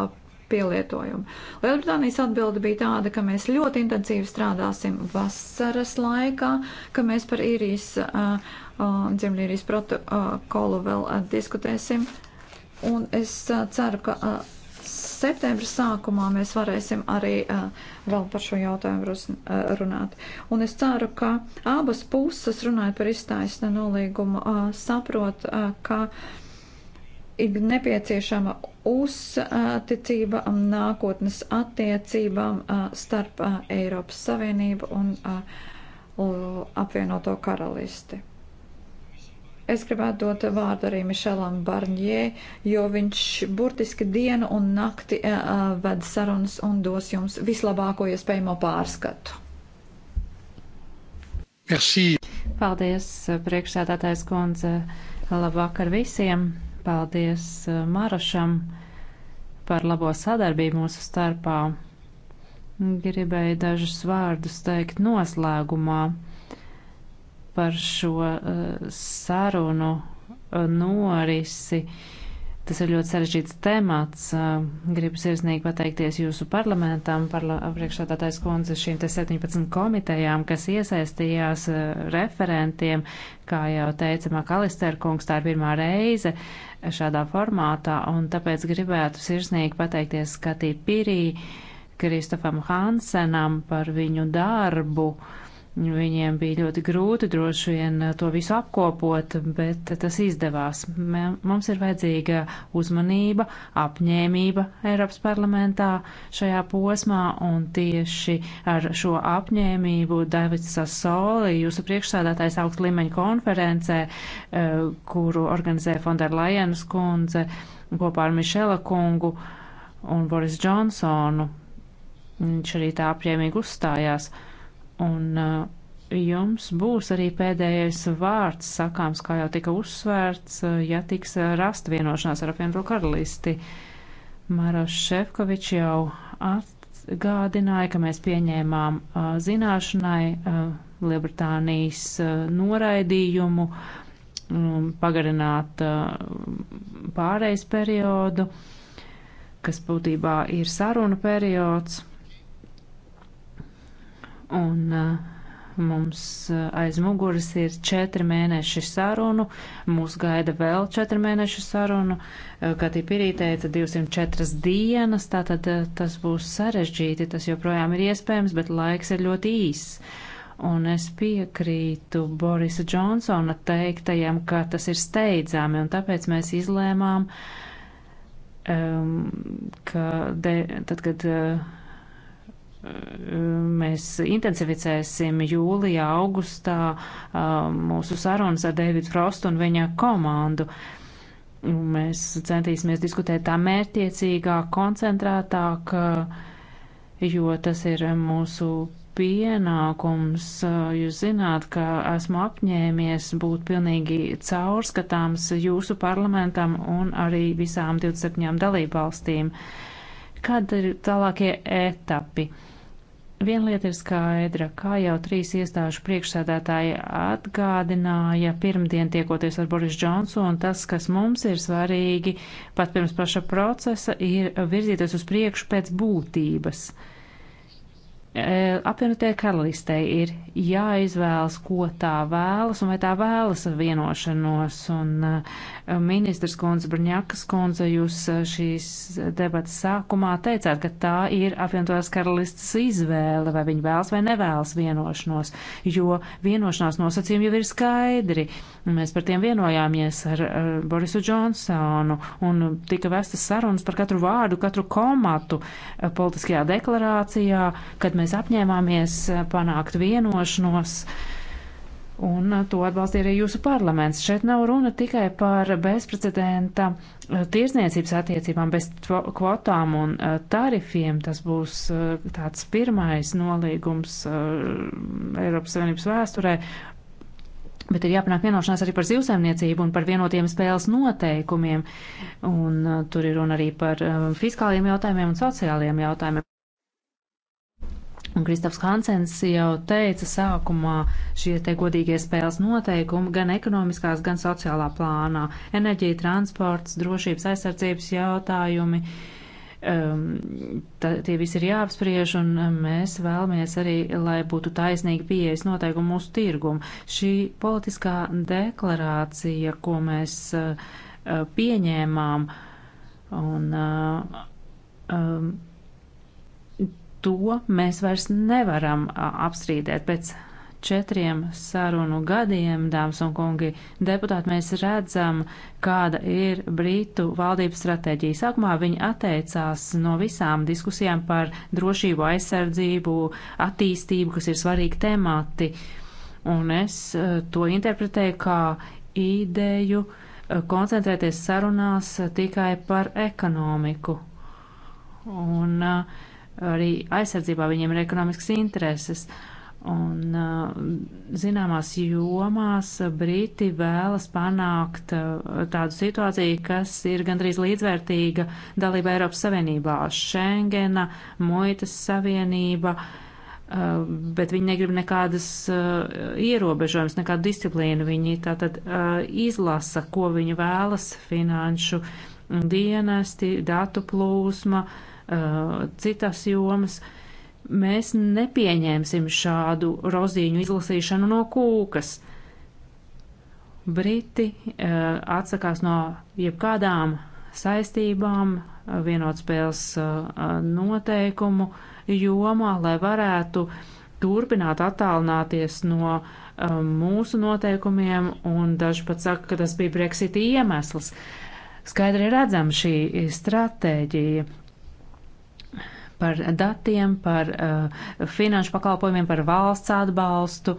pielietojumu. Lielbritānijas atbilde bija tāda, ka mēs ļoti intensīvi strādāsim vasaras laikā, ka mēs par īrijas, uh, uh, dzimlīrijas protokolu vēl uh, diskutēsim. Un es uh, ceru, ka uh, septembra sākumā mēs varēsim arī uh, vēl par šo jautājumu rus, uh, runāt. Un es ceru, ka abas puses, runājot par izstājas nolīgumu, uh, saprot, uh, ka uh, ir nepieciešama uzticība nākotnes attiecībām starp Eiropas Savienību un apvienoto karalisti. Es gribētu dot vārdu arī Mišelam Barņē, jo viņš burtiski dienu un nakti ved sarunas un dos jums vislabāko iespējamo
pārskatu. Merci. Paldies, priekšsēdātājs kundze. Labvakar visiem! Paldies eh, Marašam par labo sadarbību mūsu starpā. Gribēju dažus vārdus teikt noslēgumā par šo eh, sarunu eh, norisi. Uh, Tas ir ļoti sarežģīts temats. Gribu sirsnīgi pateikties jūsu parlamentam, parla priekšādātais kundze, šīm te 17 komitejām, kas iesaistījās referentiem. Kā jau teica Makalister kungs, tā ir pirmā reize šādā formātā, un tāpēc gribētu sirsnīgi pateikties Skatī Pirī, Kristofam Hansenam par viņu darbu. Uh, Viņiem bija ļoti grūti droši vien to visu apkopot, bet tas izdevās. Mums ir vajadzīga uzmanība, apņēmība Eiropas parlamentā šajā posmā, un tieši ar šo apņēmību Davids Sasoli, jūsu priekšsādātājs augst līmeņa konferencē, eh, kuru organizē Fonderlajenas kundze kopā ar Mišela kungu un Boris Džonsonu, viņš arī tā apņēmīgi uzstājās. Un uh, jums būs arī pēdējais vārds sakāms, kā jau tika uzsvērts, uh, ja tiks uh, rast vienošanās ar apvienoto karalisti. Maros Šefkovičs jau atgādināja, ka mēs pieņēmām zināšanai Lielbritānijas noraidījumu um, pagarināt pārejas periodu, kas būtībā ir saruna periods un eh, mums eh, aiz muguras ir četri mēneši sarunu, mūs gaida vēl četri mēneši sarunu, eh, kā tī pirīteica 204 dienas, tātad tas būs sarežģīti, tas joprojām ir iespējams, bet laiks ir ļoti īss. Un es piekrītu Borisa Džonsona teiktajam, ka tas ir steidzami, un tāpēc mēs izlēmām, um, ka de, tad, kad uh, mēs intensificēsim jūlijā, augustā mūsu sarunas ar Davidu Frostu un viņa komandu. Mēs centīsimies diskutēt tā mērķiecīgāk, koncentrētāk, jo tas ir mūsu pienākums. Jūs zināt, ka esmu apņēmies būt pilnīgi caurskatāms jūsu parlamentam un arī visām 27 dalībvalstīm. Kad ir tālākie etapi? Viena lieta ir skaidra, kā jau trīs iestāžu priekšsēdētāji atgādināja pirmdien tiekoties ar Boris Džonsonu, tas, kas mums ir svarīgi pat pirms paša procesa, ir virzīties uz priekšu pēc būtības. Uh, E, apvienotie karalistei ir jāizvēlas, ko tā vēlas un vai tā vēlas vienošanos. Un e, ministrs kundze Brņakas kundze, jūs e, šīs debatas sākumā teicāt, ka tā ir apvienotās karalistas izvēle, vai viņa vēlas vai nevēlas vienošanos, jo vienošanās nosacījumi jau ir skaidri. Mēs par tiem vienojāmies ar Borisu Džonsonu un tika vestas sarunas par katru vārdu, katru komatu politiskajā deklarācijā, kad mēs mēs apņēmāmies panākt vienošanos. Un to atbalstīja arī jūsu parlaments. Šeit nav runa tikai par bezprecedenta eh, tirzniecības attiecībām, bez kvotām un eh, tarifiem. Tas būs eh, tāds pirmais nolīgums Eiropas Savienības vēsturē. Bet ir jāpanāk vienošanās arī par zivsaimniecību un par vienotiem spēles noteikumiem. Un tur ir runa arī par fiskāliem jautājumiem un sociāliem jautājumiem. Un Kristofs Hansens jau teica sākumā šie te godīgie spēles noteikumi gan ekonomiskās, gan sociālā plānā - enerģija, transports, drošības aizsardzības jautājumi. Um, tā, tie visi ir jāapspriež, un um, mēs vēlamies arī, lai būtu taisnīgi pieejas noteikumu mūsu tirgumu. Šī politiskā deklarācija, ko mēs uh, uh pieņēmām, un uh, um, to mēs vairs nevaram apstrīdēt. Pēc četriem sarunu gadiem, dāmas un kungi, deputāti, mēs redzam, kāda ir Britu valdības stratēģija. Sākumā viņi atteicās no visām diskusijām par drošību, aizsardzību, attīstību, kas ir svarīgi temati. Un es to interpretēju kā ideju koncentrēties sarunās tikai par ekonomiku. Un uh, arī aizsardzībā viņiem ir ekonomiskas intereses. Un uh, zināmās jomās Briti vēlas panākt uh, tādu situāciju, kas ir gandrīz līdzvērtīga dalība Eiropas Savienībā - Schengena, Muitas Savienība, uh, bet viņi negrib nekādas ierobežojumus, nekādu disciplīnu. Viņi tātad izlasa, ko viņi vēlas - finanšu dienesti, datu plūsma. Uh, Uh, citas jomas. Mēs nepieņēmsim šādu rozīņu izlasīšanu no kūkas. Briti uh, atsakās no jebkādām saistībām, vienotspēles uh, noteikumu jomā, lai varētu turpināt attālināties no mūsu noteikumiem, un daži pat saka, ka tas bija Brexit iemesls. Skaidri redzam šī stratēģija par datiem, par uh, finanšu pakalpojumiem, par valsts atbalstu.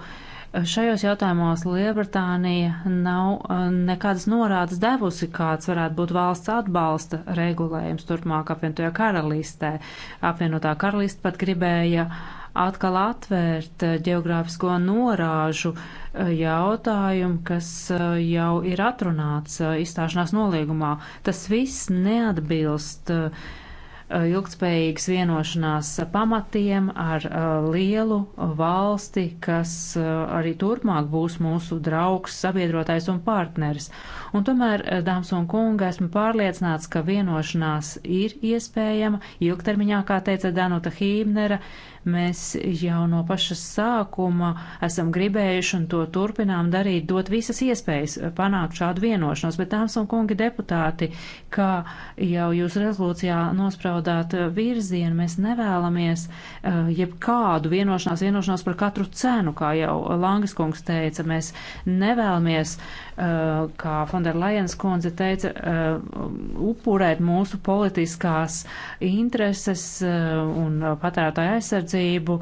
Šajos jautājumos Lielbritānija nav uh, nekādas norādes devusi, kāds varētu būt valsts atbalsta regulējums turpmāk apvienotajā karalistē. Apvienotā karalista pat gribēja atkal atvērt uh, geogrāfisko norāžu uh, jautājumu, kas uh, jau ir atrunāts izstāšanās noliegumā. Tas viss neatbilst uh, Uh, ilgspējīgas vienošanās pamatiem ar uh, lielu valsti, kas uh, arī turpmāk būs mūsu draugs, sabiedrotais un partneris. Un tomēr, dāmas un kungi, esmu pārliecināts, ka vienošanās ir iespējama ilgtermiņā, kā teica Danuta Hīmnera, Mēs jau no paša sākuma esam gribējuši un to turpinām darīt, dot visas iespējas panākt šādu vienošanos, bet tāms un kungi deputāti, kā jau jūs rezolūcijā nospraudāt virzienu, mēs nevēlamies eh, jebkādu vienošanās, vienošanās par katru cenu, kā jau Langas kungs teica, mēs nevēlamies uh, Eh, kā Fonderlajens kundze teica, eh, upurēt mūsu politiskās intereses eh, un patērētāju aizsardzību,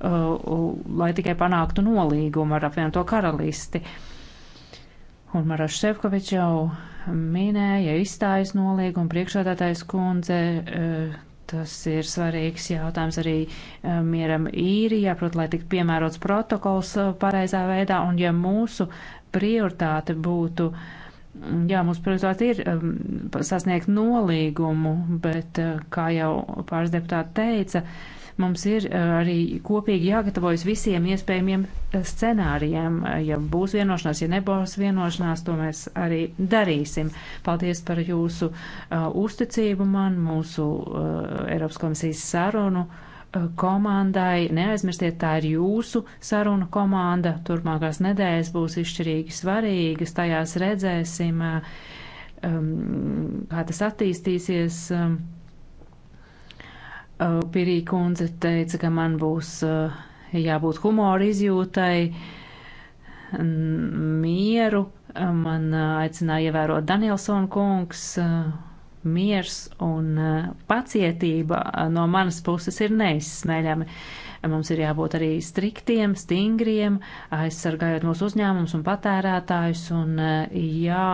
lai tikai panāktu nolīgumu ar apvienoto karalisti. Un Maras Šefkovičs jau minēja izstājas nolīgumu priekšādātais kundze. Tas ir svarīgs jautājums arī mieram īrijā, protams, lai tiktu piemērots protokols pareizā veidā. Un ja mūsu prioritāte būtu, mm, jā, mums prioritāte ir mm, sasniegt nolīgumu, bet, eh, kā jau pāris deputāti teica, mums ir eh, arī kopīgi jāgatavojas visiem iespējamiem eh, scenārijiem. Ja būs vienošanās, ja nebūs vienošanās, to mēs arī darīsim. Paldies par jūsu uh, uzticību man, mūsu uh, Eiropas komisijas sarunu. Uh, Eh, komandai. Neaizmirstiet, tā ir jūsu saruna komanda. Turpmākās nedēļas būs izšķirīgi svarīgas. Tajās redzēsim, eh, um, kā tas attīstīsies. Um, eh, Pirī kundze teica, ka man būs jābūt humora izjūtai, mieru. Man aicināja ievērot Danielsona kungs miers un eh, pacietība eh, no manas puses ir neizsmeļami. Mums ir jābūt arī striktiem, stingriem, aizsargājot mūsu uzņēmumus un patērētājus un eh, jā.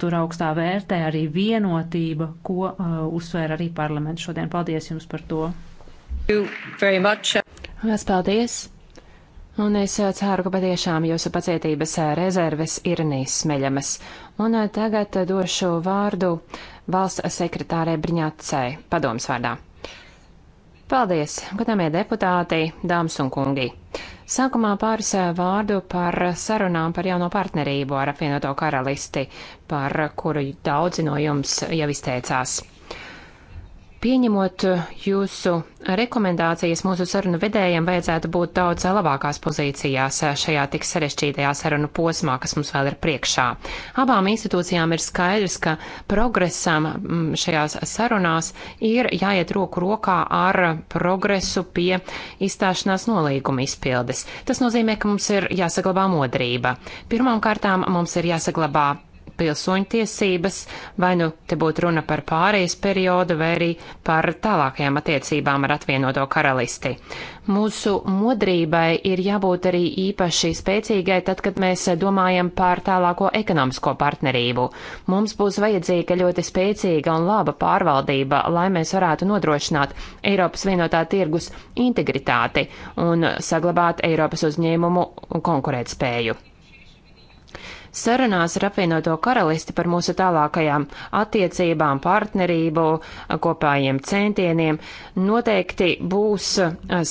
Tur augstā vērtē arī vienotība, ko uh, uzsvēra arī parlaments šodien. Paldies jums par to! Lielas
paldies! un es eh, ceru, ka patiešām jūsu pacietības eh, rezerves ir neizsmeļamas. Un eh, tagad došu vārdu valsts sekretārē Briņācē, padoms vārdā. Paldies, godamie deputāti, dāmas un kungi! Sākumā pāris vārdu par sarunām par jauno partnerību ar apvienoto karalisti, par kuru daudzi no jums jau izteicās. Pieņemot eh, jūsu rekomendācijas, mūsu sarunu vedējiem vajadzētu būt daudz labākās pozīcijās eh, šajā tik sarešķītajā sarunu posmā, kas mums vēl ir priekšā. Abām institūcijām ir skaidrs, ka progresam mm, šajās sarunās ir jāiet roku rokā ar progresu pie izstāšanās nolīguma izpildes. Tas nozīmē, ka mums ir jāsaglabā modrība. Pirmām kārtām mums ir jāsaglabā pilsoņtiesības, vai nu te būtu runa par pārejas periodu, vai arī par tālākajām attiecībām ar apvienoto karalisti. Mūsu modrībai ir jābūt arī īpaši spēcīgai, tad, kad mēs domājam par tālāko ekonomisko partnerību. Mums būs vajadzīga ļoti spēcīga un laba pārvaldība, lai mēs varētu nodrošināt Eiropas vienotā tirgus integritāti un saglabāt Eiropas uzņēmumu konkurētspēju sarunās ar apvienoto karalisti par mūsu tālākajām attiecībām, partnerību, kopējiem centieniem. Noteikti būs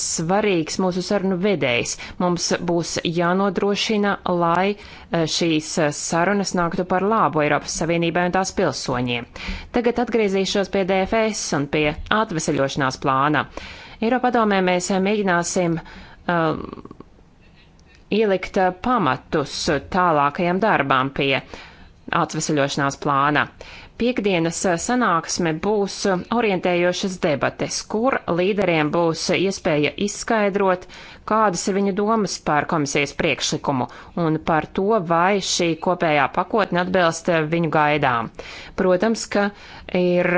svarīgs mūsu sarunu vedējs. Mums būs jānodrošina, lai šīs sarunas nāktu par labu Eiropas Savienībai un tās pilsoņiem. Tagad atgriezīšos pie DFS un pie atveseļošanās plāna. Eiropadomē mēs mēģināsim uh, ielikt eh, pamatus eh, tālākajam darbām pie atvesaļošanās plāna. Uh, piekdienas eh, sanāksme būs eh, orientējošas debates, kur līderiem būs iespēja izskaidrot, kādas ir viņu domas par komisijas priekšlikumu un par to, vai šī kopējā pakotne atbilst eh, viņu gaidām. Protams, ka ir,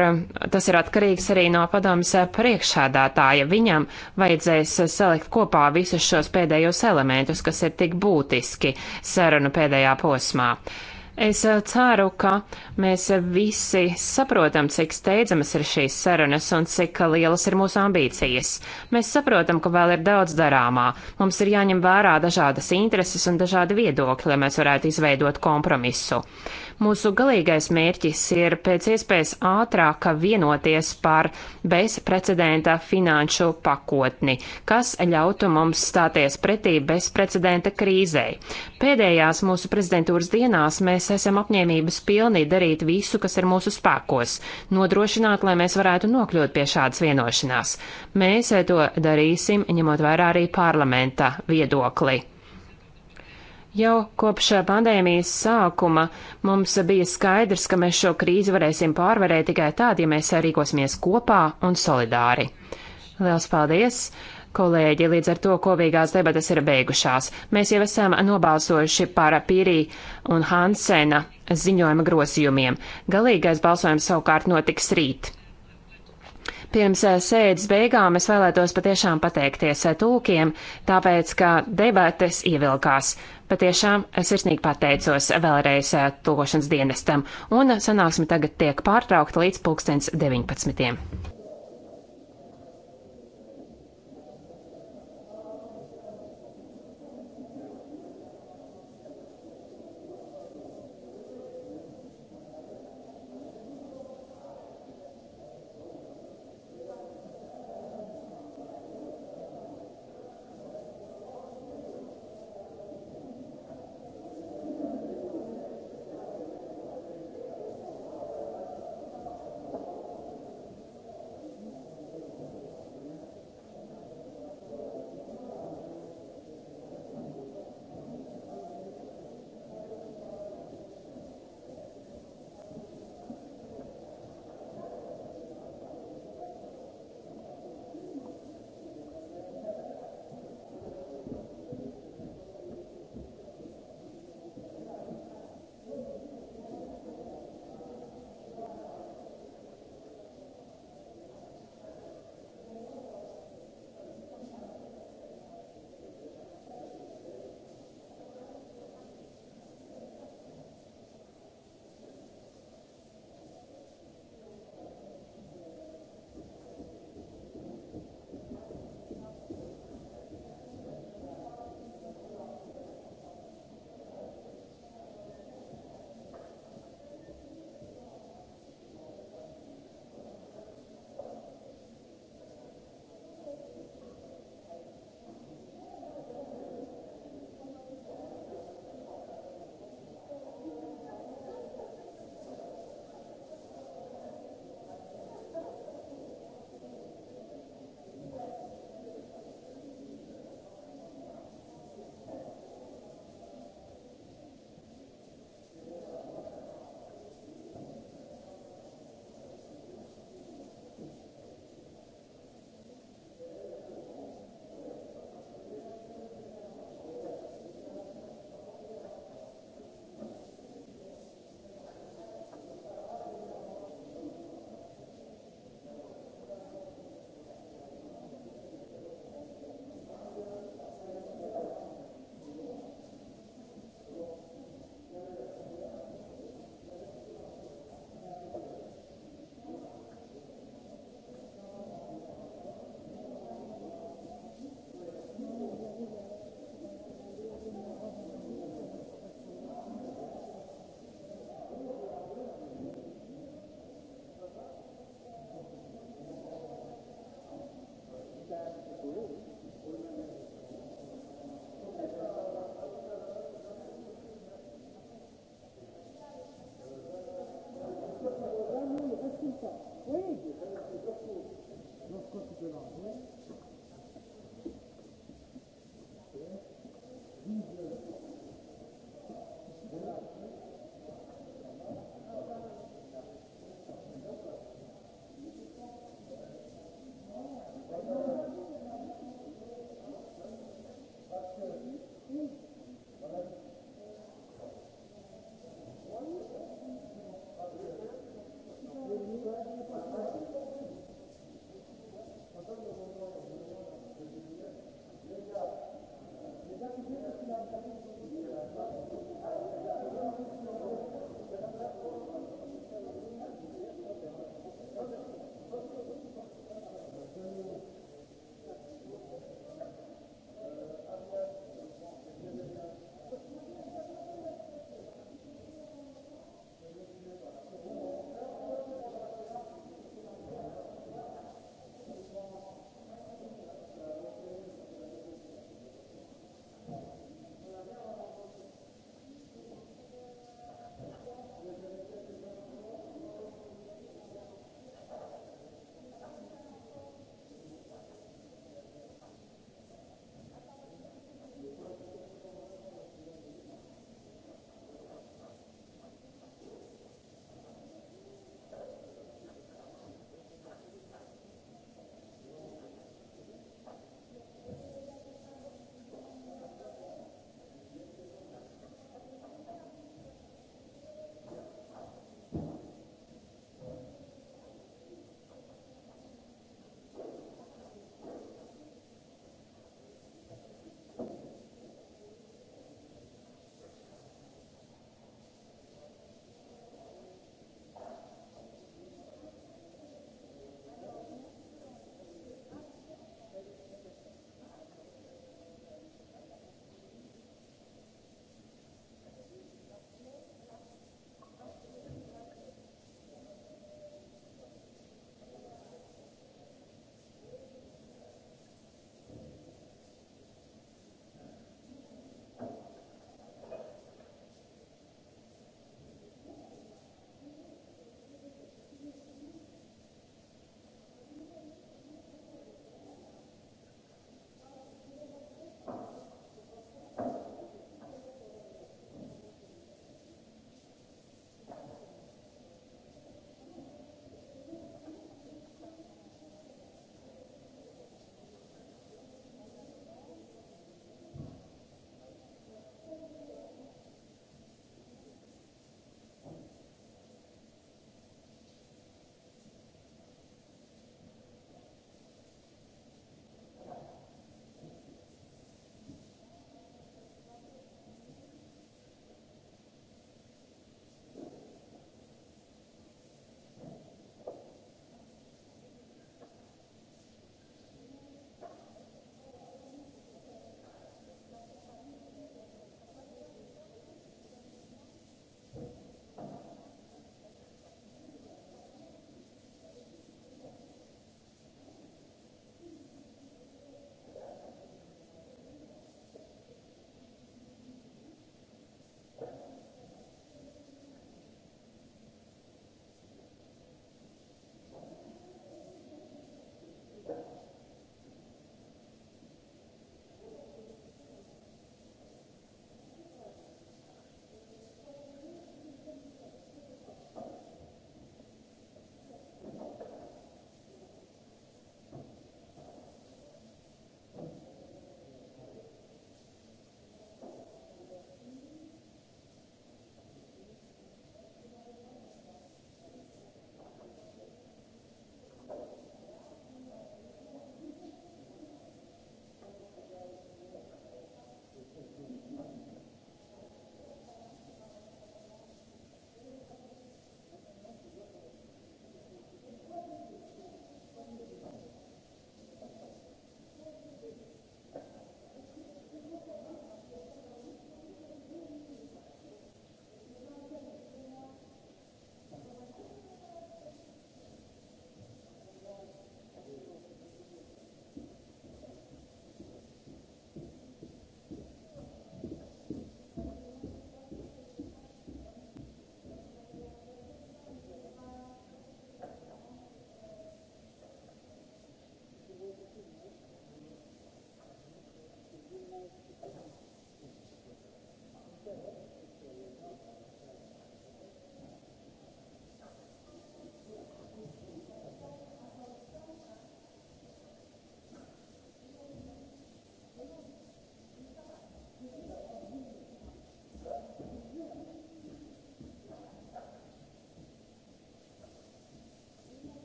tas ir atkarīgs arī no padomas priekšādātāja. Viņam vajadzēs salikt kopā visus šos pēdējos elementus, kas ir tik būtiski sarunu pēdējā posmā. Es eh, ceru, ka mēs visi saprotam, cik steidzamas ir šīs sarunas un cik lielas ir mūsu ambīcijas. Mēs saprotam, ka vēl ir daudz darāmā. Mums ir jāņem vērā dažādas intereses un dažādi viedokļi, lai mēs varētu izveidot kompromisu. Mūsu galīgais mērķis ir pēc iespējas ātrāk vienoties par bezprecedenta finanšu pakotni, kas ļautu mums stāties pretī bezprecedenta krīzei. Pēdējās mūsu prezidentūras dienās mēs esam apņēmības pilni darīt visu, kas ir mūsu spēkos, nodrošināt, lai mēs varētu nokļūt pie šādas vienošanās. Mēs to darīsim, ņemot vērā arī parlamenta viedokli. Jau kopš pandēmijas sākuma mums bija skaidrs, ka mēs šo krīzi varēsim pārvarēt tikai tad, ja mēs rīkosimies kopā un solidāri. Liels paldies! Kolēģi, līdz ar to kopīgās debatas ir beigušās. Mēs jau esam nobalsojuši par Pīrī un Hansena ziņojuma grozījumiem. Galīgais balsojums savukārt notiks rīt. Pirms eh, sēdes beigām es vēlētos patiešām pateikties eh, tūkiem, tāpēc, ka debates ievilkās. Patiešām eh, sirsnīgi pateicos vēlreiz tūkošanas dienestam, un sanāksme tagad tiek pārtraukta līdz pulkstens 19.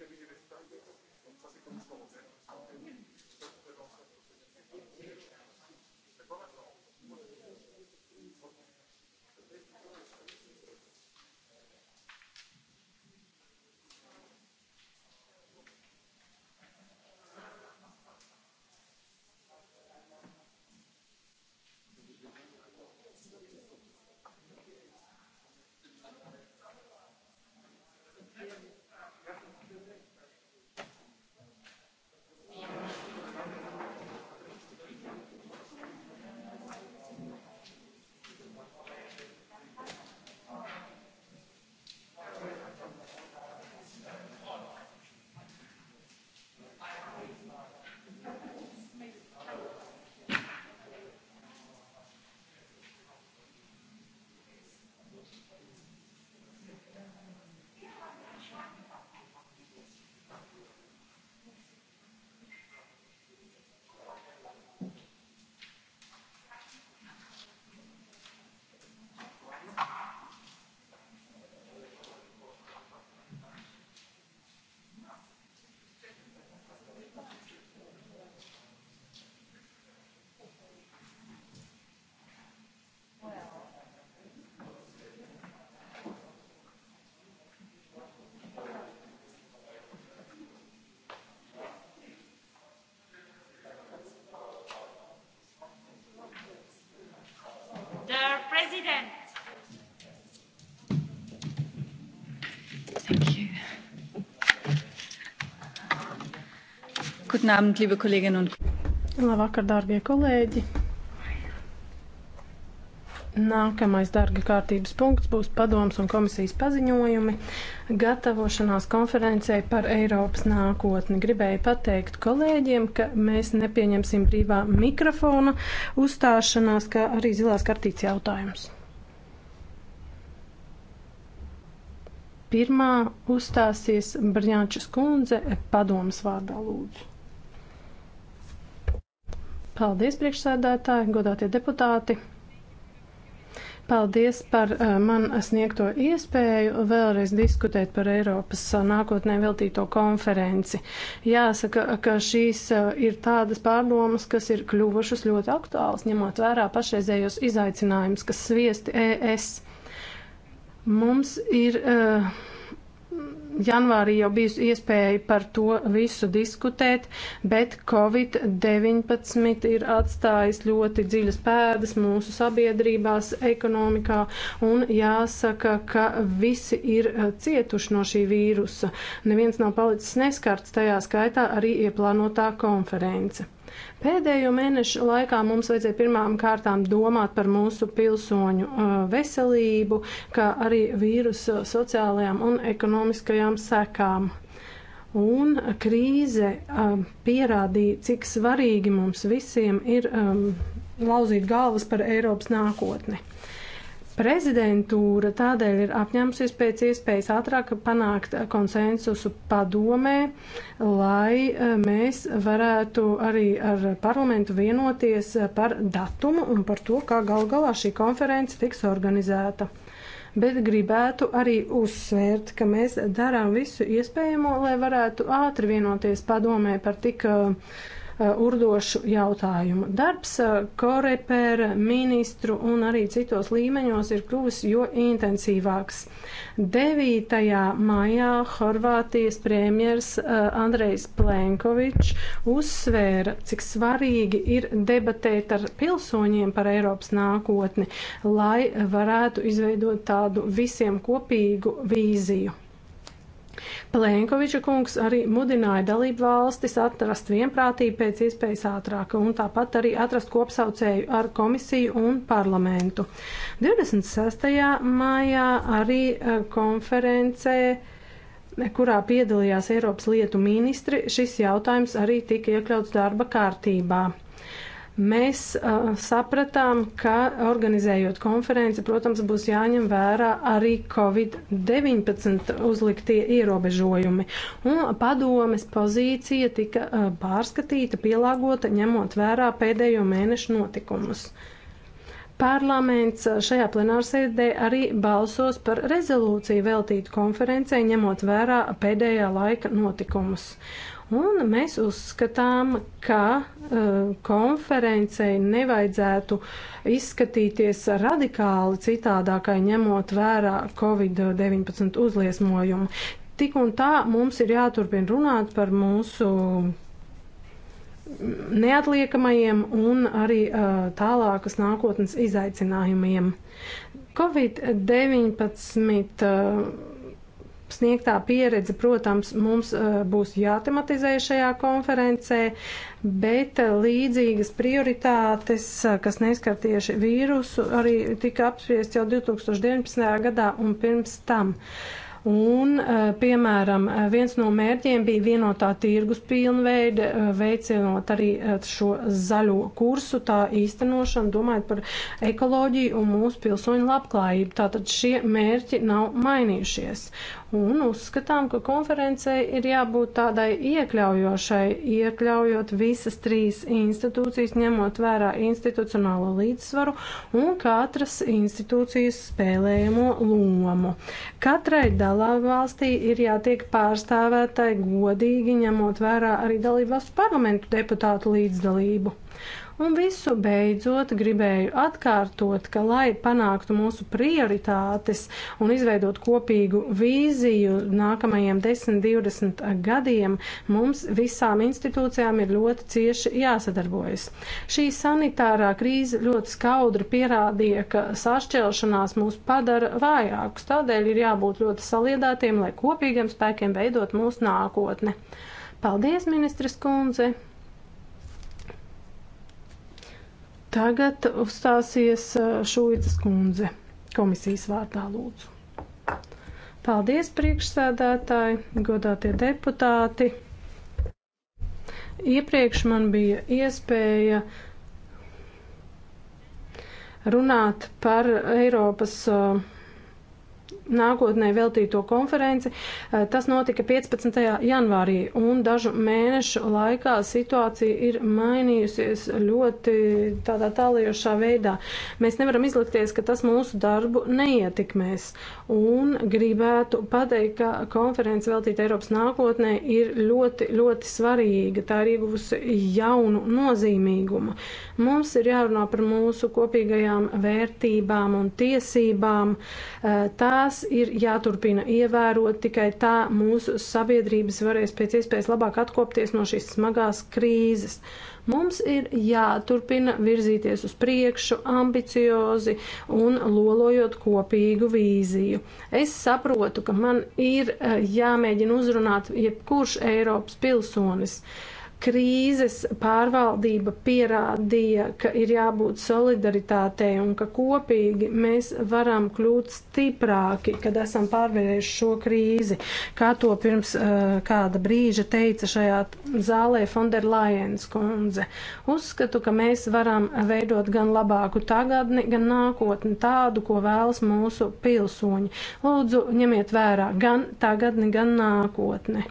Effettivamente, questa cosa Guten Abend, liebe Kolleginnen un kolēģi. Labvakar, dārgie kolēģi. Nākamais darga kārtības punkts būs padoms un komisijas paziņojumi gatavošanās konferencē par Eiropas nākotni. Gribēju pateikt kolēģiem, ka mēs nepieņemsim brīvā mikrofona uzstāšanās, kā arī zilās kartīts jautājums. Pirmā uzstāsies Brņāčas kundze padomas vārdā lūdzu. Paldies, priekšsēdētāji, godātie deputāti. Paldies par eh, man sniegto iespēju vēlreiz diskutēt par Eiropas eh, nākotnē veltīto konferenci. Jāsaka, ka šīs eh, ir tādas pārdomas, kas ir kļuvušas ļoti aktuālas, ņemot vērā pašreizējos izaicinājumus, kas sviesti ES. Mums ir. Uh, janvārī jau bijusi iespēja par to visu diskutēt, bet Covid-19 ir atstājis ļoti dziļas pēdas mūsu sabiedrībās, ekonomikā, un jāsaka, ka visi ir eh, cietuši no šī vīrusa. Neviens nav palicis neskarts, tajā skaitā arī ieplānotā konference. Pēdējo mēnešu laikā mums vajadzēja pirmām kārtām domāt par mūsu pilsoņu uh, veselību, kā arī vīrusu uh, sociālajām un ekonomiskajām sekām. Un krīze uh, pierādīja, cik svarīgi mums visiem ir um, lauzīt galvas par Eiropas nākotni. Prezidentūra tādēļ ir apņēmusies pēc iespējas ātrāk panākt konsensusu padomē, lai e, mēs varētu arī ar parlamentu vienoties par datumu un par to, kā gal galā šī konference tiks organizēta bet gribētu arī uzsvērt, ka mēs darām visu iespējamo, lai varētu ātri vienoties padomē par tik uh, Eh, urdošu jautājumu. Darbs eh, korepēra, ministru un arī citos līmeņos ir kļuvis jo intensīvāks. 9. maijā Horvātijas premjers eh, Andrejs Plenkovičs uzsvēra, cik svarīgi ir debatēt ar pilsoņiem par Eiropas nākotni, lai varētu izveidot tādu visiem kopīgu vīziju. Plenkoviča kungs arī mudināja dalību valstis atrast vienprātību pēc iespējas ātrāk un tāpat arī atrast kopsaucēju ar komisiju un parlamentu. 26. maijā arī eh, konferencē kurā piedalījās Eiropas lietu ministri, šis jautājums arī tika iekļauts darba kārtībā mēs uh, sapratām, ka organizējot konferenci, protams, būs jāņem vērā arī Covid-19 uzliktie ierobežojumi. Un padomes pozīcija tika uh, pārskatīta, pielāgota, ņemot vērā pēdējo mēnešu notikumus. Parlaments šajā plenārsēdē arī balsos par rezolūciju veltītu konferencei, ņemot vērā pēdējā laika notikumus. Uh, Un mēs uzskatām, ka uh, konferencei nevajadzētu izskatīties radikāli citādākai, ņemot vērā Covid-19 uzliesmojumu. Tik un tā mums ir jāturpina runāt par mūsu neatliekamajiem un arī uh, tālākas nākotnes izaicinājumiem. Covid-19 uh, sniegtā pieredze, protams, mums eh, būs jātematizē šajā konferencē, bet eh, līdzīgas prioritātes, eh, kas neskar tieši vīrusu, arī tika apspriest jau 2019. gadā un pirms tam. Un, piemēram, viens no mērķiem bija vienotā tirgus pilnveide, veicinot arī šo zaļo kursu, tā īstenošanu, domājot par ekoloģiju un mūsu pilsoņu labklājību. Tātad šie mērķi nav mainījušies un uzskatām, ka konferencei ir jābūt tādai iekļaujošai, iekļaujot visas trīs institūcijas, ņemot vērā institucionālo līdzsvaru un katras institūcijas spēlējamo lomu. Katrai dalībvalstī ir jātiek pārstāvētai godīgi, ņemot vērā arī dalībvalstu parlamentu deputātu līdzdalību. Un visu beidzot gribēju atkārtot, ka, lai panāktu mūsu prioritātes un izveidot kopīgu vīziju nākamajiem 10-20 gadiem, mums visām institūcijām ir ļoti cieši jāsadarbojas. Šī sanitārā krīze ļoti skaudri pierādīja, ka sašķelšanās mūs padara vājākus. Tādēļ ir jābūt ļoti saliedātiem, lai kopīgiem spēkiem veidot mūsu nākotni. Paldies, ministres kundze! Tagad uzstāsies eh, Šūicas kundze komisijas vārdā lūdzu. Paldies, priekšsēdētāji, godātie deputāti. Iepriekš man bija iespēja runāt par Eiropas uh, nākotnē veltīto konferenci. Eh, tas notika 15. janvārī, un dažu mēnešu laikā situācija ir mainījusies ļoti tādā tālajošā veidā. Mēs nevaram izlikties, ka tas mūsu darbu neietekmēs, un gribētu pateikt, ka konference veltīta Eiropas nākotnē ir ļoti, ļoti svarīga. Tā ir ieguvusi jaunu nozīmīgumu. Mums ir jārunā par mūsu kopīgajām vērtībām un tiesībām. Eh, tās ir jāturpina ievērot, tikai tā mūsu sabiedrības varēs pēc iespējas labāk atkopties no šīs smagās krīzes. Mums ir jāturpina virzīties uz priekšu, ambiciozi un lolojot kopīgu vīziju. Es saprotu, ka man ir eh, jāmēģina uzrunāt jebkurš Eiropas pilsonis. Uh, Krīzes pārvaldība pierādīja, ka ir jābūt solidaritātei un ka kopīgi mēs varam kļūt stiprāki, kad esam pārvarējuši šo krīzi. Kā to pirms uh, kāda brīža teica šajā zālē Fonderlajens kundze. Uzskatu, ka mēs varam veidot gan labāku tagadni, gan nākotni tādu, ko vēlas mūsu pilsoņi. Lūdzu, ņemiet vērā gan tagadni, gan nākotni.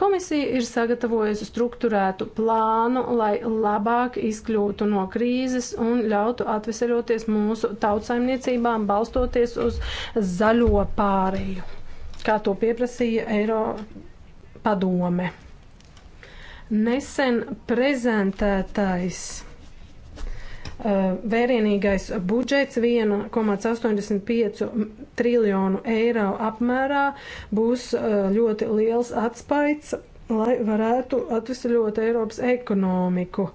Komisija ir sagatavojusi struktūrētu plānu, lai labāk izkļūtu no krīzes un ļautu atveseļoties mūsu tautsaimniecībām, balstoties uz zaļo pāreju, kā to pieprasīja Eiro padome. Nesen prezentētais Eh, vērienīgais budžets 1,85 triljonu eiro apmērā būs eh, ļoti liels atspaids lai varētu atvesaļot Eiropas ekonomiku.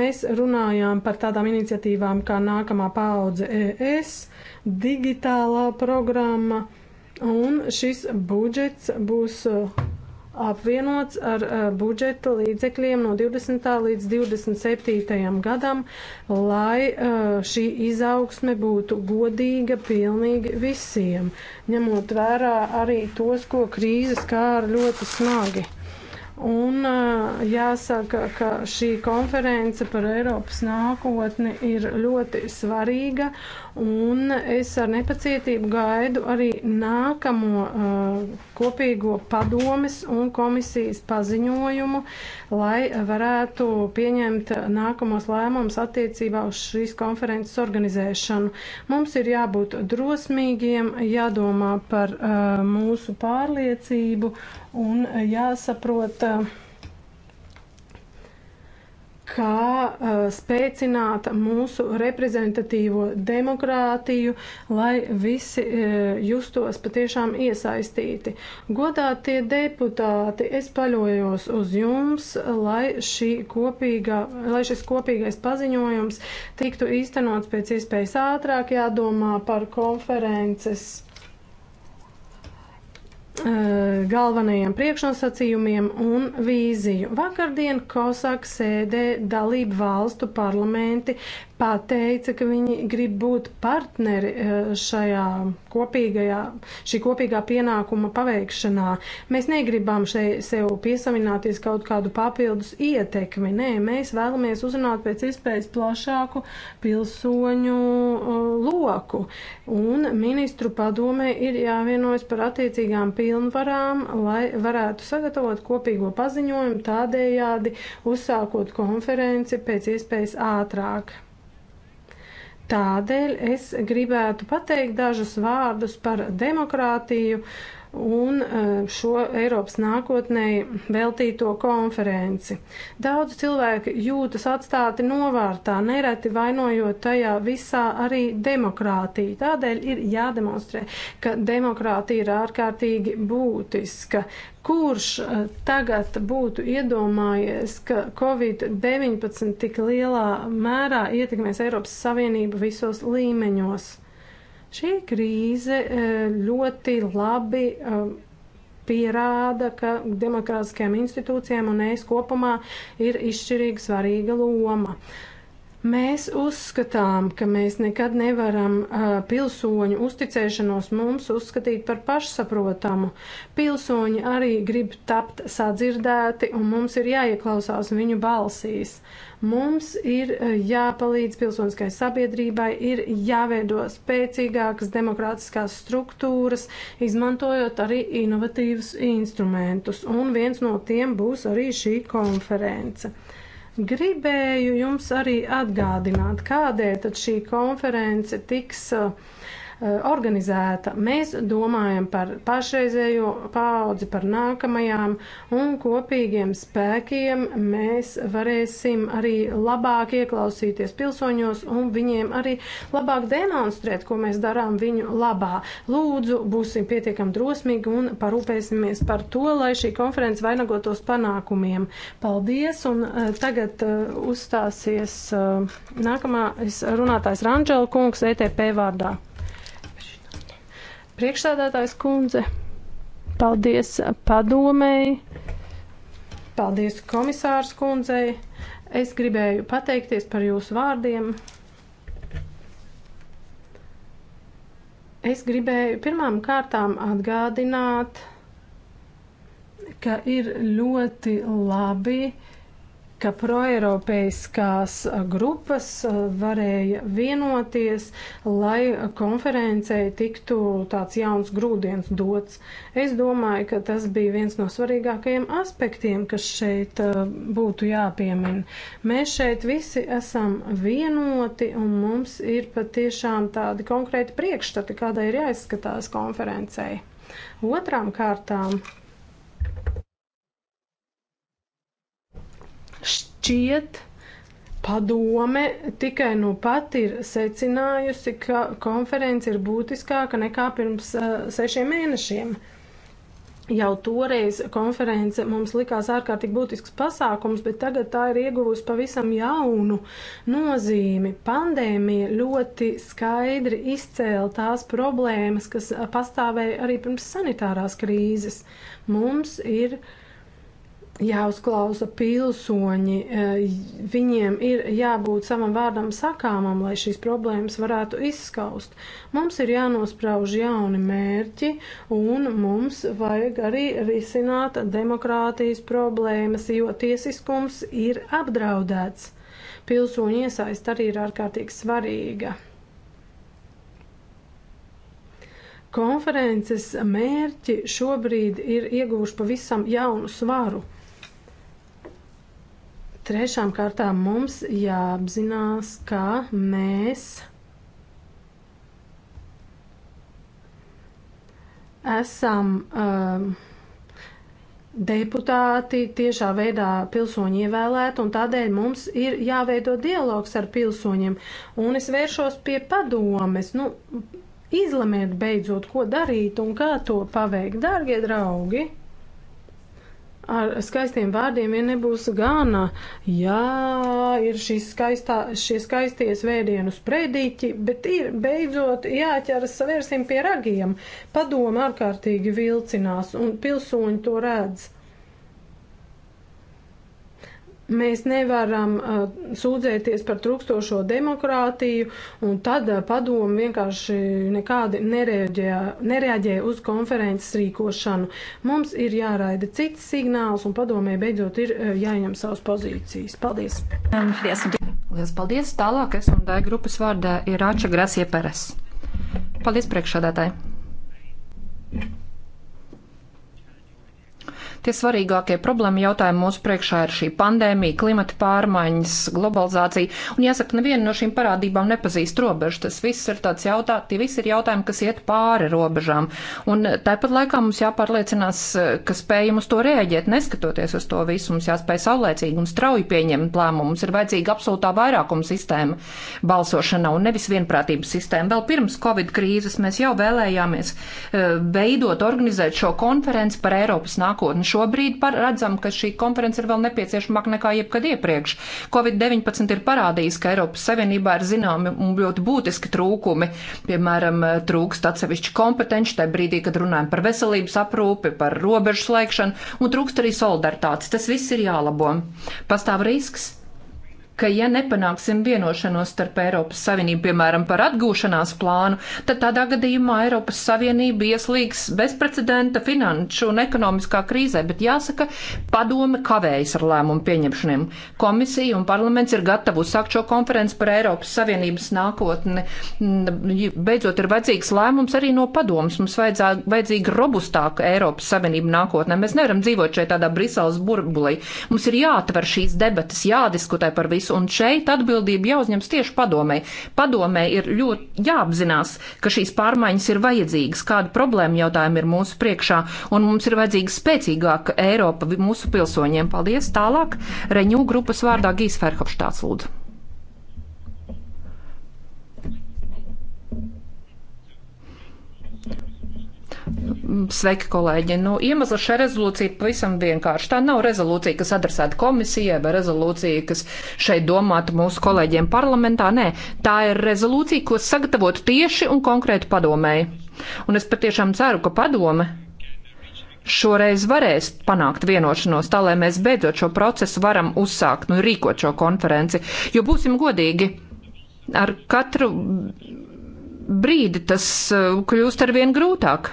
Mēs runājām par tādām iniciatīvām kā nākamā paudze ES, digitālā programma, un šis budžets būs eh, apvienots ar uh, budžeta līdzekļiem no 20. līdz 27. gadam, lai uh, šī izaugsme būtu godīga pilnīgi visiem, ņemot vērā arī tos, ko krīze skāra ļoti smagi. Un uh, jāsaka, ka šī konference par Eiropas nākotni ir ļoti svarīga un es ar nepacietību gaidu arī nākamo uh, kopīgo padomes un komisijas paziņojumu, lai varētu pieņemt nākamos lēmumus attiecībā uz šīs konferences organizēšanu. Mums ir jābūt drosmīgiem, jādomā par uh, mūsu pārliecību un jāsaprot, uh, kā uh, spēcināt mūsu reprezentatīvo demokrātiju, lai visi uh, justos patiešām iesaistīti. Godātie deputāti, es paļojos uz jums, lai, kopīgā, lai šis kopīgais paziņojums tiktu īstenots pēc iespējas ātrāk, jādomā par konferences Eh, galvenajiem priekšnosacījumiem un vīziju. Vakardien Kosāk sēdē dalību valstu parlamenti pateica, ka viņi grib būt partneri eh, šajā kopīgajā, šī kopīgā pienākuma paveikšanā. Mēs negribam šeit sev piesamināties kaut kādu papildus ietekmi. Nē, mēs vēlamies uzrunāt pēc iespējas plašāku pilsoņu eh, loku. Un ministru padomē ir jāvienojas par attiecīgām pilnvarām, lai varētu sagatavot kopīgo paziņojumu tādējādi uzsākot konferenci pēc iespējas ātrāk. Tādēļ es gribētu pateikt dažus vārdus par demokrātiju, un e, šo Eiropas nākotnē veltīto konferenci. Daudz cilvēki jūtas atstāti novārtā, nereti vainojot tajā visā arī demokrātiju. Tādēļ ir jādemonstrē, ka demokrātija ir ārkārtīgi būtiska. Kurš e, tagad būtu iedomājies, ka Covid-19 tik lielā mērā ietekmēs Eiropas Savienību visos līmeņos? Šī krīze eh, ļoti labi eh, pierāda, ka demokrātiskajām institūcijām un es kopumā ir izšķirīga svarīga loma. Mēs uzskatām, ka mēs nekad nevaram uh, pilsoņu uzticēšanos mums uzskatīt par pašsaprotamu. Pilsoņi arī grib tapt sadzirdēti, un mums ir jāieklausās viņu balsīs. Uh, Mums ir e, jāpalīdz pilsoniskai sabiedrībai, ir jāveido spēcīgākas demokrātiskās struktūras, izmantojot arī inovatīvus instrumentus, un viens no tiem būs arī šī konference. Gribēju jums arī atgādināt, kādēļ tad šī konference tiks uh, Eh, organizēta. Mēs domājam par pašreizējo paudzi, par nākamajām un kopīgiem spēkiem mēs varēsim arī labāk ieklausīties pilsoņos un viņiem arī labāk demonstrēt, ko mēs darām viņu labā. Lūdzu, būsim pietiekam drosmīgi un parūpēsimies par to, lai šī konferences vainagotos panākumiem. Paldies, un eh, tagad eh, uzstāsies nākamā runātājs Rančela kungs ETP vārdā. Priekšsēdētājs kundze, paldies padomēji, paldies komisārs kundzei. Es gribēju pateikties par jūsu vārdiem. Es gribēju pirmām kārtām atgādināt, ka ir ļoti labi uh, ka proeiropeiskās grupas varēja vienoties, lai konferencei tiktu tāds jauns grūdienis dots. Es domāju, ka tas bija viens no svarīgākajiem aspektiem, kas šeit būtu jāpiemina. Mēs šeit visi esam vienoti un mums ir patiešām tādi konkrēti priekšstati, kādai ir jāizskatās konferencei. Otrām kārtām Šķiet, padome tikai nu pat ir secinājusi, ka konference ir būtiskāka nekā pirms uh, sešiem mēnešiem. Jau toreiz konference mums likās ārkārtīgi būtisks pasākums, bet tagad tā ir ieguvusi pavisam jaunu nozīmi. Pandēmija ļoti skaidri izcēla tās problēmas, kas eh, pastāvēja arī pirms sanitārās krīzes. Mums ir uh, jāuzklausa pilsoņi, e, viņiem ir jābūt savam vārdam sakāmam, lai šīs problēmas varētu izskaust. Mums ir jānosprauž jauni mērķi un mums vajag arī risināt demokrātijas problēmas, jo tiesiskums ir apdraudēts. Pilsoņu iesaist arī ir ārkārtīgi svarīga. Konferences mērķi šobrīd ir iegūši pavisam jaunu svaru. Trešām kārtām mums jāapzinās, ka mēs esam um, deputāti tiešā veidā pilsoņi ievēlēti, un tādēļ mums ir jāveido dialogs ar pilsoņiem. Un es vēršos pie padomes, nu, izlemiet beidzot, ko darīt un kā to paveikt, dārgie draugi ar skaistiem vārdiem vien nebūs gana. Jā, ir skaistā, šie skaistie svētdienu sprediķi, bet ir beidzot jāķeras savērsim pie ragiem. Padoma ārkārtīgi vilcinās un pilsoņi to redz. Mēs nevaram uh, sūdzēties par trūkstošo demokrātiju, un tad uh, padomu vienkārši nekādi nereaģēja, nereaģēja uz konferences rīkošanu. Mums ir jāraida cits signāls, un padomē beidzot ir uh, jāņem savas pozīcijas. Paldies! Lielas paldies! Tālāk es un D grupas vārdā ir Āča Grasie Peres. Paldies
priekšādātāji! Tie svarīgākie problēma jautājumi mūsu priekšā ir šī pandēmija, klimata pārmaiņas, globalizācija. Un jāsaka, neviena no šīm parādībām nepazīst robežu. Tas viss ir tāds jautājums, tie visi ir jautājumi, kas iet pāri robežām. Un tāpat laikā mums jāpārliecinās, ka spējam uz to rēģēt, neskatoties uz to visu. Mums jāspēj saulēcīgi un strauji pieņemt lēmumus. Ir vajadzīga absolūtā vairākuma sistēma balsošanā un nevis vienprātības sistēma. Vēl pirms Covid krīzes mēs jau vēlējāmies eh, veidot, organizēt šo konferenci par Eiropas nākotni šobrīd redzam, ka šī konference ir vēl nepieciešamāk nekā jebkad iepriekš. Covid-19 ir parādījis, ka Eiropas Savienībā ir zināmi un ļoti būtiski trūkumi. Piemēram, trūkst atsevišķi kompetenci tajā brīdī, kad runājam par veselības aprūpi, par robežu slēgšanu, un trūkst arī solidaritātes. Tas viss ir jālabo. Pastāv risks ka ja nepanāksim vienošanos starp Eiropas Savienību, piemēram, par atgūšanās plānu, tad tādā gadījumā Eiropas Savienība ieslīgs bezprecedenta finanšu un ekonomiskā krīzē, bet jāsaka, padome kavējas ar lēmumu pieņemšaniem. Komisija un parlaments ir gatavi uzsākt šo konferenci par Eiropas Savienības nākotni. Mm, beidzot, ir vajadzīgs lēmums arī no padomas. Mums vajadzā, vajadzīga robustāka Eiropas Savienība nākotnē. Mēs nevaram dzīvot šeit tādā Briseles burbulī. Mums ir jāatver šīs debatas, jādiskutē par visu mērķus, un šeit atbildība jāuzņems tieši padomē. Padomē ir ļoti jāapzinās, ka šīs pārmaiņas ir vajadzīgas, kāda problēma jautājuma ir mūsu priekšā, un mums ir vajadzīga spēcīgāka Eiropa mūsu pilsoņiem. Paldies! Tālāk Reņū grupas vārdā Gīs Ferhofštāts lūdzu. Mm, sveiki, kolēģi! Nu, iemesls šai rezolūcijai pavisam vienkārši. Tā nav rezolūcija, kas adresēta komisijai vai rezolūcija, kas šeit domāta mūsu kolēģiem parlamentā. Nē, tā ir rezolūcija, ko sagatavot tieši un konkrēti padomēji. Un es patiešām ceru, ka padome šoreiz varēs panākt vienošanos, tā lai mēs beidzot šo procesu varam uzsākt, nu, rīkot šo konferenci. Jo būsim godīgi, ar katru brīdi tas uh, kļūst ar vien grūtāk.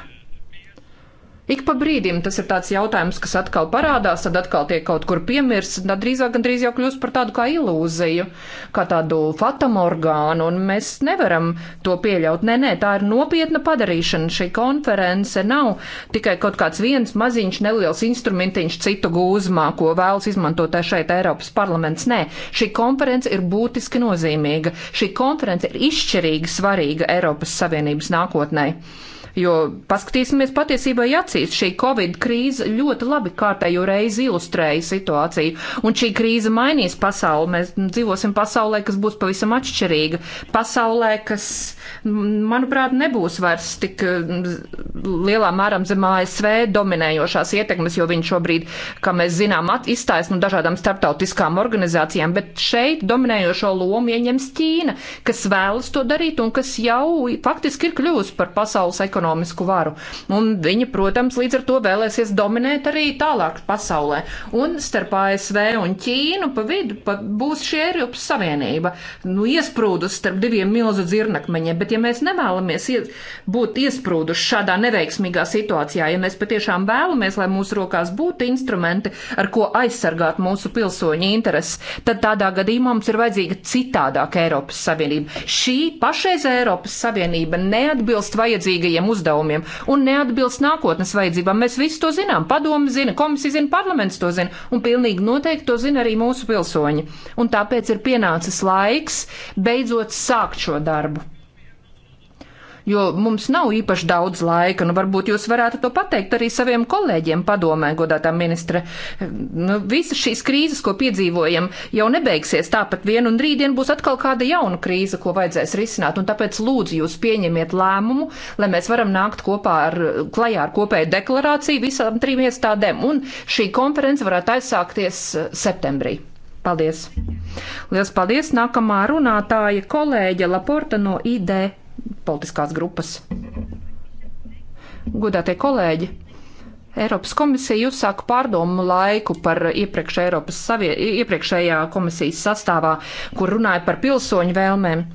Ik pa brīdim tas ir tāds jautājums, kas atkal parādās, tad atkal tiek kaut kur piemirsts, tad drīzāk gan drīz jau kļūst par tādu kā ilūziju, kā tādu fatamorgānu, un mēs nevaram to pieļaut. Nē, nē, tā ir nopietna padarīšana. Šī konference nav tikai kaut kāds viens maziņš, neliels instrumentiņš citu gūzmā, ko vēlas izmantot šeit Eiropas parlaments. Nē, šī konference ir būtiski nozīmīga. Šī konference ir izšķirīgi svarīga Eiropas Savienības nākotnē. Jo paskatīsimies patiesībai acīs, šī Covid krīze ļoti labi kārtējo reizi ilustrēja situāciju, un šī krīze mainīs pasauli. Mēs dzīvosim pasaulē, kas būs pavisam atšķirīga, pasaulē, kas manuprāt, nebūs vairs tik lielā mērā zem ASV dominējošās ietekmes, jo viņi šobrīd, kā mēs zinām, izstājas no dažādām starptautiskām organizācijām, bet šeit dominējošo lomu ieņems Ķīna, kas vēlas to darīt un kas jau faktiski ir kļuvusi par pasaules ekonomisku varu. Un viņa, protams, līdz ar to vēlēsies dominēt arī tālāk pasaulē. Un starp ASV un Ķīnu pa vidu pa būs šī Eiropas Savienība, nu, iesprūdus starp diviem milzu dzirnakmeņiem Bet ja mēs nevēlamies ies, būt iesprūduši šādā neveiksmīgā situācijā, ja mēs patiešām vēlamies, lai mūsu rokās būtu instrumenti, ar ko aizsargāt mūsu pilsoņu intereses, tad tādā gadījumā mums ir vajadzīga citādāka Eiropas Savienība. Šī pašreiz Eiropas Savienība neatbilst vajadzīgajiem uzdevumiem un neatbilst nākotnes vajadzībām. Mēs visi to zinām, padomi zina, komisija zina, parlaments to zina un pilnīgi noteikti to zina arī mūsu pilsoņi. Un tāpēc ir pienācis laiks beidzot sākt šo darbu jo mums nav īpaši daudz laika. Nu, varbūt jūs varētu to pateikt arī saviem kolēģiem padomē, godātā ministre. Nu, visas šīs krīzes, ko piedzīvojam, jau nebeigsies tāpat vien, un rītdien būs atkal kāda jauna krīze, ko vajadzēs risināt. Un tāpēc lūdzu jūs pieņemiet lēmumu, lai mēs varam nākt kopā ar, klajā ar kopēju deklarāciju visām trim iestādēm, un šī konference varētu aizsākties eh, septembrī. Paldies! Lielas paldies! Nākamā runātāja kolēģe Laporta no ID politiskās grupas. Godātie kolēģi! Eiropas komisija uzsāka pārdomu laiku par iepriekš Savie... iepriekšējā komisijas sastāvā, kur runāja par pilsoņu vēlmēm.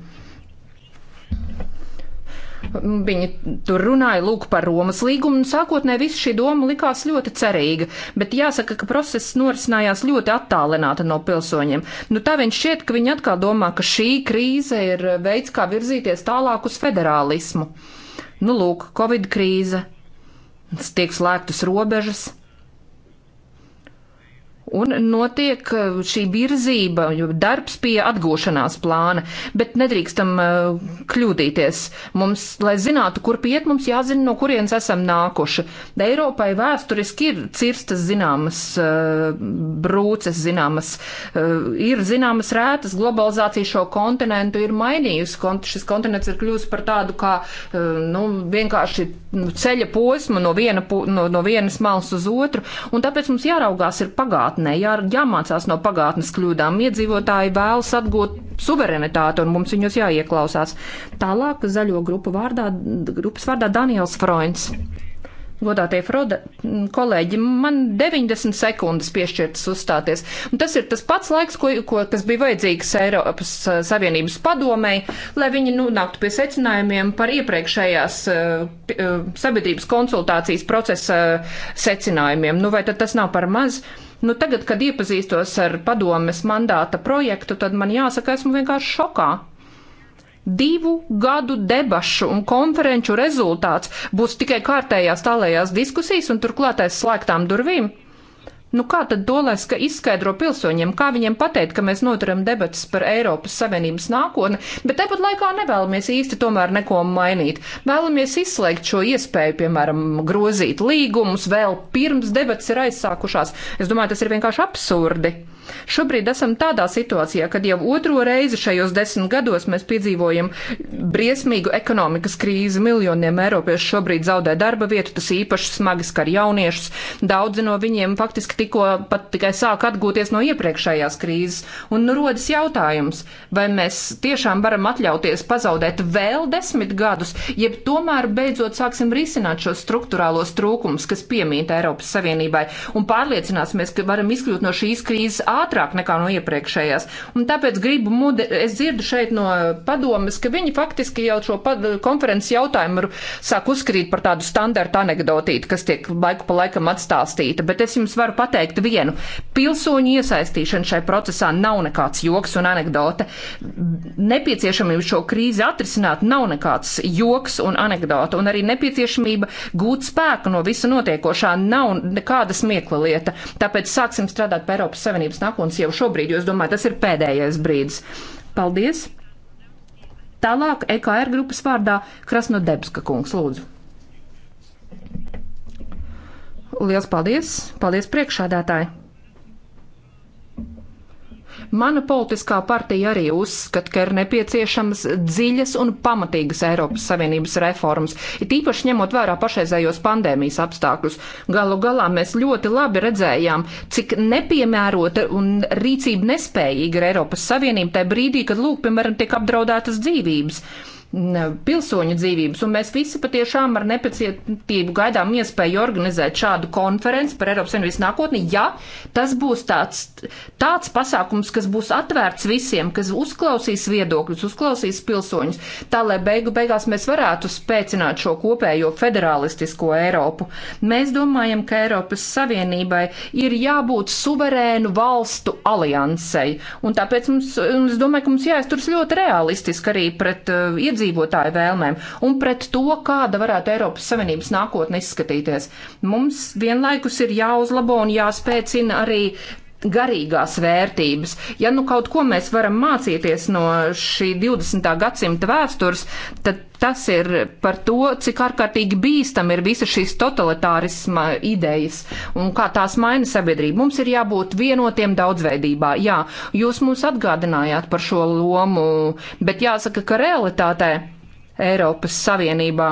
Viņi tur runāja lūk par Romas līgumu, un sākotnēji viss šī doma likās ļoti cerīga, bet jāsaka, ka process norisinājās ļoti attālināta no pilsoņiem. Nu, tā viņš šķiet, ka viņi atkal domā, ka šī krīze ir veids, kā virzīties tālāk uz federālismu. Nu, lūk, Covid krīze, tiek slēgtas robežas Un notiek eh, šī virzība, darbs pie atgūšanās plāna, bet nedrīkstam eh, kļūdīties. Mums, lai zinātu, kur piet, mums jāzina, no kurienes esam nākuši. Eiropai vēsturiski ir cirstas zināmas eh, brūces, zināmas, ir zināmas rētas, globalizācija šo kontinentu ir mainījusi. Kont šis kontinents ir kļūst par tādu kā, nu, vienkārši nu, ceļa posmu no, viena, no, no vienas malas uz otru, un tāpēc mums jāraugās ir pagātne nākotnē, jā, jāmācās no pagātnes kļūdām. Iedzīvotāji vēlas atgūt suverenitāti, un mums viņus jāieklausās. Tālāk zaļo grupu vārdā, grupas vārdā Daniels Froins. Godātie Froda, kolēģi, man 90 sekundes piešķirtas uzstāties. Un tas ir tas pats laiks, ko, ko, kas bija vajadzīgs Eiropas uh, Savienības padomei, lai viņi nu, nāktu pie secinājumiem par iepriekšējās uh, uh, sabiedrības konsultācijas procesa secinājumiem. Nu, vai tad tas nav par maz? Uh, Nu, tagad, kad iepazīstos ar padomes mandāta projektu, tad man jāsaka, esmu vienkārši šokā. Divu gadu debašu un konferenču rezultāts būs tikai kārtējās tālējās diskusijas un turklāt aiz slēgtām durvīm. Nu kā tad to lai izskaidro pilsoņiem, kā viņiem pateikt, ka mēs noturam debatas par Eiropas Savienības nākotni, bet tepat laikā nevēlamies īsti tomēr neko mainīt. Vēlamies izslēgt šo iespēju, piemēram, grozīt līgumus vēl pirms debatas ir aizsākušās. Es domāju, tas ir vienkārši absurdi. Šobrīd esam tādā situācijā, kad jau otro reizi šajos desmit gados mēs piedzīvojam briesmīgu ekonomikas krīzi. Miljoniem eiropiešu šobrīd zaudē darba vietu, tas īpaši smagi skar jauniešus. Daudzi no viņiem faktiski tikko pat tikai sāk atgūties no iepriekšējās krīzes. Un nu rodas jautājums, vai mēs tiešām varam atļauties pazaudēt vēl desmit gadus, jeb tomēr beidzot sāksim risināt šos struktūrālos trūkumus, kas piemīta Eiropas Savienībai, un pārliecināsimies, ka varam izkļūt no šīs krīzes ātrāk nekā no iepriekšējās. Un tāpēc gribu mude, es dzirdu šeit no padomas, ka viņi faktiski jau šo konferences jautājumu sāk uzskatīt par tādu standartu anegdotītu, kas tiek laiku pa laikam atstāstīta. Bet es jums varu pateikt vienu. Pilsoņu iesaistīšana šai procesā nav nekāds joks un anegdote. Nepieciešamība šo krīzi atrisināt nav nekāds joks un anegdote. Un arī nepieciešamība gūt spēku no visa notiekošā nav nekāda smiekla lieta. Tāpēc sāksim strādāt pie Eiropas Savienības nākotnes jau šobrīd, jo es domāju, tas ir pēdējais brīdis. Paldies! Tālāk EKR grupas vārdā Krasnodebska kungs, lūdzu. Lielas paldies! Paldies priekšādātāji! Mana politiskā partija arī uzskata, ka ir nepieciešams dziļas un pamatīgas Eiropas Savienības reformas, it īpaši ņemot vērā pašreizējos pandēmijas apstākļus. Galu galā mēs ļoti labi redzējām, cik nepiemērota un rīcība nespējīga ir Eiropas Savienība tajā brīdī, kad, lūk, piemēram, tiek apdraudētas dzīvības pilsoņu dzīvības, un mēs visi patiešām ar nepacietību gaidām iespēju organizēt šādu konferenci par Eiropas Savienības nākotni, ja tas būs tāds, tāds pasākums, kas būs atvērts visiem, kas uzklausīs viedokļus, uzklausīs pilsoņus, tā lai beigu beigās mēs varētu spēcināt šo kopējo federalistisko Eiropu. Mēs domājam, ka Eiropas Savienībai ir jābūt suverēnu valstu aliansei, un tāpēc mums, es domāju, ka mums jāizturas ļoti realistiski arī pret uh, iedzīvotājiem, iedzīvotāju vēlmēm un pret to, kāda varētu Eiropas Savienības nākotne izskatīties. Mums vienlaikus ir jāuzlabo un jāspēcina arī garīgās vērtības. Ja nu kaut ko mēs varam mācīties no šī 20. gadsimta vēstures, tad tas ir par to, cik ārkārtīgi bīstam ir visas šīs totalitārisma idejas un kā tās maina sabiedrību. Mums ir jābūt vienotiem daudzveidībā. Jā, jūs mums atgādinājāt par šo lomu, bet jāsaka, ka realitātē Eiropas Savienībā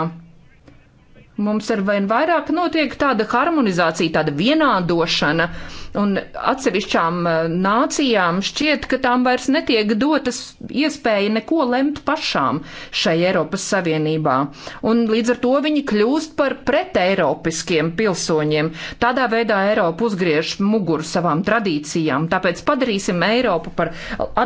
mums ar vien vairāk notiek tāda harmonizācija, tāda vienādošana. Uh, Un atsevišķām eh, nācijām šķiet, ka tām vairs netiek dotas iespēja neko lemt pašām šai Eiropas Savienībā. Un līdz ar to viņi kļūst par preteiropiskiem pilsoņiem. Tādā veidā Eiropa uzgriež muguru savām tradīcijām. Tāpēc padarīsim Eiropu par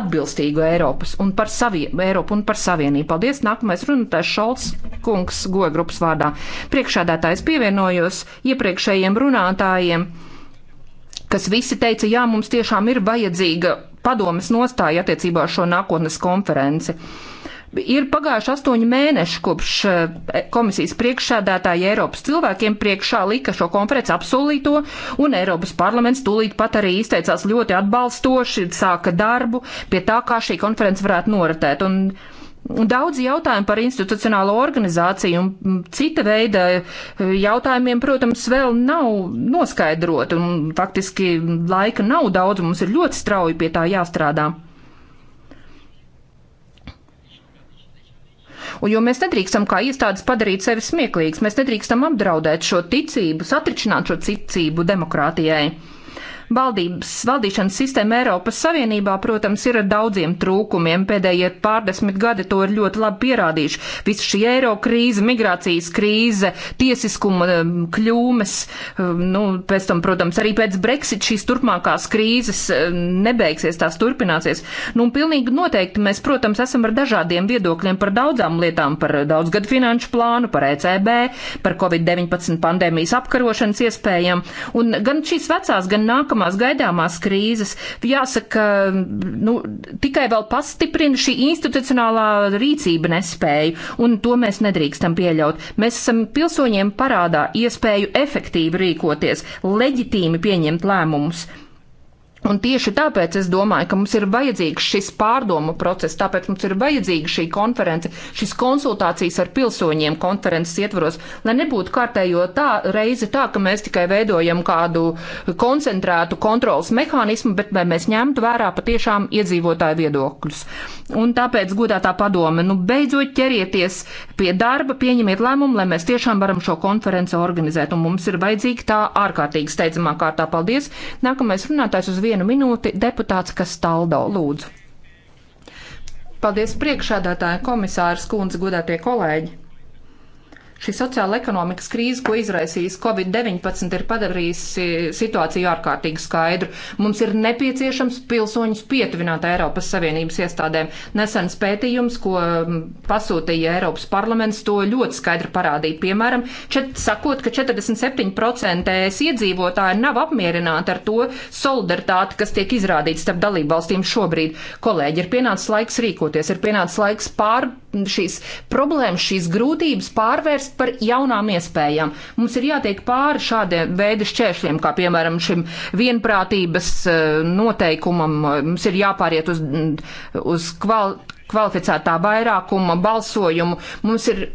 atbilstīgu Eiropas un par savi, Eiropu un par Savienību. Paldies! Nākamais runātājs Šolts kungs goja grupas vārdā. Priekšādātājs pievienojos iepriekšējiem runātājiem kas visi teica, jā, mums tiešām ir vajadzīga padomas nostāja attiecībā uz šo nākotnes konferenci. Ir pagājuši astoņi mēneši kopš eh, komisijas priekšsādātāja Eiropas cilvēkiem priekšā lika šo konferenci apsolīto, un Eiropas parlaments tūlīt pat arī izteicās ļoti atbalstoši, sāka darbu pie tā, kā šī konferences varētu noritēt. Un Daudz jautājumu par institucionālo organizāciju un cita veida eh, jautājumiem, protams, vēl nav noskaidrot, un faktiski laika nav daudz, mums ir ļoti strauji pie tā jāstrādā. Un jo mēs nedrīkstam kā iestādes padarīt sevi smieklīgs, mēs nedrīkstam apdraudēt šo ticību, satricināt šo ticību demokrātijai. Valdības, valdīšanas sistēma Eiropas Savienībā, protams, ir ar daudziem trūkumiem. Pēdējie pārdesmit gadi to ir ļoti labi pierādījuši. Visa šī eiro krīze, migrācijas krīze, tiesiskuma um, kļūmes, um, nu, pēc tam, protams, arī pēc Brexit šīs turpmākās krīzes um, nebeigsies, tās turpināsies. Nu, un pilnīgi noteikti mēs, protams, esam ar dažādiem viedokļiem par daudzām lietām, par daudzgadu finanšu plānu, par ECB, par Covid-19 pandēmijas apkarošanas iespējām. Un gan šīs vecās, gan nākamās nākamās gaidāmās krīzes, jāsaka, nu, tikai vēl pastiprina šī institucionālā rīcība nespēju, un to mēs nedrīkstam pieļaut. Mēs esam pilsoņiem parādā iespēju efektīvi rīkoties, leģitīmi pieņemt lēmumus. Un tieši tāpēc es domāju, ka mums ir vajadzīgs šis pārdomu process, tāpēc mums ir vajadzīga šī konference, šīs konsultācijas ar pilsoņiem konferences ietvaros, lai nebūtu kārtējo tā reizi tā, ka mēs tikai veidojam kādu koncentrētu kontrolas mehānismu, bet lai mēs ņemtu vērā patiešām iedzīvotāju viedokļus. Un tāpēc, godātā padome, nu beidzot ķerieties pie darba, pieņemiet lēmumu, lai mēs tiešām varam šo konferenci organizēt. Un mums ir vajadzīga tā ārkārtīgi steidzamā kārtā. Paldies! Nākamais runātājs uz vienu minūti - deputāts Kastaldo. Lūdzu! Paldies priekšādātāja komisārs kundze, godātie kolēģi! Šī sociāla ekonomikas krīze, ko izraisījis Covid-19, ir padarījusi situāciju ārkārtīgi skaidru. Mums ir nepieciešams pilsoņus pietuvināt Eiropas Savienības iestādēm. Nesens pētījums, ko pasūtīja Eiropas parlaments, to ļoti skaidri parādīja. Piemēram, čet, sakot, ka 47% es iedzīvotāji nav apmierināti ar to solidaritāti, kas tiek izrādīts starp dalībvalstīm šobrīd. Kolēģi, ir pienācis laiks rīkoties, ir pienācis laiks pār šīs problēmas, šīs grūtības pārvērst spriest par jaunām iespējām. Mums ir jātiek pāri šādiem veidu šķēršļiem, kā piemēram šim vienprātības eh, noteikumam. Mums ir jāpāriet uz, uz kval, kvalificētā vairākuma balsojumu. Mums ir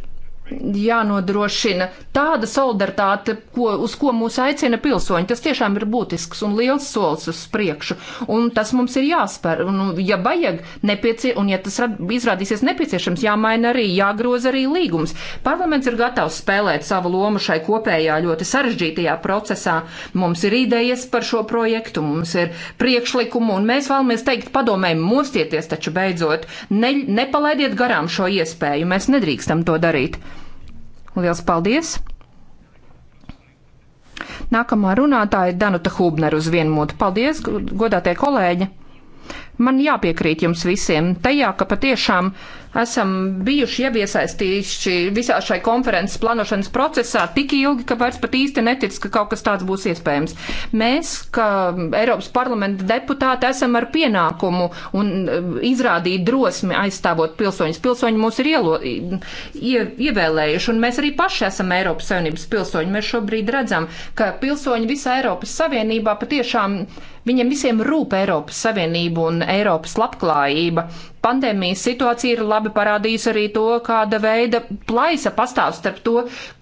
jānodrošina tāda solidaritāte, ko, uz ko mūs aicina pilsoņi. Tas tiešām ir būtisks un liels solis uz priekšu, un tas mums ir jāspēr. Un, nu, ja vajag, nepiecie, un ja tas rad, izrādīsies nepieciešams, jāmaina arī, jāgroza arī līgums. Parlaments ir gatavs spēlēt savu lomu šai kopējā ļoti sarežģītajā procesā. Mums ir idejas par šo projektu, mums ir priekšlikumu, un mēs vēlamies teikt padomēm, mostieties taču beidzot, ne, nepalaidiet garām šo iespēju, mēs nedrīkstam to darīt. Liels paldies! Nākamā runātāja Danuta Hubner uz vienu mūtu. Paldies, godātie kolēģi! Man jāpiekrīt jums visiem tajā, ka patiešām uh, esam bijuši jau iesaistījuši visā šai konferences plānošanas procesā tik ilgi, ka vairs pat īsti netic, ka kaut kas tāds būs iespējams. Mēs, kā Eiropas parlamenta deputāti, esam ar pienākumu un e, izrādīt drosmi aizstāvot pilsoņus. Pilsoņi mūs ir ielo, ie, ievēlējuši, un mēs arī paši esam Eiropas Savienības pilsoņi. Mēs šobrīd redzam, ka pilsoņi visā Eiropas Savienībā patiešām viņiem visiem rūp Eiropas Savienība un Eiropas labklājība. Pandēmijas situācija ir labi parādījusi arī to, kāda veida plaisa pastāv starp to,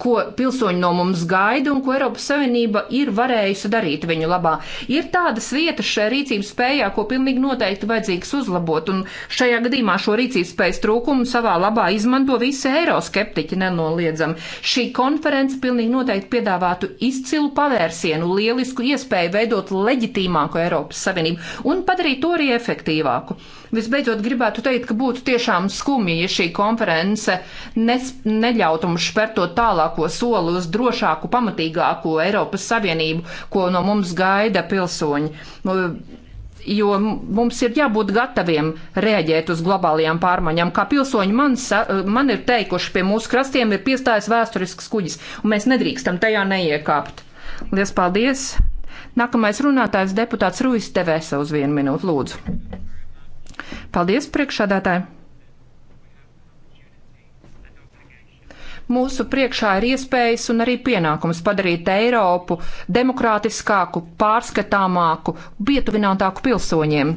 ko pilsoņi no mums gaida un ko Eiropas Savienība ir varējusi darīt viņu labā. Ir tādas vietas šajā rīcības spējā, ko pilnīgi noteikti vajadzīgs uzlabot, un šajā gadījumā šo rīcības spējas trūkumu savā labā izmanto visi eiroskeptiķi nenoliedzami. Šī konference pilnīgi noteikti piedāvātu izcilu pavērsienu, lielisku iespēju veidot leģitīmāku Eiropas Savienību un padarīt to arī efektīvāku. Visbeidzot, gribētu teikt, ka būtu tiešām skumji, ja šī konference nes, neļautu mums spērt to tālāko soli uz drošāku, pamatīgāko Eiropas Savienību, ko no mums gaida pilsoņi. Nu, jo mums ir jābūt gataviem rēģēt uz globālajām pārmaiņām. Kā pilsoņi man, man ir teikuši, pie mūsu krastiem ir piestājis vēsturisks kuģis, un mēs nedrīkstam tajā neiekāpt. Lielas paldies! Nākamais runātājs deputāts Ruijs Tevēsa uz vienu minūtu lūdzu. Paldies, priekšādātāji! Mūsu priekšā ir iespējas un arī pienākums padarīt Eiropu demokrātiskāku, pārskatāmāku, pietuvinātāku pilsoņiem.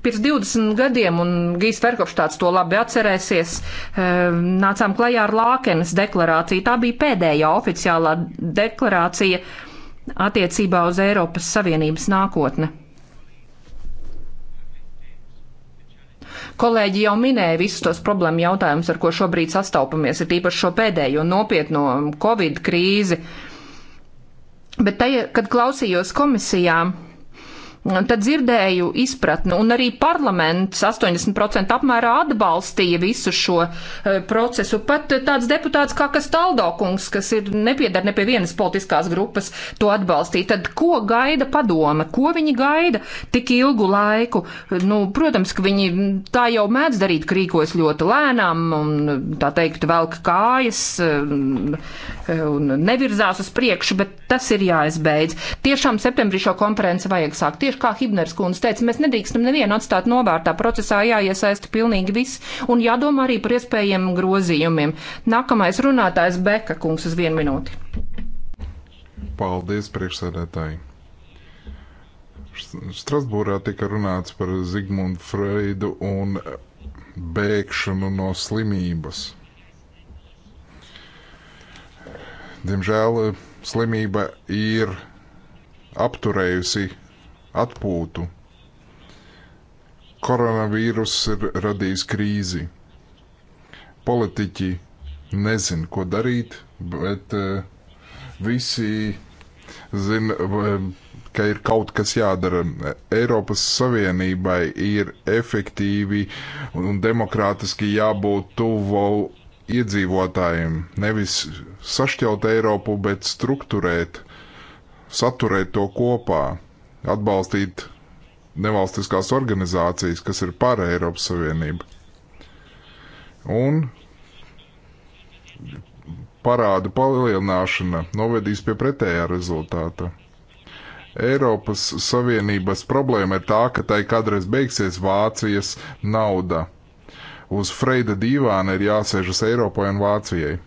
Pirms 20 gadiem, un Gijs Verhofstāds to labi atcerēsies, eh, nācām klajā ar Lākenes deklarāciju. Tā bija pēdējā oficiālā deklarācija attiecībā uz Eiropas Savienības nākotni. Kolēģi jau minēja visus tos problēmu jautājumus, ar ko šobrīd sastopamies, ir tīpaši šo pēdējo nopietno Covid krīzi. Bet tajā, kad klausījos komisijām, Un tad dzirdēju izpratni, un arī parlaments 80% apmērā atbalstīja visu šo uh, procesu. Pat tāds deputāts kā Kastaldokungs, kas ir nepiedara ne pie vienas politiskās grupas, to atbalstīja. Tad ko gaida padome? Ko viņi gaida tik ilgu laiku? Nu, protams, ka viņi tā jau mēdz darīt, ka rīkojas ļoti lēnām un, tā teikt, velk kājas un nevirzās uz priekšu, bet tas ir jāizbeidz. Tiešām septembrī šo konferenci vajag sākt tieši kā Hibners kundze teica, mēs nedrīkstam nevienu atstāt novārtā. Procesā jāiesaista pilnīgi viss un jādomā arī par iespējiem grozījumiem. Nākamais runātājs Beka kungs uz vienu minūti.
Paldies, priekšsēdētāji! Strasbūrā tika runāts par Zigmundu Freidu un bēgšanu no slimības. Diemžēl slimība ir apturējusi atpūtu. Koronavīrus ir radījis krīzi. Politiķi nezin, ko darīt, bet uh, visi zina, eh, ka ir kaut kas jādara. Eiropas Savienībai ir efektīvi un demokrātiski jābūt tuvu iedzīvotājiem. Nevis sašķelt Eiropu, bet struktūrēt, saturēt to kopā atbalstīt nevalstiskās organizācijas, kas ir par Eiropas Savienību. Un parādu palielināšana novedīs pie pretējā rezultāta. Eiropas Savienības problēma ir tā, ka tai kādreiz beigsies Vācijas nauda. Uz Freida dīvāna ir jāsēžas Eiropai un Vācijai.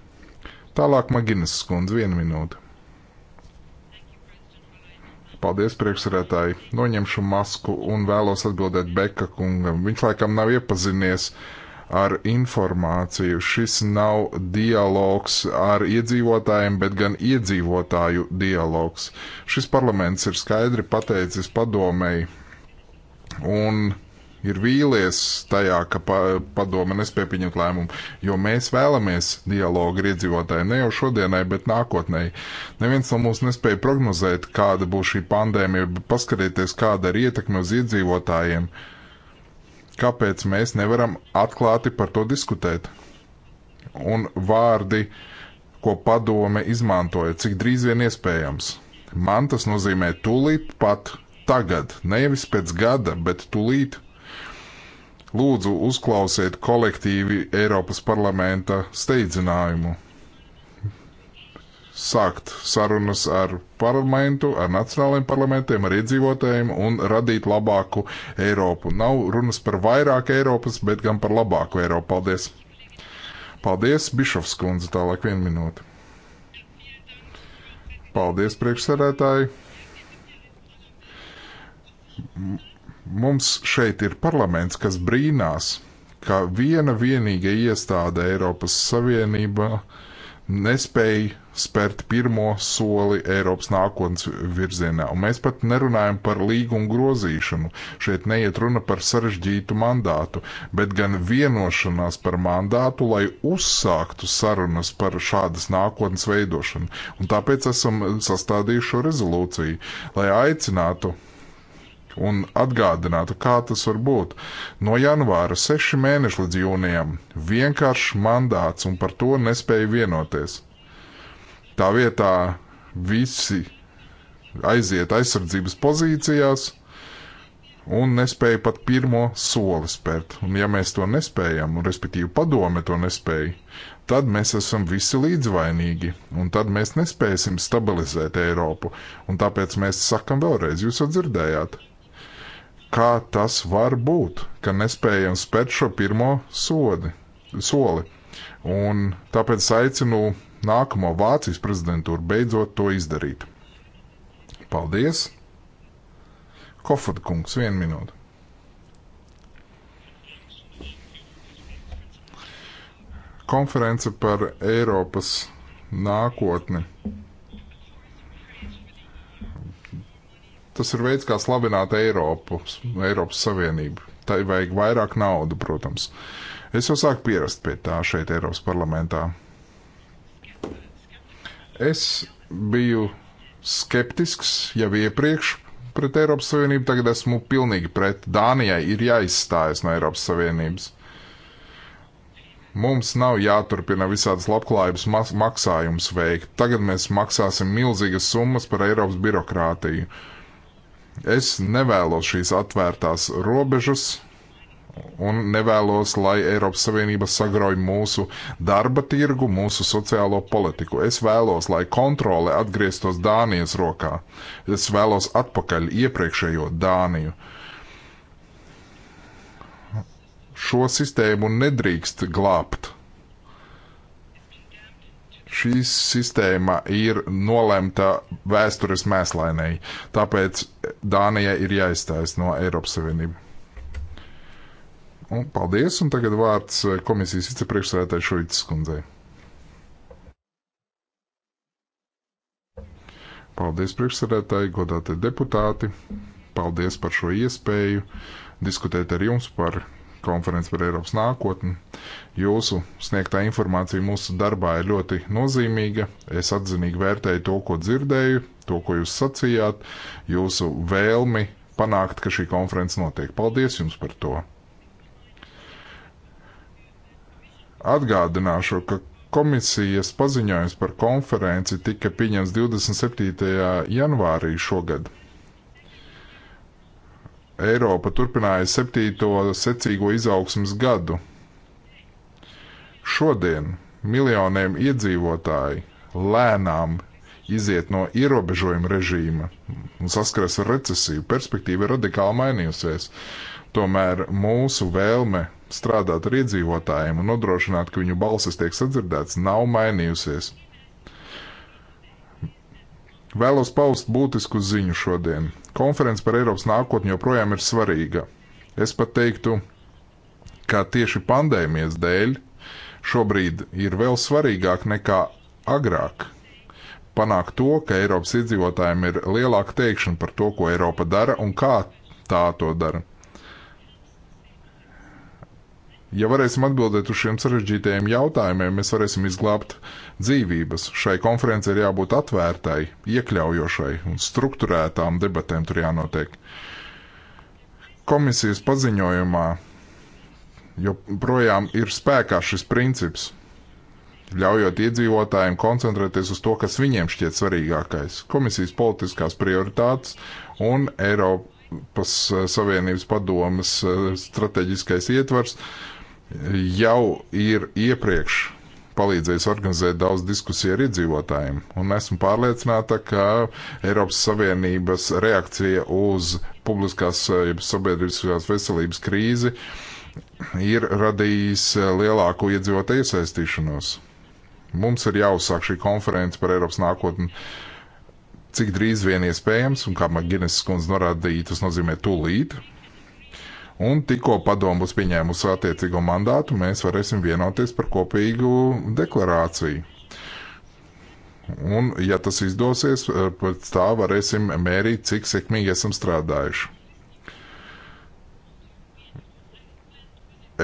Tālāk Maginas skundze vienu minūti. Paldies, priekšsarētāji. Noņemšu masku un vēlos atbildēt Beka kungam. Viņš laikam nav iepazinies ar informāciju. Šis nav dialogs ar iedzīvotājiem, bet gan iedzīvotāju dialogs. Šis parlaments ir skaidri pateicis padomēji un ir vīlies tajā, ka pa, padome nespēja pieņemt lēmumu, jo mēs vēlamies dialogu ar iedzīvotājiem ne jau šodienai, bet nākotnē. Neviens no mums nespēja prognozēt, kāda būs šī pandēmija, bet paskatieties, kāda ir ietekme uz iedzīvotājiem. Kāpēc mēs nevaram atklāti par to diskutēt? Un vārdi, ko padome izmantoja, cik drīz vien iespējams. Man tas nozīmē tūlīt pat tagad, nevis pēc gada, bet tūlīt. Lūdzu, uzklausiet kolektīvi Eiropas parlamenta steidzinājumu. Sākt sarunas ar parlamentu, ar nacionālajiem parlamentiem, ar iedzīvotājiem un radīt labāku Eiropu. Nav runas par vairāk Eiropas, bet gan par labāku Eiropu. Paldies! Paldies, Bišovs kundze, tālāk vienu minūti. Paldies, priekšsarētāji! Mums šeit ir parlaments, kas brīnās, ka viena vienīga iestāde Eiropas Savienībā nespēja spērt pirmo soli Eiropas nākotnes virzienā. Un mēs pat nerunājam par līgumu grozīšanu. Šeit neiet runa par sarežģītu mandātu, bet gan vienošanās par mandātu, lai uzsāktu sarunas par šādas nākotnes veidošanu. Un tāpēc esam sastādījuši šo rezolūciju, lai aicinātu un atgādinātu, kā tas var būt. No janvāra seši mēneši līdz jūnijam vienkāršs mandāts un par to nespēja vienoties. Tā vietā visi aiziet aizsardzības pozīcijās un nespēja pat pirmo soli spērt. Un ja mēs to nespējam, un respektīvi padome to nespēja, tad mēs esam visi līdzvainīgi, un tad mēs nespēsim stabilizēt Eiropu. Un tāpēc mēs sakam vēlreiz, jūs jau dzirdējāt, kā tas var būt, ka nespējam spēt šo pirmo sodi, soli. Un tāpēc aicinu nākamo Vācijas prezidentūru beidzot to izdarīt. Paldies! Kofod kungs, vienu minūtu. Konference par Eiropas nākotni Tas ir veids, kā slavināt Eiropu, Eiropas Savienību. Tai vajag vairāk naudu, protams. Es jau sāku pierast pie tā šeit, Eiropas parlamentā. Es biju skeptisks jau iepriekš pret Eiropas Savienību, tagad esmu pilnīgi pret. Dānijai ir jāizstājas no Eiropas Savienības. Mums nav jāturpina visādas labklājības maksājums veikt. Tagad mēs maksāsim milzīgas summas par Eiropas birokrātiju. Uh, Es nevēlos šīs atvērtās robežas un nevēlos, lai Eiropas Savienība sagrauj mūsu darba tirgu, mūsu sociālo politiku. Es vēlos, lai kontrole atgrieztos Dānijas rokā. Es vēlos atpakaļ iepriekšējo Dāniju. Šo sistēmu nedrīkst glābt Šī sistēma ir nolemta vēstures mēslainēji, tāpēc Dānija ir jāizstājas no Eiropas Savienības. Un paldies, un tagad vārds eh, komisijas vicepriekšsēdētāji Šuicis kundzei. Paldies, priekšsēdētāji, godātie deputāti. Paldies par šo iespēju diskutēt ar jums par konferenci par Eiropas nākotni. Jūsu sniegtā informācija mūsu darbā ir ļoti nozīmīga. Es atzinīgi vērtēju to, ko dzirdēju, to, ko jūs sacījāt, jūsu vēlmi panākt, ka šī konference notiek. Paldies jums par to! Atgādināšu, ka komisijas paziņojums par konferenci tika pieņemts 27. janvārī šogad. Eiropa turpināja septīto secīgo izaugsmas gadu. Šodien miljoniem iedzīvotāji lēnām iziet no ierobežojuma režīma un saskaras ar recesiju. Perspektīva ir radikāli mainījusies. Tomēr mūsu vēlme strādāt ar iedzīvotājiem un nodrošināt, ka viņu balsis tiek sadzirdēts, nav mainījusies. Vēlos paust būtisku ziņu šodien. Konference par Eiropas nākotni joprojām ir svarīga. Es pat teiktu, ka tieši pandēmijas dēļ šobrīd ir vēl svarīgāk nekā agrāk panākt to, ka Eiropas iedzīvotājiem ir lielāka teikšana par to, ko Eiropa dara un kā tā to dara. Ja varēsim atbildēt uz šiem sarežģītajiem jautājumiem, mēs varēsim izglābt dzīvības. Šai konferencei ir jābūt atvērtai, iekļaujošai un struktūrētām debatēm tur jānotiek. Komisijas paziņojumā joprojām ir spēkā šis princips, ļaujot iedzīvotājiem koncentrēties uz to, kas viņiem šķiet svarīgākais - komisijas politiskās prioritātes un Eiropas Savienības padomas eh, strateģiskais ietvers jau ir iepriekš palīdzējis organizēt daudz diskusiju ar iedzīvotājiem, un esmu pārliecināta, ka Eiropas Savienības reakcija uz publiskās sabiedriskās veselības krīzi ir radījis lielāko iedzīvotāju iesaistīšanos. Mums ir jāuzsāk šī konference par Eiropas nākotni, cik drīz vien iespējams, un kā Maginis skundze norādīja, tas nozīmē tūlīt, Un tikko padomu būs pieņēmusi attiecīgo mandātu, mēs varēsim vienoties par kopīgu deklarāciju. Un, ja tas izdosies, eh, pēc tā varēsim mērīt, cik sekmīgi esam strādājuši.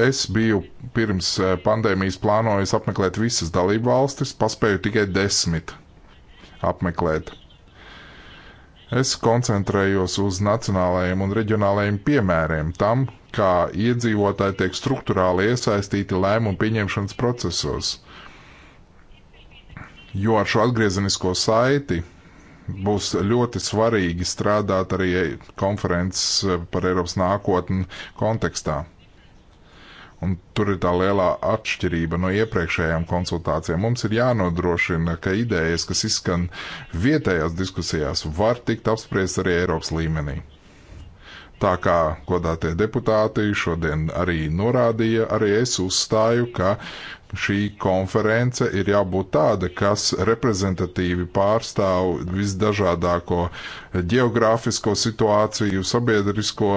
Es biju pirms eh, pandēmijas plānojis apmeklēt visas dalību valstis, paspēju tikai desmit apmeklēt. Es koncentrējos uz nacionālajiem un reģionālajiem piemēriem tam, kā iedzīvotāji tiek struktūrāli iesaistīti lēmumu pieņemšanas procesos. Jo ar šo atgriezenisko saiti būs ļoti svarīgi strādāt arī konferences par Eiropas nākotni kontekstā. Un tur ir tā lielā atšķirība no iepriekšējām konsultācijām. Mums ir jānodrošina, ka idejas, kas izskan vietējās diskusijās, var tikt apspriest arī Eiropas līmenī. Tā kā godātie deputāti šodien arī norādīja, arī es uzstāju, ka šī konference ir jābūt tāda, kas reprezentatīvi pārstāv visdažādāko geogrāfisko situāciju, sabiedrisko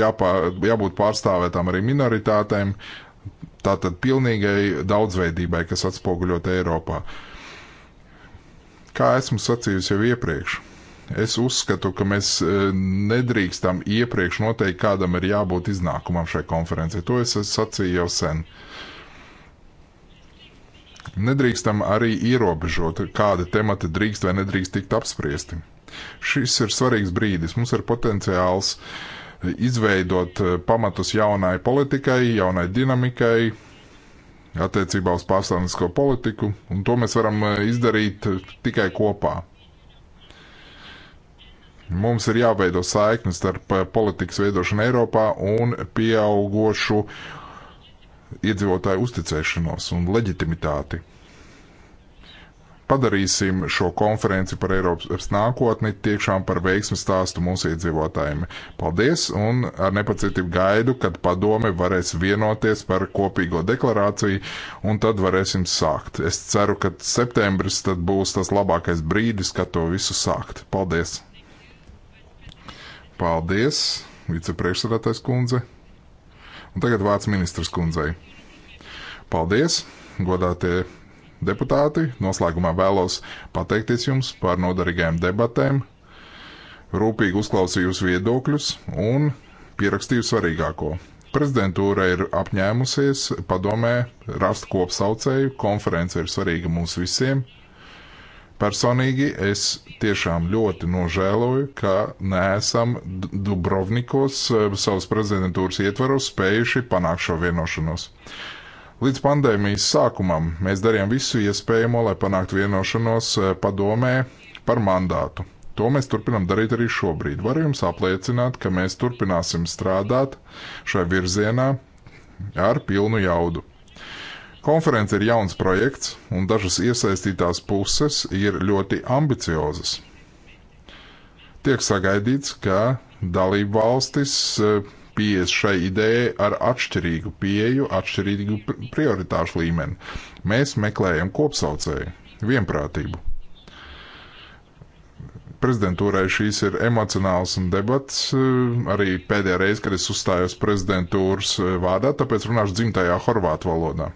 jāpā, jābūt pārstāvētām arī minoritātēm, tātad pilnīgai daudzveidībai, kas atspoguļot Eiropā. Kā esmu sacījusi jau iepriekš, es uzskatu, ka mēs e, nedrīkstam iepriekš noteikt, kādam ir jābūt iznākumam šai konferencē. To es sacīju jau sen. Nedrīkstam arī ierobežot, kādi temati drīkst vai nedrīkst tikt apspriesti. Šis ir svarīgs brīdis. Mums ir potenciāls uh, izveidot eh, pamatus jaunai politikai, jaunai dinamikai attiecībā uz pārstāvnisko politiku, un to mēs varam eh, izdarīt eh, tikai kopā. Mums ir jāveido saiknes starp politikas veidošanu Eiropā un pieaugošu iedzīvotāju uzticēšanos un leģitimitāti padarīsim šo konferenci par Eiropas nākotni tiešām par veiksmu stāstu mūsu iedzīvotājiem. Paldies un ar nepacietību gaidu, kad padome varēs vienoties par kopīgo deklarāciju un tad varēsim sākt. Es ceru, ka septembris tad būs tas labākais brīdis, kad to visu sākt. Paldies! Paldies, vicepriekšsēdētājs kundze. Un tagad vārds ministras kundzei. Paldies, godātie deputāti. Noslēgumā vēlos pateikties jums par nodarīgajām debatēm, rūpīgi uzklausījusi viedokļus un pierakstīju svarīgāko. Prezidentūra ir apņēmusies padomē rast kopsaucēju, konference ir svarīga mums visiem. Personīgi es tiešām ļoti nožēloju, ka neesam Dubrovnikos eh, savas prezidentūras ietvaros spējuši panākt šo vienošanos. Līdz pandēmijas sākumam mēs darījām visu iespējamo, lai panāktu vienošanos eh, padomē par mandātu. To mēs turpinām darīt arī šobrīd. Varu jums apliecināt, ka mēs turpināsim strādāt šai virzienā ar pilnu jaudu. Konference ir jauns projekts, un dažas iesaistītās puses ir ļoti ambiciozas. Tiek sagaidīts, ka dalību valstis eh, pieejas šai idejai ar atšķirīgu pieeju, atšķirīgu prioritāšu līmeni. Mēs meklējam kopsaucēju, vienprātību. Prezidentūrai šīs ir emocionāls un debats. Eh, arī pēdējā reize, kad es uzstājos prezidentūras eh, vārdā, tāpēc runāšu dzimtajā horvātu valodā.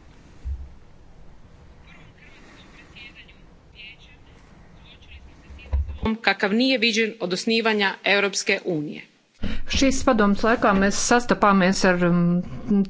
kakav nije viđen od osnivanja Europske unije
Šīs padomas laikā mēs sastapāmies ar um,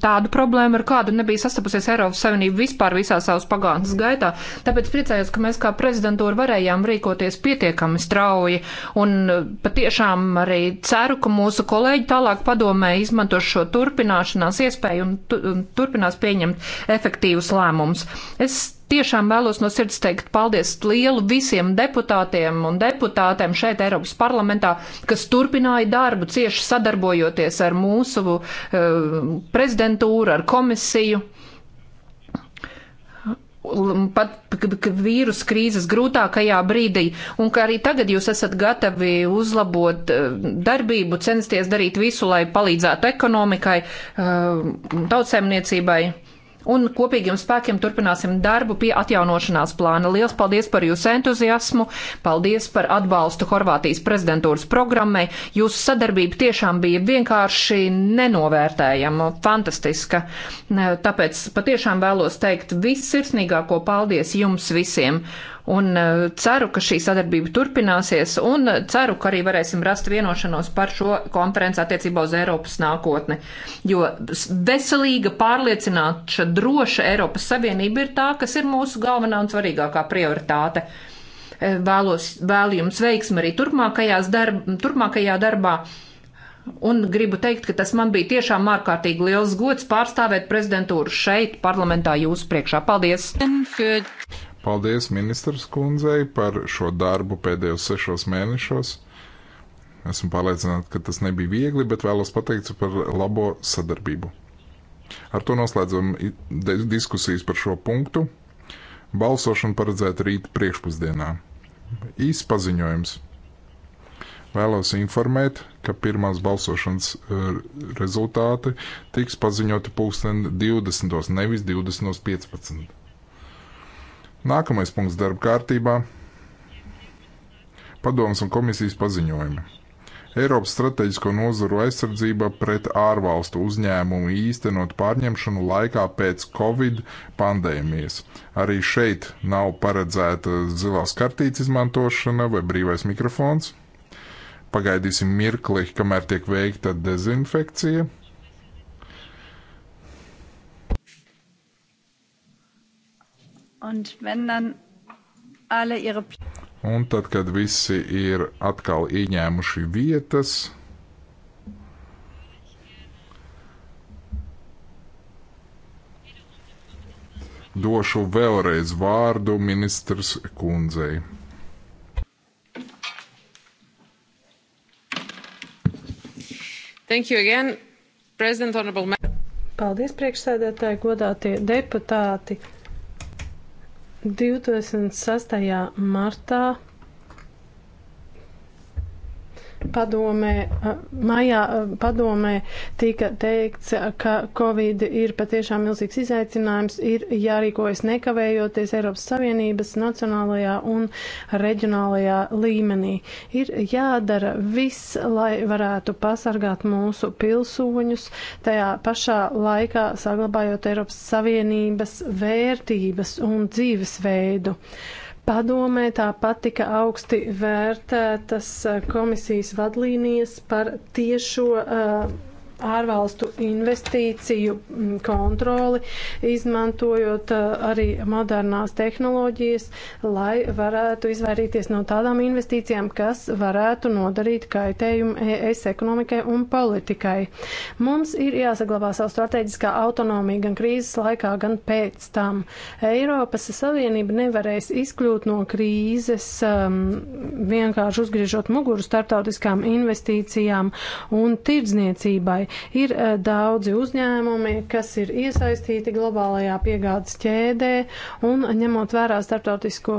tādu problēmu, ar kādu nebija sastapusies Eiropas Savienība vispār visā savas pagātnes gaitā. Tāpēc priecājos, ka mēs kā prezidentūra varējām rīkoties pietiekami strauji un uh, patiešām arī ceru, ka mūsu kolēģi tālāk padomē izmantos šo turpināšanās iespēju un, tu, un turpinās pieņemt efektīvus lēmumus. Es Tiešām vēlos no sirds teikt paldies lielu visiem deputātiem un deputātēm šeit Eiropas parlamentā, kas turpināja darbu cieši sadarbojoties ar mūsu uh, prezidentūru, ar komisiju pat vīrusu krīzes grūtākajā brīdī, un ka arī tagad jūs esat gatavi uzlabot eh, darbību, censties darīt visu, lai palīdzētu ekonomikai, eh, tautsēmniecībai un kopīgiem spēkiem turpināsim darbu pie atjaunošanās plāna. Lielas paldies par jūsu entuziasmu, paldies par atbalstu Horvātijas prezidentūras programmai. Jūsu sadarbība tiešām bija vienkārši nenovērtējama, fantastiska. Tāpēc patiešām vēlos teikt vissirsnīgāko paldies jums visiem un e, ceru, ka šī sadarbība turpināsies un ceru, ka arī varēsim rast vienošanos par šo konferenci attiecībā uz Eiropas nākotni. Jo veselīga, pārliecināta, droša Eiropas Savienība ir tā, kas ir mūsu galvenā un svarīgākā prioritāte e, vēlos, vēlu jums veiksmi arī darb, turpmākajā darbā. Un gribu teikt, ka tas man bija tiešām ārkārtīgi liels gods pārstāvēt prezidentūru šeit, parlamentā, jūsu priekšā. Paldies!
Paldies ministrs kundzei par šo darbu pēdējos sešos mēnešos. Esmu pārliecināts, ka tas nebija viegli, bet vēlos pateikt par labo sadarbību. Ar to noslēdzam diskusijas par šo punktu. Balsošana paredzēta rīt priekšpusdienā. Īs paziņojums. Vēlos informēt, ka pirmās balsošanas e, rezultāti tiks paziņoti pulksten 20. nevis 20.15. Nākamais punkts darba kārtībā - padomas un komisijas paziņojumi. Eiropas strateģisko nozaru aizsardzība pret ārvalstu uzņēmumu īstenot pārņemšanu laikā pēc Covid pandēmijas. Arī šeit nav paredzēta zilās kartītes izmantošana vai brīvais mikrofons. Pagaidīsim mirkli, kamēr tiek veikta dezinfekcija. Un tad, kad visi ir atkal ieņēmuši vietas, došu vēlreiz vārdu ministrs kundzei.
Thank you again, President Honorable Paldies, priekšsēdētāji, godātie deputāti. 26. martā padomē, maijā padomē tika teikts, ka Covid ir patiešām milzīgs izaicinājums, ir jārīkojas nekavējoties Eiropas Savienības nacionālajā un reģionālajā līmenī. Ir jādara viss, lai varētu pasargāt mūsu pilsoņus, tajā pašā laikā saglabājot Eiropas Savienības vērtības un dzīvesveidu. Uh, Padomē tāpat tika augsti vērtētas komisijas vadlīnijas par tiešo uh, ārvalstu investīciju mm, kontroli, izmantojot uh, arī modernās tehnoloģijas, lai varētu izvairīties no tādām investīcijām, kas varētu nodarīt kaitējumu ES ekonomikai un politikai. Mums ir jāsaglabā savu strateģiskā autonomija gan krīzes laikā, gan pēc tam. Eiropas Savienība nevarēs izkļūt no krīzes um, vienkārši uzgriežot muguru starptautiskām investīcijām un tirdzniecībai. Ir eh, daudzi uzņēmumi, kas ir iesaistīti globālajā piegādes ķēdē un ņemot vērā starptautisko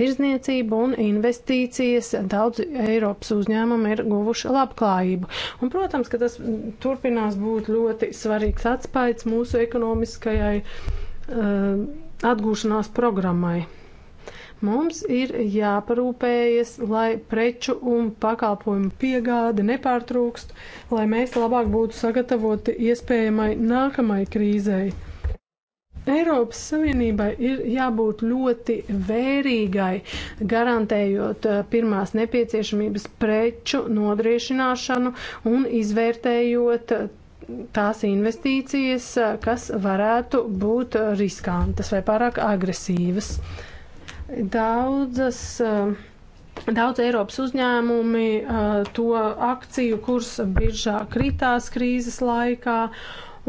tirzniecību un investīcijas, daudzi Eiropas uzņēmumi ir guvuši labklājību. Un, protams, ka tas turpinās būt ļoti svarīgs atspējas mūsu ekonomiskajai uh, atgūšanās programmai. Mums ir jāparūpējas, lai preču un pakalpojumu piegāde nepārtrūkst, lai mēs labāk būtu sagatavoti iespējamai nākamai krīzei. Eiropas Savienībai ir jābūt ļoti vērīgai, garantējot eh, pirmās nepieciešamības preču nodriešināšanu un izvērtējot eh, tās investīcijas, eh, kas varētu būt riskantas vai pārāk agresīvas. Daudzas, eh, daudz Eiropas uzņēmumi eh, to akciju kursa biržā kritās krīzes laikā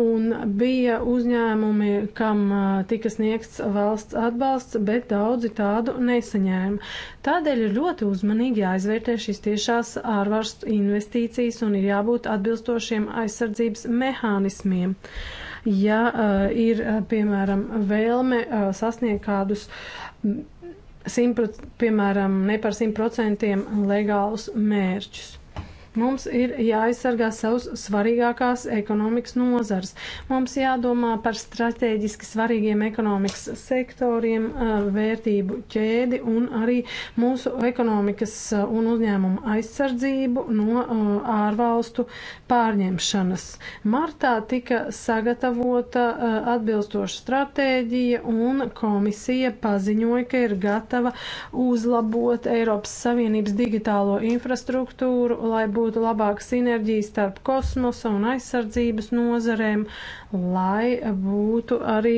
un bija uzņēmumi, kam eh, tika sniegts valsts atbalsts, bet daudzi tādu nesaņēma. Tādēļ ir ļoti uzmanīgi jāizvērtē šīs tiešās ārvalstu investīcijas un ir jābūt atbilstošiem aizsardzības mehānismiem. Ja uh, ir, piemēram, vēlme uh, sasniegt kādus 100, piemēram, ne par 100% legālus mērķus. Mums ir jāaizsargā savus svarīgākās ekonomikas nozars. Mums jādomā par strateģiski svarīgiem ekonomikas sektoriem, eh, vērtību ķēdi un arī mūsu ekonomikas eh, un uzņēmumu aizsardzību no eh, ārvalstu pārņemšanas. Martā tika sagatavota atbilstoša stratēģija un komisija paziņoja, ka ir gatava uzlabot Eiropas Savienības digitālo infrastruktūru, lai būtu būtu labāka sinerģija starp kosmosa un aizsardzības nozarēm, lai būtu arī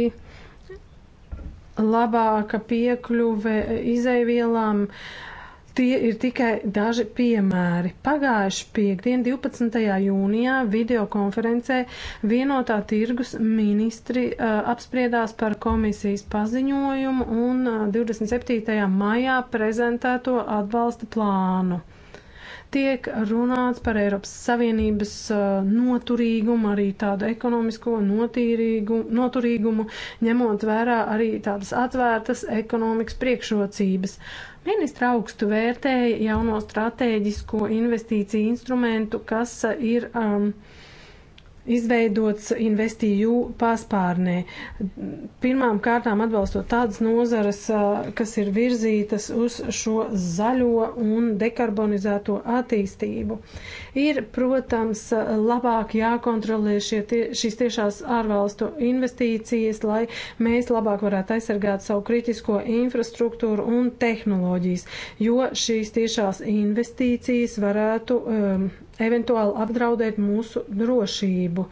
labāka piekļuve izaivielām. Tie ir tikai daži piemēri. Pagājuši piekdien, 12. jūnijā, videokonferencē vienotā tirgus ministri uh, apspriedās par komisijas paziņojumu un uh, 27. maijā prezentēto atbalsta plānu tiek runāts par Eiropas Savienības uh, noturīgumu, arī tādu ekonomisko noturīgumu, ņemot vērā arī tādas atvērtas ekonomikas priekšrocības. Ministra augstu vērtēja jauno strateģisko investīciju instrumentu, kas uh, ir um, izveidots investīju paspārnē. Pirmām kārtām atbalstot tādas nozaras, kas ir virzītas uz šo zaļo un dekarbonizēto attīstību. Ir, protams, labāk jākontrolē šie, tie, šīs tiešās ārvalstu investīcijas, lai mēs labāk varētu aizsargāt savu kritisko infrastruktūru un tehnoloģijas, jo šīs tiešās investīcijas varētu um, eventuāli apdraudēt mūsu drošību.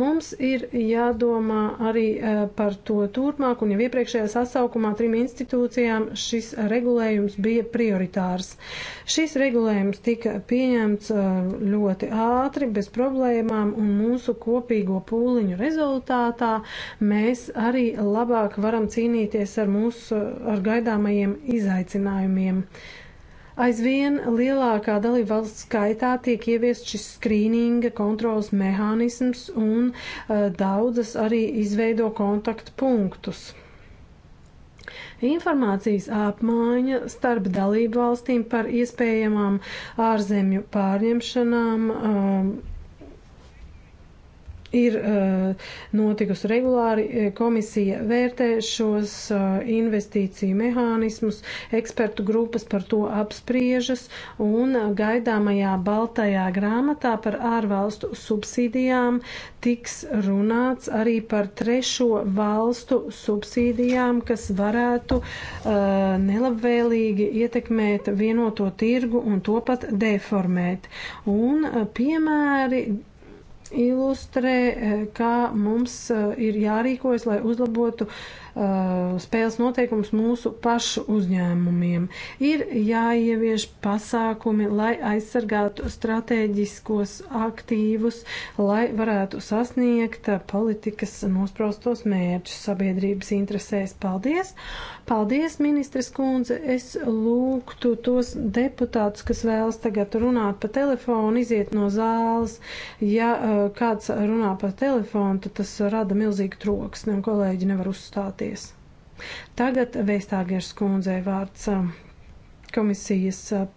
Mums ir jādomā arī eh, par to turpmāk, un jau iepriekšējā sasaukumā trim institūcijām šis regulējums bija prioritārs. Šis regulējums tika pieņemts eh, ļoti ātri, bez problēmām, un mūsu kopīgo pūliņu rezultātā mēs arī labāk varam cīnīties ar mūsu ar gaidāmajiem izaicinājumiem. Thank you Aizvien lielākā dalībvalsts skaitā tiek ieviest šis skrīninga kontrols mehānisms un uh, daudzas arī izveido kontaktpunktus. Informācijas apmaiņa starp dalību valstīm par iespējamām ārzemju pārņemšanām um, ir eh, notikusi regulāri. Eh, komisija vērtē šos eh, investīciju mehānismus, ekspertu grupas par to apspriežas un gaidāmajā baltajā grāmatā par ārvalstu subsīdijām tiks runāts arī par trešo valstu subsīdijām, kas varētu nelabvēlīgi ietekmēt vienoto tirgu un to pat deformēt. Un piemēri ilustrē, eh, kā mums eh, ir jārīkojas, lai uzlabotu Uh, spēles noteikums mūsu pašu uzņēmumiem. Ir jāievieš pasākumi, lai aizsargātu strateģiskos aktīvus, lai varētu sasniegt politikas nosprostos mērķus sabiedrības interesēs. Paldies! Paldies, ministres kundze! Es lūgtu tos deputātus, kas vēlas tagad runāt pa telefonu, iziet no zāles. Ja uh, kāds runā pa telefonu, tad tas rada milzīgu troksni un kolēģi nevar uzstāt uzstāties. Tagad Veistāgers kundzei vārds um, komisijas uh,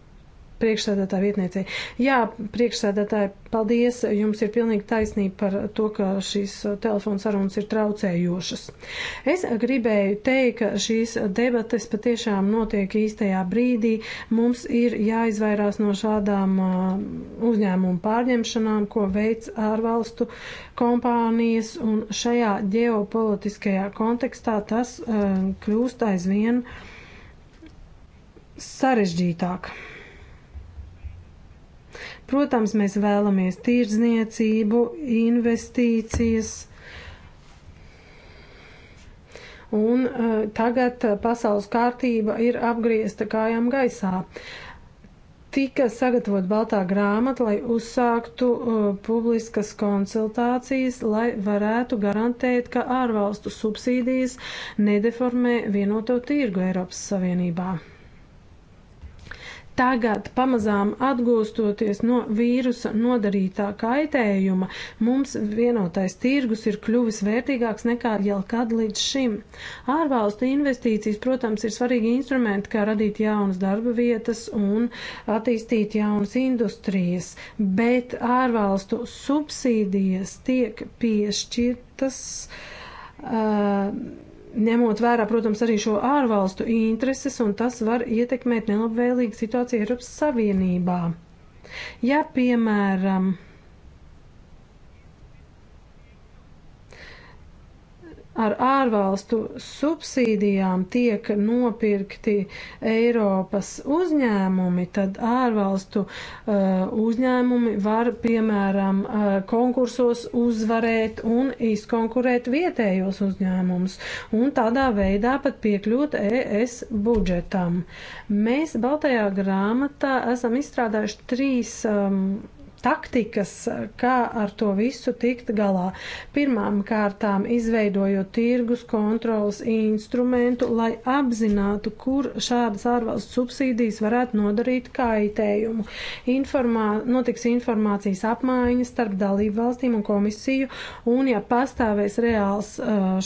priekšsēdētāja vietniecei. Jā, priekšsēdētāja, paldies, jums ir pilnīgi taisnība par to, ka šīs uh, telefona sarunas ir traucējošas. Es gribēju teikt, ka šīs debates patiešām notiek īstajā brīdī. Mums ir jāizvairās no šādām uh, uzņēmumu pārņemšanām, ko veids ārvalstu kompānijas, un šajā ģeopolitiskajā kontekstā tas uh, kļūst aizvien sarežģītāk. Protams, mēs vēlamies tirdzniecību, investīcijas. Un uh, tagad pasaules kārtība ir apgriezta kājām gaisā. Tika sagatavot baltā grāmata, lai uzsāktu uh, publiskas konsultācijas, lai varētu garantēt, ka ārvalstu subsīdijas nedeformē vienoto tirgu Eiropas Savienībā. Tagad, pamazām atgūstoties no vīrusa nodarītā kaitējuma, mums vienotais tirgus ir kļuvis vērtīgāks nekā jebkad līdz šim. Ārvalstu investīcijas, protams, ir svarīgi instrumenti, kā radīt jaunas darba vietas un attīstīt jaunas industrijas, bet ārvalstu subsīdijas tiek piešķirtas. Uh, ņemot vērā, protams, arī šo ārvalstu intereses, un tas var ietekmēt nelabvēlīgu situāciju Eiropas Savienībā. Ja, piemēram, ar ārvalstu subsīdijām tiek nopirkti Eiropas uzņēmumi, tad ārvalstu uh, uzņēmumi var, piemēram, uh, konkursos uzvarēt un izkonkurēt vietējos uzņēmumus un tādā veidā pat piekļūt ES budžetam. Mēs Baltajā grāmatā esam izstrādājuši trīs um, taktikas, kā ar to visu tikt galā. Pirmām kārtām izveidojot tirgus kontrolas instrumentu, lai apzinātu, kur šādas ārvalstu subsīdijas varētu nodarīt kaitējumu. Informā, notiks informācijas apmaiņas starp dalību valstīm un komisiju, un ja pastāvēs reāls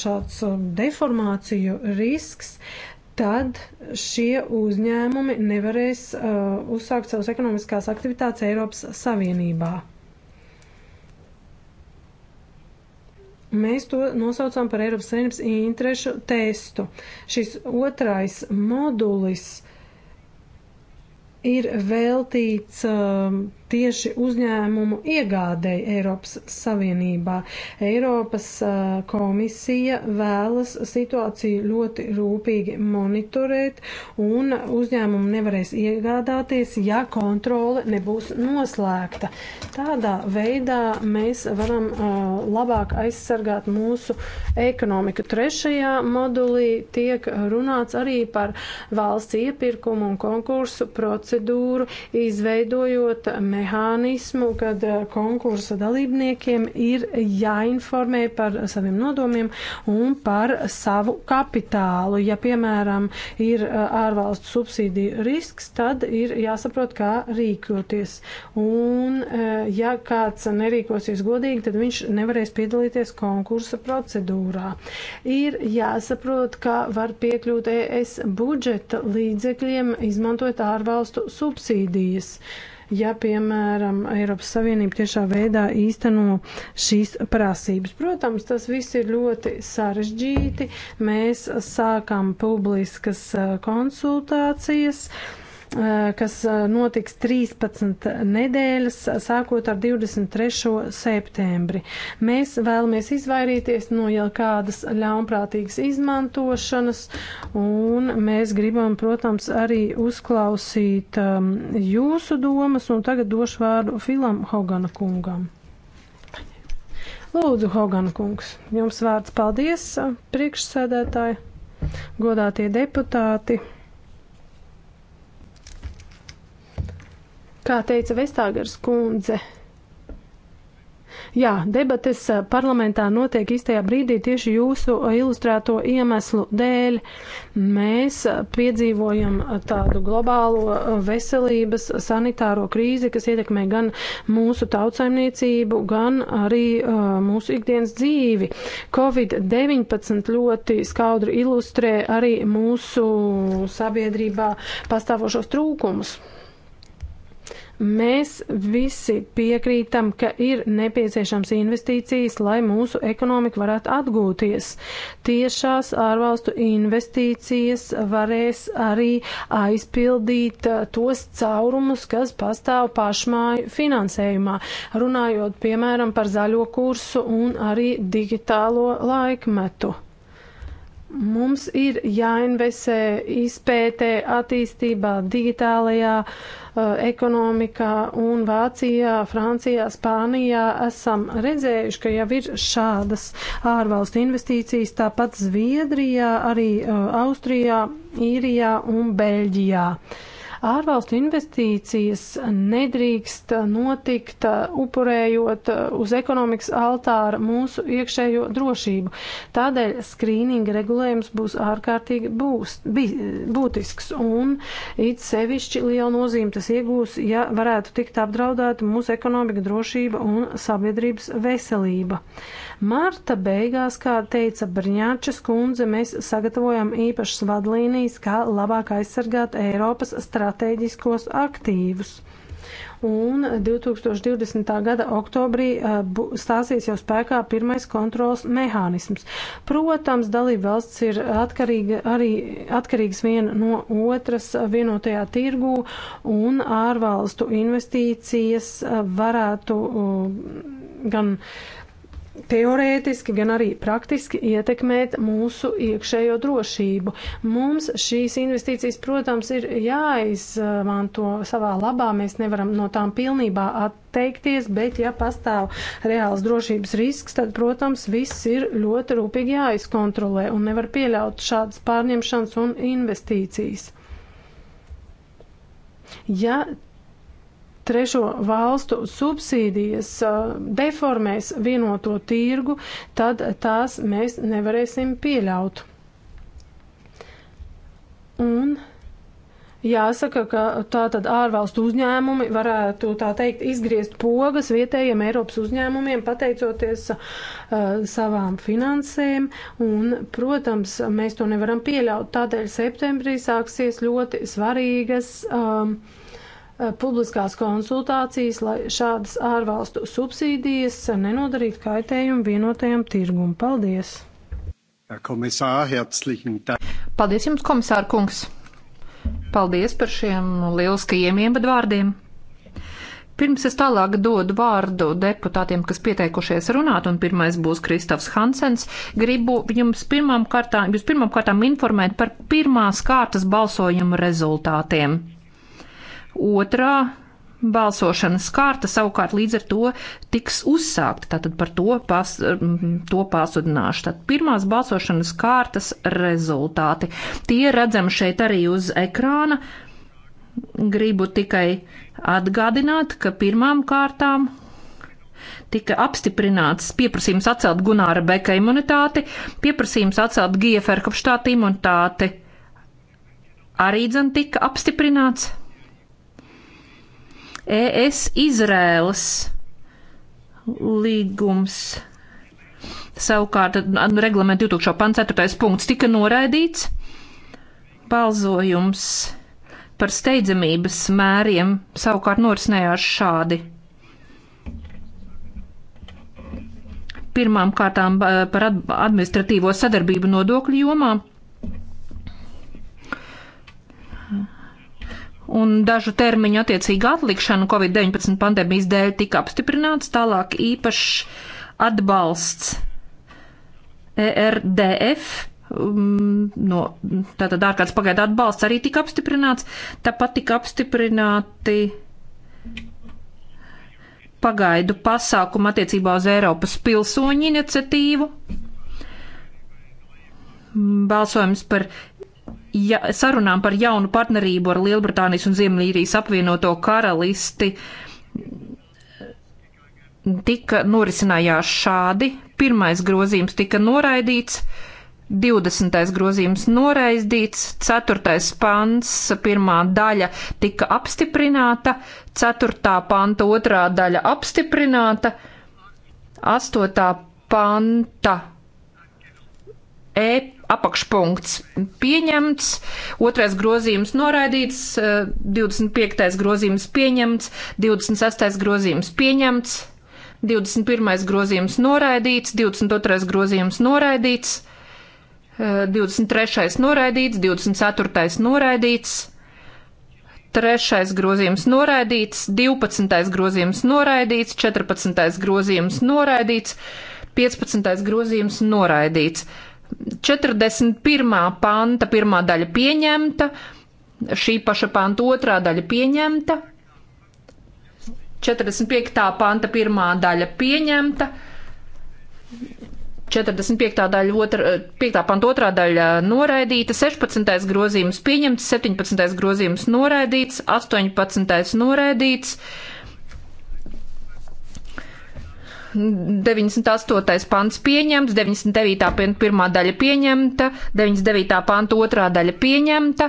šāds deformāciju risks, tad šie uzņēmumi nevarēs uh, uzsākt savas ekonomiskās aktivitātes Eiropas Savienībā. Mēs to nosaucām par Eiropas Savienības interešu testu. Šis otrais modulis ir veltīts um, tieši uzņēmumu iegādēji Eiropas Savienībā. Eiropas komisija vēlas situāciju ļoti rūpīgi monitorēt, un uzņēmumu nevarēs iegādāties, ja kontrole nebūs noslēgta. Tādā veidā mēs varam labāk aizsargāt mūsu ekonomiku. Trešajā modulī tiek runāts arī par valsts iepirkumu un konkursu procedūru, izveidojot mērķi mehānismu, kad eh, konkursa dalībniekiem ir jāinformē par saviem nodomiem un par savu kapitālu. Ja, piemēram, ir eh, ārvalstu subsīdiju risks, tad ir jāsaprot, kā rīkoties. Un, eh, ja kāds nerīkosies godīgi, tad viņš nevarēs piedalīties konkursa procedūrā. Ir jāsaprot, kā var piekļūt ES budžeta līdzekļiem, izmantojot ārvalstu subsīdijas. Uh, ja, piemēram, Eiropas Savienība tiešā veidā īsteno šīs prasības. Protams, tas viss ir ļoti sarežģīti. Mēs sākam publiskas eh, konsultācijas. Uh, Eh, kas eh, notiks 13 nedēļas, sākot ar 23. septembri. Mēs vēlamies izvairīties no jau kādas ļaunprātīgas izmantošanas, un mēs gribam, protams, arī uzklausīt um, jūsu domas, un tagad došu vārdu Filam Hogana kungam. Lūdzu, Hogana kungs, jums vārds paldies, eh, priekšsēdētāji, godātie deputāti. Kā teica Vestāgars kundze, Jā, debates eh, parlamentā notiek īstajā brīdī tieši jūsu eh, ilustrēto iemeslu dēļ. Mēs eh, piedzīvojam tādu globālo veselības sanitāro krīzi, kas ietekmē gan mūsu tautsaimniecību, gan arī uh, mūsu ikdienas dzīvi. Covid-19 ļoti skaudri ilustrē arī mūsu sabiedrībā pastāvošos trūkumus. Mēs visi piekrītam, ka ir nepieciešams investīcijas, lai mūsu ekonomika varētu atgūties. Tiešās ārvalstu investīcijas varēs arī aizpildīt uh, tos caurumus, kas pastāv pašmāju finansējumā, runājot piemēram par zaļo kursu un arī digitālo laikmetu. Mums ir jāinvestē izpētē, attīstībā, digitālajā uh, ekonomikā un Vācijā, Francijā, Spānijā esam redzējuši, ka jau ir šādas ārvalstu investīcijas, tāpat Zviedrijā, arī uh, Austrijā, Īrijā un Beļģijā. Uh, Ārvalstu investīcijas nedrīkst notikt uh, upurējot uh, uz ekonomikas altāra mūsu iekšējo drošību. Tādēļ skrīninga regulējums būs ārkārtīgi būs, būtisks un it sevišķi liela nozīme tas iegūs, ja varētu tikt apdraudēta mūsu ekonomika drošība un sabiedrības veselība. Marta beigās, kā teica Brņāčas kundze, mēs sagatavojam īpašas vadlīnijas, kā labāk aizsargāt Eiropas stratēģiju stratēģiskos aktīvus. Un 2020. gada oktobrī eh, stāsies jau spēkā pirmais kontrols mehānisms. Protams, dalība valsts ir atkarīga arī atkarīgs viena no otras vienotajā tirgū un ārvalstu investīcijas eh, varētu eh, gan teorētiski, gan arī praktiski ietekmēt mūsu iekšējo drošību. Mums šīs investīcijas, protams, ir jāizmanto savā labā. Mēs nevaram no tām pilnībā atteikties, bet ja pastāv reāls drošības risks, tad, protams, viss ir ļoti rūpīgi jāizkontrolē un nevar pieļaut šādas pārņemšanas un investīcijas. Ja trešo valstu subsīdijas uh, deformēs vienoto tirgu, tad tās mēs nevarēsim pieļaut. Un jāsaka, ka tātad ārvalstu uzņēmumi varētu tā teikt izgriezt pogas vietējiem Eiropas uzņēmumiem, pateicoties uh, savām finansēm, un, protams, mēs to nevaram pieļaut. Tādēļ septembrī sāksies ļoti svarīgas. Um, uh, Eh, publiskās konsultācijas, lai šādas ārvalstu subsīdijas nenodarītu kaitējumu vienotajam tirgum. Paldies!
Komisār, herzlichen Dank!
Paldies jums, komisār kungs!
Paldies par šiem lieliskajiem ievadvārdiem! Pirms es tālāk dodu vārdu deputātiem, kas pieteikušies runāt, un pirmais būs Kristofs Hansens, gribu jums pirmām kārtām, jūs pirmām kārtām informēt par pirmās kārtas balsojuma rezultātiem. Otrā balsošanas kārta savukārt līdz ar to tiks uzsākta. Tātad par to, pas, mm, to pasudināšu. Tad pirmās balsošanas kārtas rezultāti. Tie redzam šeit arī uz ekrāna. Gribu tikai atgādināt, ka pirmām kārtām tika apstiprināts pieprasījums atcelt Gunāra Beka imunitāti, pieprasījums atcelt Gija Ferhofštāta imunitāti arī dzen tika apstiprināts. ES Izrēlas līgums. Savukārt reglamentu 2004. punkts tika noraidīts. Balzojums par steidzamības mēriem savukārt norisinājās šādi. Pirmām kārtām par administratīvo sadarbību nodokļu jomā un dažu termiņu attiecīgi atlikšana Covid-19 pandēmijas dēļ tika apstiprināts tālāk īpašs atbalsts ERDF. Um, no, tātad ārkārtas pagaidu atbalsts arī tika apstiprināts. Tāpat tika apstiprināti pagaidu pasākumu attiecībā uz Eiropas pilsoņu iniciatīvu. Balsojums par ja, sarunām par jaunu partnerību ar Lielbritānijas un Ziemlīrijas apvienoto karalisti tika norisinājās šādi. Pirmais grozījums tika noraidīts, 20. grozījums noraidīts, 4. pants, pirmā daļa tika apstiprināta, 4. panta otrā daļa apstiprināta, 8. panta e apakšpunkts pieņemts, otrais grozījums noraidīts, 25. Eh, grozījums pieņemts, 26. grozījums pieņemts, 21. grozījums noraidīts, 22. grozījums noraidīts, 23. Eh, noraidīts, 24. noraidīts. Trešais grozījums noraidīts, 12. grozījums noraidīts, 14. grozījums noraidīts, 15. grozījums noraidīts. 41. panta pirmā daļa pieņemta, šī paša panta otrā daļa pieņemta, 45. panta pirmā daļa pieņemta, 45. Daļa otra, 5. panta otrā daļa noraidīta, 16. grozījums pieņemts, 17. grozījums noraidīts, 18. noraidīts. 98. pants pieņemts, 99. panta pirmā daļa pieņemta, 99. panta otrā daļa pieņemta,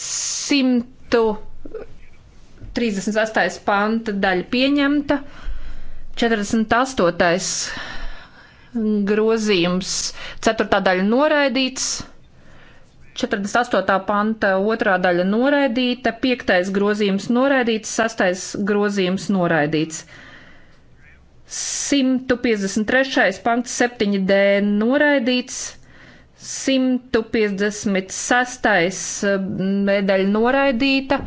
138. panta daļa pieņemta, 48. grozījums, 4. daļa noraidīts. 48. panta otrā daļa noraidīta, 5. grozījums noraidīts, 6. grozījums noraidīts. 153. pants 7D noraidīts, 156. Eh, medaļa noraidīta,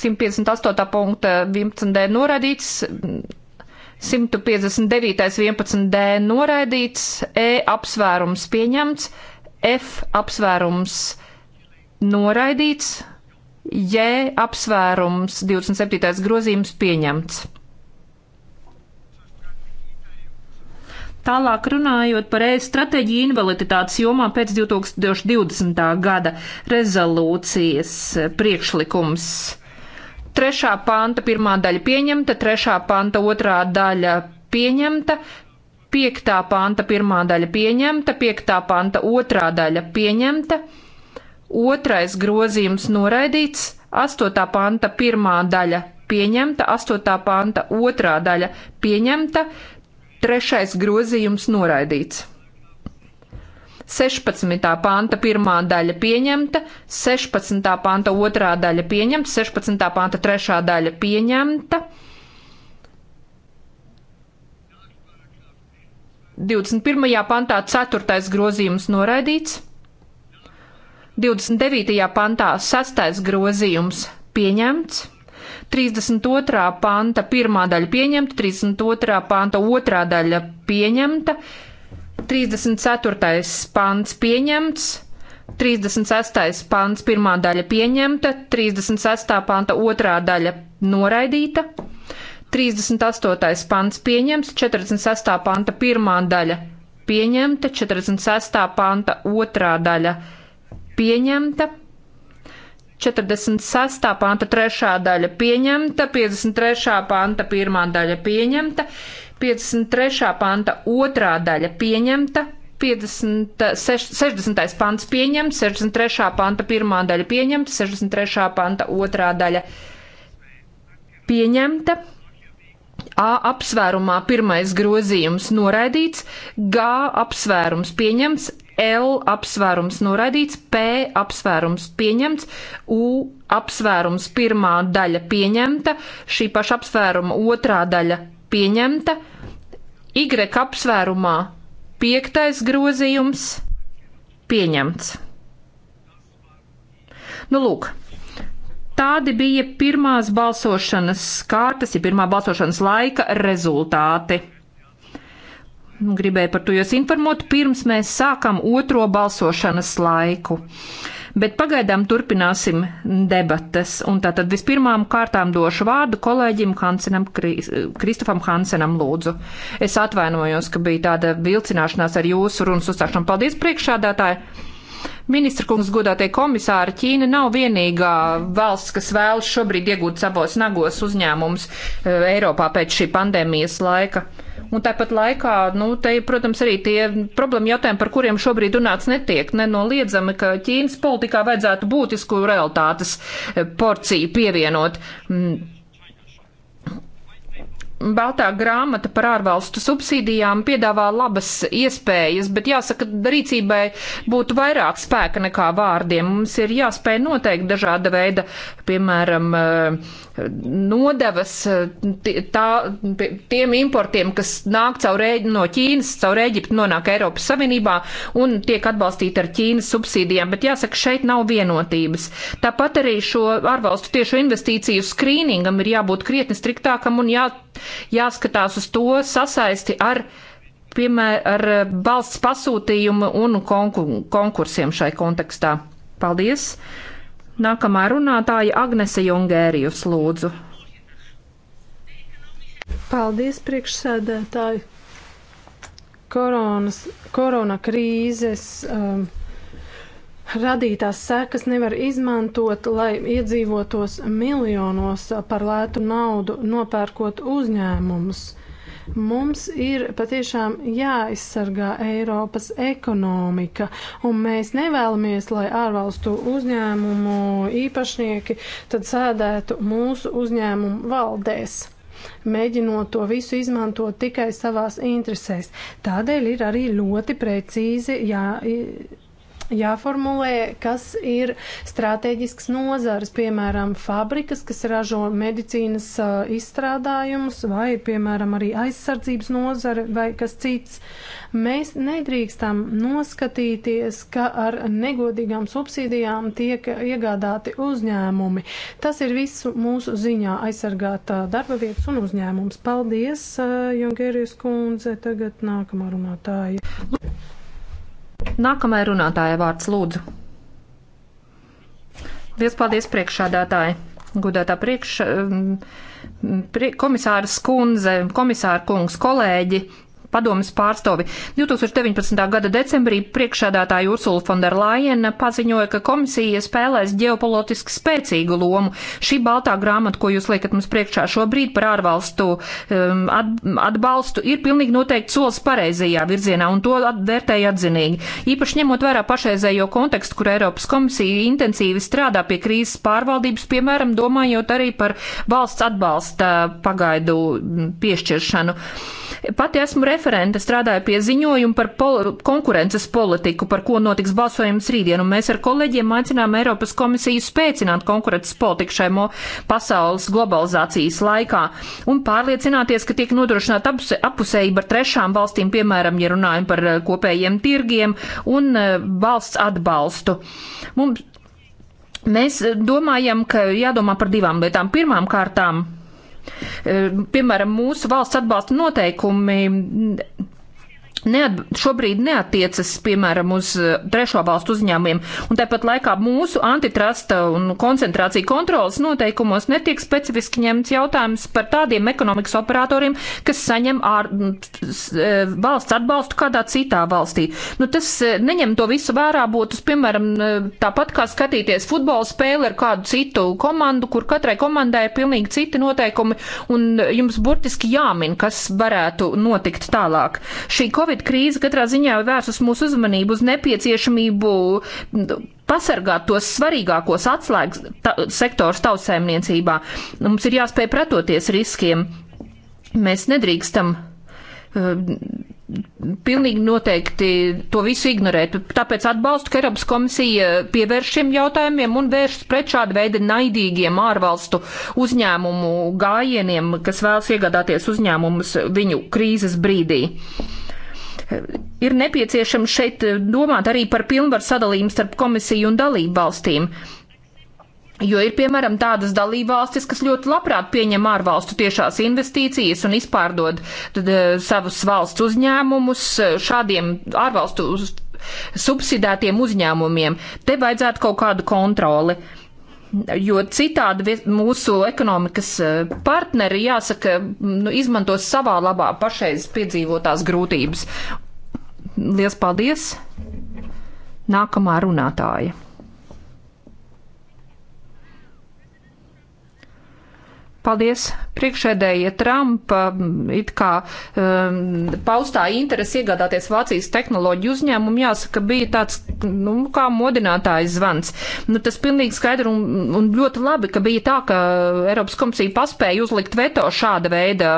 158. punkta 11D noraidīts, 159. 11D noraidīts, E apsvērums pieņemts, F apsvērums noraidīts. J apsvērums 27. grozījums pieņemts. Tālāk runājot par ES stratēģiju invaliditātes jomā pēc 2020. gada rezolūcijas priekšlikums. Trešā panta pirmā daļa pieņemta, trešā panta otrā daļa pieņemta, piektā panta pirmā daļa pieņemta, piektā panta otrā daļa pieņemta. Otrais grozījums noraidīts, 8. panta pirmā daļa pieņemta, 8. panta otrā daļa pieņemta, trešais grozījums noraidīts. 16. panta pirmā daļa pieņemta, 16. panta otrā daļa pieņemta, 16. panta trešā daļa pieņemta. 21. pantā 4. grozījums noraidīts. 29. pantā 6. grozījums pieņemts. 32. panta pirmā daļa pieņemta, 32. panta otrā daļa pieņemta, 34. pants pieņemts, 36. pants pirmā daļa pieņemta, 36. panta otrā daļa noraidīta, 38. pants pieņemts, 46. panta pirmā daļa pieņemta, 46. panta otrā daļa pieņemta pieņemta. 46. panta 3. daļa pieņemta, 53. panta 1. daļa pieņemta, 53. panta 2. daļa pieņemta, 50, 60. Eh, pants pieņemts, 63. panta 1. daļa pieņemta, 63. panta 2. daļa pieņemta. A apsvērumā pirmais grozījums noraidīts, G apsvērums pieņemts, L apsvērums noraidīts, P apsvērums pieņemts, U apsvērums pirmā daļa pieņemta, šī paša apsvēruma otrā daļa pieņemta, Y apsvērumā piektais grozījums pieņemts. Nu, lūk, tādi bija pirmās balsošanas kārtas, ja pirmā balsošanas laika rezultāti. Gribēju par to jūs informot, pirms mēs sākam otro balsošanas laiku. Bet pagaidām turpināsim debatas. Un tātad vispirmām kārtām došu vārdu kolēģim Hansenam, Kristofam Hansenam lūdzu. Es atvainojos, ka bija tāda vilcināšanās ar jūsu runas uzstāšanu. Paldies priekšādātāji! Ministra kungs, godātie komisāri, Ķīna nav vienīgā valsts, kas vēlas šobrīd iegūt savos nagos uzņēmumus eh, Eiropā pēc šī pandēmijas laika. Un tāpat laikā, nu, te, protams, arī tie problēma jautājumi, par kuriem šobrīd runāts netiek, nenoliedzami, ka Ķīnas politikā vajadzētu būtisku realitātes eh, porciju pievienot. Mm Baltā grāmata par ārvalstu subsīdijām piedāvā labas iespējas, bet jāsaka, rīcībai būtu vairāk spēka nekā vārdiem. Mums ir jāspēj noteikt dažāda veida, piemēram, eh, nodevas eh, tā, tiem importiem, kas nāk caur, no Ķīnas, caur Eģiptu, nonāk Eiropas Savienībā un tiek atbalstīti ar Ķīnas subsīdijām, bet jāsaka, šeit nav vienotības. Tāpat arī šo ārvalstu tiešu investīciju skrīningam ir jābūt krietni striktākam un jā jāskatās uz to sasaisti ar, piemēr, ar eh, valsts pasūtījumu un konkursiem šai kontekstā. Paldies! Nākamā runātāja Agnese Jungērijus lūdzu.
Paldies, priekšsēdētāji! Koronas, korona krīzes. Um, radītās sekas nevar izmantot, lai iedzīvotos miljonos par lētu naudu, nopērkot uzņēmumus. Mums ir patiešām jāizsargā Eiropas ekonomika, un mēs nevēlamies, lai ārvalstu uzņēmumu īpašnieki tad sēdētu mūsu uzņēmumu valdēs mēģinot to visu izmantot tikai savās interesēs. Tādēļ ir arī ļoti precīzi jā, jāformulē, kas ir strateģisks nozars, piemēram, fabrikas, kas ražo medicīnas uh, izstrādājumus, vai, piemēram, arī aizsardzības nozare, vai kas cits. Mēs nedrīkstam noskatīties, ka ar negodīgām subsīdijām tiek iegādāti uzņēmumi. Tas ir visu mūsu ziņā aizsargāt uh, darba vietas un uzņēmums. Paldies, uh, Junkerijas kundze, tagad nākamā runātāja.
Nākamajai runātājai vārds lūdzu. Liels paldies priekšādātāji, gudētā priekš, um, prie, komisāra skundze, komisāra kungs, kolēģi padomas pārstāvi. 2019. gada decembrī priekšādātāja Ursula Fonderlajena paziņoja, ka komisija spēlēs ģeopolitiski spēcīgu lomu. Šī baltā grāmata, ko jūs liekat mums priekšā šobrīd par ārvalstu um, atbalstu, ir pilnīgi noteikti solis pareizajā virzienā, un to vērtēja atzinīgi. Īpaši ņemot vērā pašreizējo kontekstu, kur Eiropas komisija intensīvi strādā pie krīzes pārvaldības, piemēram, domājot arī par valsts atbalsta pagaidu piešķiršanu. Uh, Pati esmu referente, strādāju pie ziņojuma par pol konkurences politiku, par ko notiks balsojums rītdien, un mēs ar kolēģiem aicinām Eiropas komisiju spēcināt konkurences politiku šai pasaules globalizācijas laikā un pārliecināties, ka tiek nodrošināta apusējība ar trešām valstīm, piemēram, ja runājam par eh, kopējiem tirgiem un eh, valsts atbalstu. Mums, mēs eh, domājam, ka jādomā par divām lietām. Pirmām kārtām Piemēram, mūsu valsts atbalsta noteikumi Neat, šobrīd neatiecas, piemēram, uz eh, trešo valstu uzņēmumiem, un tāpat laikā mūsu antitrusta un koncentrācija kontrolas noteikumos netiek specifiski ņemts jautājums par tādiem ekonomikas operatoriem, kas saņem ār, eh, valsts atbalstu kādā citā valstī. Nu, tas eh, neņem to visu vērā, būtu, piemēram, tāpat kā skatīties futbola spēli ar kādu citu komandu, kur katrai komandai ir pilnīgi citi noteikumi, un jums burtiski jāmin, kas varētu notikt tālāk. Šī Covid krīze katrā ziņā vērsus mūsu uzmanību uz nepieciešamību pasargāt tos svarīgākos atslēgas ta sektors tautsēmniecībā. Mums ir jāspēj pretoties riskiem. Mēs nedrīkstam. Uh, pilnīgi noteikti to visu ignorēt. Tāpēc atbalstu, ka Eiropas komisija pievērš šiem jautājumiem un vēršas pret šādu veidu naidīgiem ārvalstu uzņēmumu gājieniem, kas vēlas iegādāties uzņēmumus viņu krīzes brīdī. Ir nepieciešams šeit eh, domāt arī par pilnvaru sadalījumu starp komisiju un dalību valstīm. Jo ir, piemēram, tādas dalībvalstis, kas ļoti labprāt pieņem ārvalstu tiešās investīcijas un izpārdod tad, eh, savus valsts uzņēmumus eh, šādiem ārvalstu subsidētiem uzņēmumiem. Te vajadzētu kaut kādu kontroli. Uh, Jo citādi mūsu ekonomikas e, partneri, jāsaka, nu, izmantos savā labā pašreiz piedzīvotās grūtības. Lielas paldies! Nākamā runātāja. Paldies! Priekšēdējie Trumpa it kā um, paustā interesi iegādāties Vācijas tehnoloģiju uzņēmumu, jāsaka, bija tāds, nu, kā modinātājs zvans. Nu, tas pilnīgi skaidri un, un ļoti labi, ka bija tā, ka Eiropas komisija paspēja uzlikt veto šāda veida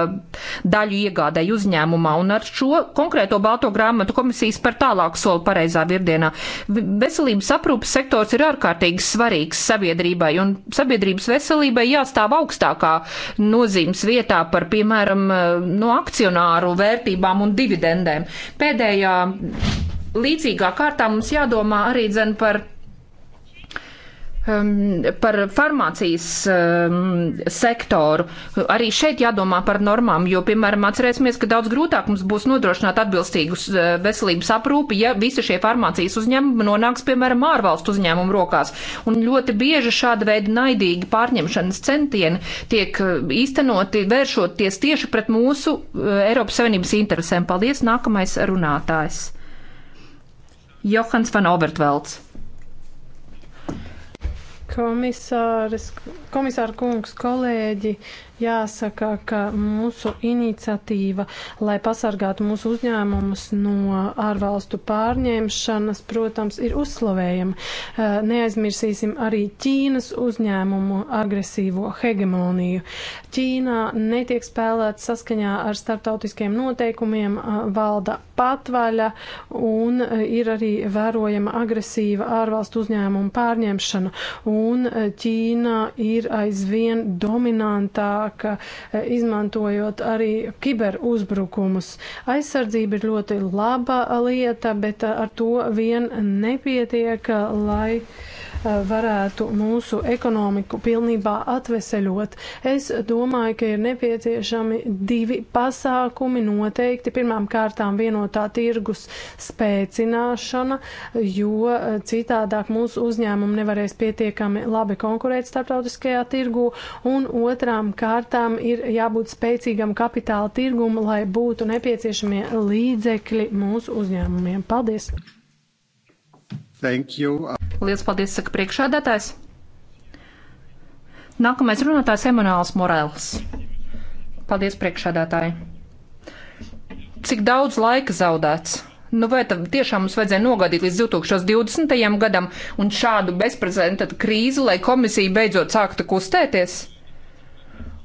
daļu iegādēju uzņēmumā, un ar šo konkrēto balto grāmatu komisijas par tālāku soli pareizā virdienā. Veselības aprūpas sektors ir ārkārtīgi svarīgs sabiedrībai, un sabiedrības veselībai jāstāv augstākā šajā nozīmes vietā par, piemēram, eh, no akcionāru vērtībām un dividendēm. Pēdējā līdzīgā kārtā mums jādomā arī dzen par Um, par farmācijas um, sektoru. Arī šeit jādomā par normām, jo, piemēram, atcerēsimies, ka daudz grūtāk mums būs nodrošināt atbilstīgus uh, veselības aprūpi, ja visi šie farmācijas uzņēmumi nonāks, piemēram, ārvalstu uzņēmumu rokās. Un ļoti bieži šāda veida naidīgi pārņemšanas centieni tiek uh, īstenoti, vēršoties tieši pret mūsu uh, Eiropas Savienības interesēm. Paldies, nākamais runātājs. Johans van Overtvelds
komisāres, komisāra kungs, kolēģi, Jāsaka, ka mūsu iniciatīva, lai pasargātu mūsu uzņēmumus no ārvalstu pārņemšanas, protams, ir uzslavējama. Eh, neaizmirsīsim arī Ķīnas uzņēmumu agresīvo hegemoniju. Ķīnā netiek spēlēts saskaņā ar starptautiskiem noteikumiem, eh, valda patvaļa un eh, ir arī vērojama agresīva ārvalstu uzņēmumu pārņemšana. Un Ķīna ir aizvien dominantāka vairāk e, izmantojot arī kiberuzbrukumus. Aizsardzība ir ļoti laba lieta, bet e, ar to vien nepietiek, e, lai. Uh, varētu mūsu ekonomiku pilnībā atveseļot. Es domāju, ka ir nepieciešami divi pasākumi noteikti. Pirmām kārtām vienotā tirgus spēcināšana, jo citādāk mūsu uzņēmumi nevarēs pietiekami labi konkurēt starptautiskajā tirgu, un otrām kārtām ir jābūt spēcīgam kapitāla tirgumu, lai būtu nepieciešamie līdzekļi mūsu uzņēmumiem. Paldies!
Thank you.
Lielas paldies, saka priekšādātājs. Nākamais runātājs Emanuēls Morēls. Paldies, priekšādātāji. Cik daudz laika zaudēts? Nu, vai tam tiešām mums vajadzēja nogaidīt līdz 2020. gadam un šādu bezprecedenta krīzi, lai komisija beidzot sāktu kustēties?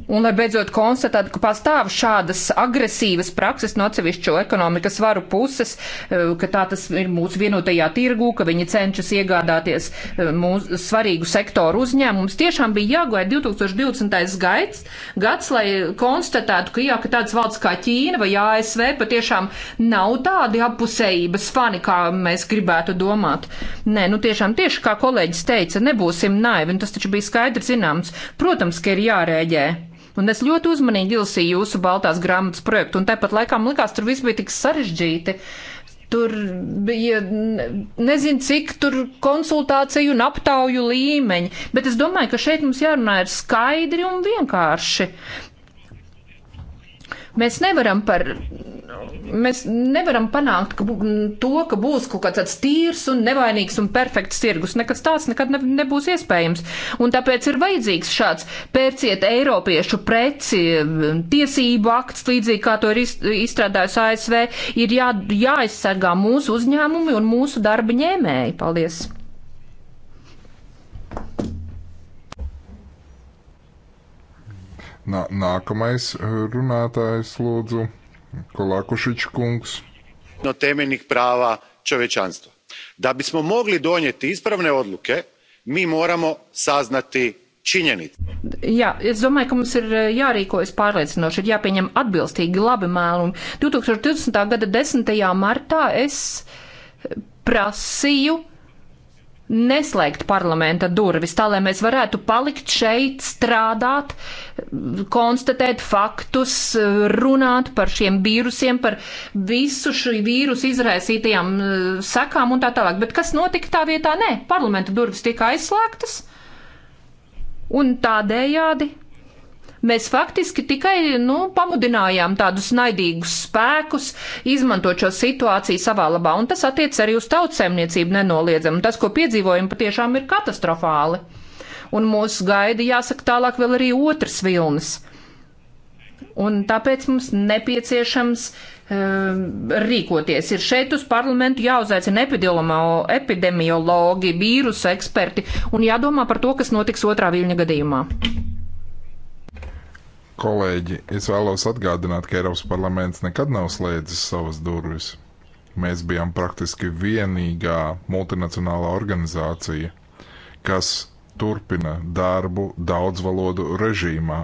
Un, lai beidzot konstatētu, ka pastāv šādas agresīvas prakses no atsevišķo ekonomikas varu puses, eh, ka tā tas ir mūsu vienotajā tirgū, ka viņi cenšas iegādāties eh, mūsu svarīgu sektoru uzņēmumus, tiešām bija jāgaida 2020. Gads, gads, lai konstatētu, ka, jā, ka tāds valsts kā Ķīna vai ASV patiešām nav tādi apusējības fani, kā mēs gribētu domāt. Nē, nu tiešām tieši kā kolēģis teica, nebūsim naivi, un tas taču bija skaidrs zināms. Protams, ka ir jārēģē. Un es ļoti uzmanīgi ilsīju jūsu baltās grāmatas projektu, un tāpat laikā man likās, tur viss bija tik sarežģīti. Tur bija nezinu, cik tur konsultāciju un aptauju līmeņi, bet es domāju, ka šeit mums jārunā ir skaidri un vienkārši. Mēs nevaram par mēs nevaram panākt ka to, ka būs kaut kāds tīrs un nevainīgs un perfekts tirgus. Nekas tāds nekad ne, nebūs iespējams. Un tāpēc ir vajadzīgs šāds pērciet eiropiešu preci, tiesību akts, līdzīgi kā to ir izstrādājusi ASV, ir jā, jāaizsargā mūsu uzņēmumi un mūsu darba ņēmēji. Paldies!
Nā, nākamais eh, runātājs lūdzu, Kolakušić kungs.
No temeljnih prava čovječanstva. Da bismo mogli donijeti ispravne odluke, mi moramo saznati činjenicu.
Jā, es domāju, ka mums ir eh, jārīkojas pārliecinoši, ir jāpieņem atbilstīgi labi mēlumi. 2020. gada 10. martā es eh, prasīju neslēgt parlamenta durvis, tā lai mēs varētu palikt šeit, strādāt, konstatēt faktus, runāt par šiem vīrusiem, par visu šī vīrusu izraisītajām eh, sekām un tā tālāk. Bet kas notika tā vietā? Nē, parlamenta durvis tika aizslēgtas un tādējādi Mēs faktiski tikai nu, pamudinājām tādus naidīgus spēkus izmantot šo situāciju savā labā, un tas attiec arī uz tautsēmniecību nenoliedzami. Tas, ko piedzīvojam, patiešām ir katastrofāli. Un mūs gaida, jāsaka, tālāk vēl arī otrs vilnis. Un tāpēc mums nepieciešams ehm, rīkoties. Ir šeit uz parlamentu jāuzaicina epidemiologi, vīrusu eksperti un jādomā par to, kas notiks otrā viļņa gadījumā.
Kolēģi, es vēlos atgādināt, ka Eiropas parlaments nekad nav slēdzis savas durvis. Mēs bijām praktiski vienīgā multinacionālā organizācija, kas turpina darbu daudzvalodu režīmā.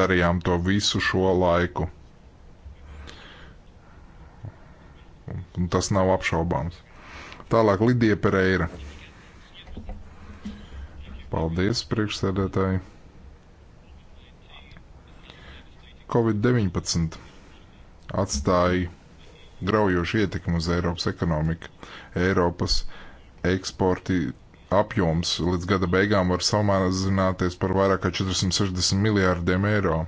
Darījām to visu šo laiku. Un tas nav apšaubāms. Tālāk Lidija Pereira. Paldies, priekšsēdētāji! Covid-19 atstāja graujošu ietekmi uz Eiropas ekonomiku. Eiropas eksporti apjoms līdz gada beigām var samazināties par vairāk kā 460 miljārdiem eiro.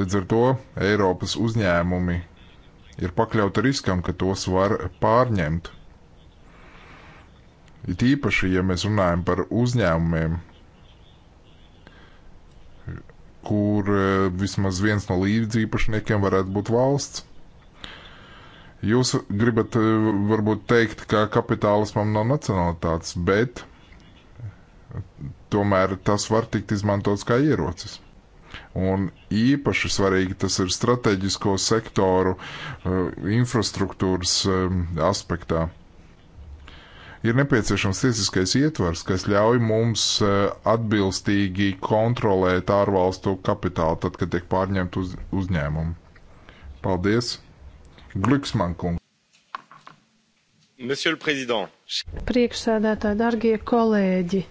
Līdz ar to Eiropas uzņēmumi ir pakļauti riskam, ka tos var pārņemt. It īpaši, ja mēs runājam par uzņēmumiem, kur e, vismaz viens no līdzīpašniekiem varētu būt valsts. Jūs gribat e, varbūt teikt, ka kapitālismam nav nacionalitātes, bet tomēr tas var tikt izmantots kā ierocis. Un īpaši svarīgi tas ir strateģisko sektoru e, infrastruktūras aspektā ir nepieciešams tiesiskais ietvars, kas ļauj mums e, atbilstīgi kontrolēt ārvalstu kapitālu, tad, kad tiek pārņemt uz, uzņēmumu. Paldies! Gluksman kungs!
Priekšsēdētāji, darbie kolēģi!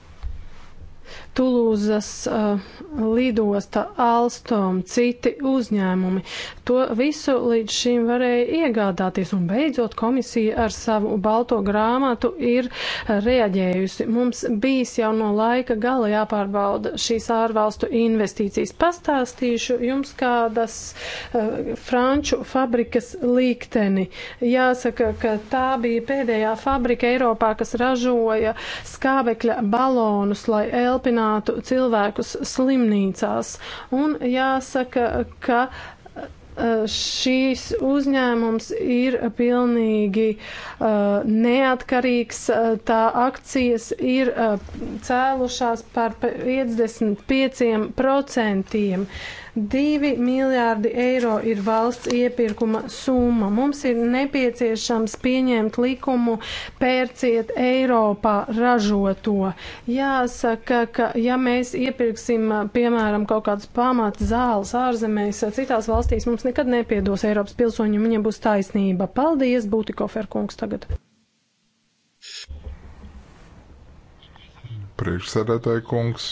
Tulūzas uh, lidosta, Alstom, citi uzņēmumi. To visu līdz šim varēja iegādāties, un beidzot komisija ar savu balto grāmatu ir eh, reaģējusi. Mums bijis jau no laika gala jāpārbauda šīs ārvalstu investīcijas. Pastāstīšu jums kādas uh, franču fabrikas likteni. Jāsaka, ka tā bija pēdējā fabrika Eiropā, kas ražoja skābekļa balonus, lai elpinātu nogalinātu cilvēkus slimnīcās. Un jāsaka, ka e, šīs uzņēmums ir pilnīgi uh, neatkarīgs. E, tā akcijas ir uh, cēlušās par 55%. 2 miljārdi eiro ir valsts iepirkuma summa. Mums ir nepieciešams pieņemt likumu pērciet Eiropā ražoto. Jāsaka, ka ja mēs iepirksim, piemēram, kaut kādas pamata zāles ārzemēs, citās valstīs mums nekad nepiedos Eiropas pilsoņu, viņiem būs taisnība. Paldies, Būtikofer kungs tagad.
Priekšsēdētāji kungs,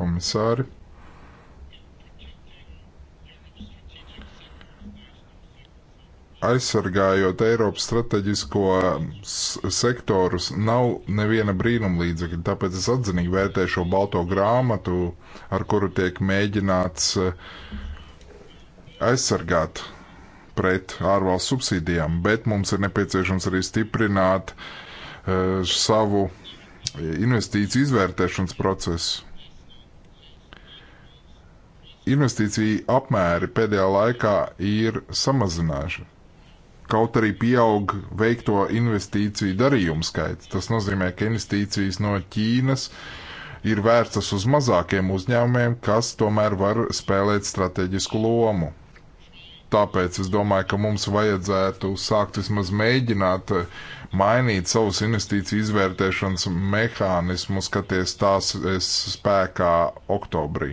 komisāri. aizsargājot Eiropas strateģisko sektorus, nav neviena brīnumlīdzekļa. Tāpēc es atzinīgi vērtēju šo balto grāmatu, ar kuru tiek mēģināts eh, aizsargāt pret ārvalstu subsīdijām, bet mums ir nepieciešams arī stiprināt uh, savu investīciju izvērtēšanas procesu investīciju apmēri pēdējā laikā ir samazinājuši kaut arī pieaug veikto investīciju darījumu skaits. Tas nozīmē, ka investīcijas no Ķīnas ir vērstas uz mazākiem uzņēmumiem, kas tomēr var spēlēt strateģisku lomu. Tāpēc es domāju, ka mums vajadzētu sākt vismaz mēģināt mainīt savus investīciju izvērtēšanas mehānismus, kad tie stāsies eh, spēkā oktobrī.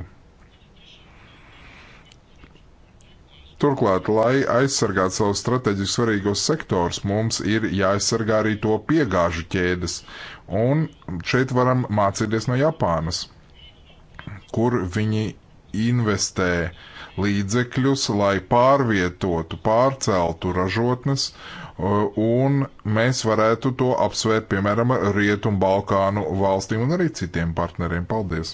Turklāt, lai aizsargātu savus strateģiski svarīgos sektors, mums ir jāaizsargā arī to piegāžu ķēdes. Un šeit varam mācīties no Japānas, kur viņi investē līdzekļus, lai pārvietotu, pārceltu ražotnes, un mēs varētu to apsvērt, piemēram, Rietumu Balkānu valstīm un arī citiem partneriem. Paldies!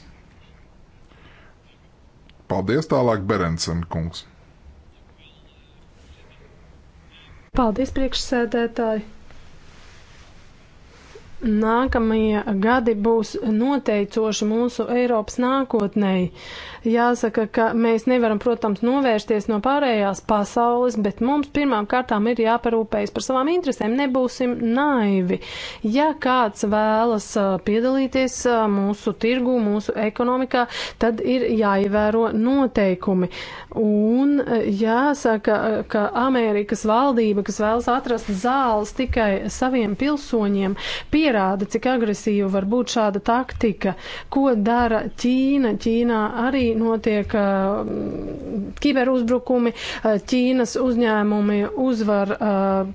Paldies tālāk Berensen kungs!
Paldies, priekšsēdētāji! Nākamie gadi būs noteicoši mūsu Eiropas nākotnēji. Jāsaka, ka mēs nevaram, protams, novērsties no pārējās pasaules, bet mums pirmām kārtām ir jāparūpējas par savām interesēm. Nebūsim naivi. Ja kāds vēlas piedalīties mūsu tirgu, mūsu ekonomikā, tad ir jāievēro noteikumi. Un jāsaka, ka Amerikas valdība, kas vēlas atrast zāles tikai saviem pilsoņiem, pierāda, cik agresīva var būt šāda taktika. Ko dara Ķīna? Ķīnā arī notiek uh, kiberuzbrukumi, uh, Ķīnas uzņēmumi uzvar uh,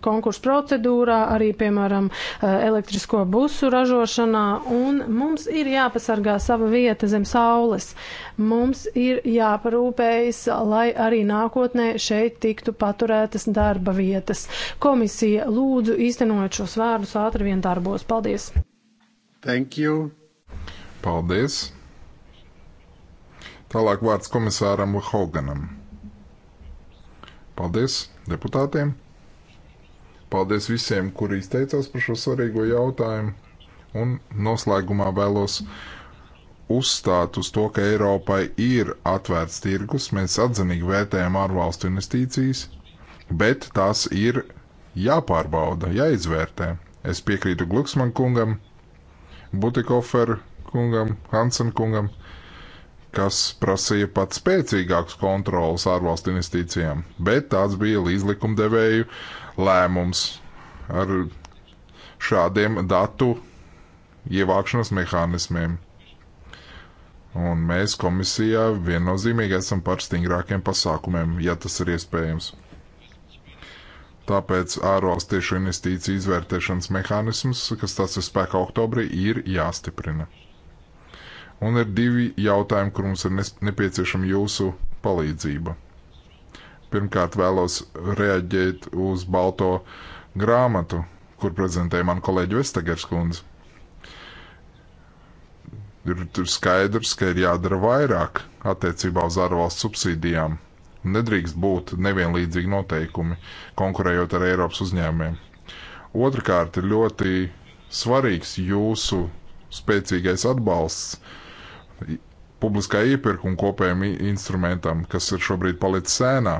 konkursu procedūrā, arī, piemēram, uh, elektrisko busu ražošanā, un mums ir jāpasargā sava vieta zem saules. Mums ir jāparūpējas, lai arī nākotnē šeit tiktu paturētas darba vietas. Komisija lūdzu īstenojot šos vārdus ātri vien darbos. Paldies!
Thank you. Paldies. Tālāk vārds komisāram Hoganam. Paldies deputātiem! Paldies visiem, kuri izteicās par šo svarīgo jautājumu! Un noslēgumā vēlos uzstāt uz to, ka Eiropai ir atvērts tirgus, mēs atzinīgi vērtējam ārvalstu investīcijas, bet tās ir jāpārbauda, jāizvērtē. Es piekrītu Gluksman kungam, Butikofer kungam, Hansen kungam kas prasīja pat spēcīgākus kontrolas ārvalstu investīcijām, bet tāds bija līdzlikumdevēju lēmums ar šādiem datu ievākšanas mehānismiem. Un mēs komisijā viennozīmīgi esam par stingrākiem pasākumiem, ja tas ir iespējams. Tāpēc ārvalstiešu investīciju izvērtēšanas mehānisms, kas tas ir spēkā oktobrī, ir jāstiprina. Un ir divi jautājumi, kur mums ir nepieciešama jūsu palīdzība. Pirmkārt, vēlos reaģēt uz balto grāmatu, kur prezentēja man kolēģi Vestagers kundze. Ir tur skaidrs, ka ir jādara vairāk attiecībā uz ārvalstu subsīdijām. Nedrīkst būt nevienlīdzīgi noteikumi, konkurējot ar Eiropas uzņēmumiem. Otrakārt, ir ļoti svarīgs jūsu spēcīgais atbalsts publiskā iepirkuma kopējiem instrumentam, kas ir šobrīd palicis sēnā.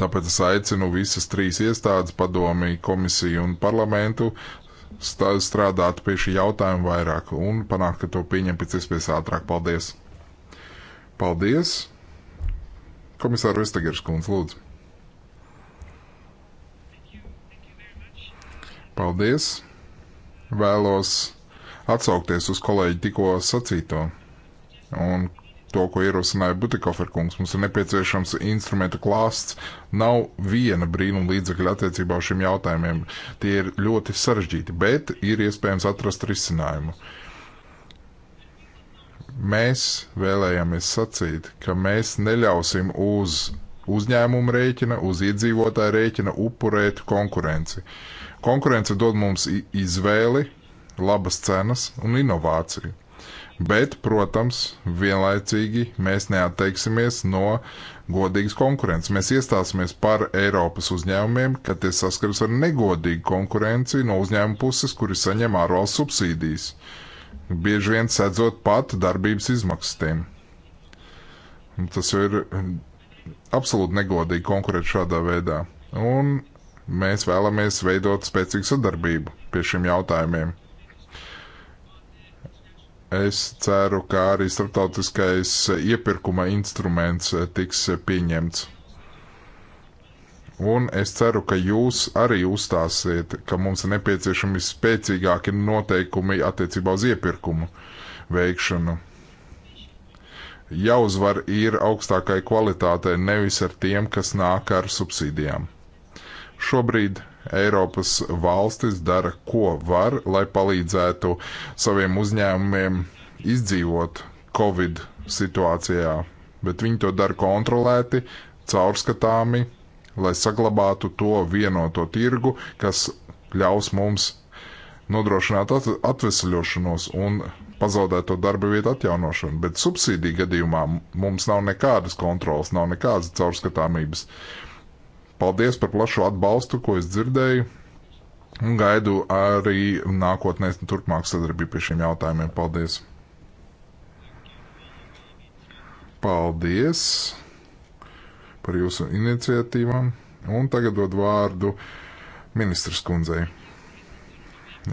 Tāpēc es aicinu visas trīs iestādes, padomi, komisiju un parlamentu strādāt pie šī jautājuma vairāk un panākt, ka to pieņem pēc iespējas ātrāk. Paldies! Paldies! Komisāra Vestagers kundze, lūdzu. Paldies! Vēlos atsaukties uz kolēģi tikko sacīto un to, ko ierosināja Butikoferkungs. Mums ir nepieciešams instrumenta klāsts. Nav viena brīnuma līdzekļa attiecībā uz šiem jautājumiem. Tie ir ļoti sarežģīti, bet ir iespējams atrast risinājumu. Mēs vēlējāmies sacīt, ka mēs neļausim uz uzņēmumu rēķina, uz iedzīvotāju rēķina upurēt konkurenci. Konkurence dod mums izvēli, labas cenas un inovāciju. Bet, protams, vienlaicīgi mēs neatteiksimies no godīgas konkurences. Mēs iestāsimies par Eiropas uzņēmumiem, kad tie saskaras ar negodīgu konkurenci no uzņēmuma puses, kuri saņem ārvalsts subsīdijas, bieži vien sēdzot pat darbības izmaksas tiem. Tas jau ir absolūti negodīgi konkurēt šādā veidā. Un mēs vēlamies veidot spēcīgu sadarbību pie šiem jautājumiem. Es ceru, ka arī starptautiskais iepirkuma instruments eh, tiks eh, pieņemts. Un es ceru, ka jūs arī uzstāsiet, ka mums ir nepieciešami spēcīgāki noteikumi attiecībā uz iepirkumu veikšanu. Jāuzvar ir augstākai kvalitātei, nevis ar tiem, kas nāk ar subsīdijām. Šobrīd Eiropas valstis dara, ko var, lai palīdzētu saviem uzņēmumiem izdzīvot Covid situācijā, bet viņi to dara kontrolēti, caurskatāmi, lai saglabātu to vienoto tirgu, kas ļaus mums nodrošināt atvesļošanos un pazaudēto darba vietu atjaunošanu. Bet subsīdiju gadījumā mums nav nekādas kontrolas, nav nekādas caurskatāmības. Uh, Paldies par plašo atbalstu, ko es dzirdēju, un gaidu arī nākotnē turpmāk sadarbību pie šiem jautājumiem. Paldies! Paldies par jūsu iniciatīvām, un tagad dod vārdu ministras kundzei.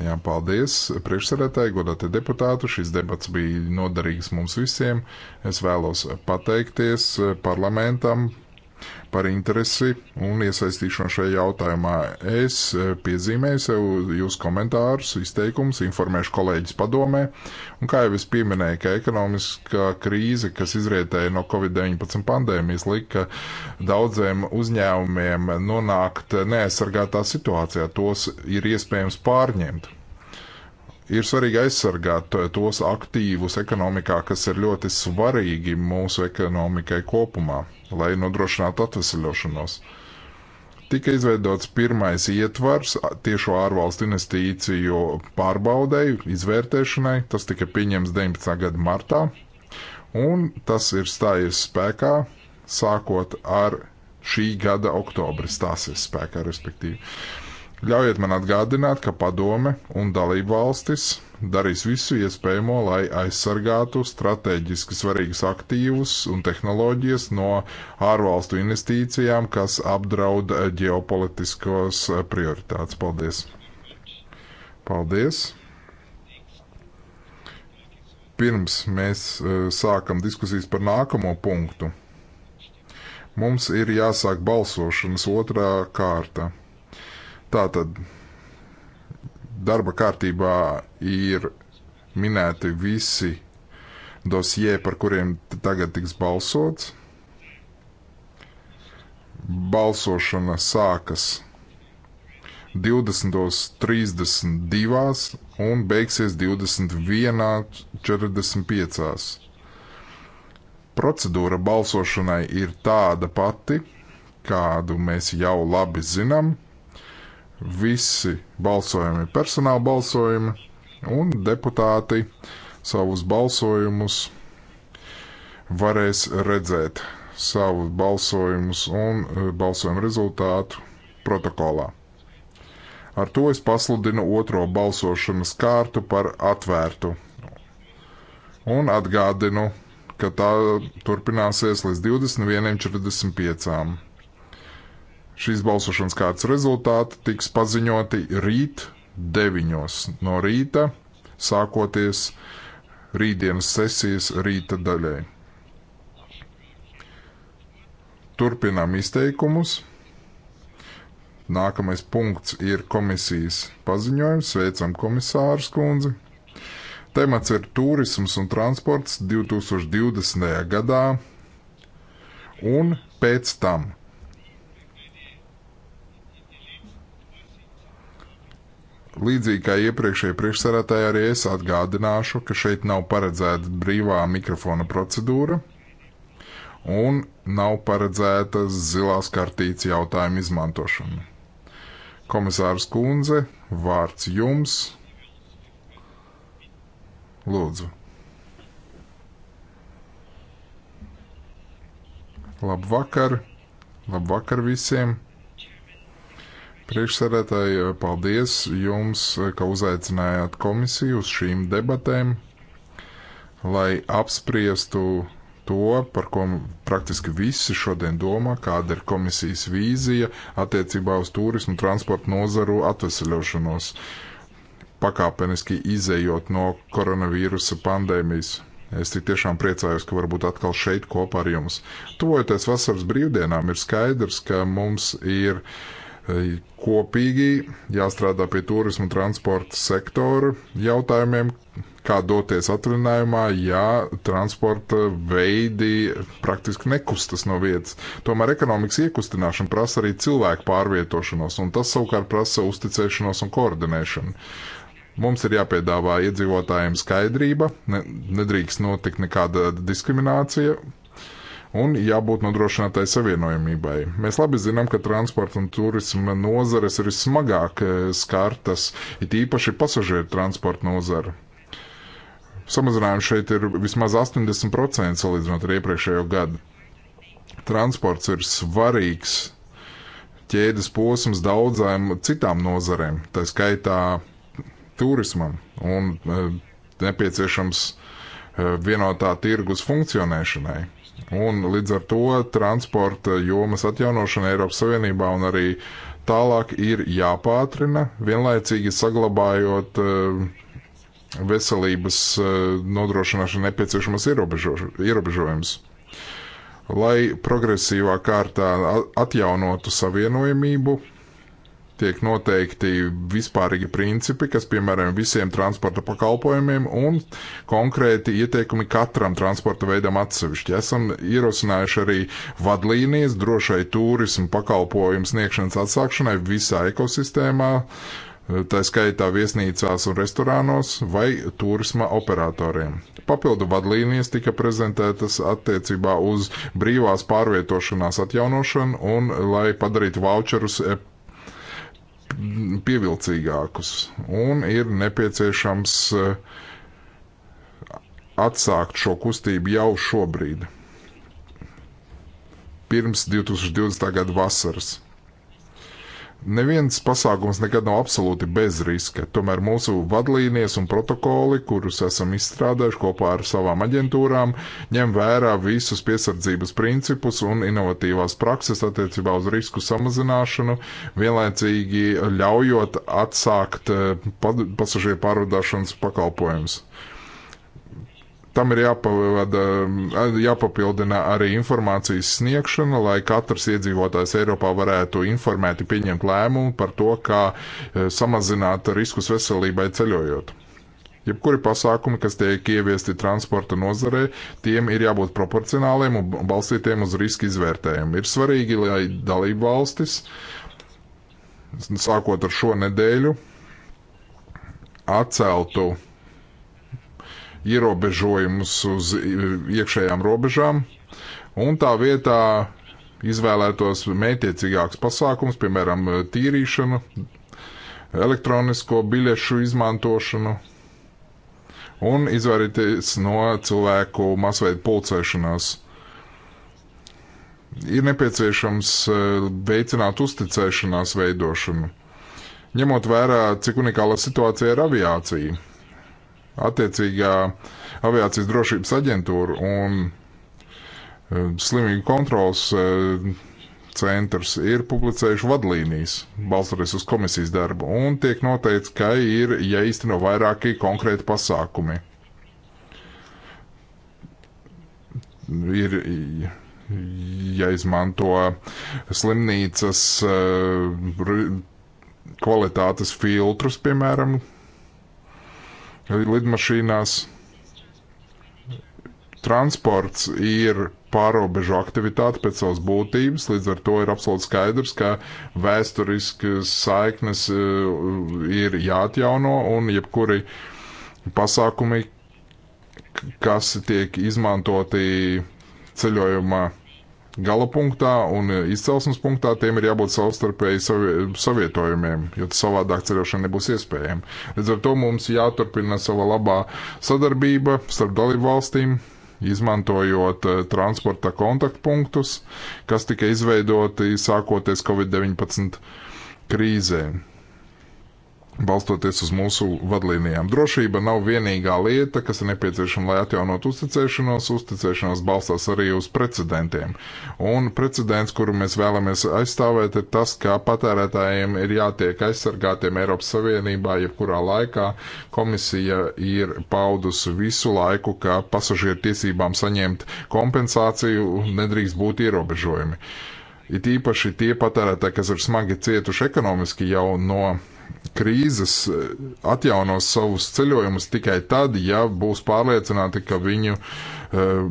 Jā, paldies priekšsarētāji, godātie deputātu. Šis debats bija noderīgs mums visiem. Es vēlos pateikties parlamentam par interesi un iesaistīšanos šajā jautājumā. Es eh, piezīmēju sev jūs komentārus, izteikumus, informēšu kolēģis padomē, un kā jau es pieminēju, ka ekonomiskā krīze, kas izrietēja no Covid-19 pandēmijas, lika daudziem uzņēmumiem nonākt neaizsargātā situācijā. Tos ir iespējams pārņemt ir svarīgi aizsargāt tos aktīvus ekonomikā, kas ir ļoti svarīgi mūsu ekonomikai kopumā lai nodrošinātu atvesaļošanos. Tika izveidots pirmais ietvars tiešo ārvalstu investīciju pārbaudēju, izvērtēšanai. Tas tika pieņemts 19. gada martā, un tas ir stājies spēkā sākot ar šī gada oktobri stāsies spēkā, respektīvi. Ļaujiet man atgādināt, ka padome un dalību valstis darīs visu iespējamo, lai aizsargātu strateģiski svarīgus aktīvus un tehnoloģijas no ārvalstu investīcijām, kas apdraud ģeopolitiskos prioritātes. Paldies! Paldies! Pirms mēs eh, sākam diskusijas par nākamo punktu, mums ir jāsāk balsošanas otrā kārta. Tātad darba kārtībā ir minēti visi dosie, par kuriem tagad tiks balsots. Balsošana sākas 20.32 un beigsies 21.45. Procedūra balsošanai ir tāda pati, kādu mēs jau labi zinām, Visi balsojumi ir personāla balsojumi, un deputāti savus balsojumus varēs redzēt savus balsojumus un eh, balsojumu rezultātu protokolā. Ar to es pasludinu otro balsošanas kārtu par atvērtu un atgādinu, ka tā turpināsies līdz 21.45. Šīs balsošanas kārtas rezultāti tiks paziņoti rīt 9 no rīta, sākoties rītdienas sesijas rīta daļai. Turpinām izteikumus. Nākamais punkts ir komisijas paziņojums. Sveicam komisāru skundzi. Temats ir turisms un transports 2020. gadā un pēc tam Līdzīgi kā iepriekšējai priekšsarētāji, arī es atgādināšu, ka šeit nav paredzēta brīvā mikrofona procedūra un nav paredzēta zilās kartītes jautājuma izmantošana. Komisārs Kunze, vārds jums. Lūdzu. Labvakar, labvakar visiem! Priekšsēdētāji, paldies jums, ka uzaicinājāt komisiju uz šīm debatēm, lai apspriestu to, par ko praktiski visi šodien domā, kāda ir komisijas vīzija attiecībā uz turismu transportu nozaru atvesaļošanos, pakāpeniski izējot no koronavīrusa pandēmijas. Es tik tiešām priecājos, ka varbūt atkal šeit kopā ar jums. Tuvojoties vasaras brīvdienām, ir skaidrs, ka mums ir uh, Kopīgi jāstrādā pie turismu transporta sektora jautājumiem, kā doties atvaļinājumā, ja transporta veidi praktiski nekustas no vietas. Tomēr ekonomikas iekustināšana prasa arī cilvēku pārvietošanos, un tas savukārt prasa uzticēšanos un koordinēšanu. Mums ir jāpiedāvā iedzīvotājiem skaidrība, ne, nedrīkst notikt nekāda diskriminācija, un jābūt nodrošinātai savienojumībai. Mēs labi zinām, ka transporta un turisma nozares ir smagāk eh, skartas, it īpaši pasažieru transporta nozara. Samazinājums šeit ir vismaz 80% salīdzinot ar iepriekšējo gadu. Transports ir svarīgs ķēdes posms daudzām citām nozarēm, tā skaitā turismam un eh, nepieciešams eh, vienotā tirgus funkcionēšanai Un līdz ar to transporta jomas atjaunošana Eiropas Savienībā un arī tālāk ir jāpātrina, vienlaicīgi saglabājot eh, veselības eh, nodrošināšanu nepieciešamas ierobežojumus lai progresīvā kārtā atjaunotu savienojamību, tiek noteikti vispārīgi principi, kas piemēram visiem transporta pakalpojumiem un konkrēti ieteikumi katram transporta veidam atsevišķi. Esam ierosinājuši arī vadlīnijas drošai turismu pakalpojumu sniegšanas atsākšanai visā ekosistēmā, tā skaitā viesnīcās un restorānos vai turisma operatoriem. Papildu vadlīnijas tika prezentētas attiecībā uz brīvās pārvietošanās atjaunošanu un lai padarītu voucherus pievilcīgākus, un ir nepieciešams eh, atsākt šo kustību jau šobrīd, pirms 2020. gada vasaras. Neviens pasākums nekad nav absolūti bez riska, tomēr mūsu vadlīnijas un protokoli, kurus esam izstrādājuši kopā ar savām aģentūrām, ņem vērā visus piesardzības principus un inovatīvās prakses attiecībā uz risku samazināšanu, vienlaicīgi ļaujot atsākt eh, pasažieru pārvadāšanas pakalpojumus. Tam ir jāpavada, mm, jāpapildina arī informācijas sniegšana, lai katrs iedzīvotājs Eiropā varētu informēti pieņemt lēmumu par to, kā eh, samazināt riskus veselībai ceļojot. Jebkuri pasākumi, kas tiek ieviesti transporta nozarē, tiem ir jābūt proporcionāliem un balstītiem uz riska izvērtējumu. Ir svarīgi, lai dalību valstis, sākot ar šo nedēļu, atceltu ierobežojumus uz iekšējām robežām, un tā vietā izvēlētos mētiecīgākus pasākumus, piemēram, tīrīšanu, elektronisko biļešu izmantošanu un izvairīties no cilvēku masveida pulcēšanās. Ir nepieciešams e, veicināt uzticēšanās veidošanu, ņemot vērā, cik unikāla situācija ir aviācija attiecīgā aviācijas drošības aģentūra un e, slimību kontrols e, centrs ir publicējuši vadlīnijas, balstoties uz komisijas darbu, un tiek noteikts, ka ir jāīsteno ja vairāki konkrēti pasākumi. Ir jāizmanto ja slimnīcas e, kvalitātes filtrus, piemēram, lidmašīnās. Transports ir pārobežu aktivitāte pēc savas būtības, līdz ar to ir absolūti skaidrs, ka vēsturiskas saiknes eh, ir jāatjauno un jebkuri pasākumi, kas tiek izmantoti ceļojuma gala punktā un e, izcelsmes punktā tiem ir jābūt savstarpēji savietojumiem, jo savādāk ceļošana nebūs iespējama. Līdz ar to mums jāturpina sava labā sadarbība starp dalību valstīm, izmantojot e, transporta kontaktpunktus, kas tika izveidoti sākoties Covid-19 krīzē balstoties uz mūsu vadlīnijām. Drošība nav vienīgā lieta, kas ir nepieciešama, lai atjaunotu uzticēšanos. Uzticēšanās balstās arī uz precedentiem. Un precedents, kuru mēs vēlamies aizstāvēt, ir tas, ka patērētājiem ir jātiek aizsargātiem Eiropas Savienībā, jebkurā laikā komisija ir paudusi visu laiku, ka pasažieru tiesībām saņemt kompensāciju nedrīkst būt ierobežojumi. It īpaši tie patērētāji, kas ir smagi cietuši ekonomiski jau no krīzes eh, atjaunos savus ceļojumus tikai tad, ja būs pārliecināti, ka viņu eh,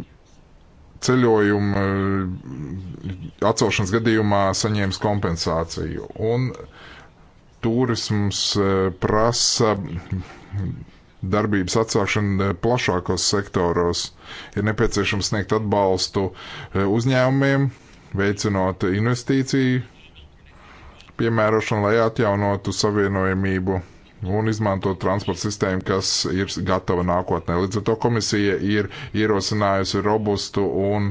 ceļojuma eh, atcelšanas gadījumā saņēmis kompensāciju. Un turisms prasa darbības atsākšana plašākos sektoros. Ir nepieciešams sniegt atbalstu uzņēmumiem, veicinot investīciju piemērošanu, lai atjaunotu savienojamību un izmantot transporta sistēmu, kas ir gatava nākotnē. Līdz ar to komisija ir ierosinājusi robustu un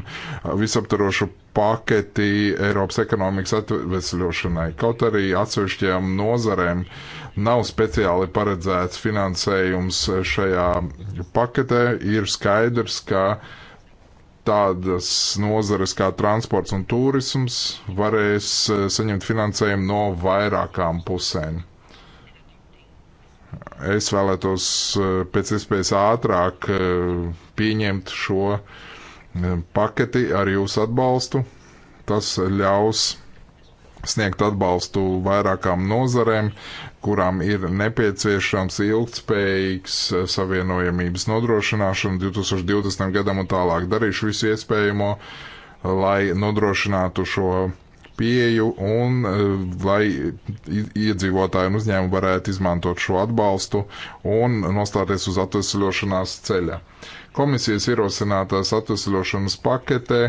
visaptarošu paketi Eiropas ekonomikas atvesļošanai. Kaut arī atsevišķajām nozarēm nav speciāli paredzēts finansējums šajā paketē, ir skaidrs, ka uh, tādas nozares kā transports un turisms varēs eh, saņemt finansējumu no vairākām pusēm. Es vēlētos eh, pēc iespējas ātrāk eh, pieņemt šo paketi ar jūsu atbalstu. Tas ļaus sniegt atbalstu vairākām nozarēm, kurām ir nepieciešams ilgtspējīgs eh, savienojamības nodrošināšana 2020. gadam un tālāk. Darīšu visu iespējamo, lai nodrošinātu šo pieju un eh, lai iedzīvotāji un uzņēmumi varētu izmantot šo atbalstu un nostāties uz atvesļošanās ceļa. Komisijas ierosinātās atvesļošanas paketē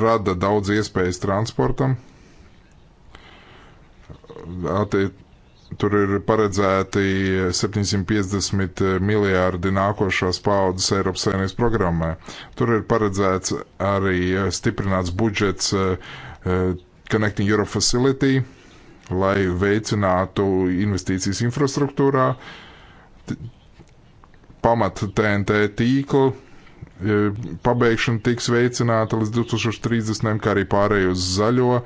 rada daudz iespējas transportam. Attiet, tur ir paredzēti 750 miljārdi nākošās paaudzes Eiropas Savienības programmai. Tur ir paredzēts arī stiprināts budžets eh, Connecting Europe Facility, lai veicinātu investīcijas infrastruktūrā, pamat TNT tīklu E, pabeigšana tiks veicināta līdz 2030. kā arī pārēj uz zaļo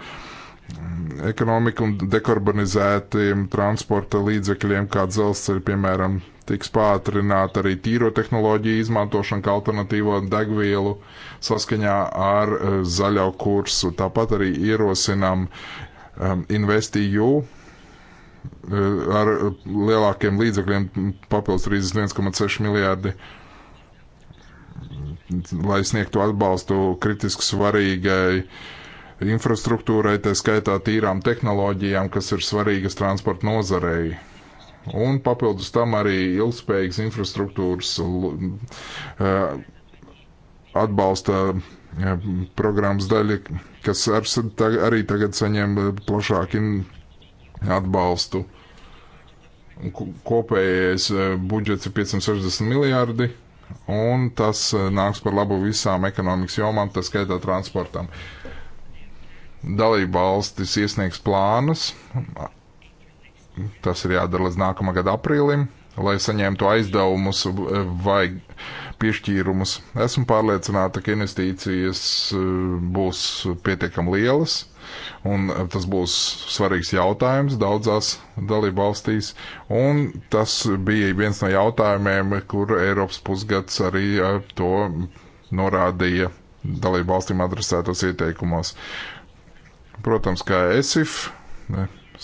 ekonomiku un dekarbonizētiem transporta līdzekļiem, kā dzelzceļi, piemēram, tiks pātrināta arī tīro tehnoloģiju izmantošana kā alternatīvo degvielu saskaņā ar uh, zaļo kursu. Tāpat arī ierosinām um, e, investīju uh, ar lielākiem līdzekļiem papildus 31,6 miljārdi eiro lai sniegtu atbalstu kritiski svarīgai infrastruktūrai, tā skaitā tīrām tehnoloģijām, kas ir svarīgas transporta nozarei. Un papildus tam arī ilgspējīgas infrastruktūras e, atbalsta e, programmas daļa, kas ar, arī tagad saņem plašāku atbalstu. Kopējais e, budžets ir 560 miljārdi un tas eh, nāks par labu visām ekonomikas jomām, tas skaitā transportam. Dalība valstis iesniegs plānus, tas ir jādara līdz nākamā gada aprīlim, lai saņemtu aizdevumus eh, vai piešķīrumus. Esmu pārliecināta, ka investīcijas eh, būs pietiekami lielas un eh, tas būs svarīgs jautājums daudzās dalību valstīs, un tas bija viens no jautājumiem, kur Eiropas pusgads arī eh, to norādīja dalību valstīm adresētos ieteikumos. Protams, kā ESIF,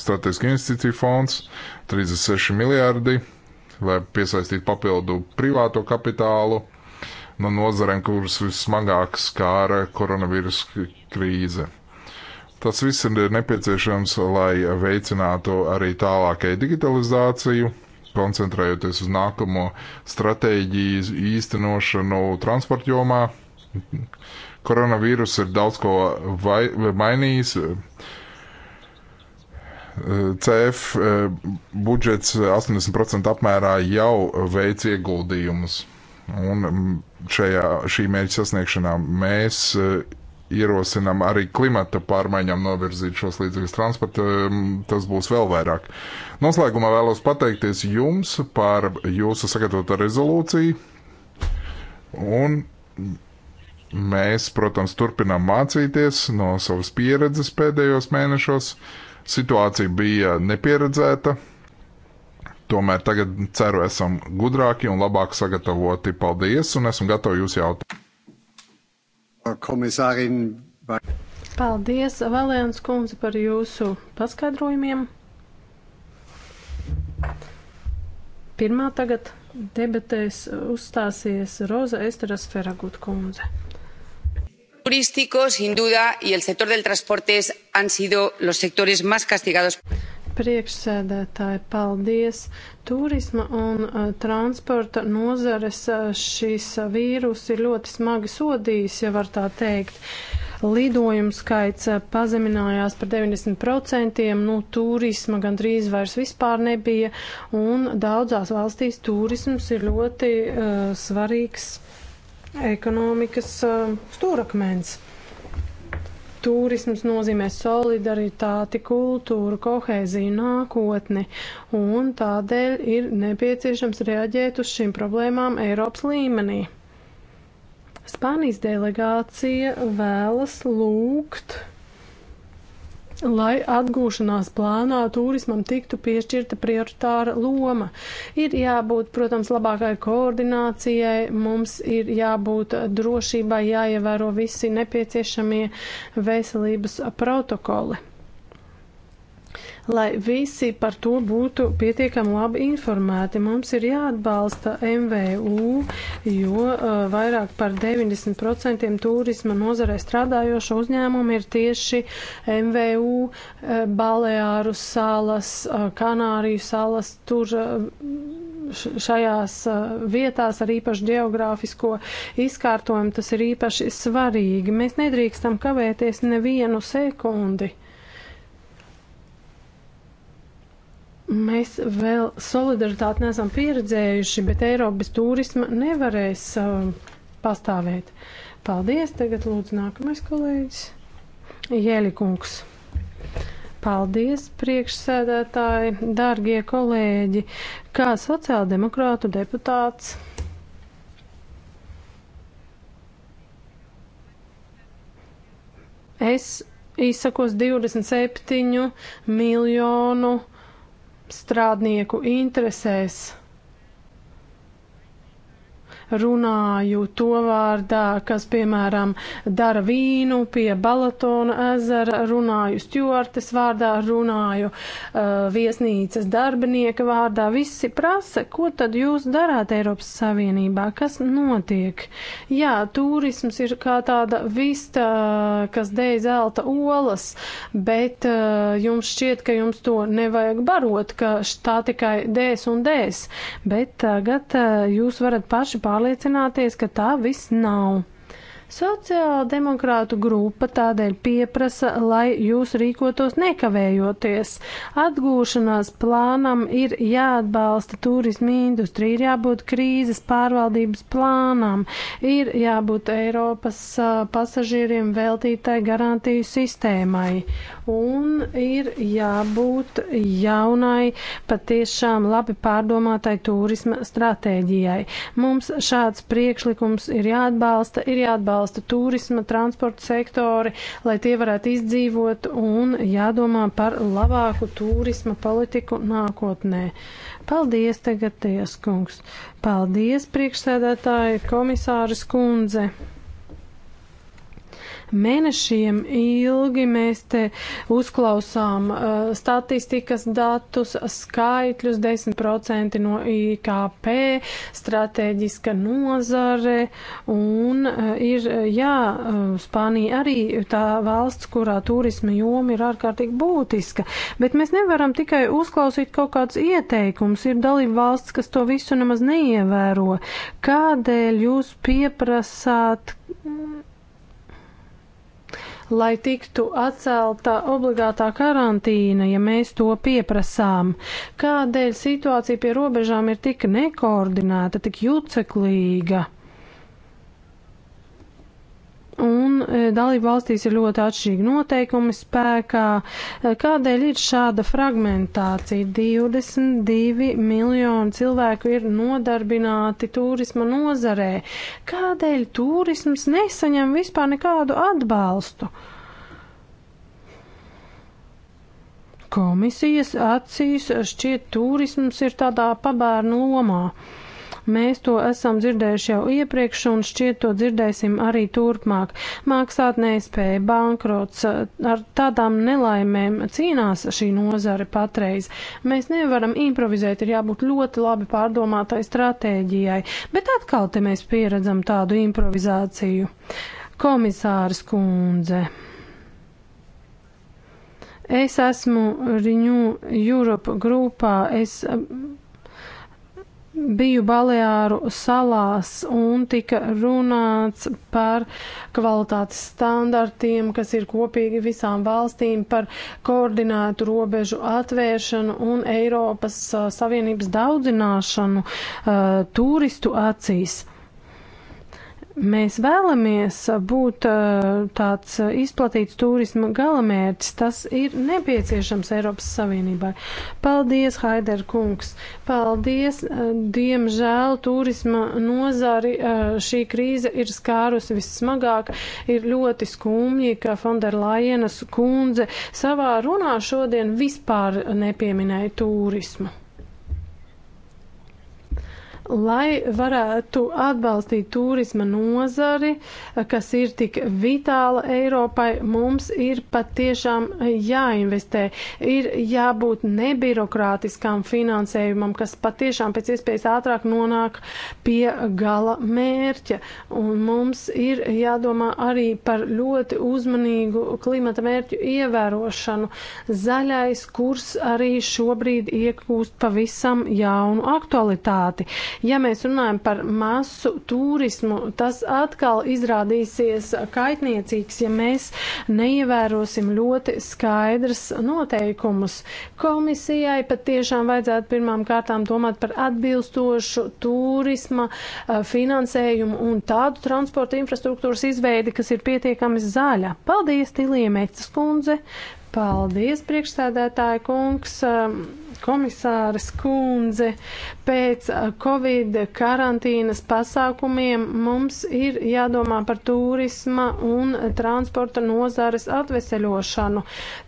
Stratēģiski investīcija fonds, 36 miljārdi, lai piesaistītu papildu privāto kapitālu no nozarēm, kuras vismagāk skāra koronavīrus krīze. Tas viss ir nepieciešams, lai veicinātu arī tālākai digitalizāciju, koncentrējoties uz nākamo stratēģiju īstenošanu transporta jomā. Koronavīrus ir daudz ko vai, mainījis. CF eh, budžets 80% apmērā jau veic ieguldījumus. Un mm, šajā, šī mērķa sasniegšanā mēs eh, ierosinam arī klimata pārmaiņām novirzīt šos līdzekļus transporta, um, tas būs vēl vairāk. Noslēgumā vēlos pateikties jums par jūsu sagatavoto rezolūciju. Un mēs, protams, turpinām mācīties no savas pieredzes pēdējos mēnešos. Situācija bija nepieredzēta. Tomēr tagad ceru esam gudrāki un labāk sagatavoti. Paldies un esmu gatavi jūs jautāt. Komisārin.
Paldies, Valēns kundze, par jūsu paskaidrojumiem. Pirmā tagad debatēs uzstāsies Roza Esteras Feragut kundze.
Turísticos, sin duda, y el sector del transporte han sido los sectores más castigados.
Priekšsēdētāji, paldies! Turisma un uh, transporta nozares uh, šis vīrus ir ļoti smagi sodījis, ja var tā teikt. Uh, lidojumu skaits pazeminājās par 90%, nu, turisma gandrīz vairs vispār nebija, un daudzās valstīs turisms ir ļoti uh, svarīgs ekonomikas uh, stūrakmens. Turisms nozīmē solidaritāti, kultūru, kohēziju, nākotni, un tādēļ ir nepieciešams reaģēt uz šīm problēmām Eiropas līmenī. Spānijas delegācija vēlas lūgt uh, lai atgūšanās plānā turismam tiktu piešķirta prioritāra loma. Ir jābūt, protams, labākai koordinācijai, mums ir jābūt drošībai, jāievēro visi nepieciešamie veselības protokoli lai visi par to būtu pietiekami labi informēti. Mums ir jāatbalsta MVU, jo uh, vairāk par 90% turisma nozarē strādājošo uzņēmumu ir tieši MVU, uh, Baleāru salas, uh, Kanāriju salas, tur uh, šajās uh, vietās ar īpašu geogrāfisko izkārtojumu tas ir īpaši svarīgi. Mēs nedrīkstam kavēties nevienu sekundi. Mēs vēl solidaritāti neesam pieredzējuši, bet Eiropa bez turisma nevarēs uh, pastāvēt. Paldies, tagad lūdzu nākamais kolēģis. Jēlikungs. Paldies, priekšsēdētāji, dārgie kolēģi, kā sociāldemokrātu deputāts. Es izsakos 27 miljonu strādnieku interesēs runāju to vārdā, kas, piemēram, dara vīnu pie Balatona ezera, runāju stjortes vārdā, runāju uh, viesnīcas darbinieka vārdā. Visi prasa, ko tad jūs darāt Eiropas Savienībā, kas notiek. Jā, turisms ir kā tāda vista, kas dēj zelta olas, bet uh, jums šķiet, ka jums to nevajag barot, ka tā tikai dēs un dēs. Bet tagad uh, jūs varat paši pārliecināt pārliecināties, ka tā viss nav. Sociāla demokrātu grupa tādēļ pieprasa, lai jūs rīkotos nekavējoties. Atgūšanās plānam ir jāatbalsta turismu industrija, ir jābūt krīzes pārvaldības plānam, ir jābūt Eiropas pasažieriem veltītai garantiju sistēmai un ir jābūt jaunai, patiešām labi pārdomātai turisma stratēģijai. Mums šāds priekšlikums ir jāatbalsta, ir jāatbalsta jāatbalsta turisma, transporta sektori, lai tie varētu izdzīvot un jādomā par labāku turisma politiku nākotnē. Paldies, tagad tieskungs. Paldies, priekšsēdētāji, komisāris kundze. Mēnešiem ilgi mēs te uzklausām uh, statistikas datus, skaitļus 10% no IKP, strateģiska nozare, un uh, ir, uh, jā, uh, Spānija arī tā valsts, kurā turisma joma ir ārkārtīgi būtiska, bet mēs nevaram tikai uzklausīt kaut kāds ieteikums, ir dalība valsts, kas to visu nemaz neievēro. Kādēļ jūs pieprasāt? lai tiktu atcelta obligātā karantīna, ja mēs to pieprasām? Kādēļ situācija pie robežām ir tik nekoordinēta, tik juceklīga? un e, dalību valstīs ir ļoti atšķirīgi noteikumi spēkā. E, kādēļ ir šāda fragmentācija? 22 miljoni cilvēku ir nodarbināti turisma nozarē. Kādēļ turisms nesaņem vispār nekādu atbalstu? Komisijas acīs šķiet turisms ir tādā pabērnu lomā. Mēs to esam dzirdējuši jau iepriekš un šķiet to dzirdēsim arī turpmāk. Maksāt nespēja, bankrots, ar tādām nelaimēm cīnās šī nozare patreiz. Mēs nevaram improvizēt, ir jābūt ļoti labi pārdomātai stratēģijai, bet atkal te mēs pieredzam tādu improvizāciju. Komisārs kundze. Es esmu Riņu Europa grupā, es biju Baleāru salās un tika runāts par kvalitātes standartiem, kas ir kopīgi visām valstīm, par koordinētu robežu atvēršanu un Eiropas Savienības daudzināšanu uh, turistu acīs. Mēs vēlamies būt uh, tāds izplatīts turisma galamērķis. Tas ir nepieciešams Eiropas Savienībai. Paldies, Haider kungs! Paldies! Uh, diemžēl turisma nozari uh, šī krīze ir skārusi vissmagāk. Ir ļoti skumji, ka Fonderlajenas kundze savā runā šodien vispār nepieminēja turismu lai varētu atbalstīt turisma nozari, kas ir tik vitāla Eiropai, mums ir patiešām jāinvestē. Ir jābūt nebirokrātiskām finansējumam, kas patiešām pēc iespējas ātrāk nonāk pie gala mērķa. Un mums ir jādomā arī par ļoti uzmanīgu klimata mērķu ievērošanu. Zaļais kurs arī šobrīd iegūst pavisam jaunu aktualitāti. Ja mēs runājam par masu turismu, tas atkal izrādīsies kaitniecīgs, ja mēs neievērosim ļoti skaidrs noteikumus. Komisijai pat tiešām vajadzētu pirmām kārtām domāt par atbilstošu turisma eh, finansējumu un tādu transporta infrastruktūras izveidi, kas ir pietiekami zaļa. Paldies, Tilija Mecas kundze! Paldies, priekšsēdētāja kungs, eh, komisāras kundze pēc eh, Covid karantīnas pasākumiem mums ir jādomā par turisma un transporta nozares atveseļošanu.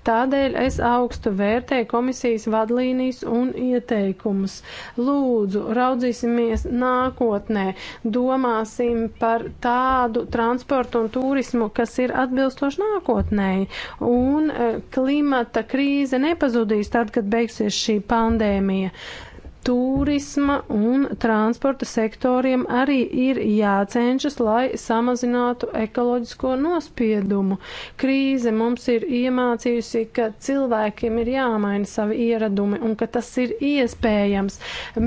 Tādēļ es augstu vērtēju komisijas vadlīnijas un ieteikumus. Lūdzu, raudzīsimies nākotnē, domāsim par tādu transportu un turismu, kas ir atbilstoši nākotnēji. Un eh, klimata krīze nepazudīs tad, kad beigsies šī pandēmija. Tūrisma un transporta sektoriem arī ir jācenšas, lai samazinātu ekoloģisko nospiedumu. Krīze mums ir iemācījusi, ka cilvēkiem ir jāmaina savi ieradumi un ka tas ir iespējams.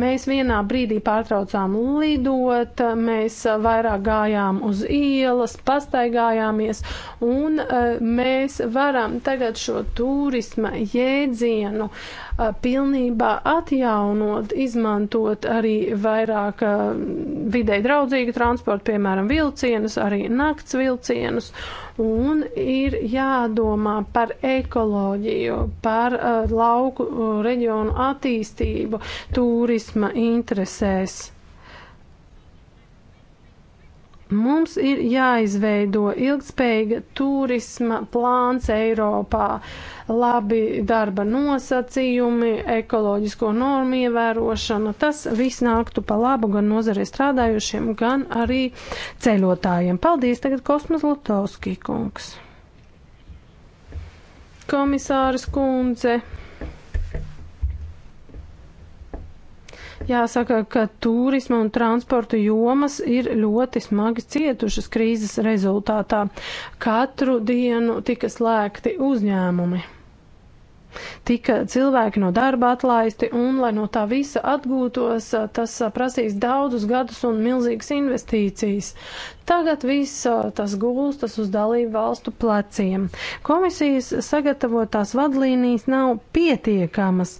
Mēs vienā brīdī pārtraucām lidot, mēs vairāk gājām uz ielas, pastaigājāmies un eh, mēs varam tagad šo turisma jēdzienu uh, pilnībā atjaunot, izmantot arī vairāk vidē draudzīgu transportu, piemēram, vilcienus, arī nakts vilcienus. Un ir jādomā par ekoloģiju, par uh, lauku uh, reģionu attīstību, turisma interesēs. Mums ir jāizveido ilgspējīga turisma plāns Eiropā. Uh, labi darba nosacījumi, ekoloģisko normu ievērošana. Tas viss nāktu pa labu gan nozarē strādājušiem, gan arī ceļotājiem. Paldies, tagad Kosmas Lutovskī kungs. Komisāras kundze. Jāsaka, ka turisma un transporta jomas ir ļoti smagi cietušas krīzes rezultātā. Katru dienu tika slēgti uzņēmumi tika cilvēki no darba atlaisti, un, lai no tā visa atgūtos, tas prasīs daudzus gadus un milzīgas investīcijas. Tagad viss tas gulstas uz dalību valstu pleciem. Komisijas sagatavotās vadlīnijas nav pietiekamas.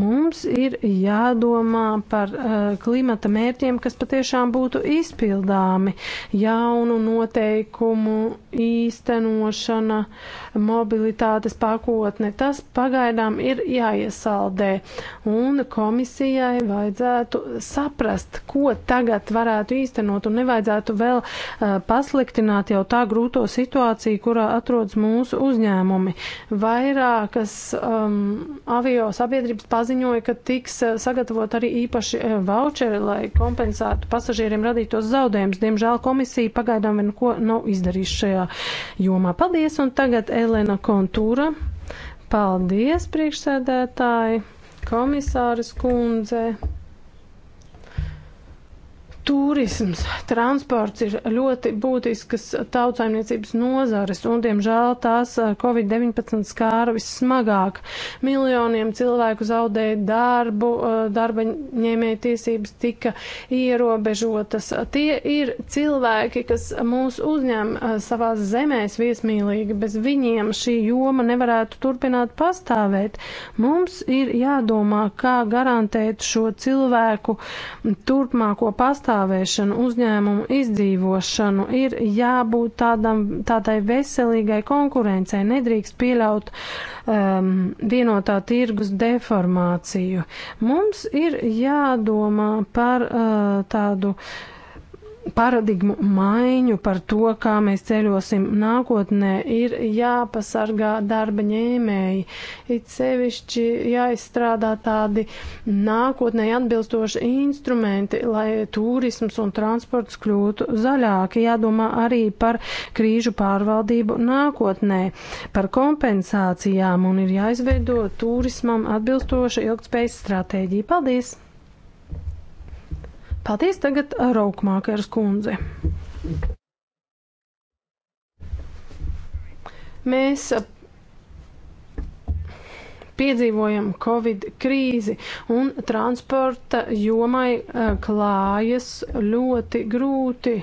Mums ir jādomā par uh, klimata mērķiem, kas patiešām būtu izpildāmi. Jaunu noteikumu īstenošana, mobilitātes pakotne, tas pagaidām ir jāiesaldē. Un komisijai vajadzētu saprast, ko tagad varētu īstenot un nevajadzētu vēl uh, Eh, pasliktināt jau tā grūto situāciju, kurā atrodas mūsu uzņēmumi. Vairākas um, avio sabiedrības paziņoja, ka tiks eh, sagatavot arī īpaši eh, voucheri, lai kompensētu pasažieriem radītos zaudējumus. Diemžēl komisija pagaidām vien ko nav izdarījusi šajā jomā. Paldies, un tagad Elena Kontūra. Paldies, priekšsēdētāji, komisāras kundze. Turisms, transports ir ļoti būtiskas tautsaimniecības nozares, un, diemžēl, tās eh, Covid-19 skāra vissmagāk. Miljoniem cilvēku zaudēja darbu, eh, darba ņēmēja tiesības tika ierobežotas. Tie ir cilvēki, kas mūs uzņem eh, savās zemēs viesmīlīgi, bez viņiem šī joma nevarētu turpināt pastāvēt. Mums ir jādomā, kā garantēt šo cilvēku turpmāko pastāvību pastāvēšanu, uzņēmumu izdzīvošanu, ir jābūt tādam, tādai veselīgai konkurencei, nedrīkst pieļaut um, vienotā tirgus deformāciju. Mums ir jādomā par uh, tādu uh, paradigmu maiņu par to, kā mēs ceļosim nākotnē, ir jāpasargā darba ņēmēji. It sevišķi jāizstrādā tādi nākotnē atbilstoši instrumenti, lai turisms un transports kļūtu zaļāki. Jādomā arī par krīžu pārvaldību nākotnē, par kompensācijām un ir jāizveido turismam atbilstoša ilgspējas stratēģija. Paldies! Paldies tagad uh, Raukmākers kundze. Mēs uh, piedzīvojam Covid krīzi un transporta jomai uh, klājas ļoti grūti.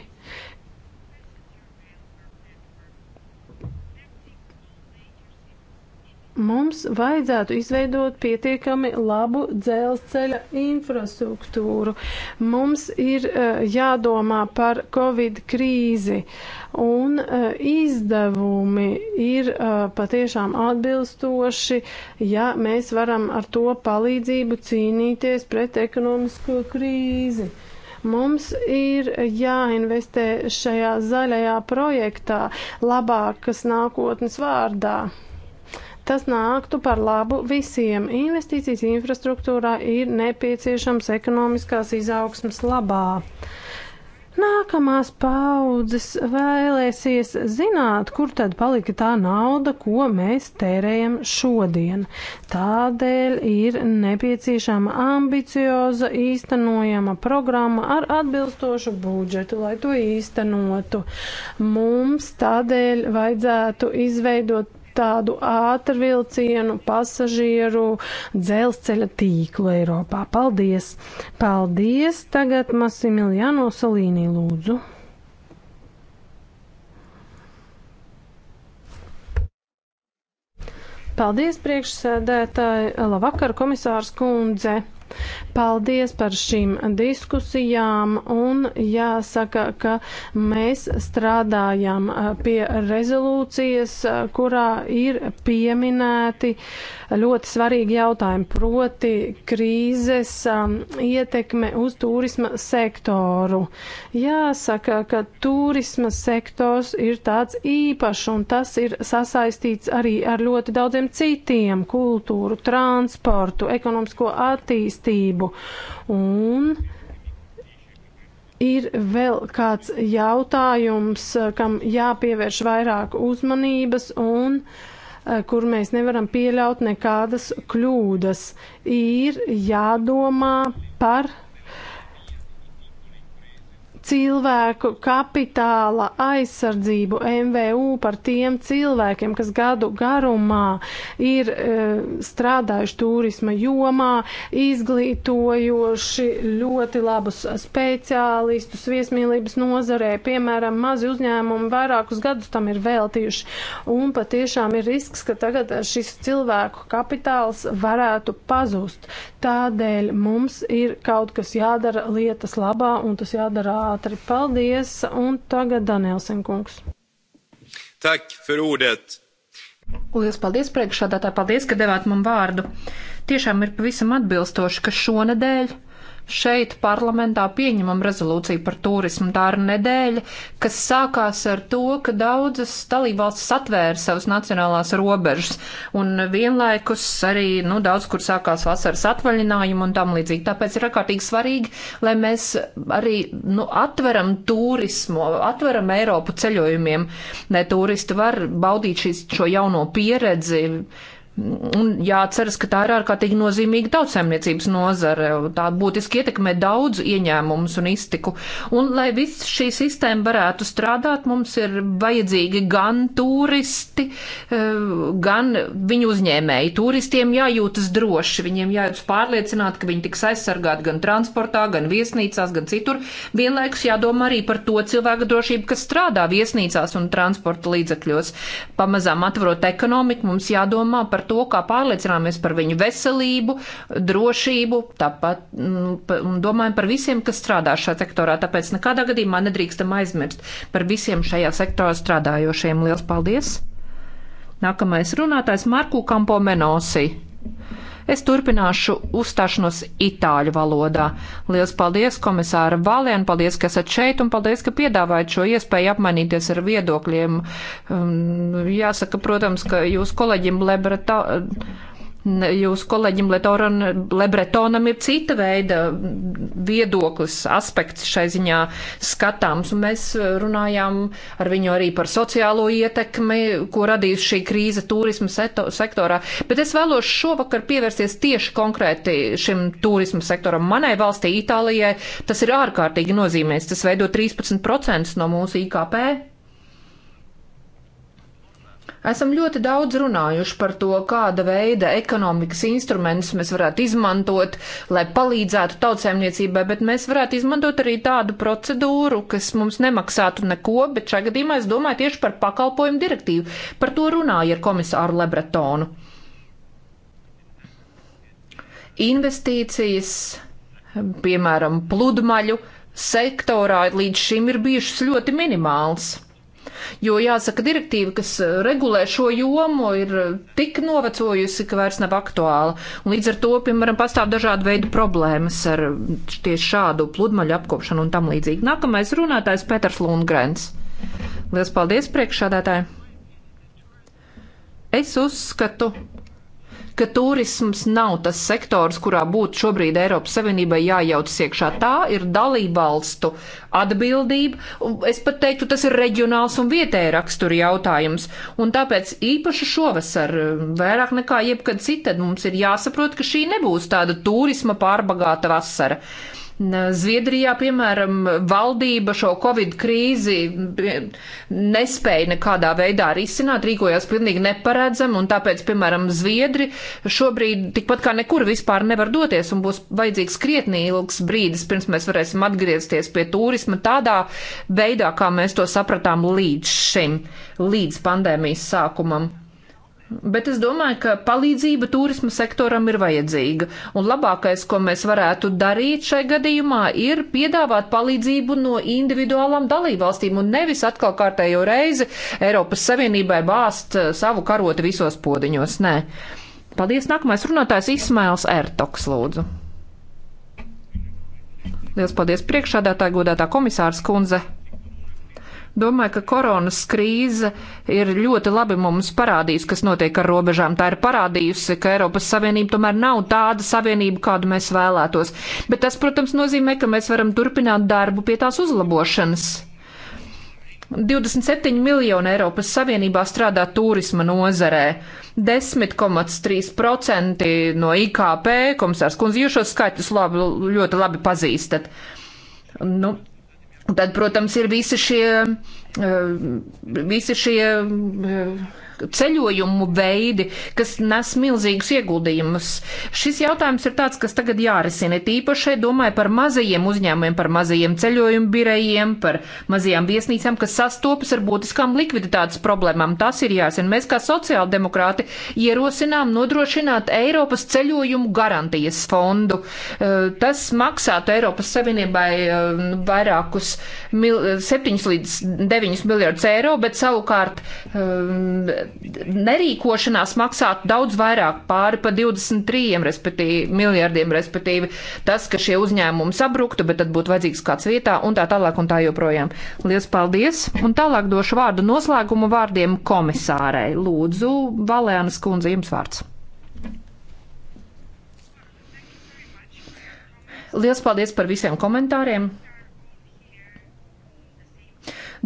Mums vajadzētu izveidot pietiekami labu dzelzceļa infrastruktūru. Mums ir uh, jādomā par Covid krīzi, un uh, izdevumi ir uh, patiešām atbilstoši, ja mēs varam ar to palīdzību cīnīties pret ekonomisko krīzi. Mums ir jāinvestē šajā zaļajā projektā labākas nākotnes vārdā. Tas nāktu par labu visiem. Investīcijas infrastruktūrā ir nepieciešams ekonomiskās izaugsmas labā. Nākamās paudzes vēlēsies zināt, kur tad palika tā nauda, ko mēs tērējam šodien. Tādēļ ir nepieciešama ambicioza īstenojama programma ar atbilstošu budžetu, lai to īstenotu. Mums tādēļ vajadzētu izveidot tādu ātrvilcienu, pasažieru dzelzceļa tīklu Eiropā. Paldies! Paldies! Tagad Masimiljano Salīnī lūdzu. Paldies, priekšsēdētāji, labvakar, komisārs kundze. Paldies par šīm diskusijām un jāsaka, ka mēs strādājam uh, pie rezolūcijas, uh, kurā ir pieminēti uh, ļoti svarīgi jautājumi, proti krīzes um, ietekme uz turisma sektoru. Jāsaka, ka turisma sektors ir tāds īpašs un tas ir sasaistīts arī ar ļoti daudziem citiem - kultūru, transportu, ekonomisko attīstību un ir vēl kāds jautājums, kam jāpievērš vairāk uzmanības, un Eh, kur mēs nevaram pieļaut nekādas kļūdas. Ir jādomā par cilvēku kapitāla aizsardzību MVU par tiem cilvēkiem, kas gadu garumā ir e, strādājuši turisma jomā, izglītojoši ļoti labus speciālistus viesmīlības nozarē, piemēram, mazi uzņēmumi vairākus gadus tam ir veltījuši. Un patiešām ir risks, ka tagad šis cilvēku kapitāls varētu pazust. Tādēļ mums ir kaut kas jādara lietas labā un tas jādara ātri. Paldies, un tagad Danielsen kungs.
Tak, for ordet. Lielas paldies priekšādātā, paldies, ka devāt man vārdu. Tiešām ir pavisam atbilstoši, ka šonadēļ šeit parlamentā pieņemam rezolūciju par turismu. Tā ir nedēļa, kas sākās ar to, ka daudzas dalībvalstis atvēra savas nacionālās robežas un vienlaikus arī, nu, daudz kur sākās vasaras atvaļinājumu un tam līdzīgi. Tāpēc ir ārkārtīgi svarīgi, lai mēs arī, nu, atveram turismu, atveram Eiropu ceļojumiem, lai turisti var baudīt šis, šo jauno pieredzi Un jāceras, ka tā ir ārkārtīgi nozīmīga tautsēmniecības nozare. Tā būtiski ietekmē daudz ieņēmumus un iztiku. Un, lai viss šī sistēma varētu strādāt, mums ir vajadzīgi gan turisti, eh, gan viņu uzņēmēji. Turistiem jājūtas droši, viņiem jājūtas pārliecināti, ka viņi tiks aizsargāti gan transportā, gan viesnīcās, gan citur. Vienlaikus jādomā arī par to cilvēku drošību, kas strādā viesnīcās un transporta līdzekļos. Pamazām atvarot ekonomiku, mums jādomā par par to, kā pārliecināmies par viņu veselību, drošību, tāpat mm, un domājam par visiem, kas strādā šajā sektorā. Tāpēc nekādā gadījumā nedrīkstam aizmirst par visiem šajā sektorā strādājošiem. Liels paldies! Nākamais runātājs Marku Kampo Menosi. Es turpināšu uzstāšanos itāļu valodā. Lielas paldies, komisāra Valēn, paldies, ka esat šeit un paldies, ka piedāvājat šo iespēju apmainīties ar viedokļiem. Um, jāsaka, protams, ka jūs kolēģim Lebra. Ta, jūsu kolēģim Letoran, Lebretonam ir cita veida viedoklis, aspekts šai ziņā skatāms, un mēs eh, runājām ar viņu arī par sociālo ietekmi, ko radīs šī krīze turismu sektorā. Bet es vēlos šovakar pievērsties tieši konkrēti šim turismu sektoram. Manai valstī, Itālijai, tas ir ārkārtīgi nozīmēs. Tas veido 13% no mūsu IKP. Esam ļoti daudz runājuši par to, kāda veida ekonomikas instrumentus mēs varētu izmantot, lai palīdzētu tautsēmniecībai, bet mēs varētu izmantot arī tādu procedūru, kas mums nemaksātu neko, bet šajā gadījumā es domāju tieši par pakalpojumu direktīvu. Par to runāju ar komisāru Lebretonu. Investīcijas, piemēram, pludmaļu sektorā līdz šim ir bijušas ļoti minimāls. Jo jāsaka, direktīva, kas eh, regulē šo jomu, ir eh, tik novecojusi, ka vairs nav aktuāla. Un līdz ar to, piemēram, pastāv dažādu veidu problēmas ar eh, tieši šādu pludmaļu apkopšanu un tam līdzīgi. Nākamais runātājs Peters Lundgrens. Lielas paldies priekšādātāji! Es uzskatu, ka turisms nav tas sektors, kurā būtu šobrīd Eiropas Savienībai jājautas iekšā. Tā ir dalībvalstu atbildība, un es pat teiktu, tas ir reģionāls un vietēja rakstura jautājums. Un tāpēc īpaši šovasar, vairāk nekā jebkad citādi, mums ir jāsaprot, ka šī nebūs tāda turisma pārbagāta vasara. Zviedrijā, piemēram, valdība šo covid krīzi nespēja nekādā veidā risināt, rīkojās pilnīgi neparedzami, un tāpēc, piemēram, Zviedri šobrīd tikpat kā nekur vispār nevar doties, un būs vajadzīgs krietnī ilgs brīdis, pirms mēs varēsim atgriezties pie turisma tādā veidā, kā mēs to sapratām līdz šim, līdz pandēmijas sākumam. Bet es domāju, ka palīdzība turisma sektoram ir vajadzīga. Un labākais, ko mēs varētu darīt šai gadījumā, ir piedāvāt palīdzību no individuālām dalībvalstīm un nevis atkal kārtējo reizi Eiropas Savienībai bāzt eh, savu karoti visos podiņos. Nē. Paldies. Nākamais runātājs Ismails Ertoks, lūdzu. Liels paldies priekšādātāji, godātā komisārs Kunze. Domāju, ka koronas krīze ir ļoti labi mums parādījusi, kas notiek ar robežām. Tā ir parādījusi, ka Eiropas Savienība tomēr nav tāda savienība, kādu mēs vēlētos. Bet tas, protams, nozīmē, ka mēs varam turpināt darbu pie tās uzlabošanas. 27 miljoni Eiropas Savienībā strādā turisma nozarē. 10,3% no IKP, komisārs kundze, jūs šos skaitļus labi, ļoti labi pazīstat. Nu, Un tad, protams, ir visi šie Eh, visi šie eh, ceļojumu veidi, kas nes milzīgus ieguldījumus. Šis jautājums ir tāds, kas tagad jārisina. Tīpaši šeit domāju par mazajiem uzņēmumiem, par mazajiem ceļojumu birējiem, par mazajām viesnīcām, kas sastopas ar būtiskām likviditātes problēmām. Tas ir jāsina. Mēs kā sociāldemokrāti ierosinām nodrošināt Eiropas ceļojumu garantijas fondu. Eh, tas maksātu Eiropas Savienībai vairākus 7 līdz 9 9 miljardus eiro, bet savukārt um, nerīkošanās maksātu daudz vairāk pāri pa 23 respektīvi, miljardiem, respektīvi tas, ka šie uzņēmumi sabruktu, bet tad būtu vajadzīgs kāds vietā un tā tālāk un tā joprojām. Lielas paldies! Un tālāk došu vārdu noslēgumu vārdiem komisārai. Lūdzu, Valēnas kundze, jums vārds. Lielas paldies par visiem komentāriem!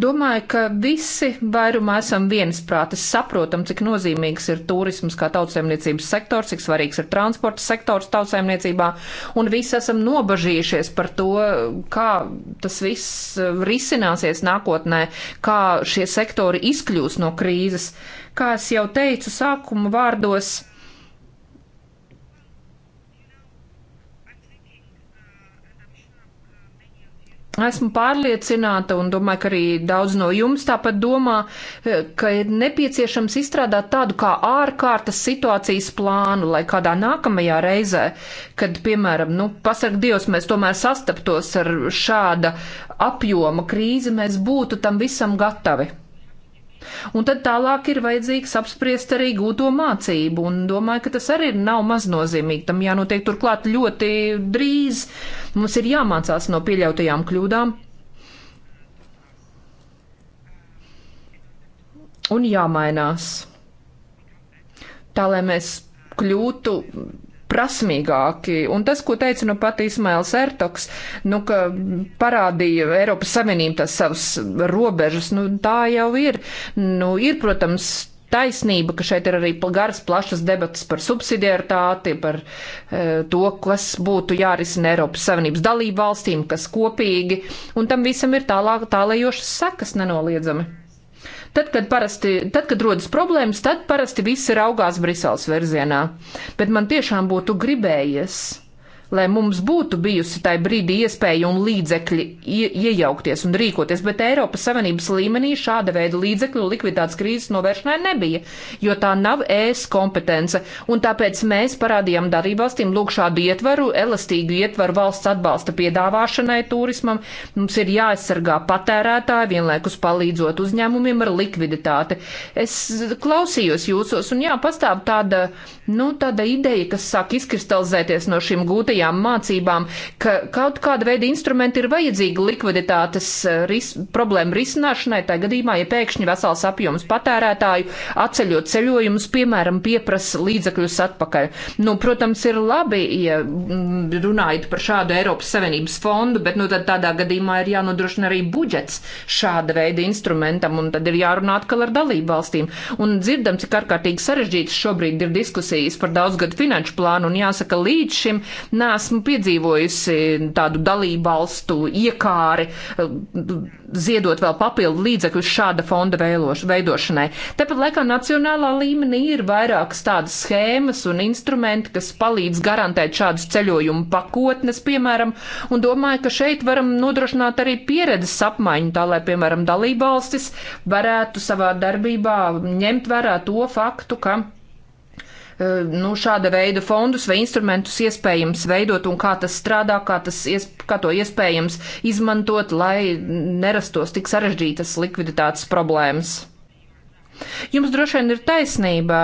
Domāju, ka visi vairumā esam viensprātis, saprotam, cik nozīmīgs ir turisms kā tautsēmniecības sektors, cik svarīgs ir transporta sektors tautsēmniecībā, un visi esam nobažījušies par to, kā tas viss uh, risināsies nākotnē, kā šie sektori izkļūs no krīzes. Kā es jau teicu sākuma vārdos, Esmu pārliecināta un domāju, ka arī daudz no jums tāpat domā, eh, ka ir nepieciešams izstrādāt tādu kā ārkārtas situācijas plānu, lai kādā nākamajā reizē, kad, piemēram, nu, pasak Dievs, mēs tomēr sastaptos ar šāda apjoma krīzi, mēs būtu tam visam gatavi. Un tad tālāk ir vajadzīgs apspriest arī gūto mācību, un domāju, ka tas arī nav maznozīmīgi. Tam jānotiek turklāt ļoti drīz. Mums ir jāmācās no pieļautajām kļūdām. Un jāmainās. Tā lai mēs kļūtu prasmīgāki. Un tas, ko teica nu pat Ismails Ertoks, nu, ka parādīja Eiropas Savienību tās savas robežas, nu, tā jau ir. Nu, ir, protams, taisnība, ka šeit ir arī garas, plašas debatas par subsidiaritāti, par e, to, kas būtu jārisina Eiropas Savienības dalību valstīm, kas kopīgi, un tam visam ir tālāk tālējošas sekas nenoliedzami. Tad, kad, parasti, tad, kad rodas problēmas, tad parasti visi raugās Briseles virzienā. Bet man tiešām būtu gribējies lai mums būtu bijusi tajā brīdī iespēja un līdzekļi ie, iejaukties un rīkoties, bet Eiropas Savienības līmenī šāda veida līdzekļu likviditātes krīzes novēršanai nebija, jo tā nav ES kompetence, un tāpēc mēs parādījām darībvalstīm lūk šādu ietvaru, elastīgu ietvaru valsts atbalsta piedāvāšanai turismam, mums ir jāaizsargā patērētāji, vienlaikus palīdzot uzņēmumiem ar likviditāti. Es klausījos jūsos, un jā, pastāv tāda, nu, tāda ideja, kas sāk izkristalizēties no šīm gūtajām kopējām mācībām, ka kaut kāda veida instrumenti ir vajadzīgi likviditātes eh, ris problēmu risināšanai, tā gadījumā, ja pēkšņi vesels apjoms patērētāju atceļot ceļojumus, piemēram, pieprasa līdzekļus atpakaļ. Nu, protams, ir labi, ja mm, runājot par šādu Eiropas Savienības fondu, bet nu, tādā gadījumā ir jānodrošina arī budžets šāda veida instrumentam, un tad ir jārunā atkal ar dalību valstīm. Un dzirdam, cik ārkārtīgi sarežģīts šobrīd ir diskusijas par daudzgadu finanšu plānu, un jāsaka, līdz šim ne neesmu piedzīvojusi tādu dalībvalstu iekāri, ziedot vēl papildu līdzekļus šāda fonda vēloš, veidošanai. Tāpat laikā nacionālā līmenī ir vairākas tādas schēmas un instrumenti, kas palīdz garantēt šādus ceļojumu pakotnes, piemēram, un domāju, ka šeit varam nodrošināt arī pieredzes apmaiņu, tā lai, piemēram, dalībvalstis varētu savā darbībā ņemt vērā to faktu, ka Eh, nu, šāda veida fondus vai instrumentus iespējams veidot un kā tas strādā, kā, tas iesp kā to iespējams izmantot, lai nerastos tik sarežģītas likviditātes problēmas. Jums droši vien ir taisnība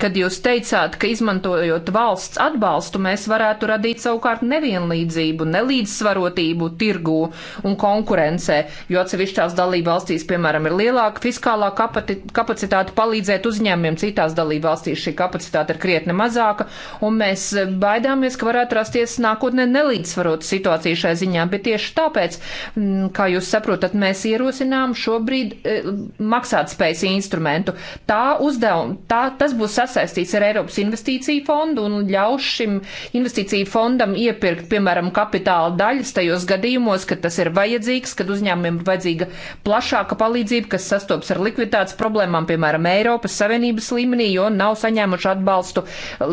kad jūs teicāt, ka izmantojot valsts atbalstu, mēs varētu radīt savukārt nevienlīdzību, nelīdzsvarotību tirgū un konkurencē, jo atsevišķās dalība valstīs, piemēram, ir lielāka fiskālā kapacitāte palīdzēt uzņēmumiem, citās dalība valstīs šī kapacitāte ir krietni mazāka, un mēs baidāmies, ka varētu rasties nākotnē nelīdzsvarota situācija šai ziņā, bet tieši tāpēc, mm, kā jūs saprotat, mēs ierosinām šobrīd eh, maksātspējas instrumentu. Tā uzdevuma, tā, tas būs būs sasaistīts ar Eiropas investīciju fondu un ļaus šim investīciju fondam iepirkt, piemēram, kapitāla daļas tajos gadījumos, kad tas ir vajadzīgs, kad uzņēmumiem ir vajadzīga plašāka palīdzība, kas sastopas ar likviditātes problēmām, piemēram, Eiropas Savienības līmenī, jo nav saņēmuši atbalstu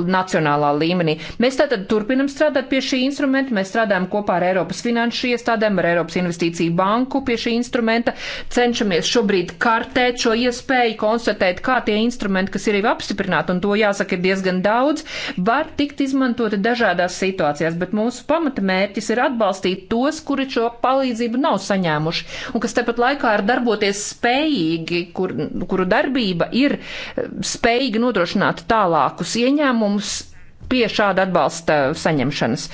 nacionālā līmenī. Mēs tātad turpinam strādāt pie šī instrumenta, mēs strādājam kopā ar Eiropas finanšu iestādēm, ar Eiropas investīciju banku pie šī instrumenta, cenšamies šobrīd kartēt šo iespēju, konstatēt, kā tie instrumenti, kas ir jau apstiprināti, stiprināt, un to jāsaka ir diezgan daudz, var tikt izmantota dažādās situācijās, bet mūsu pamata mērķis ir atbalstīt tos, kuri šo palīdzību nav saņēmuši, un kas tepat laikā ir darboties spējīgi, kur, kuru darbība ir eh, spējīga nodrošināt tālākus ieņēmumus pie šāda atbalsta saņemšanas.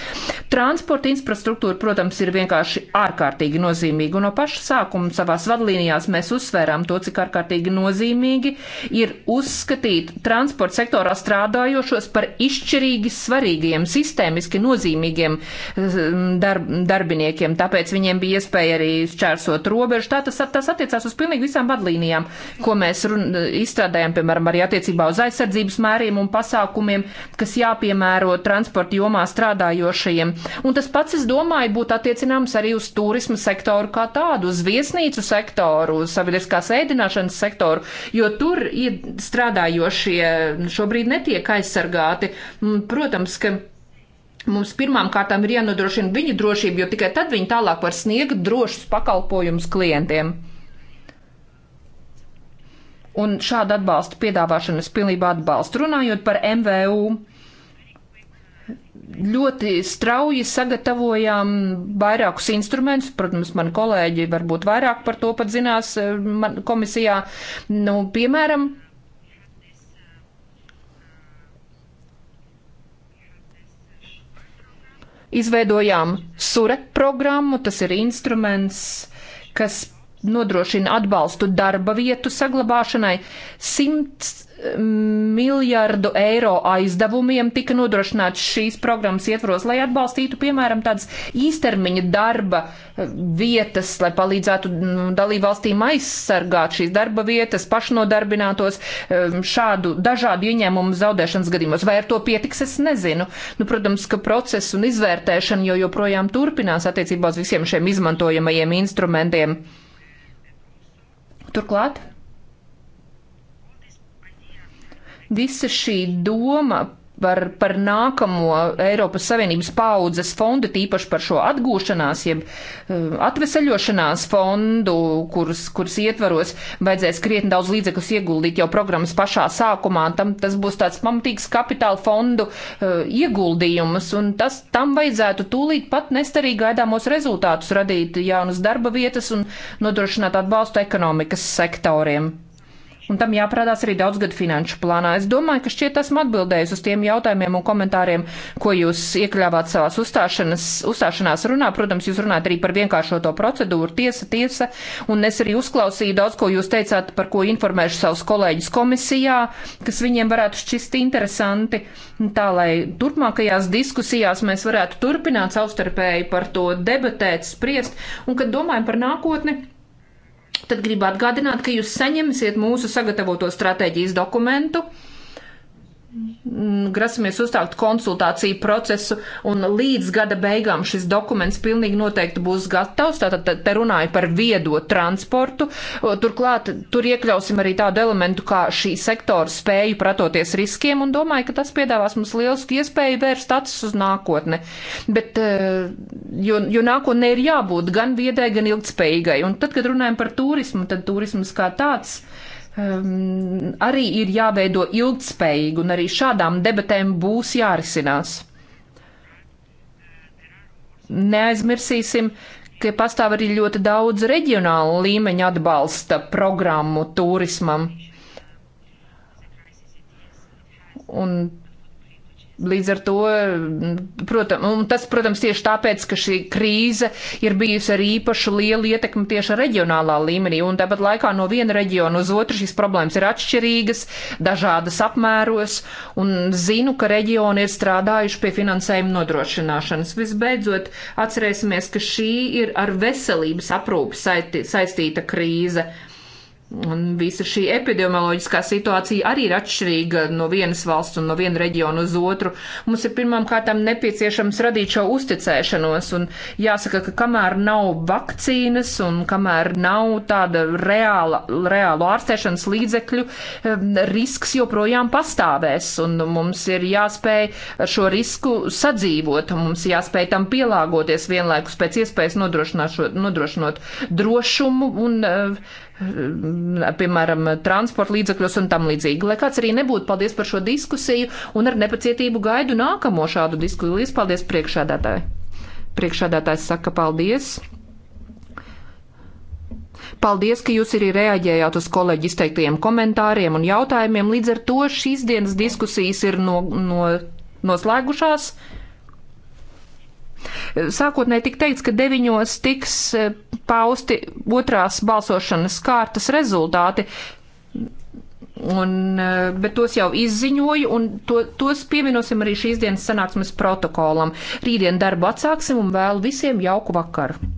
Transporta infrastruktūra, protams, ir vienkārši ārkārtīgi nozīmīga, un no paša sākuma savās vadlīnijās mēs uzsvērām to, cik ārkārtīgi nozīmīgi ir uzskatīt transporta sektorā strādājošos par izšķirīgi svarīgiem, sistēmiski nozīmīgiem eh, darb darbiniekiem, tāpēc viņiem bija iespēja arī šķērsot robežu. Tā tas, tas attiecās uz pilnīgi visām vadlīnijām, ko mēs run, izstrādājam, piemēram, arī attiecībā uz aizsardzības mēriem un pasākumiem, kas jāpārāk jāpiemēro transporta jomā strādājošajiem. Un tas pats, es domāju, būtu attiecināms arī uz turismu sektoru kā tādu, uz viesnīcu sektoru, uz sabiedriskās ēdināšanas sektoru, jo tur strādājošie šobrīd netiek aizsargāti. Mm, protams, ka. Mums pirmām kārtām ir jānodrošina viņu drošība, jo tikai tad viņi tālāk var sniegt drošus pakalpojumus klientiem. Un šādu atbalstu piedāvāšanu es pilnībā atbalstu. Runājot par MVU, ļoti strauji sagatavojām vairākus instrumentus. Protams, mani kolēģi varbūt vairāk par to pat zinās eh, komisijā. Nu, piemēram, izveidojām SURE programmu, tas ir instruments, kas nodrošina atbalstu darba vietu saglabāšanai. 100 mm, miljardu eiro aizdevumiem tika nodrošināts šīs programmas ietvaros, lai atbalstītu, piemēram, tādas īstermiņa darba eh, vietas, lai palīdzētu mm, dalībvalstīm aizsargāt šīs darba vietas, pašnodarbinātos eh, šādu dažādu ieņēmumu zaudēšanas gadījumos. Vai ar to pietiks, es nezinu. Nu, protams, ka process un izvērtēšana jo joprojām turpinās attiecībā uz visiem šiem izmantojamajiem instrumentiem. Turklāt visa šī doma par, par nākamo Eiropas Savienības paudzes fondu, tīpaši par šo atgūšanās, jeb eh, atveseļošanās fondu, kuras, kuras ietvaros vajadzēs krietni daudz līdzekļus ieguldīt jau programmas pašā sākumā. Tam tas būs tāds pamatīgs kapitāla fondu uh, ieguldījums, un tas tam vajadzētu tūlīt pat nest arī gaidāmos rezultātus, radīt jaunas darba vietas un nodrošināt atbalstu ekonomikas sektoriem un tam jāprādās arī daudzgadu finanšu plānā. Es domāju, ka šķiet esmu atbildējis uz tiem jautājumiem un komentāriem, ko jūs iekļāvāt savās uzstāšanās runā. Protams, jūs runājat arī par vienkāršoto procedūru, tiesa, tiesa, un es arī uzklausīju daudz, ko jūs teicāt, par ko informēšu savus kolēģus komisijā, kas viņiem varētu šķist interesanti, tā lai turpmākajās diskusijās mēs varētu turpināt savstarpēji par to debatēt, spriest, un kad domājam par nākotni, tad gribu atgādināt, ka jūs saņemsiet mūsu sagatavoto stratēģijas dokumentu. Mm, grasamies uzstākt konsultāciju procesu, un līdz gada beigām šis dokuments pilnīgi noteikti būs gatavs. Tātad te runāju par viedo transportu. Turklāt tur iekļausim arī tādu elementu kā šī sektora spēju pratoties riskiem, un domāju, ka tas piedāvās mums lielisku iespēju vērst acis uz nākotni. Bet, e, jo, jo nākotnē ir jābūt gan viedai, gan ilgtspējīgai. Un tad, kad runājam par turismu, tad turismas kā tāds. Uh, um, arī ir jāveido ilgtspējīgi, un arī šādām debatēm būs jārisinās. Neaizmirsīsim, ka pastāv arī ļoti daudz reģionāla līmeņa atbalsta programmu turismam. Un Līdz ar to, protams, tas, protams, tieši tāpēc, ka šī krīze ir bijusi ar īpašu lielu ietekmi tieši reģionālā līmenī, un tāpat laikā no viena reģiona uz otru šīs problēmas ir atšķirīgas, dažādas apmēros, un zinu, ka reģioni ir strādājuši pie finansējuma nodrošināšanas. Visbeidzot, atcerēsimies, ka šī ir ar veselības aprūpi saistīta krīze. Un visa šī epidemioloģiskā situācija arī ir atšķirīga no vienas valsts un no viena reģiona uz otru. Mums ir pirmām kārtām nepieciešams radīt šo uzticēšanos, un jāsaka, ka kamēr nav vakcīnas un kamēr nav tāda reāla, reālu ārstēšanas līdzekļu, risks joprojām pastāvēs, un mums ir jāspēj ar šo risku sadzīvot, un mums jāspēj tam pielāgoties vienlaikus pēc iespējas nodrošinot drošumu un uh, piemēram, transporta līdzakļos un tam līdzīgi. Lai kāds arī nebūtu, paldies par šo diskusiju un ar nepacietību gaidu nākamo šādu diskusiju. Līdz paldies priekšādātāji. Priekšādātājs saka paldies. Paldies, ka jūs arī reaģējāt uz kolēģi izteiktajiem komentāriem un jautājumiem. Līdz ar to šīs dienas diskusijas ir no, no, noslēgušās. Sākotnēji tika teikts, ka deviņos tiks e, pausti otrās balsošanas kārtas rezultāti. Un, e, bet tos jau izziņoju, un to, tos pievienosim arī šīs dienas sanāksmes protokolam. Rītdien darbu atsāksim un vēl visiem jauku vakaru!